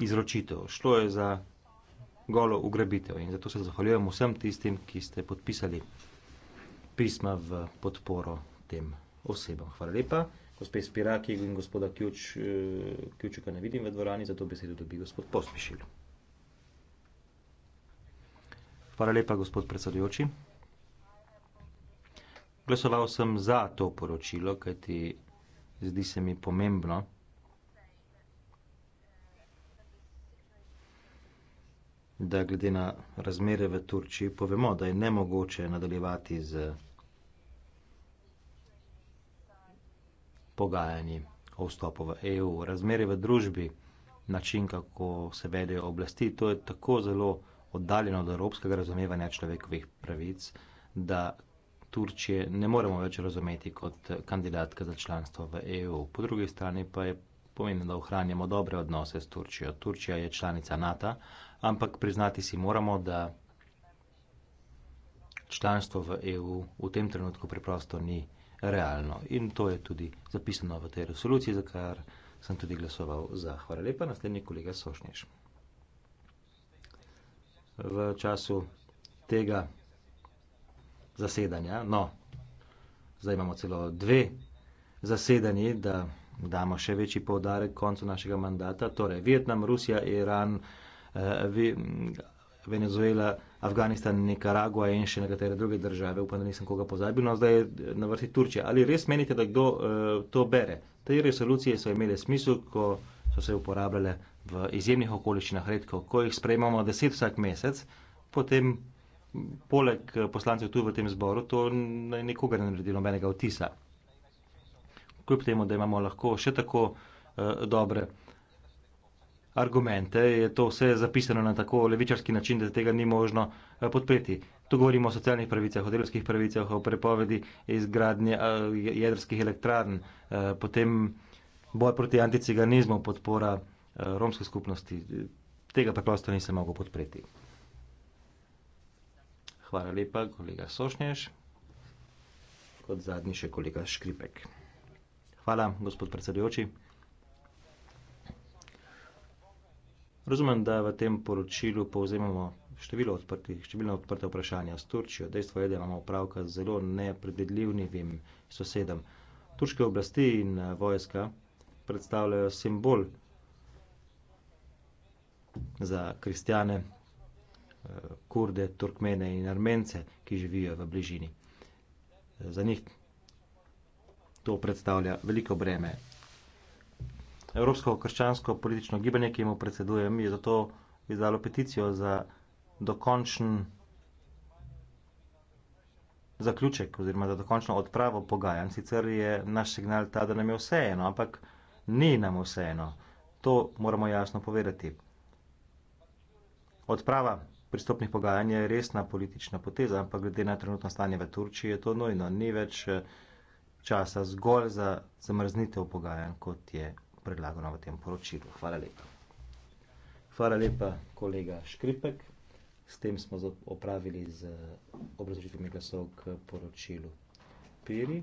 izročitev. Šlo je za golo ugrabitev in zato se zahvaljujem vsem tistim, ki ste podpisali pisma v podporo tem osebam. Hvala lepa. Gospe Spiraki in gospoda Ključ, eh, Ključuka ne vidim v dvorani, zato besedo dobi gospod Pospišilj. Hvala lepa, gospod predsedujoči. Glasoval sem za to poročilo, kajti zdi se mi pomembno. da glede na razmere v Turčiji povemo, da je nemogoče nadaljevati z pogajanji o vstopu v EU. Razmere v družbi, način, kako se vedejo oblasti, to je tako zelo oddaljeno od evropskega razumevanja človekovih pravic, da Turčije ne moremo več razumeti kot kandidatka za članstvo v EU. Po drugi strani pa je pomenilo, da ohranjamo dobre odnose s Turčijo. Turčija je članica NATO, ampak priznati si moramo, da članstvo v EU v tem trenutku preprosto ni realno. In to je tudi zapisano v tej resoluciji, za kar sem tudi glasoval za. Hvala lepa, naslednji kolega Sošniš v času tega zasedanja. No, zdaj imamo celo dve zasedanji, da damo še večji povdarek koncu našega mandata. Torej, Vietnam, Rusija, Iran, eh, Venezuela, Afganistan, Nikaragua in še nekatere druge države. Upam, da nisem koga pozabil. No, zdaj je na vrsti Turčija. Ali res menite, da kdo eh, to bere? Te resolucije so imele smisel, ko so se uporabljale v izjemnih okoliščinah redko, ko jih sprejemamo deset vsak mesec, potem poleg poslancev tu v tem zboru to nikoga ne naredi nobenega vtisa. Kljub temu, da imamo lahko še tako eh, dobre argumente, je to vse zapisano na tako levičarski način, da tega ni možno eh, podpreti. Tu govorimo o socialnih pravicah, o delovskih pravicah, o prepovedi izgradnje eh, jedrskih elektrarn, eh, potem boj proti anticiganizmu, podpora. Eh, romske skupnosti, tega preprosto nisem mogel podpreti. Hvala lepa, kolega Sošnješ. Kot zadnji še kolega Škripek. Hvala, gospod predsedujoči. Razumem, da v tem poročilu povzemamo število odprtih, številna odprta vprašanja s Turčijo. Dejstvo je, da imamo opravka z zelo nepredvidljivim sosedom. Turške oblasti in eh, vojska predstavljajo simbol za kristjane, eh, kurde, turkmene in armence, ki živijo v bližini. Eh, za njih to predstavlja veliko breme. Evropsko krščansko politično gibanje, ki mu predsedujem, je zato izdalo peticijo za dokončen zaključek oziroma za dokončno odpravo pogajanj. Sicer je naš signal ta, da nam je vseeno, ampak ni nam vseeno. To moramo jasno povedati. Odprava pristopnih pogajanj je resna politična poteza, ampak glede na trenutno stanje v Turčiji je to nojno. Ni več eh, časa zgolj za zamrznitev pogajanj, kot je predlagano v tem poročilu. Hvala lepa. Hvala lepa, kolega Škripek. S tem smo opravili z obrazložitvami glasov k poročilu Piri.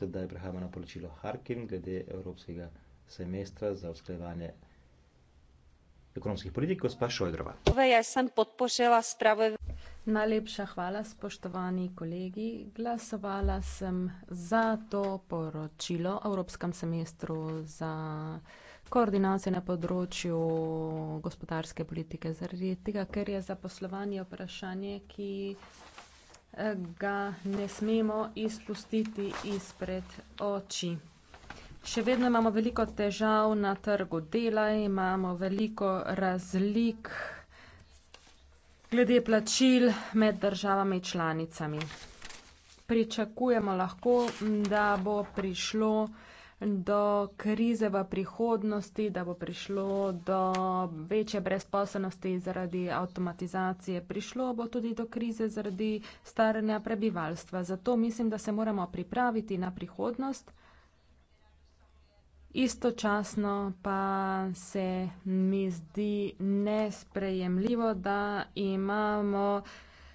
Sedaj prehajamo na poročilo Harkin glede evropskega semestra za usklajevanje ekonomskih politikov, spa Šojdrova. Ja, Najlepša hvala, spoštovani kolegi. Glasovala sem za to poročilo o Evropskem semestru za koordinacije na področju gospodarske politike, zaradi tega, ker je zaposlovanje vprašanje, ki eh, ga ne smemo izpustiti izpred oči. Še vedno imamo veliko težav na trgu dela, imamo veliko razlik glede plačil med državami članicami. Pričakujemo lahko, da bo prišlo do krize v prihodnosti, da bo prišlo do večje brezposobnosti zaradi avtomatizacije, prišlo bo tudi do krize zaradi staranja prebivalstva. Zato mislim, da se moramo pripraviti na prihodnost. Istočasno pa se mi zdi nesprejemljivo, da imamo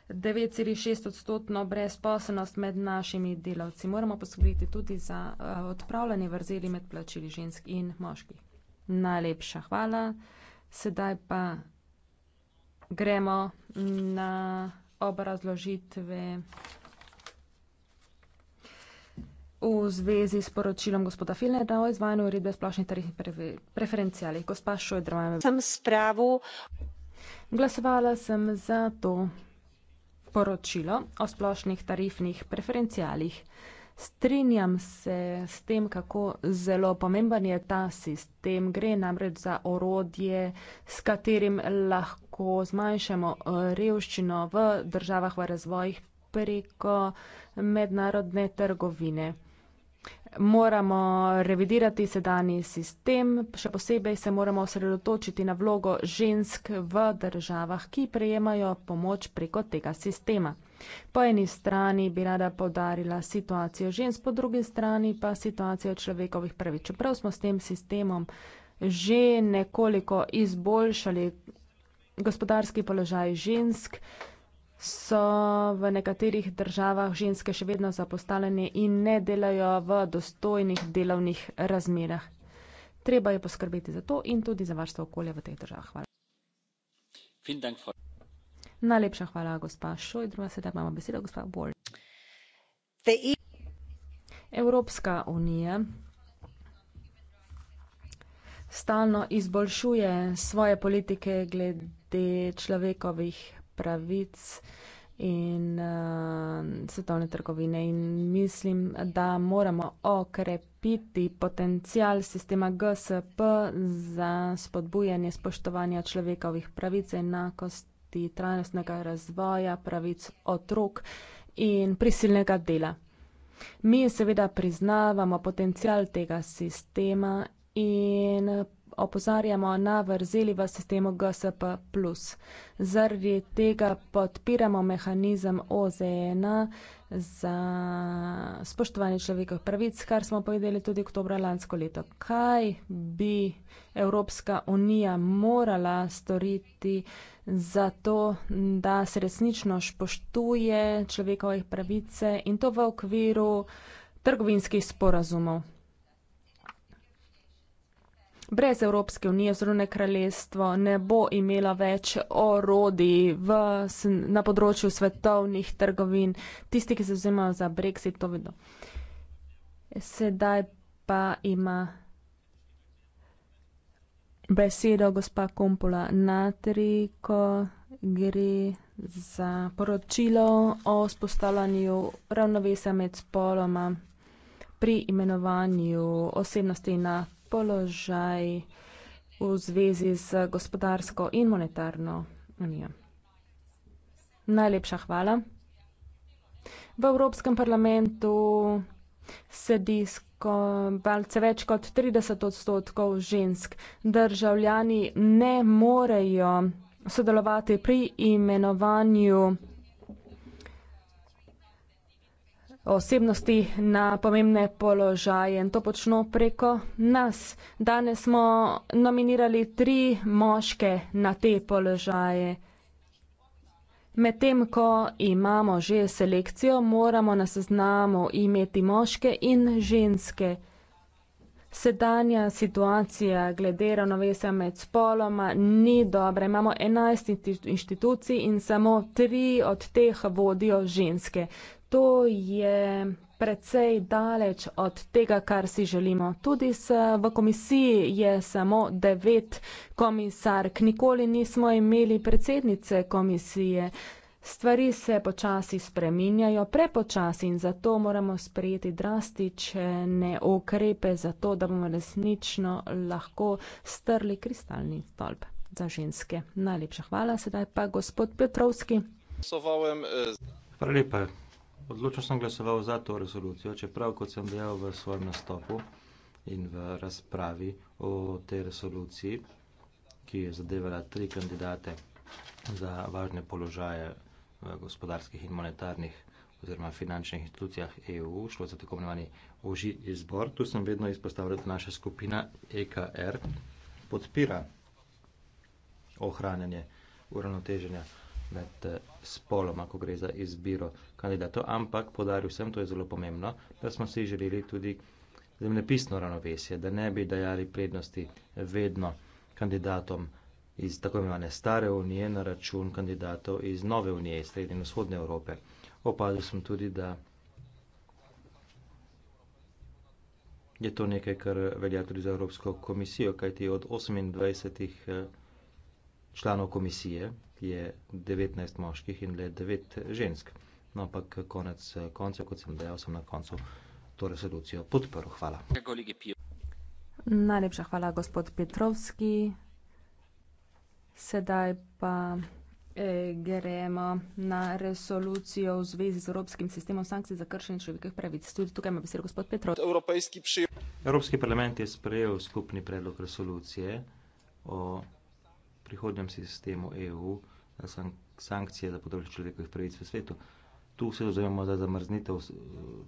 9,6 odstotno brezposobnost med našimi delavci. Moramo poskrbeti tudi za eh, odpravljanje vrzeli med plačili žensk in moških. Najlepša hvala. Sedaj pa gremo na obrazložitve v zvezi s poročilom gospoda Filnera o izvajanju uredbe o splošnih tarifnih preferencijalih. Gospa Šojdrova, sem spravu. Glasovala sem za to poročilo o splošnih tarifnih preferencijalih. Strinjam se s tem, kako zelo pomemben je ta sistem. Gre namreč za orodje, s katerim lahko zmanjšamo eh, revščino v državah v razvojih preko mednarodne trgovine. Moramo revidirati sedani sistem, še posebej se moramo osredotočiti na vlogo žensk v državah, ki prejemajo pomoč preko tega sistema. Po eni strani bi rada podarila situacijo žensk, po drugi strani pa situacijo človekovih pravic. Čeprav smo s tem sistemom že nekoliko izboljšali gospodarski položaj žensk, so v nekaterih državah ženske še vedno zapostavljene in ne delajo v dostojnih delovnih razmerah. Treba je poskrbeti za to in tudi za varstvo okolja v teh državah. Hvala. Najlepša hvala, gospa Šojdrova. Sedaj imamo besedo, gospa Bol. E- Evropska unija stalno izboljšuje svoje politike glede človekovih pravic in uh, svetovne trgovine. In mislim, da moramo okrepiti potencial sistema GSP za spodbujanje spoštovanja človekovih pravic, enakosti, trajnostnega razvoja, pravic otrok in prisilnega dela. Mi seveda priznavamo potencial tega sistema in opozarjamo na vrzeli v sistemu GSP. Zaradi tega podpiramo mehanizem OZN za spoštovanje človekov pravic, kar smo povedali tudi oktobra lansko leto. Kaj bi Evropska unija morala storiti za to, da se resnično spoštuje človekove pravice in to v okviru trgovinskih sporazumov? brez Evropske unije, zrune kraljestvo ne bo imela več orodi v, na področju svetovnih trgovin. Tisti, ki se vzemajo za Brexit, to vedo. Sedaj pa ima besedo gospa Kompola Natri, ko gre za poročilo o spostavljanju ravnovesja med spoloma pri imenovanju osebnosti na položaj v zvezi z gospodarsko in monetarno unijo. Najlepša hvala. V Evropskem parlamentu sedi balce več kot 30 odstotkov žensk. Državljani ne morejo sodelovati pri imenovanju osebnosti na pomembne položaje in to počno preko nas. Danes smo nominirali tri moške na te položaje. Medtem, ko imamo že selekcijo, moramo na seznamu imeti moške in ženske. Sedanja situacija glede ravnovesja med spoloma ni dobra. Imamo 11 inštitucij in samo tri od teh vodijo ženske to je precej daleč od tega, kar si želimo. Tudi v komisiji je samo devet komisark. Nikoli nismo imeli predsednice komisije. Stvari se počasi spreminjajo, prepočasi in zato moramo sprejeti drastične ukrepe, zato da bomo resnično lahko strli kristalni stolp za ženske. Najlepša hvala, sedaj pa gospod Petrovski. Eh, hvala lepa, Odločno sem glasoval za to resolucijo, čeprav, kot sem dejal v svojem nastopu in v razpravi o tej resoluciji, ki je zadevala tri kandidate za važne položaje v gospodarskih in monetarnih oziroma finančnih institucijah EU, šlo za tako imenovani oži izbor, tu sem vedno izpostavljal, da naša skupina EKR podpira ohranjanje uravnoteženja med eh, spoloma, ko gre za izbiro kandidatov. Ampak podaril sem, to je zelo pomembno, da smo si želeli tudi zemljepisno ravnovesje, da ne bi dajali prednosti vedno kandidatom iz tako imenovane stare unije na račun kandidatov iz nove unije, iz srednje in vzhodne Evrope. Opazil sem tudi, da je to nekaj, kar velja tudi za Evropsko komisijo, kajti od 28 članov komisije je 19 moških in le 9 žensk. No, ampak konec koncev, kot sem dejal, sem na koncu to resolucijo podprl. Hvala. Najlepša hvala, gospod Petrovski. Sedaj pa e, gremo na resolucijo v zvezi z Evropskim sistemom sankcij za kršenje človekovih pravic. Tudi tukaj ima besedo gospod Petrov. Evropski, Evropski parlament je sprejel skupni predlog resolucije o prihodnem sistemu EU za sankcije za področje človekovih pravic v svetu. Tu se ozovemo za zamrznitev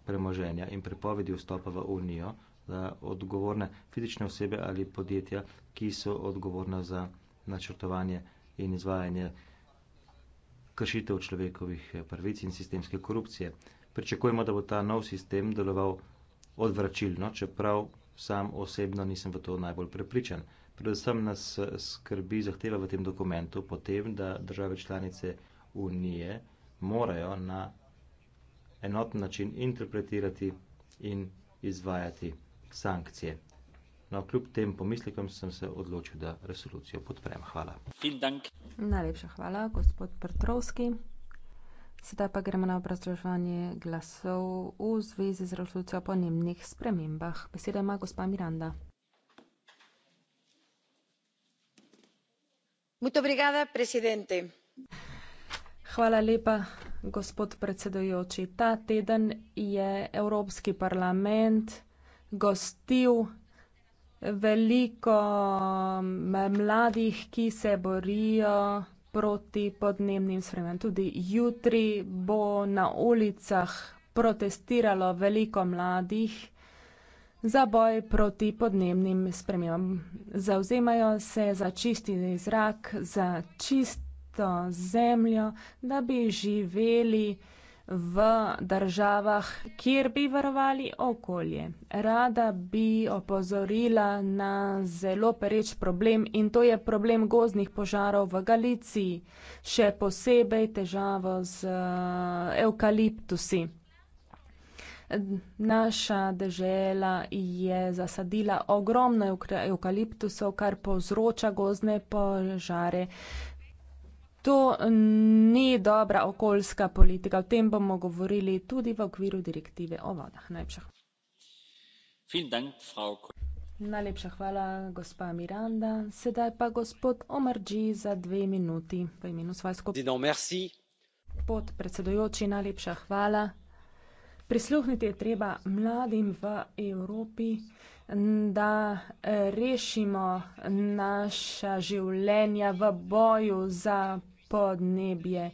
premoženja in prepovedi vstopa v Unijo za odgovorne fizične osebe ali podjetja, ki so odgovorna za načrtovanje in izvajanje kršitev človekovih eh, pravic in sistemske korupcije. Pričakujemo, da bo ta nov sistem deloval odvračilno, čeprav sam osebno nisem v to najbolj prepričan. Predvsem nas eh, skrbi zahteva v tem dokumentu potem, da države članice Unije morajo na enoten način interpretirati in izvajati sankcije. No, kljub tem pomislekom sem se odločil, da resolucijo podprem. Hvala. Najlepša hvala, gospod Petrovski. Sedaj pa gremo na obrazloženje glasov v zvezi z resolucijo o podnebnih spremembah. Beseda ima gospa Miranda. Hvala lepa, gospod predsedujoči. Ta teden je Evropski parlament gostil veliko mladih, ki se borijo proti podnebnim spremembam. Tudi jutri bo na ulicah protestiralo veliko mladih, za boj proti podnebnim spremembam. Zauzemajo se za čisti zrak, za čisto zemljo, da bi živeli v državah, kjer bi varovali okolje. Rada bi opozorila na zelo pereč problem in to je problem gozdnih požarov v Galiciji, še posebej težavo z uh, eh, eukaliptusi naša država je zasadila ogromno eukaliptusov, kar povzroča gozne požare. To ni dobra okoljska politika. O tem bomo govorili tudi v okviru direktive o vodah. Najlepša hvala. Najlepša hvala, gospa Miranda. Sedaj pa gospod Omarđi za dve minuti v imenu svoje skupine. Podpredsedujoči, najlepša hvala. Prisluhniti je treba mladim v Evropi, da rešimo naša življenja v boju za podnebje.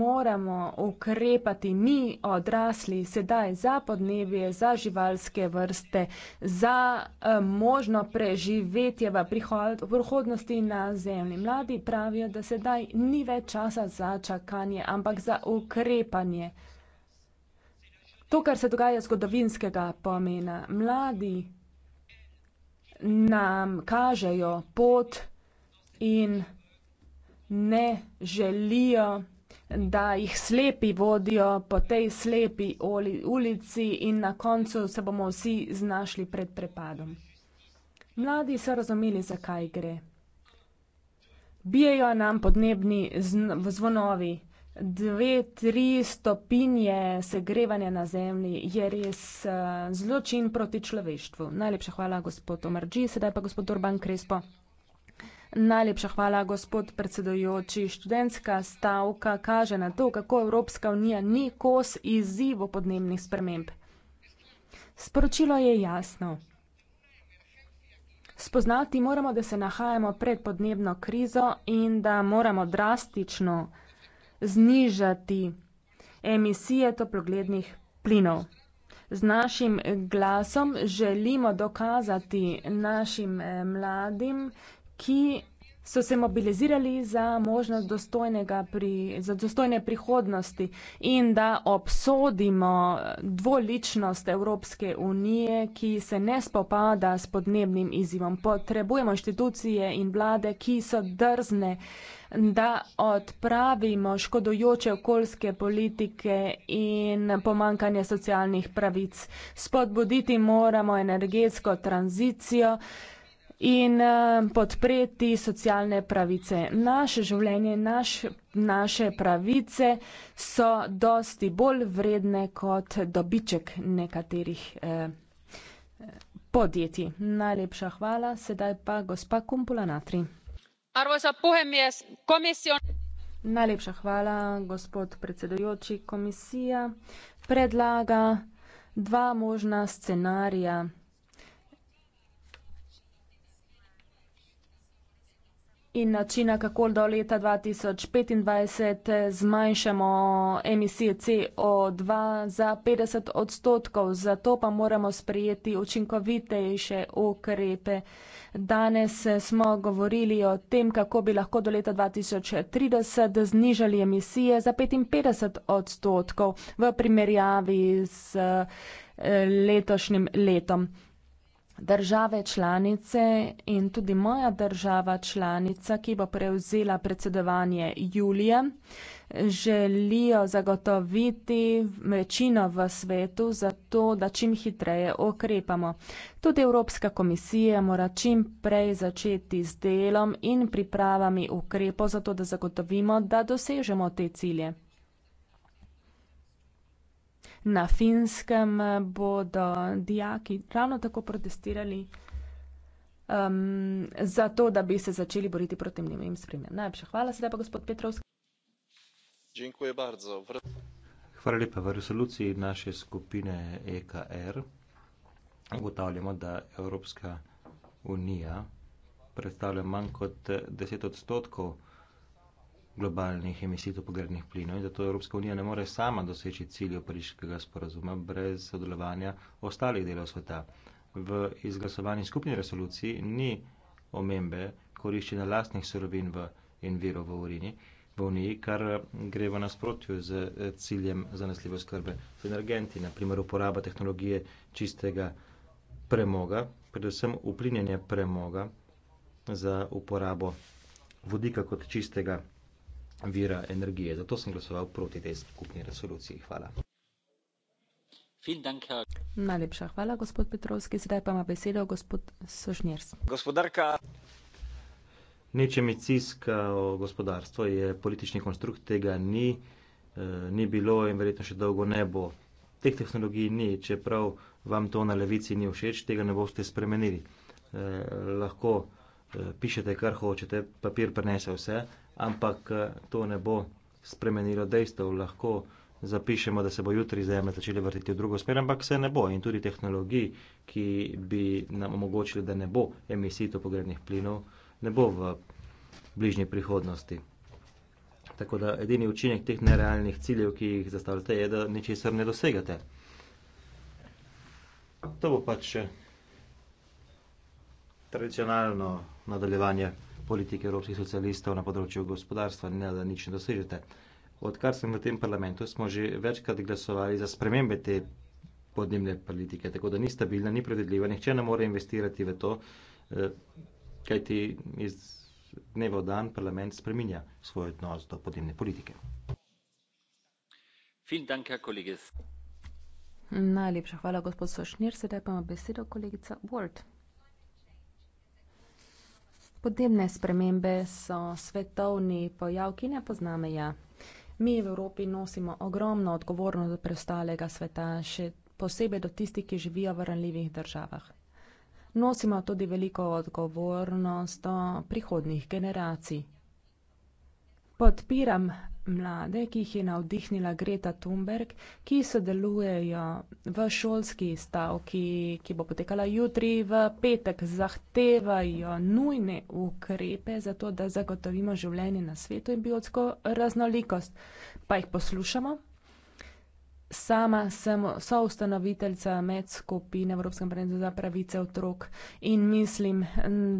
Moramo ukrepati mi, odrasli, sedaj za podnebje, za živalske vrste, za eh, možno preživetje v prihodnosti na zemlji. Mladi pravijo, da sedaj ni več časa za čakanje, ampak za ukrepanje. To, kar se dogaja zgodovinskega pomena, mladi nam kažejo pot in ne želijo, da jih slepi vodijo po tej slepi ulici in na koncu se bomo vsi znašli pred prepadom. Mladi so razumeli, zakaj gre. Bijejo nam podnebni zvonovi dve, tri stopinje segrevanja na zemlji je res uh, zločin proti človeštvu. Najlepša hvala, gospod Omarđi. Sedaj pa gospod Orban Krespo. Najlepša hvala, gospod predsedojoči. Študentska stavka kaže na to, kako Evropska unija ni kos izzivu podnebnih sprememb. Sporočilo je jasno. Spoznati moramo, da se nahajamo pred podnebno krizo in da moramo drastično znižati emisije toplogrednih plinov. Z našim glasom želimo dokazati našim eh, mladim, ki so se mobilizirali za možnost dostojnega pri, za dostojne prihodnosti in da obsodimo eh, dvoličnost Evropske unije, ki se ne spopada s podnebnim izzivom. Potrebujemo inštitucije in vlade, ki so drzne eh, da odpravimo škodojoče okoljske politike in pomankanje socialnih pravic. Spodbuditi moramo energetsko tranzicijo in eh, podpreti socialne pravice. Naše življenje, naš, naše pravice so dosti bolj vredne kot dobiček nekaterih eh, eh podjetij. Najlepša hvala, sedaj pa gospa Kumpula Natri arvoisa puhemies komission. najlepša hvala gospod predsedujoči komisija predlaga dva možna scenarija. in načina, kako do leta 2025 zmanjšamo emisije CO2 za 50 odstotkov. Zato pa moramo sprejeti učinkovitejše ukrepe. Danes smo govorili o tem, kako bi lahko do leta 2030 znižali emisije za 55 odstotkov v primerjavi z eh, letošnjim letom države članice in tudi moja država članica, ki bo prevzela predsedovanje julija, želijo zagotoviti večino v svetu za to, da čim hitreje okrepamo. Tudi Evropska komisija mora čim prej začeti z delom in pripravami ukrepov za to, da zagotovimo, da dosežemo te cilje. Na Finskem eh, bodo dijaki ravno tako protestirali um, ehm, za to, da bi se začeli boriti proti mnemim spremljam. Najlepša hvala, sedaj pa gospod Petrovski. Hvala lepa. V resoluciji naše skupine EKR er ugotavljamo, da Evropska unija predstavlja manj kot 10 odstotkov globalnih emisij toplogrednih plinov in zato Evropska unija ne more sama doseči ciljev pariškega sporazuma brez sodelovanja ostalih delov sveta. V izglasovani skupni resoluciji ni omembe koriščenja lastnih surovin v in virov v urini v uniji, kar gre v nasprotju z eh, ciljem zanesljivo skrbe z energenti, naprimer uporaba tehnologije čistega premoga, predvsem uplinjanje premoga za uporabo vodika kot čistega premoga vira energije. Zato sem glasoval proti tej skupni resoluciji. Hvala. Najlepša hvala, gospod Petrovski. Zdaj pa ima besedo gospod Sožnjers. Gospodarka. Nečem iciska o gospodarstvo je politični konstrukt, tega ni, eh, ni bilo in verjetno še dolgo ne bo. Teh tehnologij ni, čeprav vam to na levici ni všeč, tega ne boste spremenili. Eh, lahko eh, pišete, kar hočete, papir prenese vse, ampak eh, to ne bo spremenilo dejstev. Lahko zapišemo, da se bo jutri zemlja začela vrteti v drugo smer, ampak se ne bo. In tudi tehnologij, ki bi nam omogočili, da ne bo emisij topogrednih plinov, ne bo v bližnji prihodnosti. Tako da edini učinek teh nerealnih ciljev, ki jih zastavljate, je, da ničesar ne dosegate. To bo pač eh, tradicionalno nadaljevanje politike evropskih socialistov na področju gospodarstva, ne da nič ne dosežete. Odkar sem v tem parlamentu, smo že večkrat glasovali za spremembe te podnebne politike, tako da ni stabilna, ni predvidljiva, nihče ne more investirati v to, eh, kaj ti iz dneva v dan parlament spreminja svoj odnos do podnebne politike. Najlepša hvala, gospod Sošnir. Sedaj pa ima besedo kolegica Ward. Podnebne spremembe so svetovni pojav, ki ne pozna meja. Mi v Evropi nosimo ogromno odgovornost do preostalega sveta, še posebej do tistih, ki živijo v ranljivih državah. Nosimo tudi veliko odgovornost do prihodnih generacij podpiram mlade, ki jih je navdihnila Greta Thunberg, ki sodelujejo v šolski stavki, ki bo potekala jutri v petek, zahtevajo nujne ukrepe za to, da zagotovimo življenje na svetu in biotsko raznolikost. Pa jih poslušamo. Sama sem soustanoviteljica med skupine Evropskem prvenstvu za pravice otrok in mislim,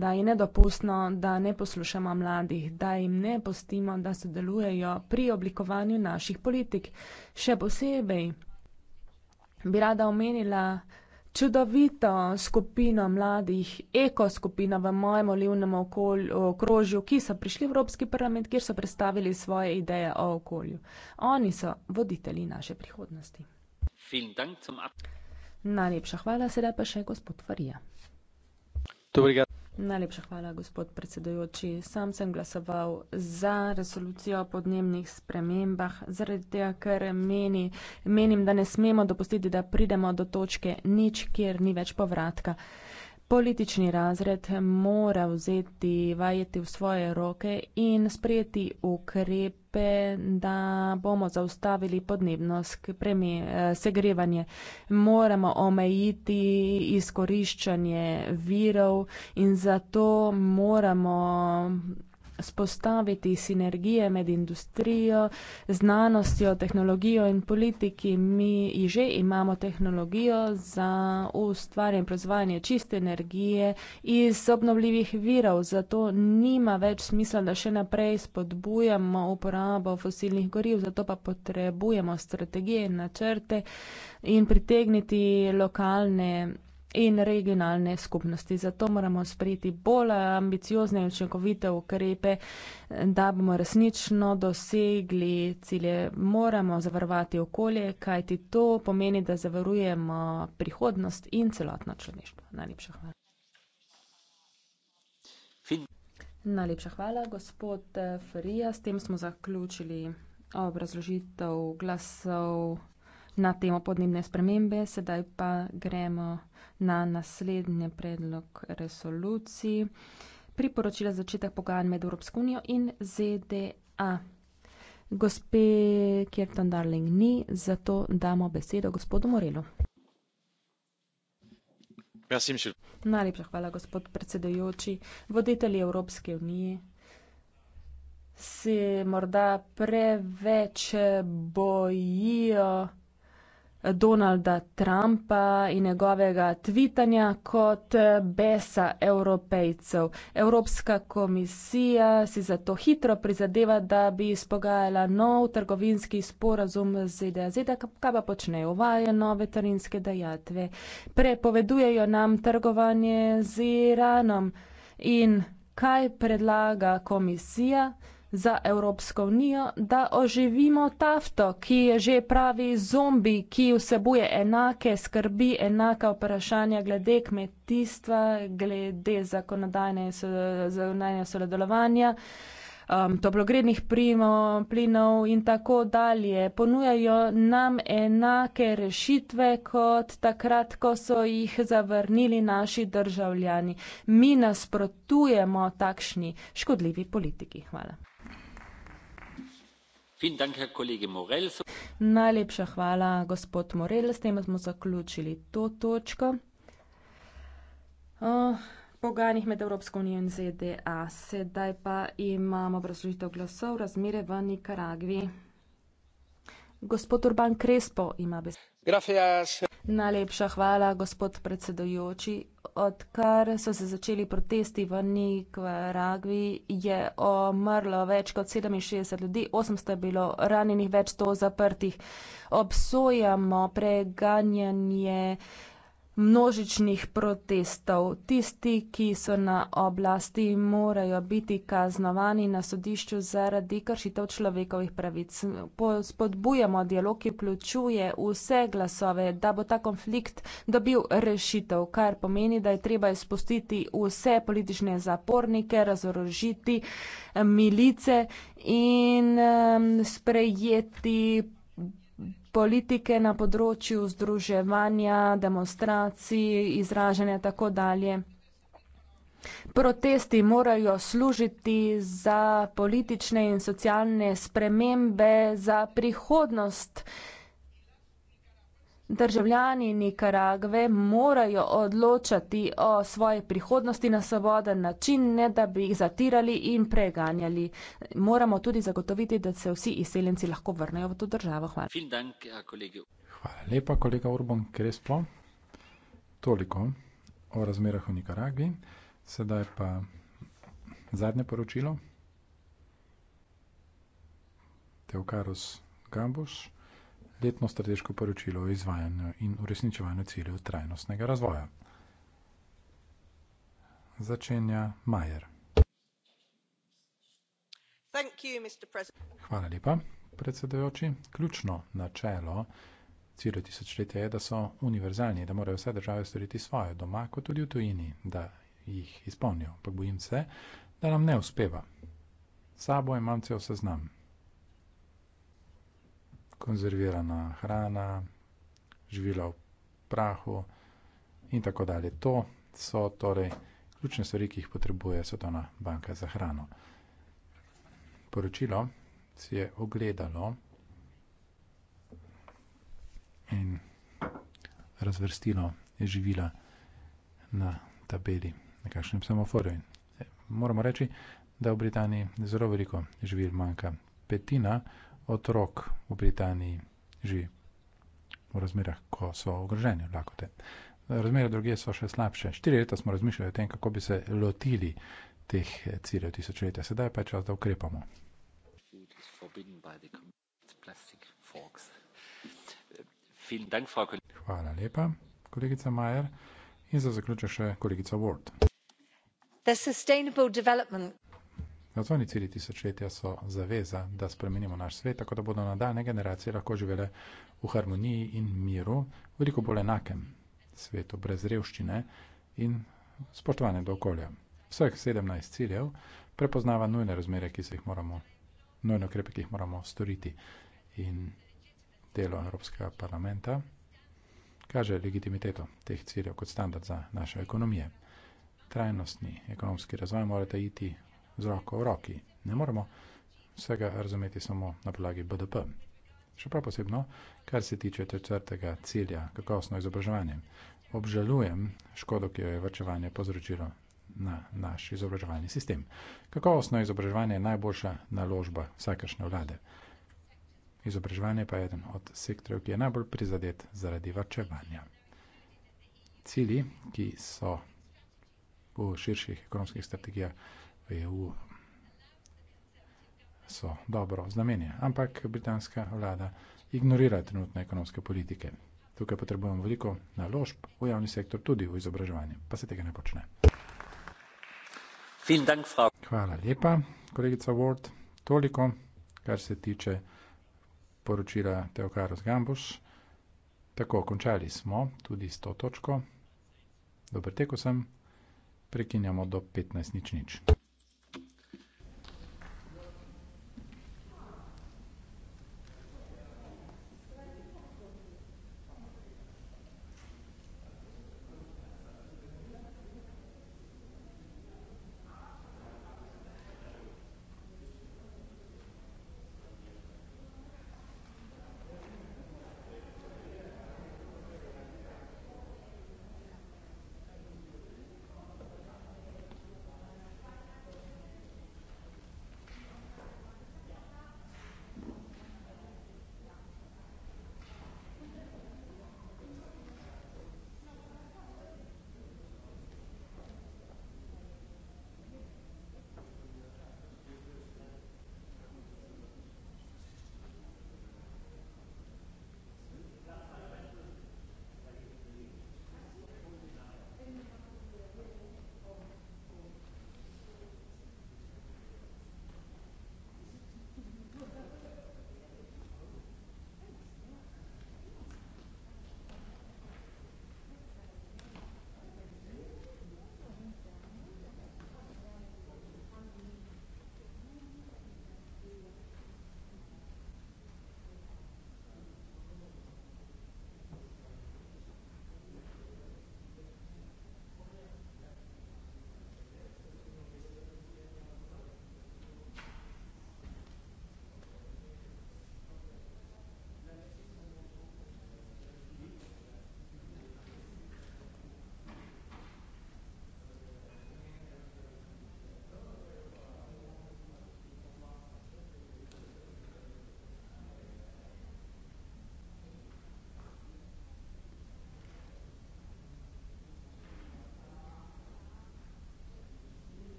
da je nedopustno, da ne poslušamo mladih, da jim ne pustimo, da sodelujejo pri oblikovanju naših politik. Še posebej bi rada omenila čudovita skupina mladih, ekoskupina v mojem olivnem okrožju, ki so prišli v Evropski parlament, kjer so predstavili svoje ideje o okolju. Oni so voditelji naše prihodnosti. Najlepša hvala, sedaj pa še gospod Farija. Dobrega. Najlepša hvala, gospod predsedujoči. Sam sem glasoval za resolucijo o podnebnih spremembah, zaradi tega, ker meni, menim, da ne smemo dopustiti, da pridemo do točke nič, kjer ni več povratka. Politični razred mora vzeti vajeti v svoje roke in sprejeti ukrepe, da bomo zaustavili podnebno eh, segrevanje. Moramo omejiti izkoriščanje virov in zato moramo spostaviti sinergije med industrijo, znanostjo, tehnologijo in politiki. Mi že imamo tehnologijo za ustvarjanje in proizvajanje čiste energije iz obnovljivih virov, zato nima več smisla, da še naprej spodbujamo uporabo fosilnih goriv, zato pa potrebujemo strategije in načrte in pritegniti lokalne in regionalne skupnosti. Zato moramo sprejeti bolj ambiciozne in učinkovite ukrepe, da bomo resnično dosegli cilje. Moramo zavarovati okolje, kajti to pomeni, da zavarujemo prihodnost in celotno človeštvo. Najlepša hvala. Fin. Najlepša hvala, gospod eh, Ferija. S tem smo zaključili obrazložitev glasov na temo podnebne spremembe. Sedaj pa gremo na naslednji predlog resoluciji. Priporočila začetek pogajanj med Evropsko unijo in ZDA. Gospe Kirton Darling ni, zato damo besedo gospodu Morelu. Najlepša hvala, gospod predsedujoči. Voditelji Evropske unije se morda preveč bojijo Donalda Trumpa in njegovega tvitanja kot besa evropejcev. Evropska komisija si zato hitro prizadeva, da bi izpogajala nov trgovinski sporazum z ZDAZ, kaj pa počnejo, uvajajo nove trinske dejatve, prepovedujejo nam trgovanje z Iranom in kaj predlaga komisija? za Evropsko unijo, da oživimo tafto, ki je že pravi zombi, ki vsebuje enake skrbi, enaka vprašanja glede kmetijstva, glede zakonodajne in sodelovanja. Um, toplogrednih plinov in tako dalje. Ponujajo nam enake rešitve kot takrat, ko so jih zavrnili naši državljani. Mi nasprotujemo takšni škodljivi politiki. Hvala. Najlepša hvala, gospod Morel. S tem smo zaključili to točko. Pogajanjih med Evropsko unijo in ZDA. Sedaj pa imamo obrazložitev glasov razmere v Nikaragvi. Gospod Urban Krespo ima besedo. Najlepša hvala, gospod predsedujoči. Odkar so se začeli protesti v Nikaragvi, je omrlo več kot 67 ljudi, 800 je bilo ranjenih, več sto zaprtih. Obsojamo preganjanje množičnih protestov. Tisti, ki so na oblasti, morajo biti kaznovani na sodišču zaradi kršitev človekovih pravic. Spodbujamo dialog, ki vključuje vse glasove, da bo ta konflikt dobil rešitev, kar pomeni, da je treba izpustiti vse politične zapornike, razorožiti milice in sprejeti politike na področju združevanja, demonstracij, izražanja tako dalje. Protesti morajo služiti za politične in socialne spremembe, za prihodnost, uh, Državljani Nikaragve morajo odločati o svoji prihodnosti na svoboden način, ne da bi jih zatirali in preganjali. Moramo tudi zagotoviti, da se vsi izseljenci lahko vrnejo v to državo. Hvala. Dank, Hvala lepa, kolega Urban Krespo. Toliko o razmerah v Nikaragvi. Sedaj pa zadnje poročilo. Teokarus Gambus letno strateško poročilo o izvajanju in uresničevanju ciljev trajnostnega razvoja. Začenja Majer. Hvala lepa, predsedujoči. Ključno načelo cilja tisočletja je, da so univerzalni, da morajo vse države storiti svoje, doma kot tudi v tujini, da jih izpolnijo. Pa bojim se, da nam ne uspeva. Sabo imam cel seznam konzervirana hrana, živila v prahu in tako dalje. To so torej ključne stvari, ki jih potrebuje Svetovna banka za hrano. Poročilo si je ogledalo in razvrstilo živila na tabeli, na kakšnem semaforju. Eh, moramo reči, da v Britaniji zelo veliko živil manjka. Petina otrok v Britaniji že v razmerah, ko so ogroženi v lakote. Razmere druge so še slabše. Štiri leta smo razmišljali o tem, kako bi se lotili teh ciljev tisočletja. Sedaj pa je čas, da ukrepamo. Hvala lepa, kolegica Majer. In za zaključek še kolegica Ward. Razvojni cilji tisočletja so zaveza, da spremenimo naš svet, tako da bodo nadaljne generacije lahko živele v harmoniji in miru, veliko bolj enakem svetu, brez revščine in spoštovanjem do okolja. Vseh 17 ciljev prepoznava nujne razmere, ki se jih moramo, nujne ukrepe, ki jih moramo storiti in delo Evropskega parlamenta kaže legitimiteto teh ciljev kot standard za naše ekonomije. Trajnostni ekonomski razvoj morate iti z roko v roki. Ne moremo vsega razumeti samo na podlagi BDP. Še prav posebno, kar se tiče četrtega cilja, kakovostno izobraževanje. Obžalujem škodo, ki jo je vrčevanje povzročilo na naš izobraževalni sistem. Kakovostno izobraževanje je najboljša naložba vsakršne vlade. Izobraževanje pa je eden od sektorjev, ki je najbolj prizadet zaradi vrčevanja. Cili, ki so v širših ekonomskih strategijah EU. So dobro znamenje, ampak britanska vlada ignorira trenutne ekonomske politike. Tukaj potrebujemo veliko naložb v javni sektor, tudi v izobraževanje, pa se tega ne počne. Hvala lepa, kolegica Ward. Toliko, kar se tiče poročila Teokaros Gambus. Tako, končali smo tudi s to točko. Dober tek vsem, prekinjamo do 15.00.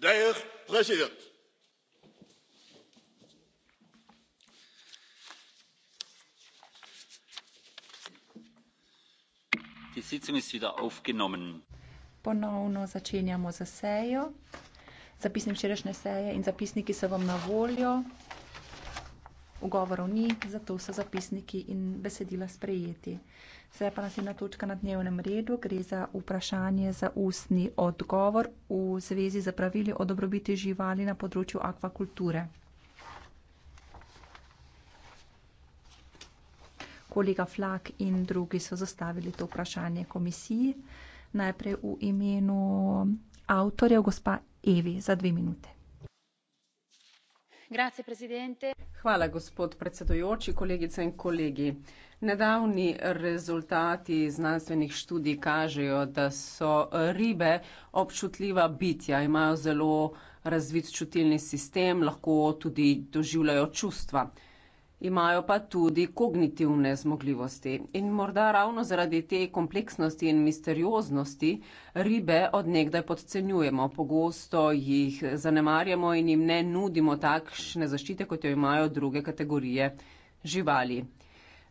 d'ailleurs president ponovno začenjamo z sejo zapisnik včerajšnje seje in zapisniki so vam na voljo ugovorov ni zato so zapisniki in besedila sprejeti Vse pa naslednja točka na dnevnem redu gre za vprašanje za ustni odgovor v zvezi z pravili o dobrobiti živali na področju akvakulture. Kolega Flak in drugi so zastavili to vprašanje komisiji. Najprej v imenu avtorjev, gospa Evi, za dve minute. Grazie, presidente. Hvala, gospod predsedujoči, kolegice in kolegi. Nedavni rezultati znanstvenih študij kažejo, da so ribe občutljiva bitja, imajo zelo razvit čutilni sistem, lahko tudi doživljajo čustva. Imajo pa tudi kognitivne zmogljivosti in morda ravno zaradi te kompleksnosti in misterioznosti ribe odnegdaj podcenjujemo, pogosto jih zanemarjamo in jim ne nudimo takšne zaščite, kot jo imajo druge kategorije živali.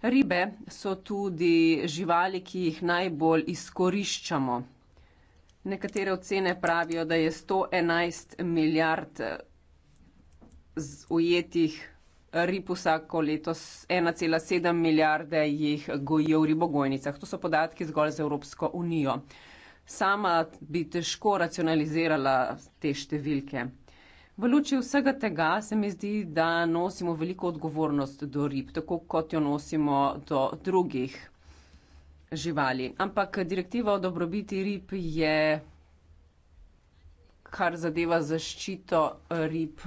Ribe so tudi živali, ki jih najbolj izkoriščamo. Nekatere ocene pravijo, da je 111 milijard ujetih rib vsako leto 1,7 milijarde jih gojijo v ribogojnicah. To so podatki zgolj za Evropsko unijo. Sama bi težko racionalizirala te številke. V luči vsega tega se mi zdi, da nosimo veliko odgovornost do rib, tako kot jo nosimo do drugih živali. Ampak direktiva o dobrobiti rib je, kar zadeva zaščito rib,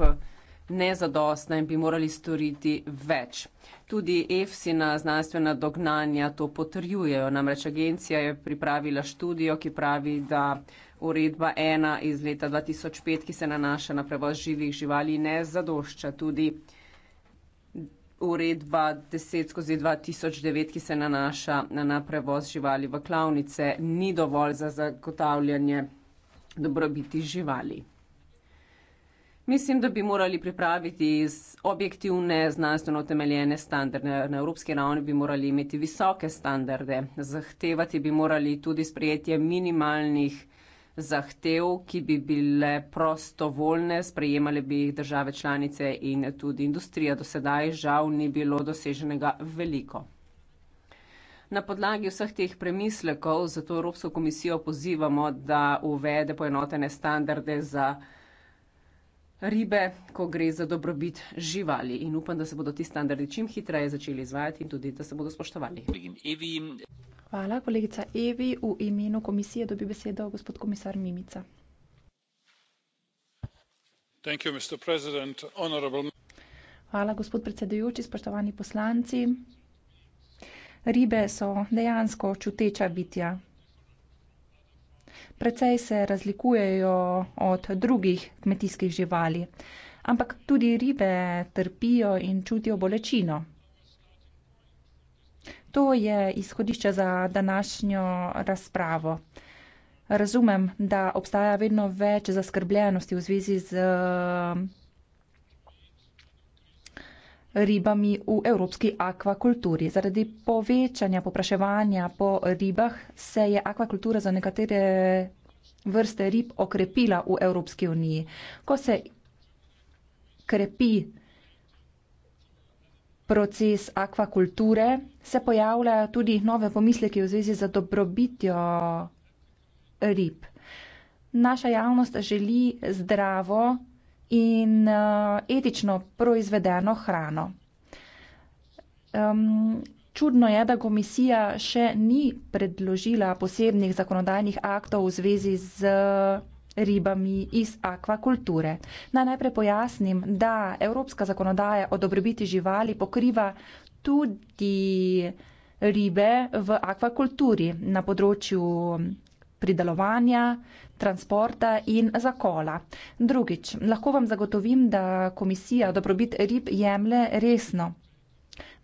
nezadostna in bi morali storiti več. Tudi EFSINA znanstvena dognanja to potrjujejo. Namreč agencija je pripravila študijo, ki pravi, da uredba 1 iz leta 2005, ki se nanaša na prevoz živih živali, ne zadošča. Tudi uredba 10 skozi 2009, ki se nanaša na prevoz živali v klavnice, ni dovolj za zagotavljanje dobrobiti živali. Mislim, da bi morali pripraviti objektivne, znanstveno utemeljene standarde. Na evropski ravni bi morali imeti visoke standarde. Zahtevati bi morali tudi sprejetje minimalnih zahtev, ki bi bile prostovoljne, sprejemali bi jih države članice in tudi industrija. Do sedaj žal ni bilo doseženega veliko. Na podlagi vseh teh premislekov zato Evropsko komisijo pozivamo, da uvede poenotene standarde za ribe, ko gre za dobrobit živali. In upam, da se bodo ti standardi čim hitreje začeli izvajati in tudi, da se bodo spoštovali. Hvala, kolegica Evi. V imenu komisije dobi besedo gospod komisar Mimica. Hvala, gospod predsedujoči, spoštovani poslanci. Ribe so dejansko čuteča bitja, precej se razlikujejo od drugih kmetijskih živali. Ampak tudi ribe trpijo in čutijo bolečino. To je izhodišče za današnjo razpravo. Razumem, da obstaja vedno več zaskrbljenosti v zvezi z ribami v evropski akvakulturi. Zaradi povečanja popraševanja po ribah se je akvakultura za nekatere vrste rib okrepila v Evropski uniji. Ko se krepi proces akvakulture, se pojavljajo tudi nove pomisleke v zvezi z dobrobitjo rib. Naša javnost želi zdravo in uh, etično proizvedeno hrano. Um, čudno je, da komisija še ni predložila posebnih zakonodajnih aktov v zvezi z eh, ribami iz akvakulture. Naj najprej pojasnim, da evropska zakonodaja o dobrobiti živali pokriva tudi ribe v akvakulturi na področju pridelovanja, transporta in zakola. Drugič, lahko vam zagotovim, da komisija dobrobit rib jemlje resno.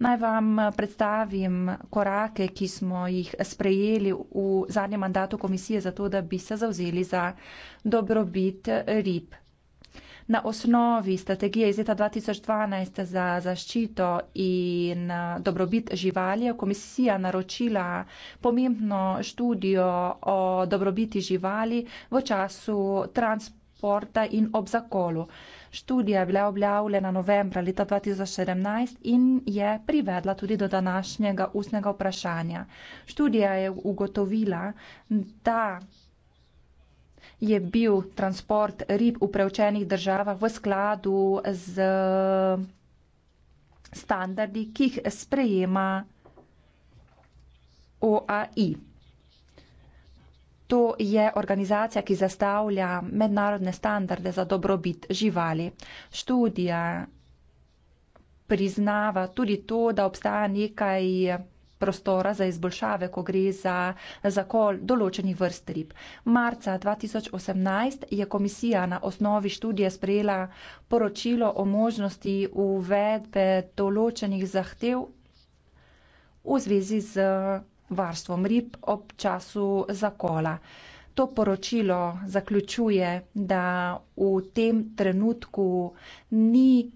Naj vam predstavim korake, ki smo jih sprejeli v zadnjem mandatu komisije za to, da bi se zauzeli za dobrobit rib na osnovi strategije iz leta 2012 za zaščito in eh, dobrobit živali je komisija naročila pomembno študijo o dobrobiti živali v času transporta in ob zakolu. Študija je bila objavljena novembra leta 2017 in je privedla tudi do današnjega ustnega vprašanja. Študija je ugotovila, da je bil transport rib v preučenih državah v skladu z standardi, ki jih sprejema OAI. To je organizacija, ki zastavlja mednarodne standarde za dobrobit živali. Študija priznava tudi to, da obstaja nekaj prostora za izboljšave, ko gre za zakol določenih vrst rib. Marca 2018 je komisija na osnovi študije sprejela poročilo o možnosti uvedbe določenih zahtev v zvezi z varstvom rib ob času zakola. To poročilo zaključuje, da v tem trenutku ni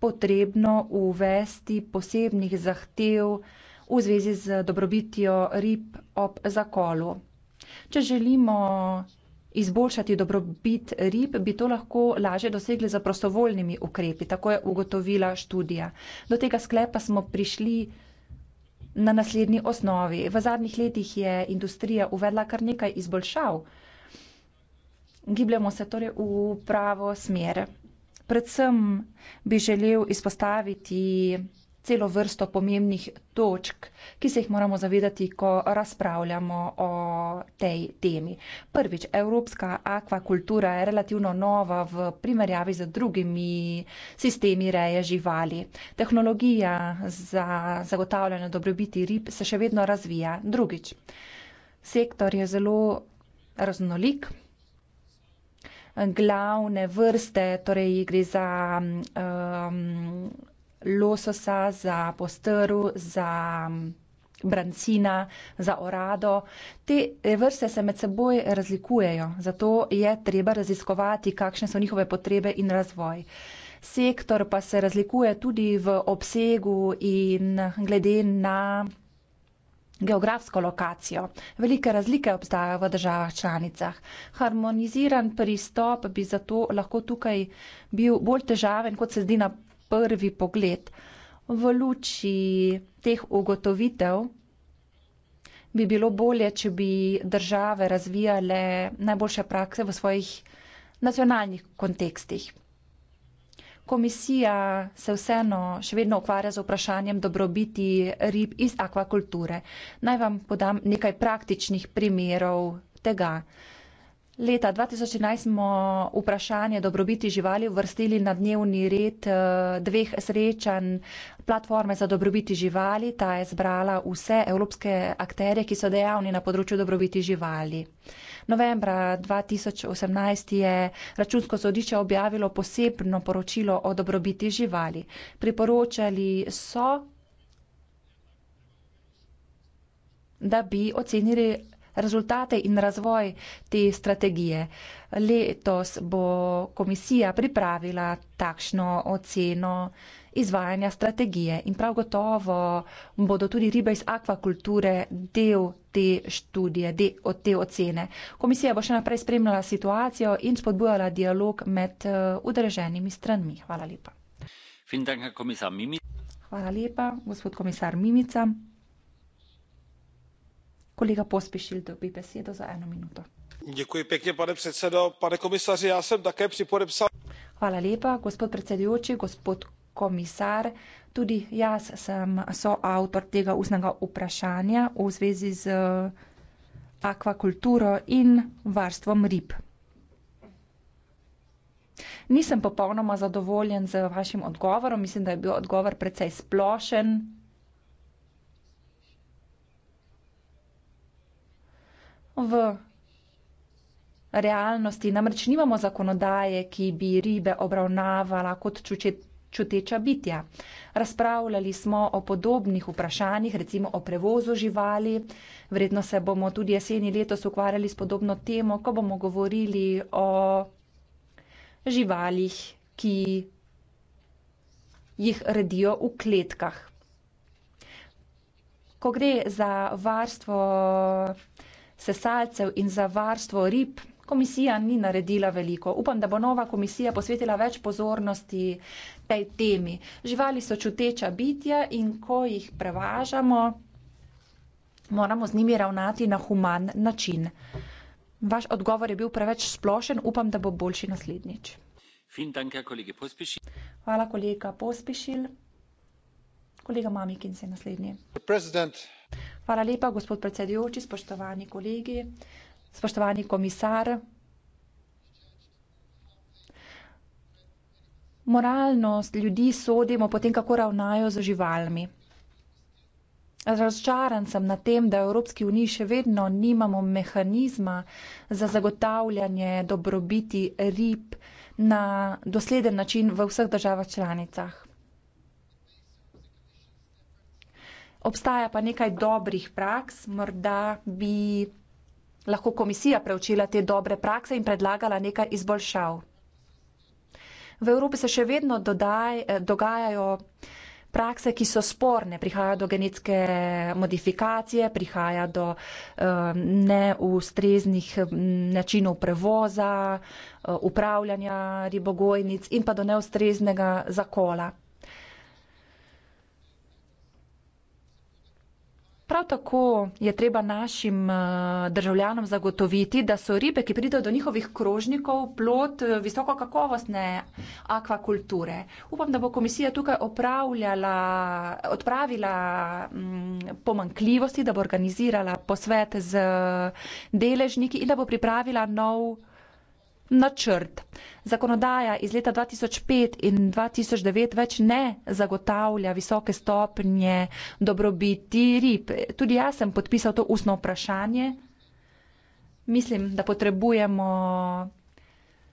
potrebno uvesti posebnih zahtev, v zvezi z dobrobitjo rib ob zakolu. Če želimo izboljšati dobrobit rib, bi to lahko lažje dosegli za prostovoljnimi ukrepi, tako je ugotovila študija. Do tega sklepa smo prišli na naslednji osnovi. V zadnjih letih je industrija uvedla kar nekaj izboljšav. Gibljamo se torej v pravo smer. Predvsem bi želel izpostaviti celo vrsto pomembnih točk, ki se jih moramo zavedati, ko razpravljamo o tej temi. Prvič, evropska akvakultura je relativno nova v primerjavi z drugimi sistemi reje živali. Tehnologija za zagotavljanje dobrobiti rib se še vedno razvija. Drugič, sektor je zelo raznolik. Glavne vrste, torej gre za um, lososa, za postrv, za mm, brancina, za orado. Te vrste se med seboj razlikujejo, zato je treba raziskovati, kakšne so njihove potrebe in razvoj. Sektor pa se razlikuje tudi v obsegu in glede na geografsko lokacijo. Velike razlike obstajajo v državah članicah. Harmoniziran pristop bi zato lahko tukaj bil bolj težaven, kot se zdi na prvi pogled. V luči teh ugotovitev bi bilo bolje, če bi države razvijale najboljše prakse v svojih nacionalnih kontekstih. Komisija se vseeno še vedno ukvarja z vprašanjem dobrobiti rib iz akvakulture. Naj vam podam nekaj praktičnih primerov tega. Leta 2011 smo vprašanje dobrobiti živali uvrstili na dnevni red eh, dveh srečanj platforme za dobrobiti živali. Ta je zbrala vse evropske akterje, ki so dejavni na področju dobrobiti živali. Novembra 2018 je računsko sodišče objavilo posebno poročilo o dobrobiti živali. Priporočali so, da bi ocenili rezultate in razvoj te strategije. Letos bo komisija pripravila takšno oceno izvajanja strategije in prav gotovo bodo tudi ribe iz akvakulture del te študije, od te ocene. Komisija bo še naprej spremljala situacijo in spodbujala dialog med eh, udeleženimi stranmi. Hvala lepa. Hvala lepa, gospod komisar Mimica kolega pospíšil dobí besedo za eno minuto. Děkuji pěkně, pane předsedo. Pane komisaři, já jsem také připodepsal... Hvala lepa, gospod predsedujoči, gospod komisar. Tudi jaz sem soavtor tega usnega vprašanja v zvezi z akvakulturo in varstvom rib. Nisem popolnoma zadovoljen z vašim odgovorom, mislim, da je bil odgovor precej splošen, v realnosti. Namreč nimamo zakonodaje, ki bi ribe obravnavala kot čuteča bitja. Razpravljali smo o podobnih vprašanjih, recimo o prevozu živali. Vredno se bomo tudi jeseni letos ukvarjali s podobno temo, ko bomo govorili o živalih, ki jih redijo v kletkah. Ko gre za varstvo sesalcev in za varstvo rib. Komisija ni naredila veliko. Upam, da bo nova komisija posvetila več pozornosti tej temi. Živali so čuteča bitja in ko jih prevažamo, moramo z njimi ravnati na human način. Vaš odgovor je bil preveč splošen, upam, da bo boljši naslednjič. Danke, kolege Hvala, kolega Pospišil. Kolega Mamikin se je naslednji. Hvala lepa, gospod predsedujoči, spoštovani kolegi, spoštovani komisar. Moralnost ljudi sodimo po tem, kako ravnajo z živalmi. Razočaran sem nad tem, da v Evropski uniji še vedno nimamo mehanizma za zagotavljanje dobrobiti rib na dosleden način v vseh državah članicah. Obstaja pa nekaj dobrih praks, morda bi lahko komisija preučila te dobre prakse in predlagala nekaj izboljšav. V Evropi se še vedno dodaj, eh, dogajajo prakse, ki so sporne, prihaja do genetske modifikacije, prihaja do eh, neustreznih načinov prevoza, eh, upravljanja ribogojnic in pa do neustreznega zakola. Prav tako je treba našim eh, državljanom zagotoviti, da so ribe, ki pridejo do njihovih krožnikov, plot eh, visoko kakovostne akvakulture. Upam, da bo komisija tukaj odpravila mm, pomankljivosti, da bo organizirala posvete z eh, deležniki in da bo pripravila nov načrt. Zakonodaja iz leta 2005 in 2009 več ne zagotavlja visoke stopnje dobrobiti rib. Tudi jaz sem podpisal to ustno vprašanje. Mislim, da potrebujemo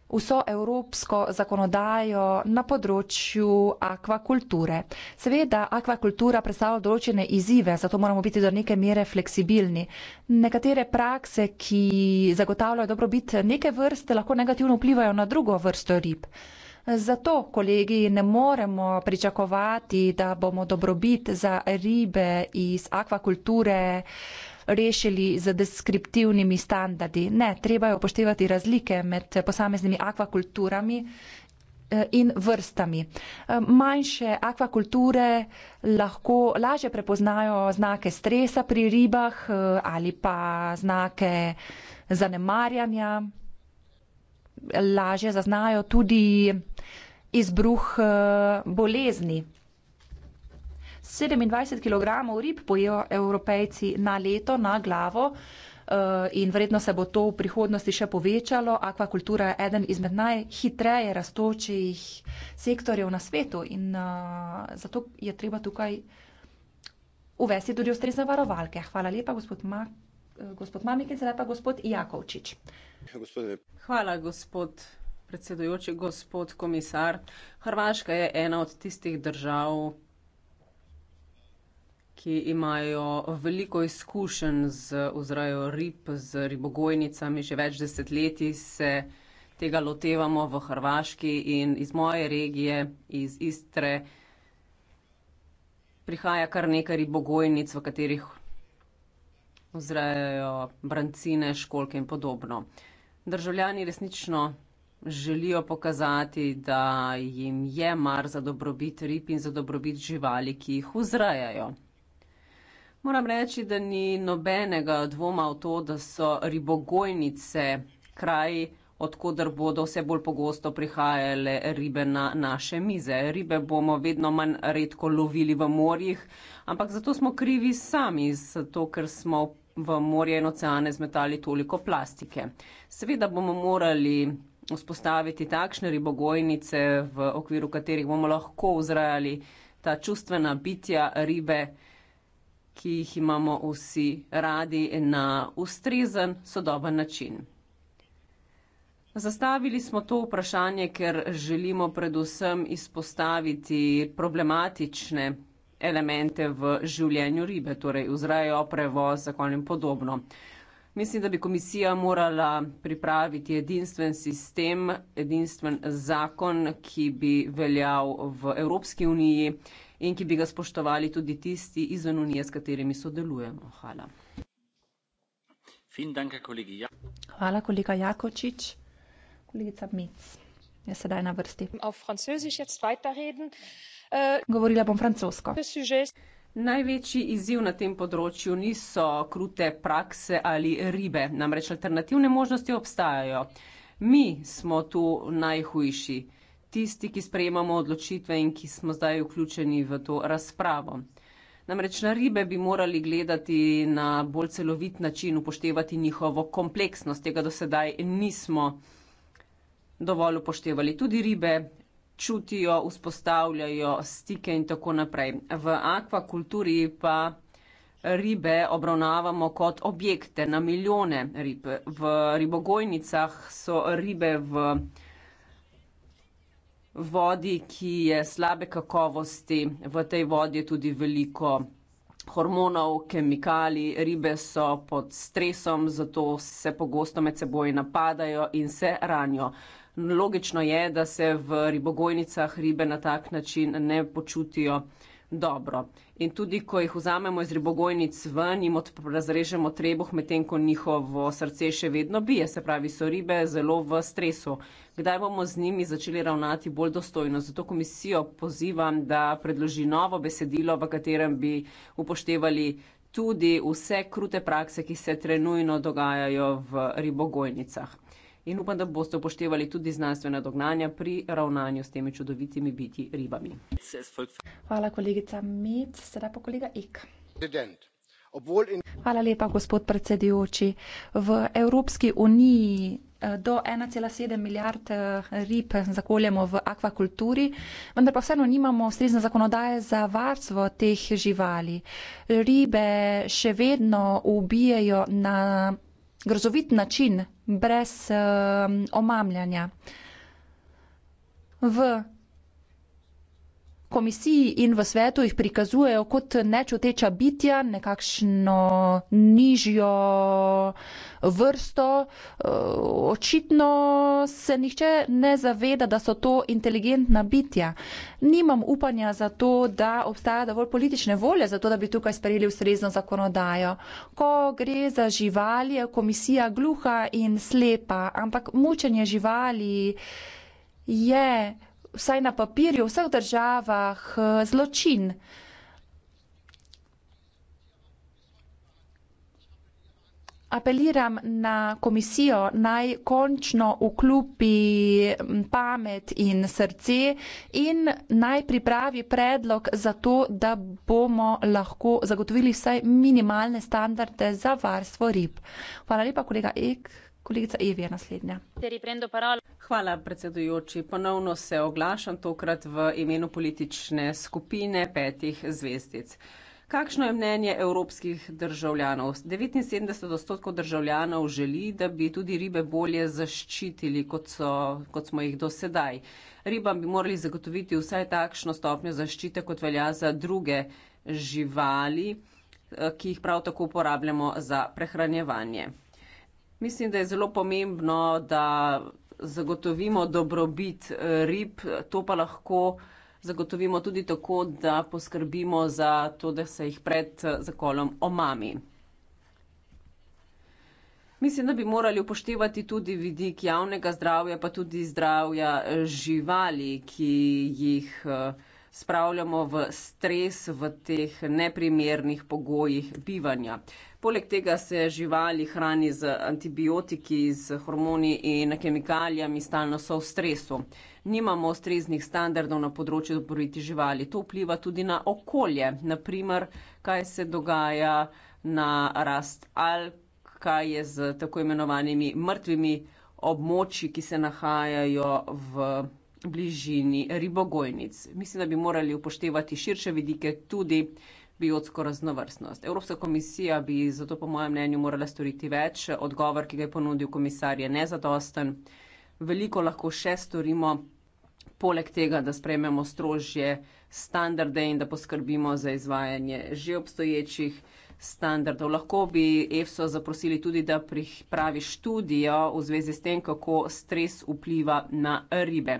vso evropsko zakonodajo na področju akvakulture. Seveda, akvakultura predstavlja določene izzive, zato moramo biti do neke mere fleksibilni. Nekatere prakse, ki zagotavljajo dobrobit neke vrste, lahko negativno vplivajo na drugo vrsto rib. Zato, kolegi, ne moremo pričakovati, da bomo dobrobit za ribe iz akvakulture eh, rešili z deskriptivnimi standardi. Ne, treba je upoštevati razlike med posameznimi akvakulturami eh, in vrstami. Eh, manjše akvakulture lahko laže prepoznajo znake stresa pri ribah eh, ali pa znake zanemarjanja. Laže zaznajo tudi izbruh bolezni 27 kg rib pojejo evropejci na leto, na glavo. Eh, in vredno se bo to v prihodnosti še povečalo. Akvakultura je eden izmed najhitreje raztočih sektorjev na svetu, in uh, zato je treba tukaj uvesti tudi ustrezne varovalke. Hvala lepa, gospod, Ma, eh, gospod Mamik, in zdaj pa gospod Jakovčič. Hvala, gospod predsedujoči, gospod komisar. Hrvaška je ena od tistih držav, ki imajo veliko izkušenj z vzrajo rib, z ribogojnicami, že več desetletij se tega lotevamo v Hrvaški in iz moje regije, iz Istre, prihaja kar nekaj ribogojnic, v katerih vzrejajo brancine, školjke in podobno. Državljani resnično želijo pokazati, da jim je mar za dobrobit rib in za dobrobit živali, ki jih vzrejajo. Moram reči, da ni nobenega dvoma v to, da so ribogojnice kraj, odkudar bodo vse bolj pogosto prihajale ribe na naše mize. Ribe bomo vedno manj redko lovili v morjih, ampak zato smo krivi sami, zato ker smo v morje in oceane zmetali toliko plastike. Seveda bomo morali vzpostaviti takšne ribogojnice, v okviru katerih bomo lahko vzrajali ta čustvena bitja ribe ki jih imamo vsi radi na ustrezen, sodoben način. Zastavili smo to vprašanje, ker želimo predvsem izpostaviti problematične elemente v življenju ribe, torej vzrajo, prevoz, zakon in podobno. Mislim, da bi komisija morala pripraviti edinstven sistem, edinstven zakon, ki bi veljal v Evropski uniji in ki bi ga spoštovali tudi tisti izven Unije, s katerimi sodelujemo. Hvala. Ja- Hvala, kolega Jakočič. Kolegica Mec je sedaj na vrsti. Äh, Govorila bom francosko. Največji izziv na tem področju niso krute prakse ali ribe, namreč alternativne možnosti obstajajo. Mi smo tu najhujši tisti, ki sprejemamo odločitve in ki smo zdaj vključeni v to razpravo. Namreč na ribe bi morali gledati na bolj celovit način, upoštevati njihovo kompleksnost. Tega do sedaj nismo dovolj upoštevali. Tudi ribe čutijo, vzpostavljajo stike in tako naprej. V akvakulturi pa ribe obravnavamo kot objekte na milijone rib. V ribogojnicah so ribe v vodi, ki je slabe kakovosti, v tej vodi je tudi veliko hormonov, kemikalij, ribe so pod stresom, zato se pogosto med seboj napadajo in se ranijo. Logično je, da se v ribogojnicah ribe na tak način ne počutijo dobro. In tudi, ko jih vzamemo iz ribogojnic ven, jim razrežemo trebuh, medtem ko njihovo srce še vedno bije, se pravi, so ribe zelo v stresu. Kdaj bomo z njimi začeli ravnati bolj dostojno? Zato komisijo pozivam, da predloži novo besedilo, v katerem bi upoštevali tudi vse krute prakse, ki se trenujno dogajajo v ribogojnicah in upam, da boste upoštevali tudi znanstvena dognanja pri ravnanju s temi čudovitimi biti ribami. Hvala, kolegica Med, sedaj pa kolega Ek. Hvala lepa, gospod predsedujoči. V Evropski uniji eh, do 1,7 milijard eh, rib zakoljemo v akvakulturi, vendar pa vseeno nimamo strezne zakonodaje za varstvo teh živali. Ribe še vedno ubijejo na grozovit način, brez uh, omamljanja. V komisiji in v svetu jih prikazujejo kot nečuteča bitja, nekakšno nižjo vrsto. Eh, očitno se nihče ne zaveda, da so to inteligentna bitja. Nimam upanja za to, da obstaja dovolj politične volje za to, da bi tukaj sprejeli ustrezno zakonodajo. Ko gre za živali, je komisija gluha in slepa, ampak mučenje živali je vsaj na papirju, v vseh državah eh, zločin. Apeliram na komisijo, naj končno vklopi pamet in srce in naj pripravi predlog za to, da bomo lahko zagotovili vsaj minimalne standarde za varstvo rib. Hvala lepa, kolega Ek. Kolegica Evi je naslednja. Hvala, predsedujoči. Ponovno se oglašam tokrat v imenu politične skupine petih zvezdic. Kakšno je mnenje evropskih državljanov? 79 odstotkov državljanov želi, da bi tudi ribe bolje zaščitili, kot, so, kot smo jih dosedaj. Ribam bi morali zagotoviti vsaj takšno stopnjo zaščite, kot velja za druge živali, ki jih prav tako uporabljamo za prehranjevanje. Mislim, da je zelo pomembno, da zagotovimo dobrobit eh, rib. To pa lahko zagotovimo tudi tako, da poskrbimo za to, da se jih pred eh, zakolom omami. Mislim, da bi morali upoštevati tudi vidik javnega zdravja, pa tudi zdravja eh, živali, ki jih spravljamo v stres v teh neprimernih pogojih bivanja. Poleg tega se živali hrani z antibiotiki, z hormoni in kemikalijami, stalno so v stresu. Nimamo ustreznih standardov na področju dobroviti živali. To vpliva tudi na okolje. Naprimer, kaj se dogaja na rast al, kaj je z tako imenovanimi mrtvimi območji, ki se nahajajo v bližini ribogojnic. Mislim, da bi morali upoštevati širše vidike tudi biotsko raznovrstnost. Evropska komisija bi zato, po mojem mnenju, morala storiti več. Odgovor, ki ga je ponudil komisar, je nezadosten. Veliko lahko še storimo, poleg tega, da sprejmemo strožje standarde in da poskrbimo za izvajanje že obstoječih standardov. Lahko bi EFSO zaprosili tudi, da pripravi študijo v zvezi s tem, kako stres vpliva na ribe.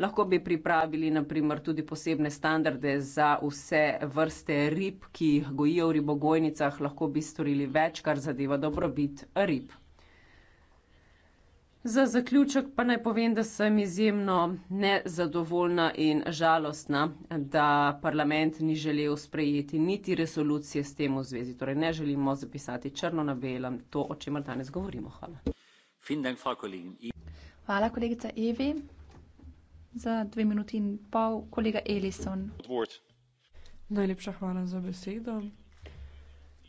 Lahko bi pripravili naprimer tudi posebne standarde za vse vrste rib, ki jih gojijo v ribogojnicah. Lahko bi storili več, kar zadeva dobrobit rib. Za zaključek pa naj povem, da sem izjemno nezadovoljna in žalostna, da parlament ni želel sprejeti niti resolucije s tem v zvezi. Torej ne želimo zapisati črno na belem to, o čemer danes govorimo. Hvala. Hvala, kolegica Evi. Za dve minuti in pol kolega Elison. Najlepša hvala za besedo.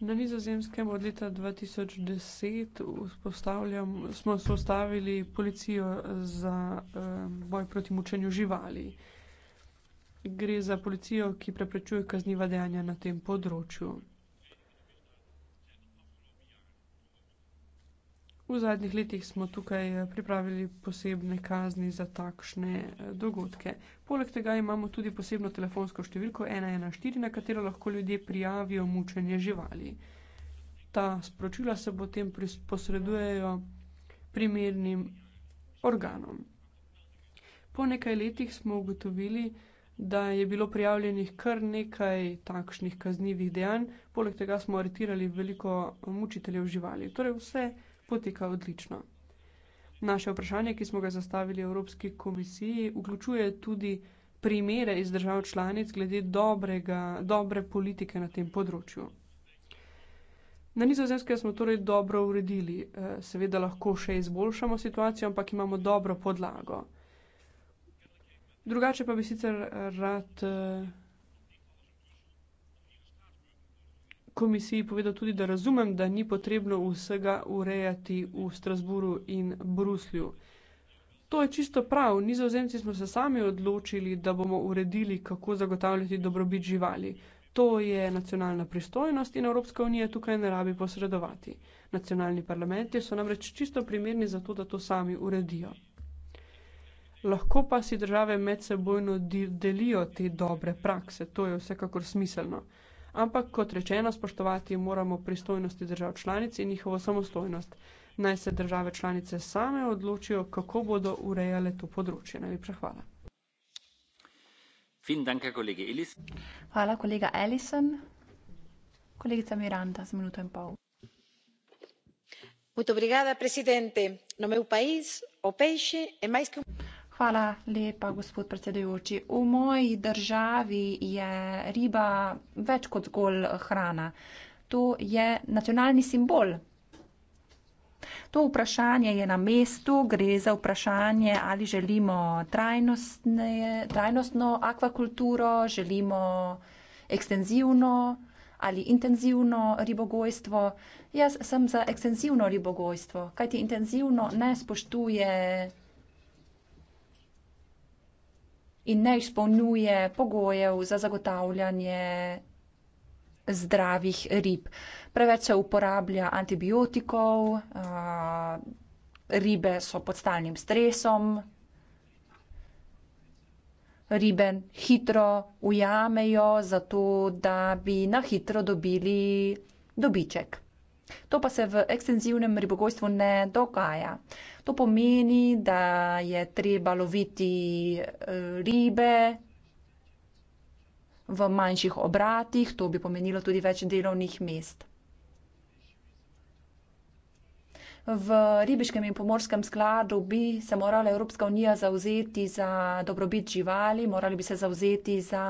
Na nizozemskem od leta 2010 smo se ustavili policijo za um, boj proti mučenju živali. Gre za policijo, ki preprečuje kazniva dejanja na tem področju. V zadnjih letih smo tukaj eh, pripravili posebne kazni za takšne eh, dogodke. Poleg tega imamo tudi posebno telefonsko številko 114, na katero lahko ljudje prijavijo mučenje živali. Ta sporočila se potem posredujejo primernim organom. Po nekaj letih smo ugotovili, da je bilo prijavljenih kar nekaj takšnih kaznjivih dejanj, poleg tega smo aretirali veliko eh, mučiteljev živali. Torej vse, poteka odlično. Naše vprašanje, ki smo ga zastavili Evropski komisiji, vključuje tudi primere iz držav članic glede dobrega, dobre politike na tem področju. Na nizozemske smo torej dobro uredili, e, seveda lahko še izboljšamo situacijo, ampak imamo dobro podlago. Drugače pa bi sicer rad. Uh, komisiji povedal tudi, da razumem, da ni potrebno vsega urejati v Strasburu in Bruslju. To je čisto prav, nizozemci smo se sami odločili, da bomo uredili, kako zagotavljati dobrobit živali. To je nacionalna pristojnost in Evropska unija tukaj ne rabi posredovati. Nacionalni parlamenti so namreč čisto primerni za to, da to sami uredijo. Lahko pa si države medsebojno delijo te dobre prakse, to je vsekakor smiselno. Ampak, kot rečeno, spoštovati moramo pristojnosti držav članic in njihovo samostojnost. Naj se države članice same odločijo, kako bodo urejale to področje. Najlepša hvala. Danke, hvala, kolega Ellison. Kolegica Miranda, z minuto in pol. Muito obrigada, presidente. No meu país, o peixe é mais que um. Hvala lepa, gospod predsedujoči. V moji državi je riba več kot zgolj hrana. To je nacionalni simbol. To vprašanje je na mestu, gre za vprašanje, ali želimo trajnostno akvakulturo, želimo ekstenzivno ali intenzivno ribogojstvo. Jaz sem za ekstenzivno ribogojstvo, kajti intenzivno ne spoštuje in ne izpolnjuje pogojev za zagotavljanje zdravih rib. Preveč se uporablja antibiotikov, ribe so pod stalnim stresom, ribe hitro ujamejo, zato da bi na hitro dobili dobiček. To pa se v ekstenzivnem ribogojstvu ne dogaja. To pomeni, da je treba loviti eh, ribe v manjših obratih, to bi pomenilo tudi več delovnih mest. V ribiškem in pomorskem skladu bi se morala Evropska unija zauzeti za dobrobit živali, morali bi se zauzeti za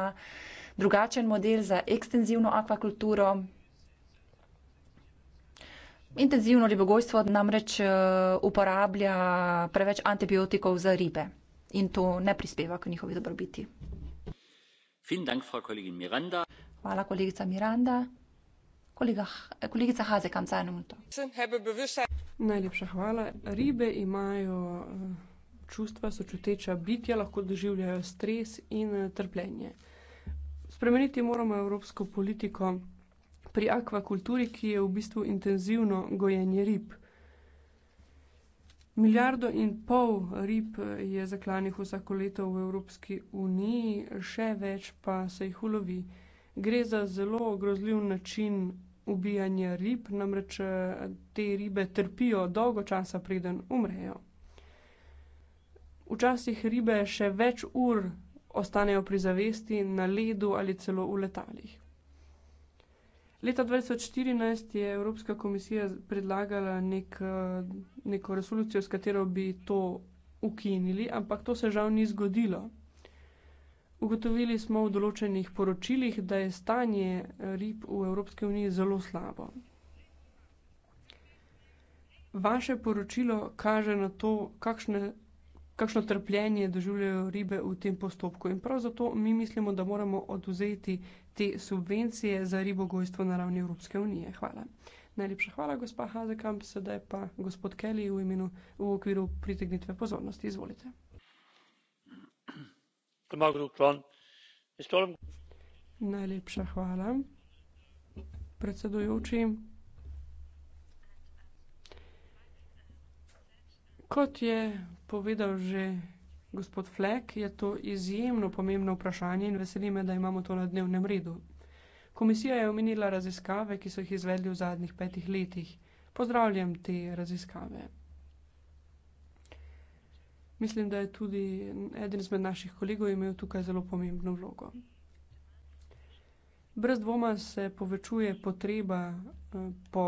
drugačen model, za ekstenzivno akvakulturo. Intenzivno ribogojstvo namreč eh, uporablja preveč antibiotikov za ribe in to ne prispeva k njihovi dobrobiti. Hvala, kolegica Miranda. Kolega, eh, kolegica Hazek, imam zdaj eno minuto. Najlepša hvala. Ribe imajo eh, čustva, so čuteča bitja, lahko doživljajo stres in trpljenje. Spremeniti moramo evropsko politiko pri akvakulturi, ki je v bistvu intenzivno gojenje rib. Milijardo in pol rib je zaklanih vsako leto v Evropski uniji, še več pa se jih ulovi. Gre za zelo grozljiv način ubijanja rib, namreč te ribe trpijo dolgo časa, preden umrejo. Včasih ribe še več ur ostanejo pri zavesti na ledu ali celo v letalih. Leta 2014 je Evropska komisija predlagala nek, eh, neko resolucijo, s katero bi to ukinili, ampak to se žal ni zgodilo. Ugotovili smo v določenih poročilih, da je stanje rib v Evropski uniji zelo slabo. Vaše poročilo kaže na to, kakšne kakšno trpljenje doživljajo ribe v tem postopku. In prav zato mi mislimo, da moramo oduzeti te subvencije za ribogojstvo na ravni Evropske unije. Hvala. Najlepša hvala, gospa Hazekamp, sedaj pa gospod Kelly v imenu v okviru pritegnitve pozornosti. Izvolite. Najlepša hvala. Predsedujočim, Kot je povedal že gospod Fleck, je to izjemno pomembno vprašanje in veseli me, da imamo to na dnevnem redu. Komisija je omenila raziskave, ki so jih izvedli v zadnjih petih letih. Pozdravljam te raziskave. Mislim, da je tudi eden izmed naših kolegov imel tukaj zelo pomembno vlogo. Brez dvoma se povečuje potreba eh, po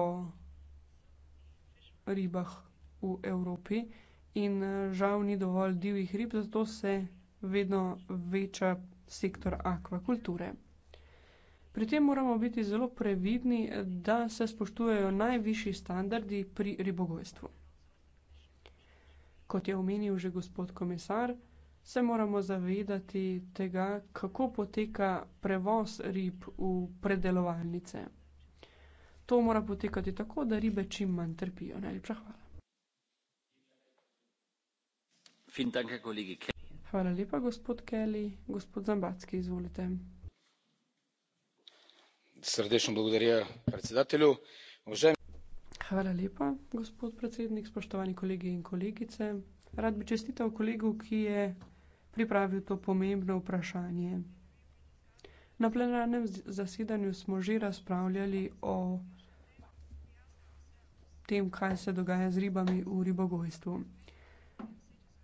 ribah v Evropi in eh, žal ni dovolj divjih rib, zato se vedno veča sektor akvakulture. Pri tem moramo biti zelo previdni, da se spoštujejo najvišji standardi pri ribogojstvu. Kot je omenil že gospod komisar, se moramo zavedati tega, kako poteka prevoz rib v predelovalnice. To mora potekati tako, da ribe čim manj trpijo. Najlepša hvala. Srdečno благодаря председателю. Hvala lepa, gospod predsednik, spoštovani kolegi in kolegice. Rad bi čestital kolegu, ki je pripravil to pomembno vprašanje. Na plenarnem zasedanju smo že razpravljali o tem, kaj se dogaja z ribami v ribogojstvu.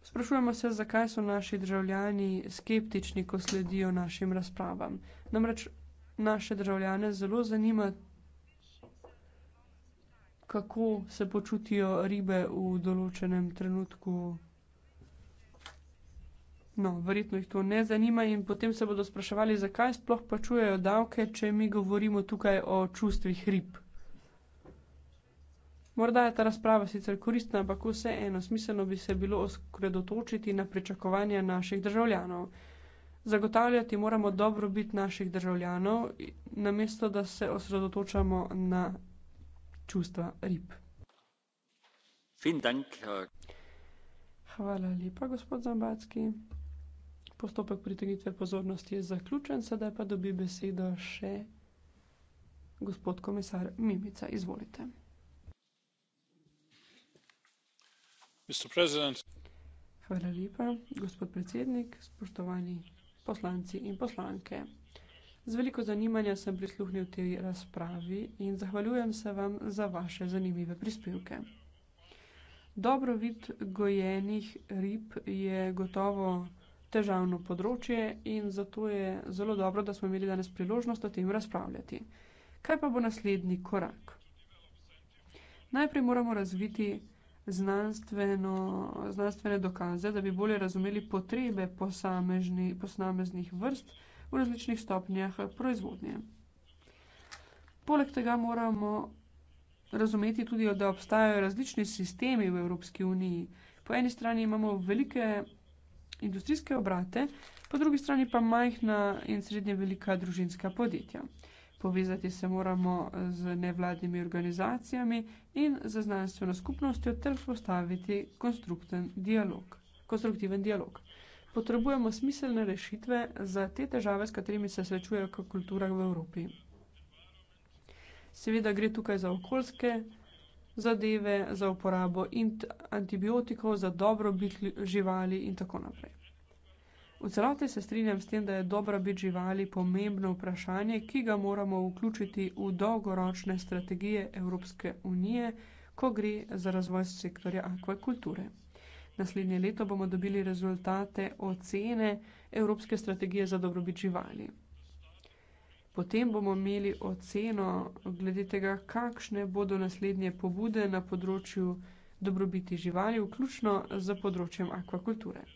Sprašujemo se, zakaj so naši državljani skeptični, ko sledijo našim razpravam. Namreč naše državljane zelo zanima, kako se počutijo ribe v določenem trenutku. No, verjetno jih to ne zanima in potem se bodo spraševali, zakaj sploh plačujejo davke, če mi govorimo tukaj o čustvih rib. Morda je ta razprava sicer koristna, ampak vseeno smiselno bi se bilo osredotočiti na pričakovanja naših državljanov. Zagotavljati moramo dobrobit naših državljanov, namesto da se osredotočamo na čustva rib. Hvala lepa, gospod Zambacki. Postopek pritegnitve pozornosti je zaključen, sedaj pa dobi besedo še gospod komisar Mimica. Izvolite. Hvala lepa, gospod predsednik, spoštovani poslanci in poslanke. Z veliko zanimanja sem prisluhnil tej razpravi in zahvaljujem se vam za vaše zanimive prispevke. Dobrovit gojenih rib je gotovo težavno področje in zato je zelo dobro, da smo imeli danes priložnost o tem razpravljati. Kaj pa bo naslednji korak? Najprej moramo razviti znanstveno, znanstvene dokaze, da bi bolje razumeli potrebe posamezni, posameznih vrst v različnih stopnjah proizvodnje. Poleg tega moramo razumeti tudi, da obstajajo različni sistemi v Evropski uniji. Po eni strani imamo velike industrijske obrate, po drugi strani pa majhna in srednje velika družinska podjetja povezati se moramo z nevladnimi organizacijami in z znanstveno skupnostjo ter vzpostaviti dialog, konstruktiven dialog. Potrebujemo smiselne rešitve za te težave, s katerimi se srečuje kultura v Evropi. Seveda gre tukaj za okoljske zadeve, za uporabo antibiotikov, za dobro biti živali in tako naprej. V celoti se strinjam s tem, da je dobrobit živali pomembno vprašanje, ki ga moramo vključiti v dolgoročne strategije Evropske unije, ko gre za razvoj sektorja akvakulture. Naslednje leto bomo dobili rezultate ocene Evropske strategije za dobrobit živali. Potem bomo imeli oceno glede tega, kakšne bodo naslednje pobude na področju dobrobiti živali, vključno z področjem akvakulture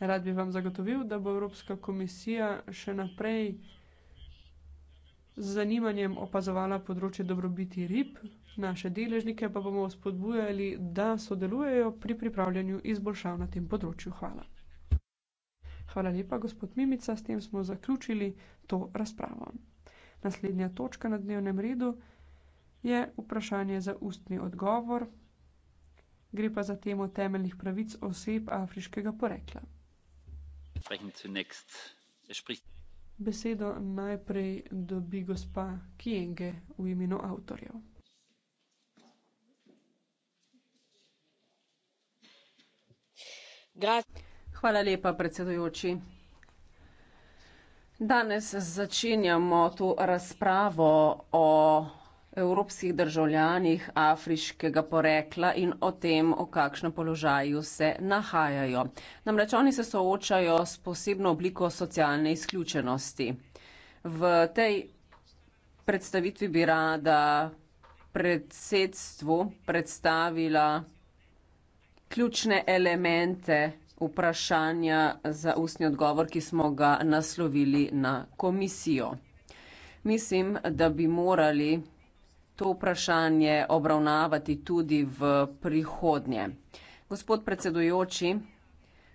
rad bi vam zagotovil, da bo Evropska komisija še naprej z zanimanjem opazovala področje dobrobiti rib, naše deležnike pa bomo spodbujali, da sodelujejo pri pripravljanju izboljšav na tem področju. Hvala. Hvala lepa, gospod Mimica, s tem smo zaključili to razpravo. Naslednja točka na dnevnem redu je vprašanje za ustni odgovor. Gre pa za temo temeljnih pravic oseb afriškega porekla. Er Besedo najprej dobi gospa Kyenge v imenu avtorjev. Hvala lepa, predsedujoči. Danes začenjamo to razpravo o evropskih državljanih afriškega porekla in o tem, v kakšnem položaju se nahajajo. Namreč oni se soočajo s posebno obliko socialne izključenosti. V tej predstavitvi bi rada predsedstvu predstavila ključne elemente vprašanja za ustni odgovor, ki smo ga naslovili na komisijo. Mislim, da bi morali to vprašanje obravnavati tudi v prihodnje. Gospod predsedujoči,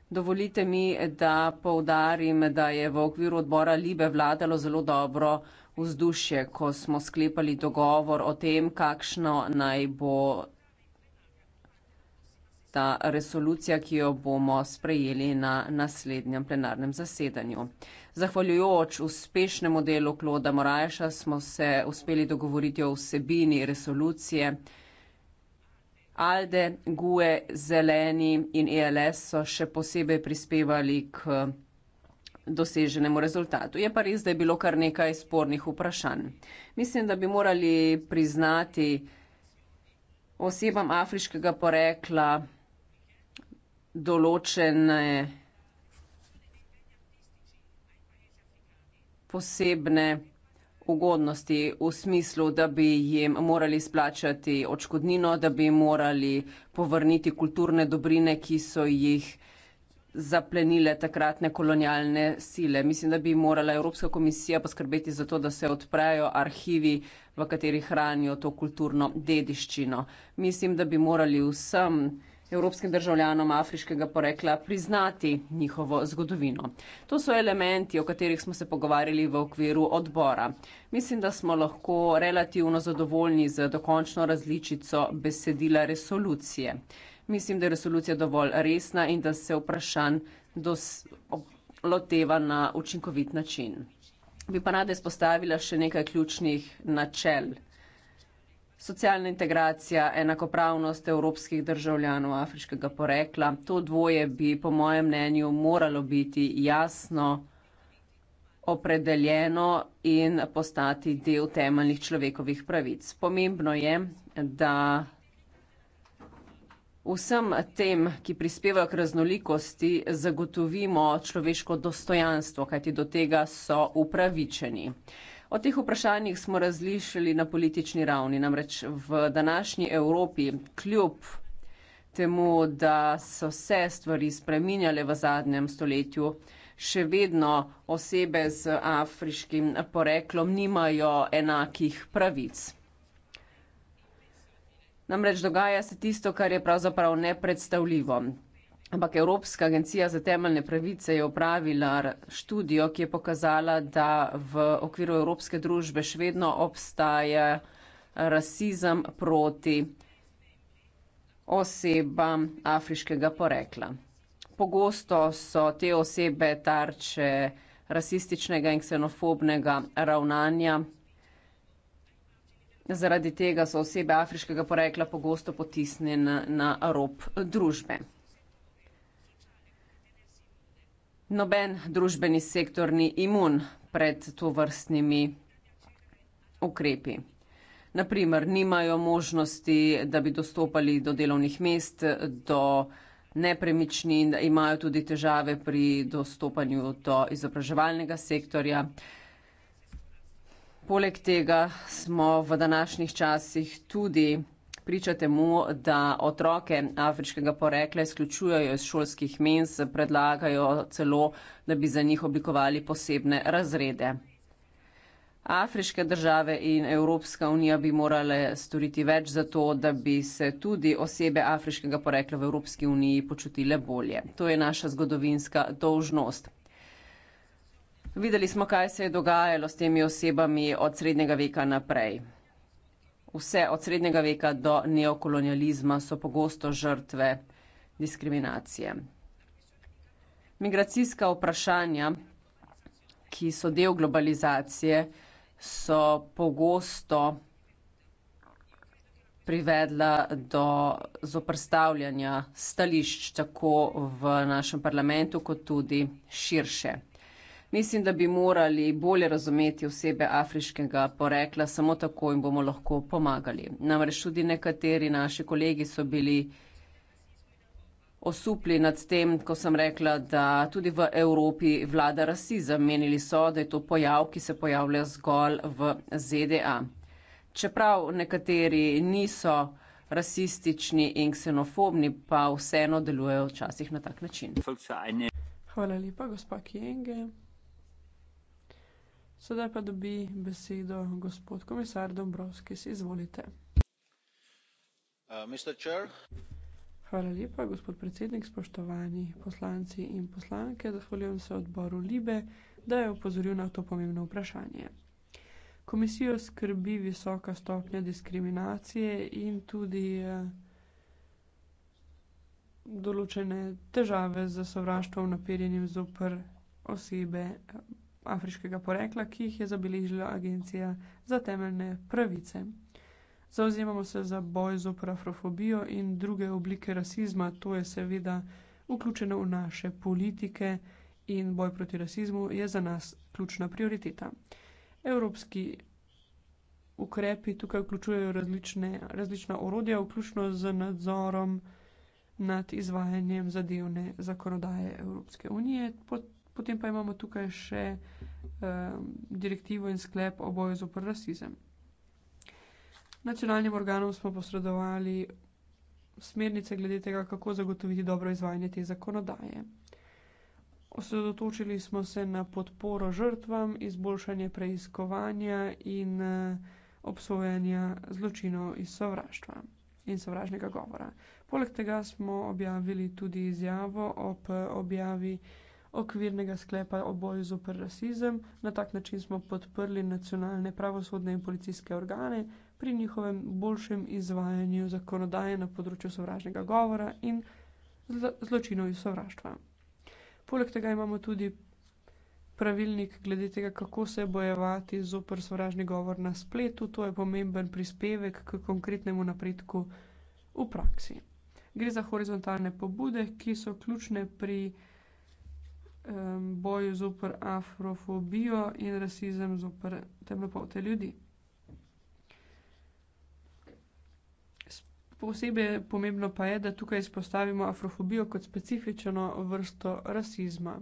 dovolite mi, da povdarim, da je v okviru odbora Libe vladalo zelo dobro vzdušje, ko smo sklepali dogovor o tem, kakšno naj bo ta resolucija, ki jo bomo sprejeli na naslednjem plenarnem zasedanju. Zahvaljujoč uspešnemu delu Kloda Morajša smo se uspeli dogovoriti o vsebini resolucije. Alde, GUE, Zeleni in ELS so še posebej prispevali k doseženemu rezultatu. Je pa res, da je bilo kar nekaj spornih vprašanj. Mislim, da bi morali priznati osebam afriškega porekla, določene posebne ugodnosti v smislu, da bi jim morali splačati očkodnino, da bi jim morali povrniti kulturne dobrine, ki so jih zaplenile takratne kolonialne sile. Mislim, da bi morala Evropska komisija poskrbeti za to, da se odprejo arhivi, v katerih hranijo to kulturno dediščino. Mislim, da bi morali vsem evropskim državljanom afriškega porekla priznati njihovo zgodovino. To so elementi, o katerih smo se pogovarjali v okviru odbora. Mislim, da smo lahko relativno zadovoljni z dokončno različico besedila resolucije. Mislim, da je resolucija dovolj resna in da se vprašanj loteva na učinkovit način. Bi pa rada izpostavila še nekaj ključnih načel socialna integracija, enakopravnost evropskih državljanov afriškega porekla. To dvoje bi, po mojem mnenju, moralo biti jasno opredeljeno in postati del temeljnih človekovih pravic. Pomembno je, da vsem tem, ki prispevajo k raznolikosti, zagotovimo človeško dostojanstvo, kajti do tega so upravičeni. O teh vprašanjih smo razlišali na politični ravni, namreč v današnji Evropi kljub temu, da so se stvari spreminjale v zadnjem stoletju, še vedno osebe z afriškim poreklom nimajo enakih pravic. Namreč dogaja se tisto, kar je pravzaprav nepredstavljivo. Ampak Evropska agencija za temeljne pravice je opravila študijo, ki je pokazala, da v okviru evropske družbe še vedno obstaja rasizem proti osebam afriškega porekla. Pogosto so te osebe tarče rasističnega in ksenofobnega ravnanja. Zaradi tega so osebe afriškega porekla pogosto potisnjene na rob družbe. Noben družbeni sektor ni imun pred to vrstnimi ukrepi. Naprimer, nimajo možnosti, da bi dostopali do delovnih mest, do nepremičnin, imajo tudi težave pri dostopanju do izobraževalnega sektorja. Poleg tega smo v današnjih časih tudi priča temu, da otroke afriškega porekla izključujejo iz šolskih menz, predlagajo celo, da bi za njih oblikovali posebne razrede. Afriške države in Evropska unija bi morale storiti več za to, da bi se tudi osebe afriškega porekla v Evropski uniji počutile bolje. To je naša zgodovinska dolžnost. Videli smo, kaj se je dogajalo s temi osebami od srednjega veka naprej vse od srednjega veka do neokolonializma so pogosto žrtve diskriminacije. Migracijska vprašanja, ki so del globalizacije, so pogosto privedla do zoprstavljanja stališč tako v našem parlamentu kot tudi širše. Mislim, da bi morali bolje razumeti osebe afriškega porekla, samo tako jim bomo lahko pomagali. Namreč tudi nekateri naši kolegi so bili osupli nad tem, ko sem rekla, da tudi v Evropi vlada rasizem. Menili so, da je to pojav, ki se pojavlja zgolj v ZDA. Čeprav nekateri niso rasistični in ksenofobni, pa vseeno delujejo včasih na tak način. Hvala lepa, gospa Kienge. Sedaj pa dobi besedo gospod komisar Dombrovskis, izvolite. Uh, Hvala lepa, gospod predsednik, spoštovani poslanci in poslanke, zahvaljujem se odboru Libe, da je opozoril na to pomembno vprašanje. Komisijo skrbi visoka stopnja diskriminacije in tudi, eh, določene težave s sovraštvom, naperjenim zoper osebe, afriškega porekla, ki jih je zabeležila Agencija za temeljne pravice. Zauzemamo se za boj z oprafrofobijo in druge oblike rasizma, to je seveda vključeno v naše politike in boj proti rasizmu je za nas ključna prioriteta. Evropski ukrepi tukaj vključujejo različne, različna orodja, vključno z nadzorom nad izvajanjem zadevne zakonodaje Evropske unije, Potem pa imamo tukaj še um, direktivo in sklep o boju zoper rasizem. Nacionalnim organom smo posredovali smernice glede tega, kako zagotoviti dobro izvajanje te zakonodaje. Osredotočili smo se na podporo žrtvam, izboljšanje preiskovanja in eh, obsojanja zločinov iz sovraštva in sovražnega govora. Poleg tega smo objavili tudi izjavo ob objavi okvirnega sklepa o boju zoper rasizem. Na tak način smo podprli nacionalne pravosodne in policijske organe pri njihovem boljšem izvajanju zakonodaje na področju sovražnega govora in zločinov iz sovraštva. Poleg tega imamo tudi pravilnik glede tega, kako se bojevati zoper sovražni govor na spletu. To je pomemben prispevek k konkretnemu napredku v praksi. Gre za horizontalne pobude, ki so ključne pri um, boju zoper afrofobijo in rasizem zoper temnopolte ljudi. Posebej pomembno pa je, da tukaj izpostavimo afrofobijo kot specifično vrsto rasizma.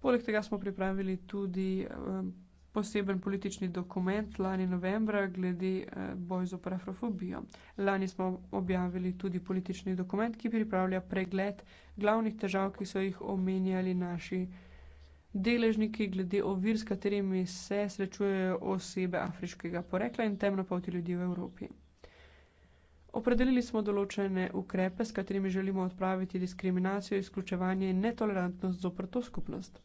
Poleg tega smo pripravili tudi um, poseben politični dokument lani novembra glede eh, boja z afrofobijo. Lani smo objavili tudi politični dokument, ki pripravlja pregled glavnih težav, ki so jih omenjali naši deležniki glede ovir, s katerimi se srečujejo osebe afriškega porekla in temnopolti ljudi v Evropi. Opredelili smo določene ukrepe, s katerimi želimo odpraviti diskriminacijo, izključevanje in netolerantnost zoprto skupnost.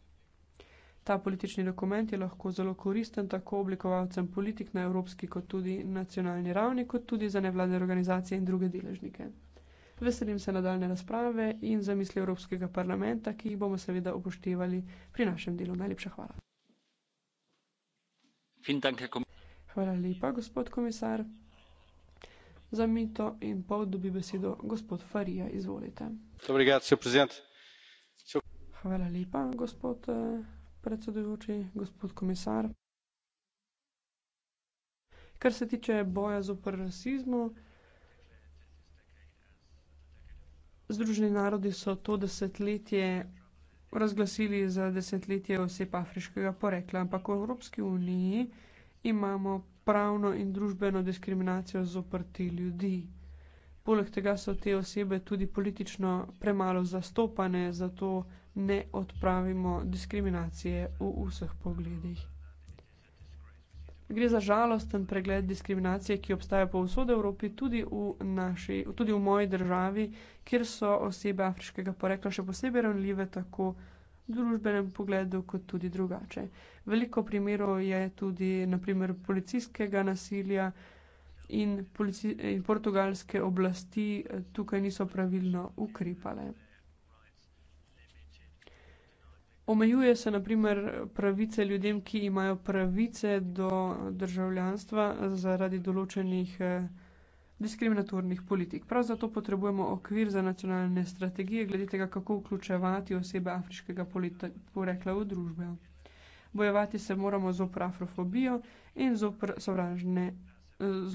Ta politični dokument je lahko zelo koristen tako oblikovalcem politik na evropski kot tudi nacionalni ravni, kot tudi za nevladne organizacije in druge deležnike. Veselim se nadaljne razprave in zamisli Evropskega parlamenta, ki jih bomo seveda upoštevali pri našem delu. Najlepša hvala. Hvala lepa, gospod komisar. Za mito in pol dobi besedo gospod Farija. Izvolite. Hvala lepa, gospod. Eh, predsedujoči, gospod komisar. Kar se tiče boja zoper rasizmu, Združeni narodi so to desetletje razglasili za desetletje oseb afriškega porekla, ampak v Evropski uniji imamo pravno in družbeno diskriminacijo zoper te ljudi. Poleg tega so te osebe tudi politično premalo zastopane, zato ne odpravimo diskriminacije v vseh pogledih. Gre za žalosten pregled diskriminacije, ki obstaja po vsod Evropi, tudi v naši, tudi v moji državi, kjer so osebe afriškega porekla še posebej ranljive tako v družbenem pogledu kot tudi drugače. Veliko primerov je tudi naprimer policijskega nasilja in, in portugalske oblasti eh, tukaj niso pravilno ukrepale. Omejuje se na primer pravice ljudem, ki imajo pravice do državljanstva zaradi določenih eh, diskriminatornih politik. Prav zato potrebujemo okvir za nacionalne strategije glede tega, kako vključevati osebe afriškega porekla v družbe. Bojevati se moramo zopr afrofobijo in zopr sovražne eh,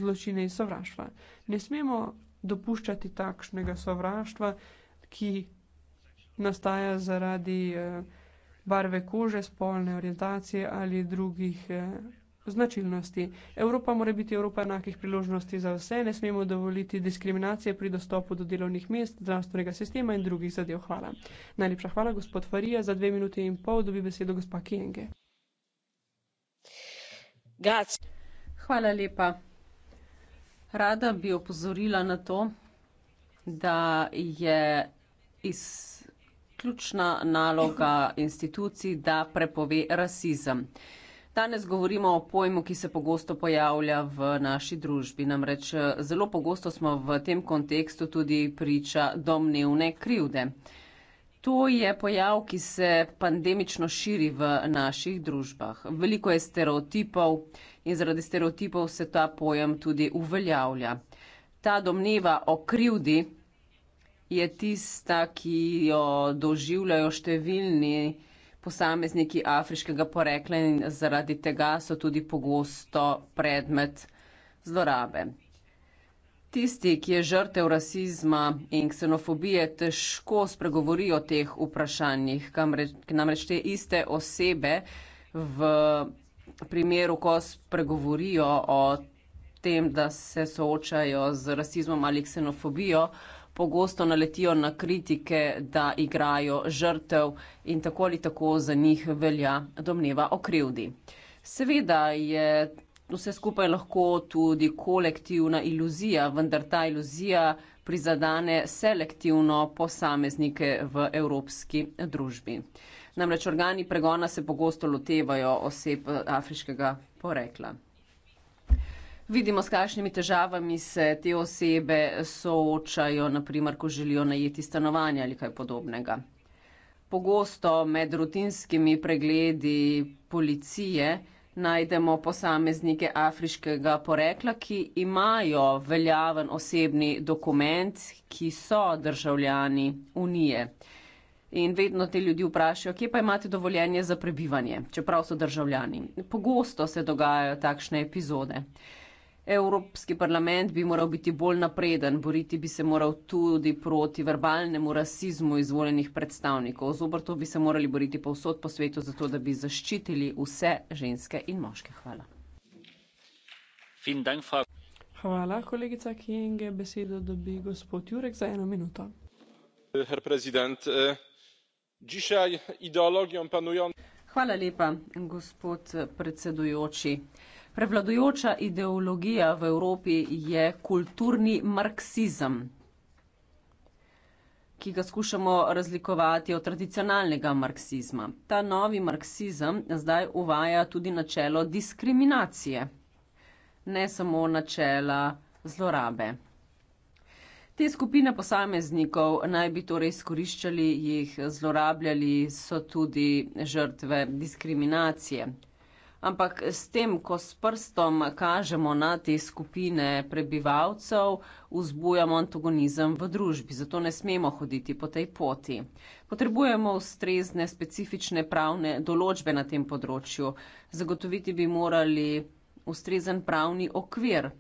zločine iz sovraštva. Ne smemo dopuščati takšnega sovraštva, ki nastaja zaradi eh, barve kože, spolne orientacije ali drugih eh, značilnosti. Evropa mora biti Evropa enakih priložnosti za vse, ne smemo dovoliti diskriminacije pri dostopu do delovnih mest, zdravstvenega sistema in drugih zadev. Hvala. Najlepša hvala, gospod Farija. Za dve minute in pol dobi besedo gospa Kienge. Gac. Hvala lepa. Rada bi opozorila na to, da je iz ključna naloga institucij, da prepove rasizem. Danes govorimo o pojmu, ki se pogosto pojavlja v naši družbi. Namreč zelo pogosto smo v tem kontekstu tudi priča domnevne krivde. To je pojav, ki se pandemično širi v naših družbah. Veliko je stereotipov in zaradi stereotipov se ta pojem tudi uveljavlja. Ta domneva o krivdi je tista, ki jo doživljajo številni posamezniki afriškega porekla in zaradi tega so tudi pogosto predmet zlorabe. Tisti, ki je žrtev rasizma in ksenofobije, težko spregovori o teh vprašanjih, kamreč, namreč te iste osebe v primeru, ko spregovorijo o tem, da se soočajo z rasizmom ali ksenofobijo, pogosto naletijo na kritike, da igrajo žrtev in tako ali tako za njih velja domneva o krivdi. Seveda je vse skupaj lahko tudi kolektivna iluzija, vendar ta iluzija prizadane selektivno posameznike v evropski družbi. Namreč organi pregona se pogosto lotevajo oseb afriškega porekla. Vidimo, s kakšnimi težavami se te osebe soočajo, naprimer, ko želijo najeti stanovanje ali kaj podobnega. Pogosto med rutinskimi pregledi policije najdemo posameznike afriškega porekla, ki imajo veljaven osebni dokument, ki so državljani Unije. In vedno te ljudi vprašajo, kje pa imate dovoljenje za prebivanje, čeprav so državljani. Pogosto se dogajajo takšne epizode. Evropski parlament bi moral biti bolj napreden, boriti bi se moral tudi proti verbalnemu rasizmu izvoljenih predstavnikov. Zobr to bi se morali boriti povsod po svetu, zato da bi zaščitili vse ženske in moške. Hvala. Hvala, kolegica Kinge. Besedo dobi gospod Jurek za eno minuto. Äh, Hvala lepa, gospod predsedujoči. Prevladujoča ideologija v Evropi je kulturni marksizem, ki ga skušamo razlikovati od tradicionalnega marksizma. Ta novi marksizem zdaj uvaja tudi načelo diskriminacije, ne samo načela zlorabe. Te skupine posameznikov naj bi torej izkoriščali, jih zlorabljali, so tudi žrtve diskriminacije. Ampak s tem, ko s prstom kažemo na te skupine prebivalcev, vzbujamo antagonizem v družbi, zato ne smemo hoditi po tej poti. Potrebujemo ustrezne specifične pravne določbe na tem področju. Zagotoviti bi morali ustrezen pravni okvir,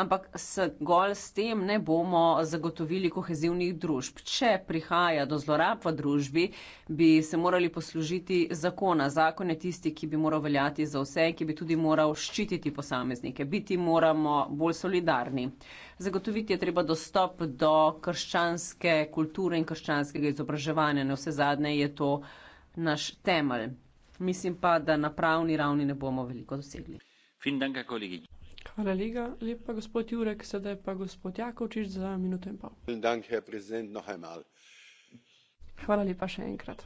ampak zgolj s tem ne bomo zagotovili kohezivnih družb. Če prihaja do zlorab v družbi, bi se morali poslužiti zakona. Zakon je tisti, ki bi moral veljati za vse, ki bi tudi moral ščititi posameznike. Biti moramo bolj solidarni. Zagotoviti je treba dostop do krščanske kulture in krščanskega izobraževanja. Ne vse zadnje je to naš temelj. Mislim pa, da na pravni ravni ne bomo veliko dosegli. Fin danke, kolegi. Hvala lega. lepa, gospod Jurek. Sedaj pa gospod Jakovčič za minuto in pol. Hvala lepa še enkrat.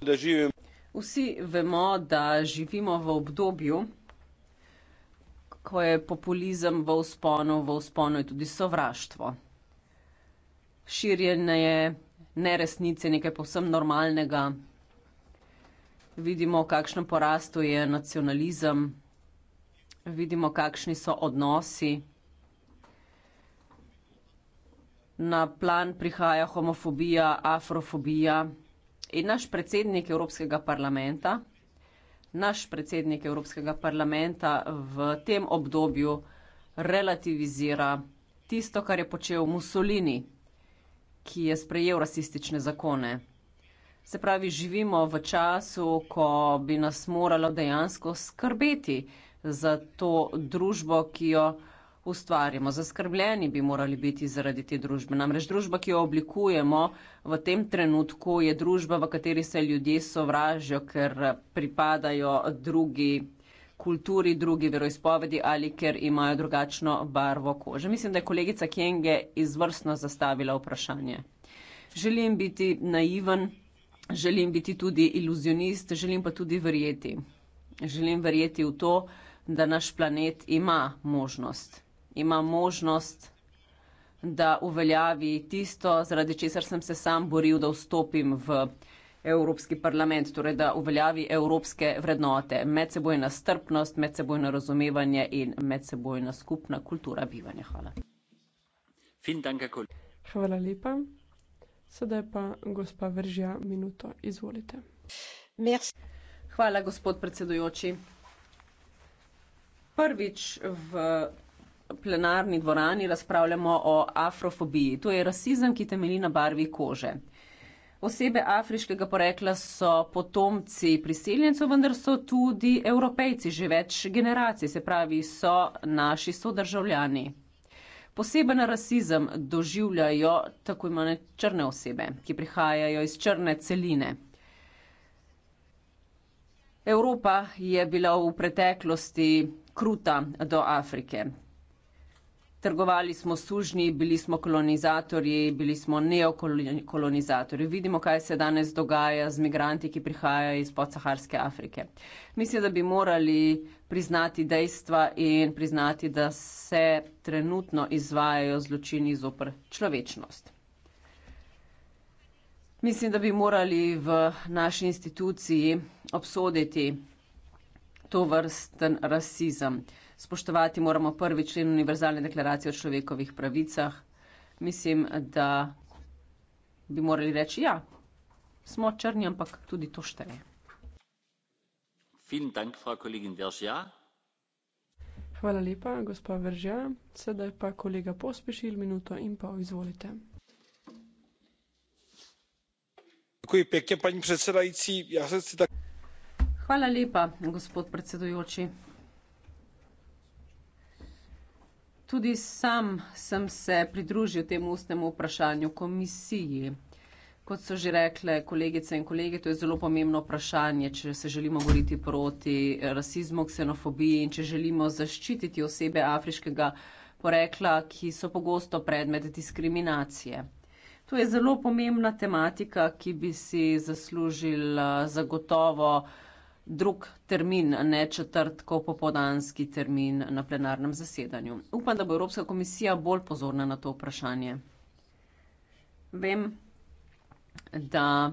Vsi vemo, da živimo v obdobju, ko je populizem v usponu, v usponu je tudi sovraštvo. Širjene je neresnice, nekaj povsem normalnega. Vidimo, kakšno porasto je nacionalizem vidimo, kakšni so odnosi. Na plan prihaja homofobija, afrofobija in naš predsednik Evropskega parlamenta. Naš predsednik Evropskega parlamenta v tem obdobju relativizira tisto, kar je počel Mussolini, ki je sprejel rasistične zakone. Se pravi, živimo v času, ko bi nas moralo dejansko skrbeti, za to družbo, ki jo ustvarjamo. Zaskrbljeni bi morali biti zaradi te družbe. Namreč družba, ki jo oblikujemo v tem trenutku, je družba, v kateri se ljudje sovražijo, ker pripadajo drugi kulturi, drugi veroizpovedi ali ker imajo drugačno barvo kože. Mislim, da je kolegica Kenge izvrstno zastavila vprašanje. Želim biti naiven, želim biti tudi iluzionist, želim pa tudi verjeti. Želim verjeti v to, da naš planet ima možnost. Ima možnost, da uveljavi tisto, zaradi česar sem se sam boril, da vstopim v Evropski parlament, torej da uveljavi evropske vrednote, medsebojna strpnost, medsebojno razumevanje in medsebojna skupna kultura bivanja. Hvala. Hvala lepa. Sedaj pa gospa Vržja, minuto, izvolite. Merci. Hvala, gospod predsedujoči prvič v plenarni dvorani razpravljamo o afrofobiji. To je rasizem, ki temelji na barvi kože. Osebe afriškega porekla so potomci priseljencev, vendar so tudi evropejci že več generacij, se pravi, so naši sodržavljani. Poseben rasizem doživljajo tako imene črne osebe, ki prihajajo iz črne celine. Evropa je bila v preteklosti kruta do Afrike. Trgovali smo sužnji, bili smo kolonizatorji, bili smo neokolonizatorji. Vidimo, kaj se danes dogaja z migranti, ki prihajajo iz podsaharske Afrike. Mislim, da bi morali priznati dejstva in priznati, da se trenutno izvajajo zločini zopr človečnost. Mislim, da bi morali v naši instituciji obsoditi to vrsten rasizem. Spoštovati moramo prvi člen Univerzalne deklaracije o človekovih pravicah. Mislim, da bi morali reči, ja, smo črni, ampak tudi to šteje. Hvala lepa, gospa Veržja. Sedaj pa kolega pospešil minuto in pa izvolite. Děkuji pěkně, paní předsedající. Já se chci tak... Hvala lepa, gospod predsedujoči. Tudi sam sem se pridružil temu ustnemu vprašanju komisiji. Kot so že rekle kolegice in kolege, to je zelo pomembno vprašanje, če se želimo boriti proti rasizmu, ksenofobiji in če želimo zaščititi osebe afriškega porekla, ki so pogosto predmet diskriminacije. To je zelo pomembna tematika, ki bi si zaslužila zagotovo uh, drug termin, ne četrtko popodanski termin na plenarnem zasedanju. Upam, da bo Evropska komisija bolj pozorna na to vprašanje. Vem, da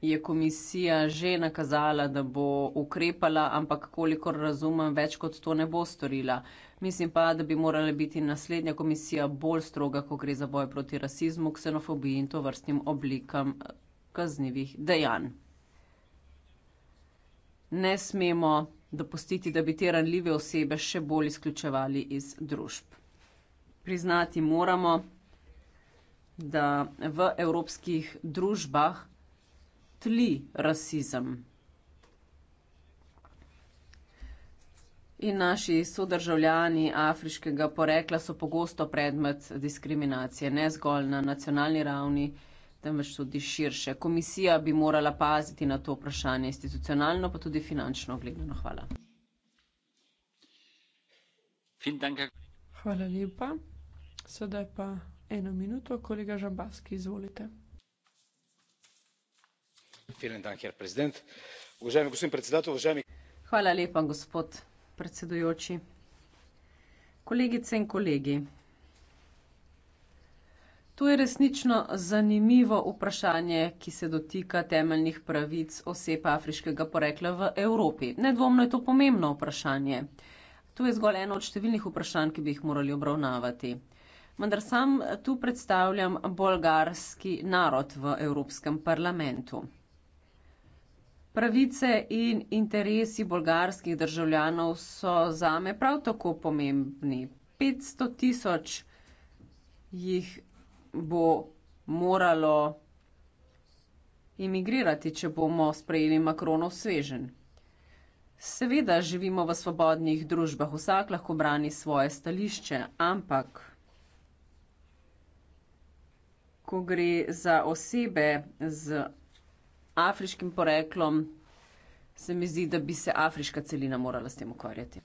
je komisija že nakazala, da bo ukrepala, ampak kolikor razumem, več kot to ne bo storila. Mislim pa, da bi morala biti naslednja komisija bolj stroga, ko gre za boj proti rasizmu, ksenofobiji in to vrstnim oblikam kaznivih dejanj ne smemo dopustiti, da bi te ranljive osebe še bolj izključevali iz družb. Priznati moramo, da v evropskih družbah tli rasizem. In naši sodržavljani afriškega porekla so pogosto predmet diskriminacije, ne zgolj na nacionalni ravni, temveč tudi širše. Komisija bi morala paziti na to vprašanje institucionalno, pa tudi finančno gledano. Hvala. Hvala lepa. Sedaj pa eno minuto, kolega Žambaski, izvolite. Hvala lepa, gospod predsedujoči. Kolegice in kolegi. To je resnično zanimivo vprašanje, ki se dotika temeljnih pravic oseb afriškega porekla v Evropi. Nedvomno je to pomembno vprašanje. To je zgolj eno od številnih vprašanj, ki bi jih morali obravnavati. Vendar sam tu predstavljam bolgarski narod v Evropskem parlamentu. Pravice in interesi bolgarskih državljanov so zame prav tako pomembni. 500 tisoč jih bo moralo imigrirati, če bomo sprejeli Makronov svežen. Seveda živimo v svobodnih družbah, vsak lahko brani svoje stališče, ampak ko gre za osebe z afriškim poreklom, se mi zdi, da bi se afriška celina morala s tem ukvarjati.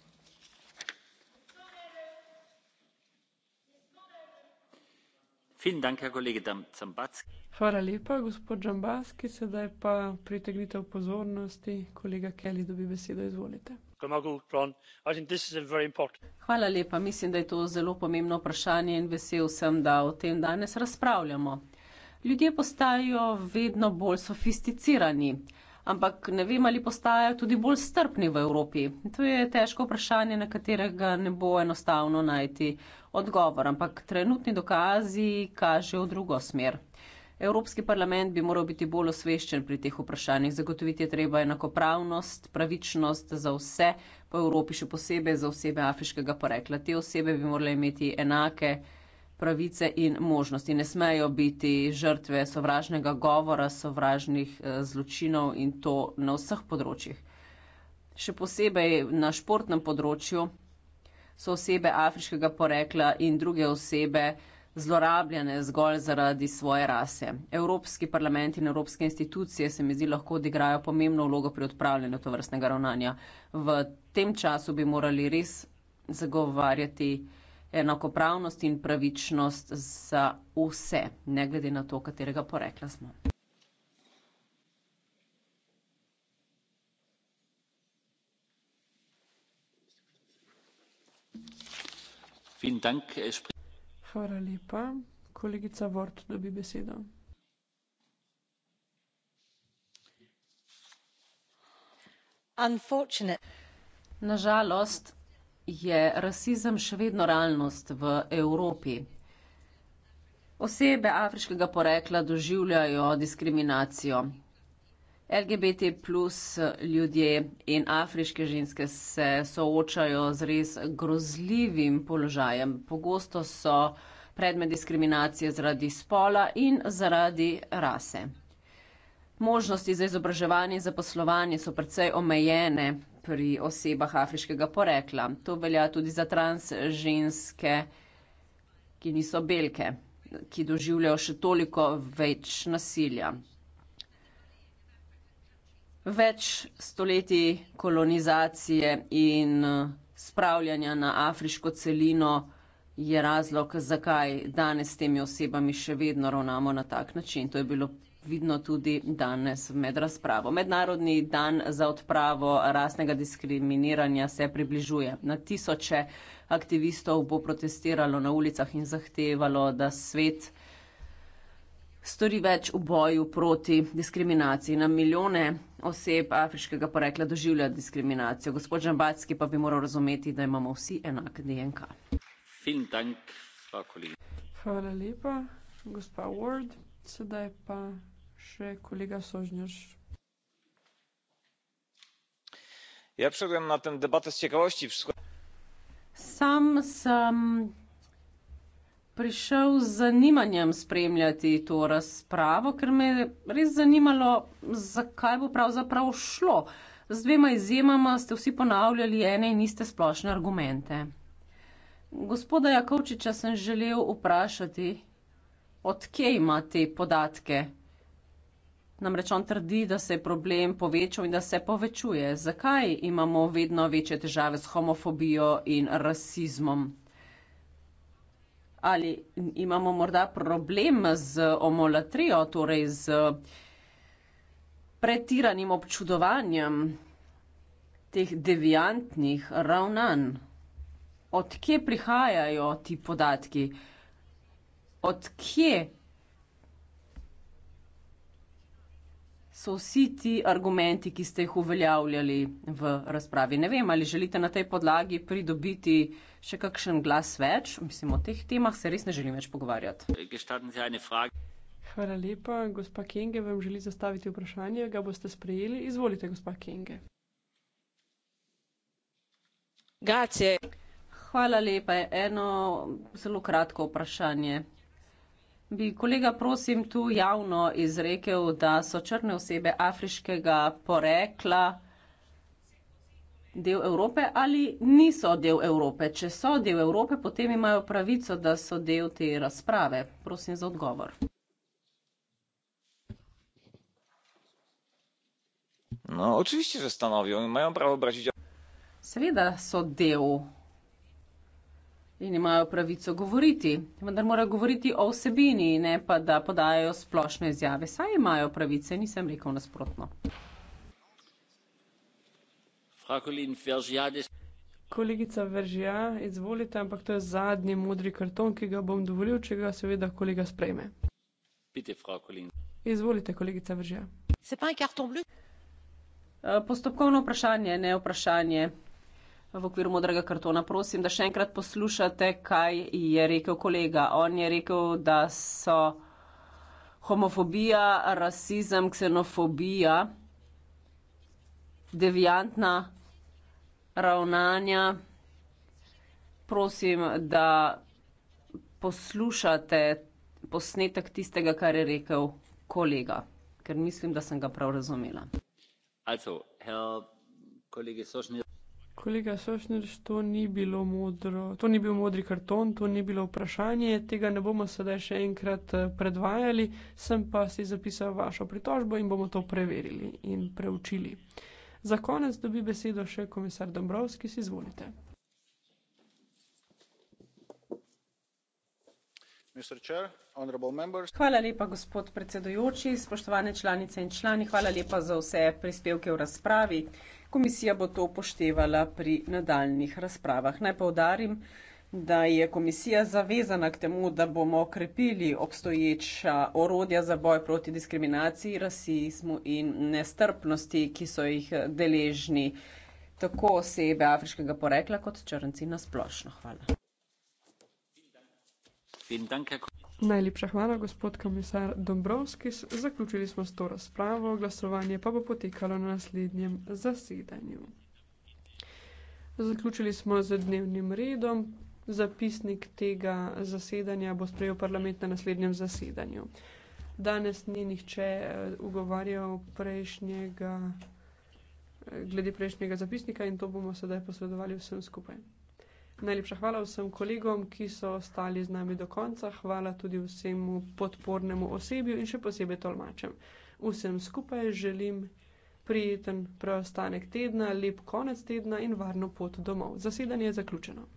Hvala lepa, gospod Žambazki, sedaj pa pritegnite pozornosti, kolega Kelly dobi besedo, izvolite. Hvala lepa, mislim, da je to zelo pomembno vprašanje in vesel sem, da o tem danes razpravljamo. Ljudje postajajo vedno bolj sofisticirani ampak ne vem, ali postajajo tudi bolj strpni v Evropi. To je težko vprašanje, na katerega ne bo enostavno najti odgovor, ampak trenutni dokazi kažejo v drugo smer. Evropski parlament bi moral biti bolj osveščen pri teh vprašanjih. Zagotoviti je treba enakopravnost, pravičnost za vse po Evropi, še posebej za osebe afriškega porekla. Te osebe bi morale imeti enake pravice in možnosti. Ne smejo biti žrtve sovražnega govora, sovražnih eh, zločinov in to na vseh področjih. Še posebej na športnem področju so osebe afriškega porekla in druge osebe zlorabljene zgolj zaradi svoje rase. Evropski parlament in evropske institucije se mi zdi lahko odigrajo pomembno vlogo pri odpravljanju to vrstnega ravnanja. V tem času bi morali res zagovarjati uh, enakopravnost in pravičnost za vse, ne glede na to, katerega porekla smo. Äh, Hvala lepa. Kolegica Vort dobi besedo. Na žalost je rasizem še vedno realnost v Evropi. Osebe afriškega porekla doživljajo diskriminacijo. LGBT plus ljudje in afriške ženske se soočajo z res grozljivim položajem. Pogosto so predmet diskriminacije zaradi spola in zaradi rase. Možnosti za izobraževanje in zaposlovanje so precej omejene, pri osebah afriškega porekla. To velja tudi za trans ženske, ki niso belke, ki doživljajo še toliko več nasilja. Več stoletij kolonizacije in spravljanja na afriško celino je razlog, zakaj danes s temi osebami še vedno ravnamo na tak način. To je bilo vidno tudi danes med razpravo. Mednarodni dan za odpravo rasnega diskriminiranja se približuje. Na tisoče aktivistov bo protestiralo na ulicah in zahtevalo, da svet stori več v boju proti diskriminaciji. Na milijone oseb afriškega porekla doživlja diskriminacijo. Gospod Žambatski pa bi moral razumeti, da imamo vsi enak DNK. Hvala lepa, gospa Ward. Sedaj pa Še kolega Sośnierz. Ja przyszedłem na tę debatę z ciekawości. Sam sam prišel z zanimanjem spremljati to razpravo, ker me je res zanimalo, zakaj bo pravzaprav šlo. Z dvema izjemama ste vsi ponavljali ene in iste splošne argumente. Gospoda Jakovčiča sem želel vprašati, odkje ima te podatke, Namreč on trdi, da se je problem povečal in da se povečuje. Zakaj imamo vedno večje težave s homofobijo in rasizmom? Ali imamo morda problem z omolatrijo, torej z pretiranim občudovanjem teh deviantnih ravnanj? Odkje prihajajo ti podatki? Odkje so vsi ti argumenti, ki ste jih uveljavljali v razpravi. Ne vem, ali želite na tej podlagi pridobiti še kakšen glas več. Mislim, o teh temah se res ne želim več pogovarjati. Hvala lepa. Gospa Kenge vam želi zastaviti vprašanje. Ga boste sprejeli? Izvolite, gospa Kenge. Grazie. Hvala lepa. Eno zelo kratko vprašanje bi kolega prosim tu javno izrekel, da so črne osebe afriškega porekla del Evrope ali niso del Evrope. Če so del Evrope, potem imajo pravico, da so del te razprave. Prosim za odgovor. No, očiščite, že stanovijo in imajo pravo obražiti. Seveda so del in imajo pravico govoriti, vendar morajo govoriti o vsebini, ne pa da podajajo splošne izjave. Saj imajo pravice, nisem rekel nasprotno. Kolegica Veržija, izvolite, ampak to je zadnji modri karton, ki ga bom dovolil, če ga seveda kolega sprejme. Izvolite, kolegica Veržija. Eh, postopkovno vprašanje, ne vprašanje v okviru modrega kartona prosim, da še enkrat poslušate, kaj je rekel kolega. On je rekel, da so homofobija, rasizem, ksenofobija, devijantna ravnanja. Prosim, da poslušate posnetek tistega, kar je rekel kolega, ker mislim, da sem ga prav razumela. Also, Herr Kollege Soschnitt. Kolega Sošnir, to ni bilo modro, to ni bil modri karton, to ni bilo vprašanje, tega ne bomo sedaj še enkrat eh, predvajali, sem pa si zapisal vašo pritožbo in bomo to preverili in preučili. Za konec dobi besedo še komisar Dombrovski, si izvolite. Hvala lepa, gospod predsedujoči, spoštovane članice in člani, hvala lepa za vse prispevke v razpravi. Komisija bo to upoštevala pri nadaljnih razpravah. Naj povdarim, da je komisija zavezana k temu, da bomo okrepili obstoječa orodja za boj proti diskriminaciji, rasizmu in nestrpnosti, ki so jih deležni tako osebe afriškega porekla kot črnci na splošno. Hvala. Najlepša hvala, gospod komisar Dombrovski. Zaključili smo s to razpravo, glasovanje pa bo potekalo na naslednjem zasedanju. Zaključili smo z dnevnim redom. Zapisnik tega zasedanja bo sprejel parlament na naslednjem zasedanju. Danes ni nihče eh, ugovarjal prejšnjega, eh, glede prejšnjega zapisnika in to bomo sedaj posredovali vsem skupaj. Najlepša hvala vsem kolegom, ki so ostali z nami do konca. Hvala tudi vsemu podpornemu osebju in še posebej tolmačem. Vsem skupaj želim prijeten preostanek tedna, lep konec tedna in varno pot domov. Zasedanje je zaključeno.